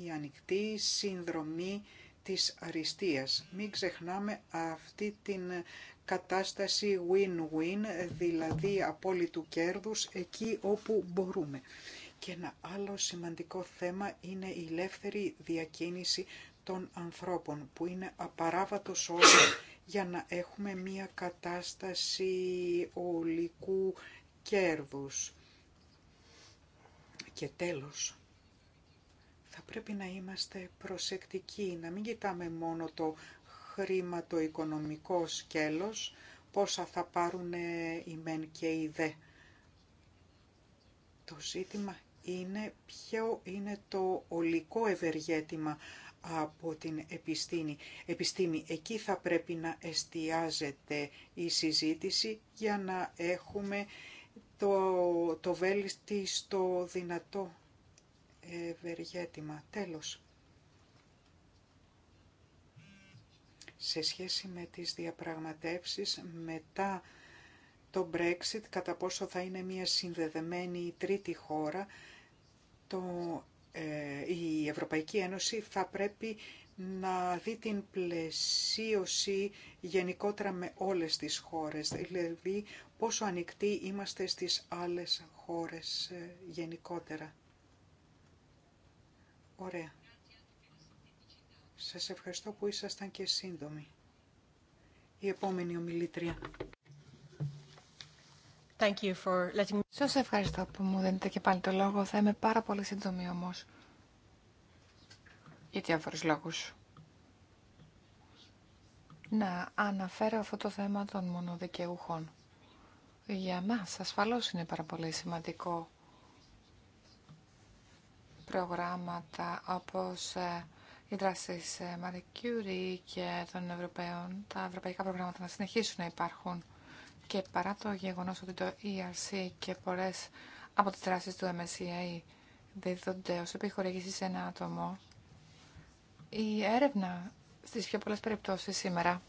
Η ανοιχτή συνδρομή της αριστείας. Μην ξεχνάμε αυτή την κατάσταση win-win, δηλαδή απόλυτου κέρδους εκεί όπου μπορούμε. Και ένα άλλο σημαντικό θέμα είναι η ελεύθερη διακίνηση των ανθρώπων, που είναι απαράβατος όρος για να έχουμε μία κατάσταση ολικού κέρδους. Και τέλος, θα πρέπει να είμαστε προσεκτικοί, να μην κοιτάμε μόνο το το χρηματοοικονομικό σκέλος, πόσα θα πάρουν οι μεν και οι δε. Το ζήτημα είναι ποιο είναι το ολικό ευεργέτημα από την επιστήμη. επιστήμη. Εκεί θα πρέπει να εστιάζεται η συζήτηση για να έχουμε το, το βέλτιστο στο δυνατό ευεργέτημα. Τέλος. Σε σχέση με τις διαπραγματεύσεις μετά το Brexit, κατά πόσο θα είναι μια συνδεδεμένη τρίτη χώρα, το, ε, η Ευρωπαϊκή Ένωση θα πρέπει να δει την πλαισίωση γενικότερα με όλες τις χώρες, δηλαδή πόσο ανοιχτοί είμαστε στις άλλες χώρες ε, γενικότερα. Ωραία. Σας ευχαριστώ που ήσασταν και σύντομοι. Η επόμενη ομιλήτρια. Thank Σας ευχαριστώ που μου δίνετε και πάλι το λόγο. Θα είμαι πάρα πολύ σύντομη όμως. Για διάφορου λόγους. Να αναφέρω αυτό το θέμα των μονοδικαιούχων. Για μας ασφαλώς είναι πάρα πολύ σημαντικό προγράμματα όπως ε, οι δράσει ε, Marie και των Ευρωπαίων, τα ευρωπαϊκά προγράμματα να συνεχίσουν να υπάρχουν και παρά το γεγονός ότι το ERC και πολλές από τις δράσεις του MSCA δίδονται ως επιχορήγηση σε ένα άτομο, η έρευνα στις πιο πολλές περιπτώσεις σήμερα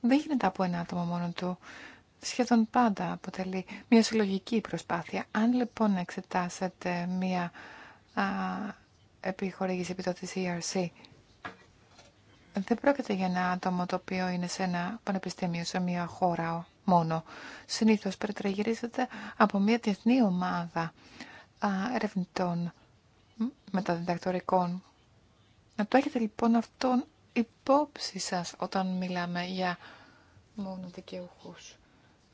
δεν γίνεται από ένα άτομο μόνο του. Σχεδόν πάντα αποτελεί μια συλλογική προσπάθεια. Αν λοιπόν εξετάσετε μια α, επιχορήγηση επιδότηση ERC, δεν πρόκειται για ένα άτομο το οποίο είναι σε ένα πανεπιστήμιο, σε μια χώρα μόνο. Συνήθως περιτραγυρίζεται από μια διεθνή ομάδα ερευνητών μεταδιδακτορικών. Να το έχετε λοιπόν αυτόν υπόψη σας όταν μιλάμε για μόνο δικαιούχου.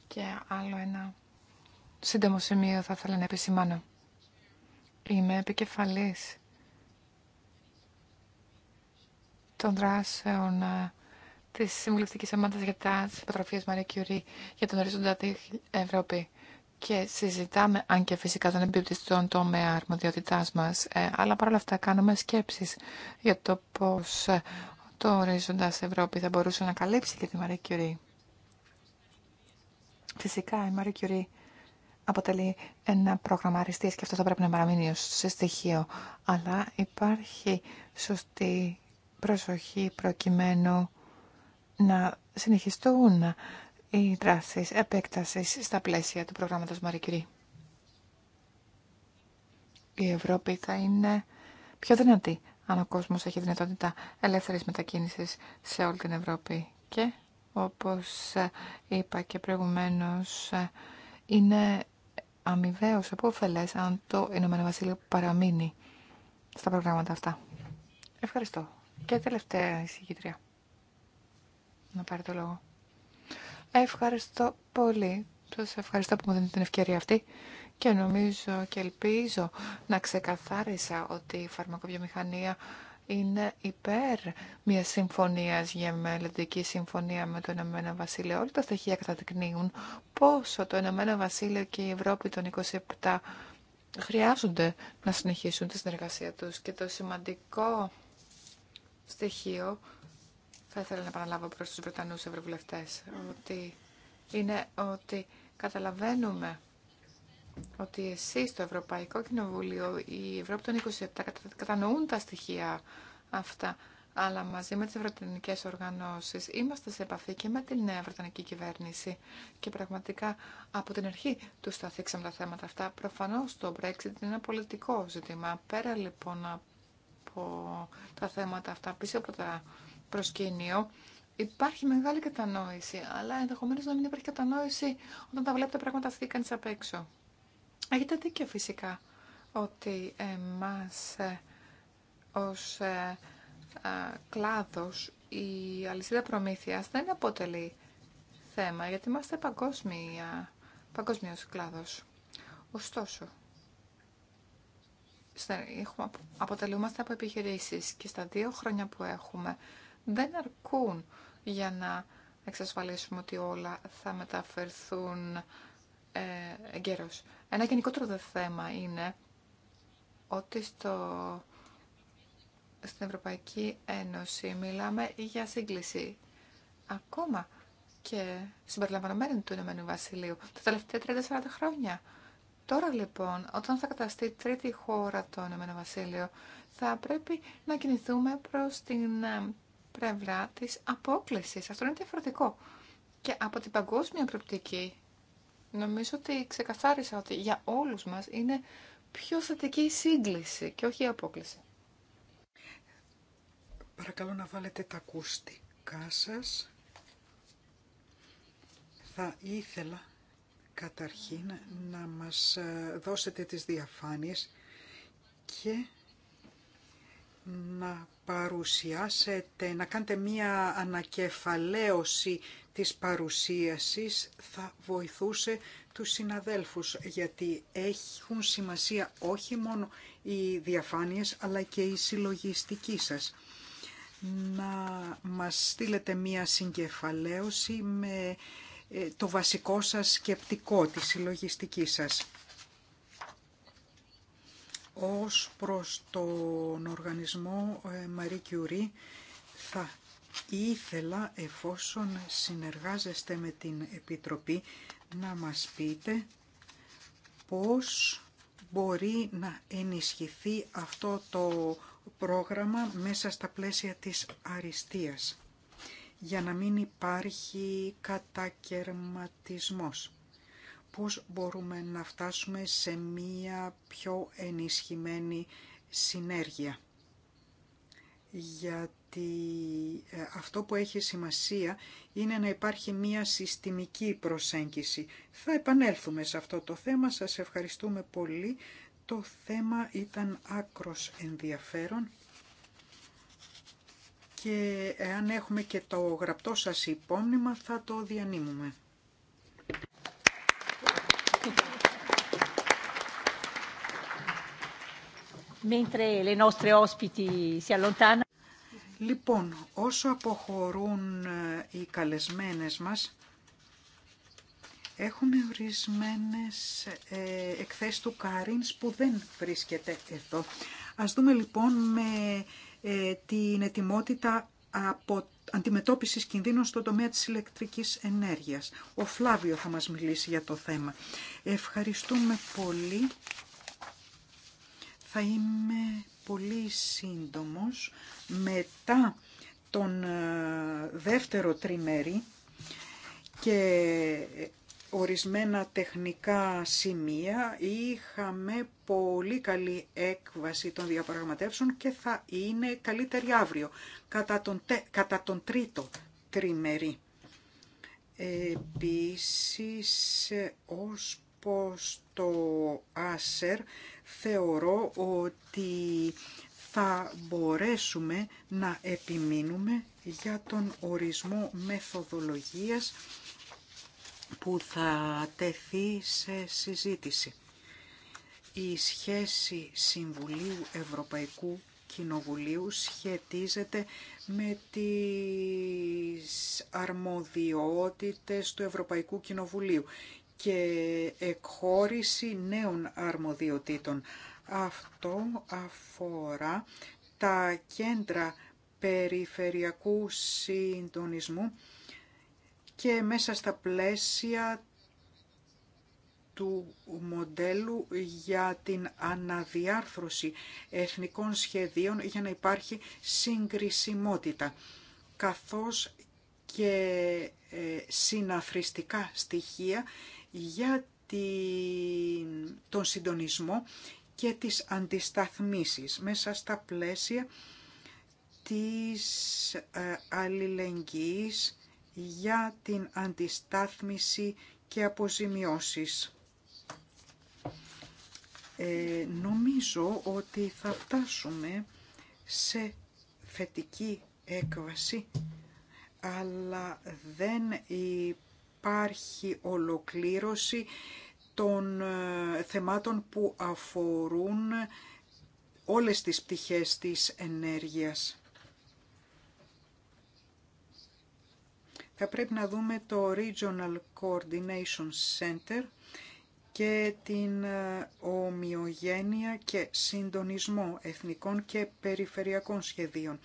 Και άλλο ένα σύντομο σημείο θα ήθελα να επισημάνω. Είμαι επικεφαλής των δράσεων τη Συμβουλευτική Ομάδα για τα Υποτροφίε Μαρία για τον ορίζοντα τη Ευρώπη. Και συζητάμε, αν και φυσικά δεν εμπίπτει στον τομέα αρμοδιότητά μα, ε, αλλά παρόλα αυτά κάνουμε σκέψει για το πώ ε, το ορίζοντα Ευρώπη θα μπορούσε να καλύψει και τη Μαρία Φυσικά η Μαρία αποτελεί ένα πρόγραμμα αριστείας και αυτό θα πρέπει να παραμείνει ως στοιχείο. Αλλά υπάρχει σωστή προσοχή προκειμένου να συνεχιστούν οι δράσεις επέκτασης στα πλαίσια του προγράμματος Μαρικυρή. Η Ευρώπη θα είναι πιο δυνατή αν ο κόσμος έχει δυνατότητα ελεύθερης μετακίνησης σε όλη την Ευρώπη. Και όπως είπα και προηγουμένως, είναι αμοιβαίως επωφελέ αν το Ηνωμένο Βασίλειο παραμείνει στα προγράμματα αυτά. Ευχαριστώ. Και τελευταία εισηγήτρια να πάρει το λόγο. Ευχαριστώ πολύ. Σα ευχαριστώ που μου δίνετε την ευκαιρία αυτή και νομίζω και ελπίζω να ξεκαθάρισα ότι η φαρμακοβιομηχανία είναι υπέρ μια συμφωνία για μελλοντική συμφωνία με το Ηνωμένο Βασίλειο. Όλα τα στοιχεία καταδεικνύουν πόσο το Ηνωμένο Βασίλειο και η Ευρώπη των 27 χρειάζονται να συνεχίσουν τη συνεργασία τους. Και το σημαντικό στοιχείο θα ήθελα να επαναλάβω προς τους Βρετανούς Ευρωβουλευτές ότι είναι ότι καταλαβαίνουμε ότι εσείς στο Ευρωπαϊκό Κοινοβούλιο, η Ευρώπη των 27 κατανοούν τα στοιχεία αυτά, αλλά μαζί με τις βρετανικές οργανώσεις είμαστε σε επαφή και με την νέα βρετανική κυβέρνηση και πραγματικά από την αρχή του σταθήξαμε τα θέματα αυτά. Προφανώς το Brexit είναι ένα πολιτικό ζήτημα. Πέρα λοιπόν από τα θέματα αυτά πίσω από τα προσκήνιο, υπάρχει μεγάλη κατανόηση, αλλά ενδεχομένω να μην υπάρχει κατανόηση όταν τα βλέπετε τα πράγματα αυτή κανεί απ' έξω. Έχετε δίκιο φυσικά ότι εμά, ε, ως ε, κλάδος η αλυσίδα προμήθεια δεν αποτελεί θέμα γιατί είμαστε παγκόσμια, παγκόσμιος κλάδος. Ωστόσο, έχουμε, αποτελούμαστε από επιχειρήσεις και στα δύο χρόνια που έχουμε δεν αρκούν για να εξασφαλίσουμε ότι όλα θα μεταφερθούν ε, Ένα γενικότερο θέμα είναι ότι στο, στην Ευρωπαϊκή Ένωση μιλάμε για σύγκληση ακόμα και συμπεριλαμβανομένη του Ηνωμένου Βασιλείου τα τελευταία 30-40 χρόνια. Τώρα λοιπόν, όταν θα καταστεί τρίτη χώρα το Ηνωμένο Βασίλειο, θα πρέπει να κινηθούμε προς την ε, πλευρά της απόκλησης. Αυτό είναι διαφορετικό. Και από την παγκόσμια προπτική νομίζω ότι ξεκαθάρισα ότι για όλους μας είναι πιο θετική η σύγκληση και όχι η απόκληση. Παρακαλώ να βάλετε τα ακουστικά σας. Θα ήθελα καταρχήν να μας ε, δώσετε τις διαφάνειες και να παρουσιάσετε, να κάνετε μία ανακεφαλαίωση της παρουσίασης θα βοηθούσε τους συναδέλφους γιατί έχουν σημασία όχι μόνο οι διαφάνειες αλλά και η συλλογιστική σας. Να μας στείλετε μία συγκεφαλαίωση με ε, το βασικό σας σκεπτικό, τη συλλογιστικής σας. Ως προς τον οργανισμό ε, Marie Curie θα ήθελα εφόσον συνεργάζεστε με την Επιτροπή να μας πείτε πώς μπορεί να ενισχυθεί αυτό το πρόγραμμα μέσα στα πλαίσια της αριστείας για να μην υπάρχει κατακαιρματισμός πώς μπορούμε να φτάσουμε σε μία πιο ενισχυμένη συνέργεια. Γιατί ε, αυτό που έχει σημασία είναι να υπάρχει μία συστημική προσέγγιση. Θα επανέλθουμε σε αυτό το θέμα. Σας ευχαριστούμε πολύ. Το θέμα ήταν άκρος ενδιαφέρον και αν έχουμε και το γραπτό σας υπόμνημα θα το διανύμουμε. Λοιπόν, όσο αποχωρούν ε, οι καλεσμένες μας, έχουμε ορισμένες ε, εκθέσεις του Καρίνς που δεν βρίσκεται εδώ. Ας δούμε λοιπόν με ε, την ετοιμότητα από αντιμετώπισης κινδύνων στον τομέα της ηλεκτρικής ενέργειας. Ο Φλάβιο θα μας μιλήσει για το θέμα. Ευχαριστούμε πολύ θα είμαι πολύ σύντομος. Μετά τον ε, δεύτερο τριμέρι και ορισμένα τεχνικά σημεία είχαμε πολύ καλή έκβαση των διαπραγματεύσεων και θα είναι καλύτερη αύριο, κατά τον, κατά τον τρίτο τριμέρι. Επίσης, ε, ως πως το ΆΣΕΡ θεωρώ ότι θα μπορέσουμε να επιμείνουμε για τον ορισμό μεθοδολογίας που θα τεθεί σε συζήτηση. Η σχέση Συμβουλίου Ευρωπαϊκού Κοινοβουλίου σχετίζεται με τις αρμοδιότητες του Ευρωπαϊκού Κοινοβουλίου και εκχώρηση νέων αρμοδιοτήτων. Αυτό αφορά τα κέντρα περιφερειακού συντονισμού και μέσα στα πλαίσια του μοντέλου για την αναδιάρθρωση εθνικών σχεδίων για να υπάρχει συγκρισιμότητα, καθώς και ε, συναθρηστικά στοιχεία για τον συντονισμό και τις αντισταθμίσεις μέσα στα πλαίσια της ε, αλληλεγγύης για την αντιστάθμιση και αποζημιώσεις. Ε, νομίζω ότι θα φτάσουμε σε θετική έκβαση, αλλά δεν υπάρχει υπάρχει ολοκλήρωση των ε, θεμάτων που αφορούν όλες τις πτυχές της ενέργειας. Θα πρέπει να δούμε το Regional Coordination Center και την ε, ομοιογένεια και συντονισμό εθνικών και περιφερειακών σχεδίων.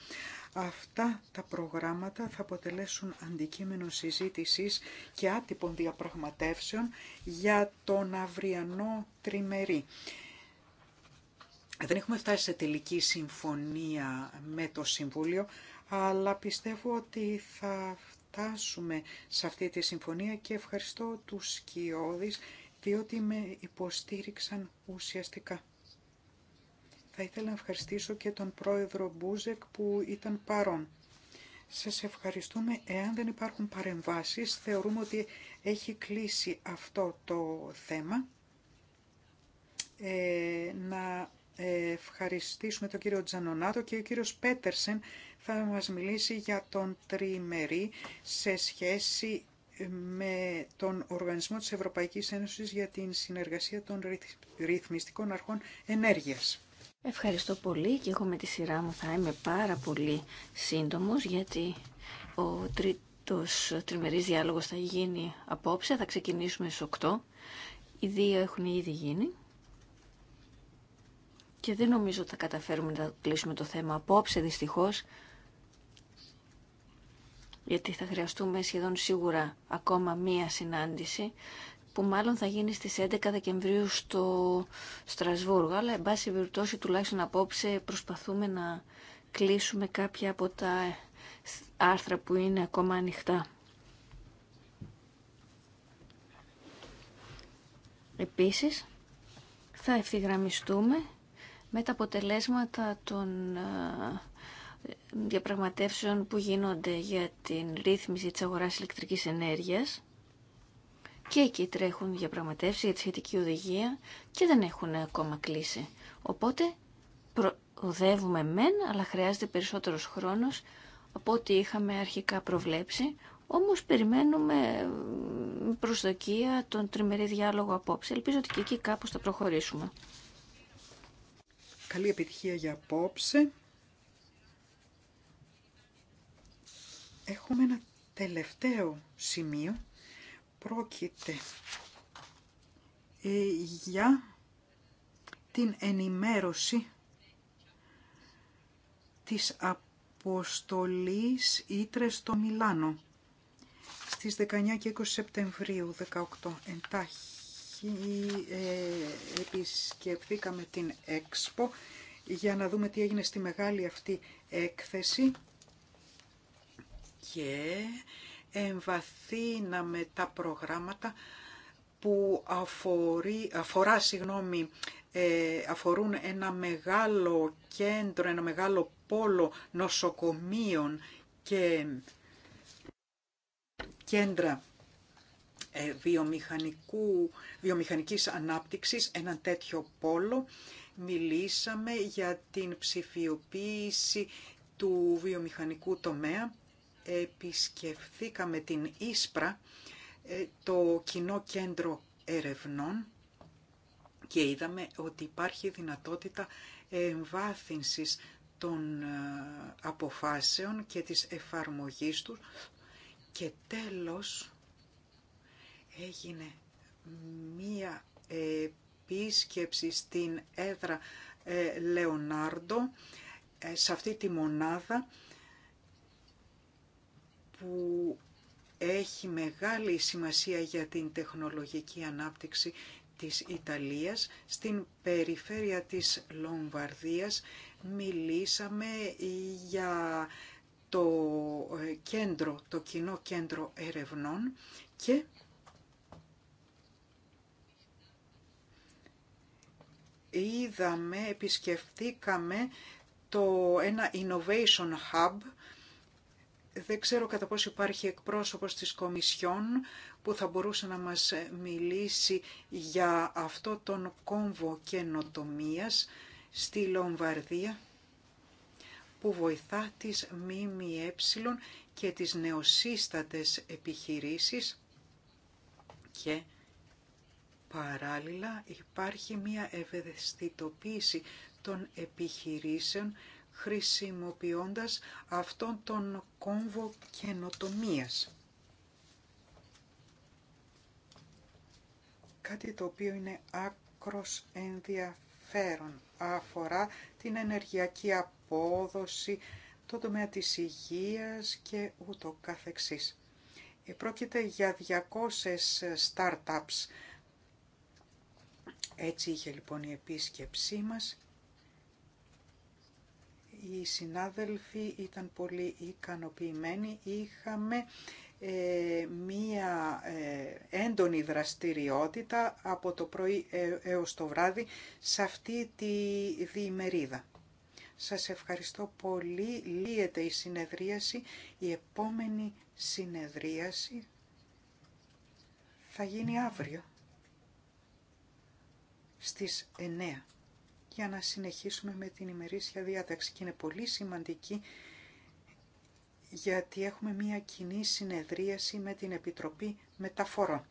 Αυτά τα προγράμματα θα αποτελέσουν αντικείμενο συζήτησης και άτυπων διαπραγματεύσεων για τον αυριανό τριμερή. Δεν έχουμε φτάσει σε τελική συμφωνία με το Συμβούλιο, αλλά πιστεύω ότι θα φτάσουμε σε αυτή τη συμφωνία και ευχαριστώ τους τι διότι με υποστήριξαν ουσιαστικά. Θα ήθελα να ευχαριστήσω και τον πρόεδρο Μπούζεκ που ήταν παρόν. Σας ευχαριστούμε. Εάν δεν υπάρχουν παρεμβάσεις, θεωρούμε ότι έχει κλείσει αυτό το θέμα. Ε, να ευχαριστήσουμε τον κύριο Τζανονάτο και ο κύριος Πέτερσεν θα μας μιλήσει για τον τριμερή σε σχέση με τον Οργανισμό της Ευρωπαϊκής Ένωσης για την συνεργασία των ρυθμιστικών αρχών ενέργειας. Ευχαριστώ πολύ και εγώ με τη σειρά μου θα είμαι πάρα πολύ σύντομος γιατί ο τρίτος τριμερής διάλογος θα γίνει απόψε, θα ξεκινήσουμε στις 8. Οι δύο έχουν ήδη γίνει και δεν νομίζω ότι θα καταφέρουμε να κλείσουμε το θέμα απόψε δυστυχώς γιατί θα χρειαστούμε σχεδόν σίγουρα ακόμα μία συνάντηση που μάλλον θα γίνει στις 11 Δεκεμβρίου στο Στρασβούργο. Αλλά, εν πάση περιπτώσει, τουλάχιστον απόψε προσπαθούμε να κλείσουμε κάποια από τα άρθρα που είναι ακόμα ανοιχτά. Επίσης, θα ευθυγραμμιστούμε με τα αποτελέσματα των ε, διαπραγματεύσεων που γίνονται για την ρύθμιση της αγοράς ηλεκτρικής ενέργειας και εκεί τρέχουν διαπραγματεύσει για τη σχετική οδηγία και δεν έχουν ακόμα κλείσει. Οπότε προοδεύουμε μεν, αλλά χρειάζεται περισσότερος χρόνος από ό,τι είχαμε αρχικά προβλέψει, όμως περιμένουμε προσδοκία τον τριμερή διάλογο απόψε. Ελπίζω ότι και εκεί κάπως θα προχωρήσουμε. Καλή επιτυχία για απόψε. Έχουμε ένα τελευταίο σημείο Πρόκειται ε, για την ενημέρωση της αποστολής Ήτρες στο Μιλάνο στις 19 και 20 Σεπτεμβρίου 18 εντάχει ε, επισκεφθήκαμε την ΕΞΠΟ για να δούμε τι έγινε στη μεγάλη αυτή έκθεση και εμβαθύναμε τα προγράμματα που αφορά, συγγνώμη, ε, αφορούν ένα μεγάλο κέντρο, ένα μεγάλο πόλο νοσοκομείων και κέντρα ε, βιομηχανικού, βιομηχανικής ανάπτυξης, ένα τέτοιο πόλο. Μιλήσαμε για την ψηφιοποίηση του βιομηχανικού τομέα επισκεφθήκαμε την Ίσπρα, ε, το κοινό κέντρο ερευνών και είδαμε ότι υπάρχει δυνατότητα εμβάθυνσης των ε, αποφάσεων και της εφαρμογής τους και τέλος έγινε μία επίσκεψη στην έδρα ε, Λεωνάρντο σε αυτή τη μονάδα που έχει μεγάλη σημασία για την τεχνολογική ανάπτυξη της Ιταλίας. Στην περιφέρεια της Λομβαρδίας μιλήσαμε για το ε, κέντρο, το κοινό κέντρο ερευνών και είδαμε, επισκεφτήκαμε το, ένα innovation hub δεν ξέρω κατά πόσο υπάρχει εκπρόσωπος της Κομισιόν που θα μπορούσε να μας μιλήσει για αυτό τον κόμβο καινοτομία στη Λομβαρδία που βοηθά τις ΜΜΕ και τις νεοσύστατες επιχειρήσεις και παράλληλα υπάρχει μια ευαισθητοποίηση των επιχειρήσεων χρησιμοποιώντας αυτόν τον κόμβο καινοτομίας. Κάτι το οποίο είναι άκρος ενδιαφέρον. Αφορά την ενεργειακή απόδοση, το τομέα της υγείας και ούτω καθεξής. Ε, πρόκειται για 200 startups. Έτσι είχε λοιπόν η επίσκεψή μας οι συνάδελφοι ήταν πολύ ικανοποιημένοι. Είχαμε ε, μία ε, έντονη δραστηριότητα από το πρωί ε, έως το βράδυ σε αυτή τη διημερίδα. Σας ευχαριστώ πολύ. Λύεται η συνεδρίαση. Η επόμενη συνεδρίαση θα γίνει αύριο στις 9 για να συνεχίσουμε με την ημερήσια διάταξη και είναι πολύ σημαντική γιατί έχουμε μία κοινή συνεδρίαση με την Επιτροπή Μεταφορών.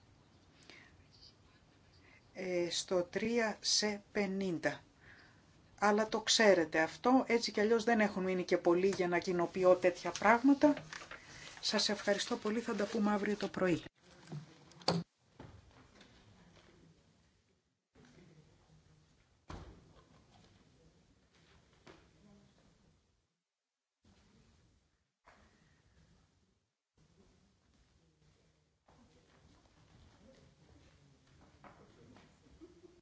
Ε, στο 3 σε 50. Αλλά το ξέρετε αυτό, έτσι κι αλλιώς δεν έχουν μείνει και πολλοί για να κοινοποιώ τέτοια πράγματα. Σας ευχαριστώ πολύ, θα τα πούμε αύριο το πρωί.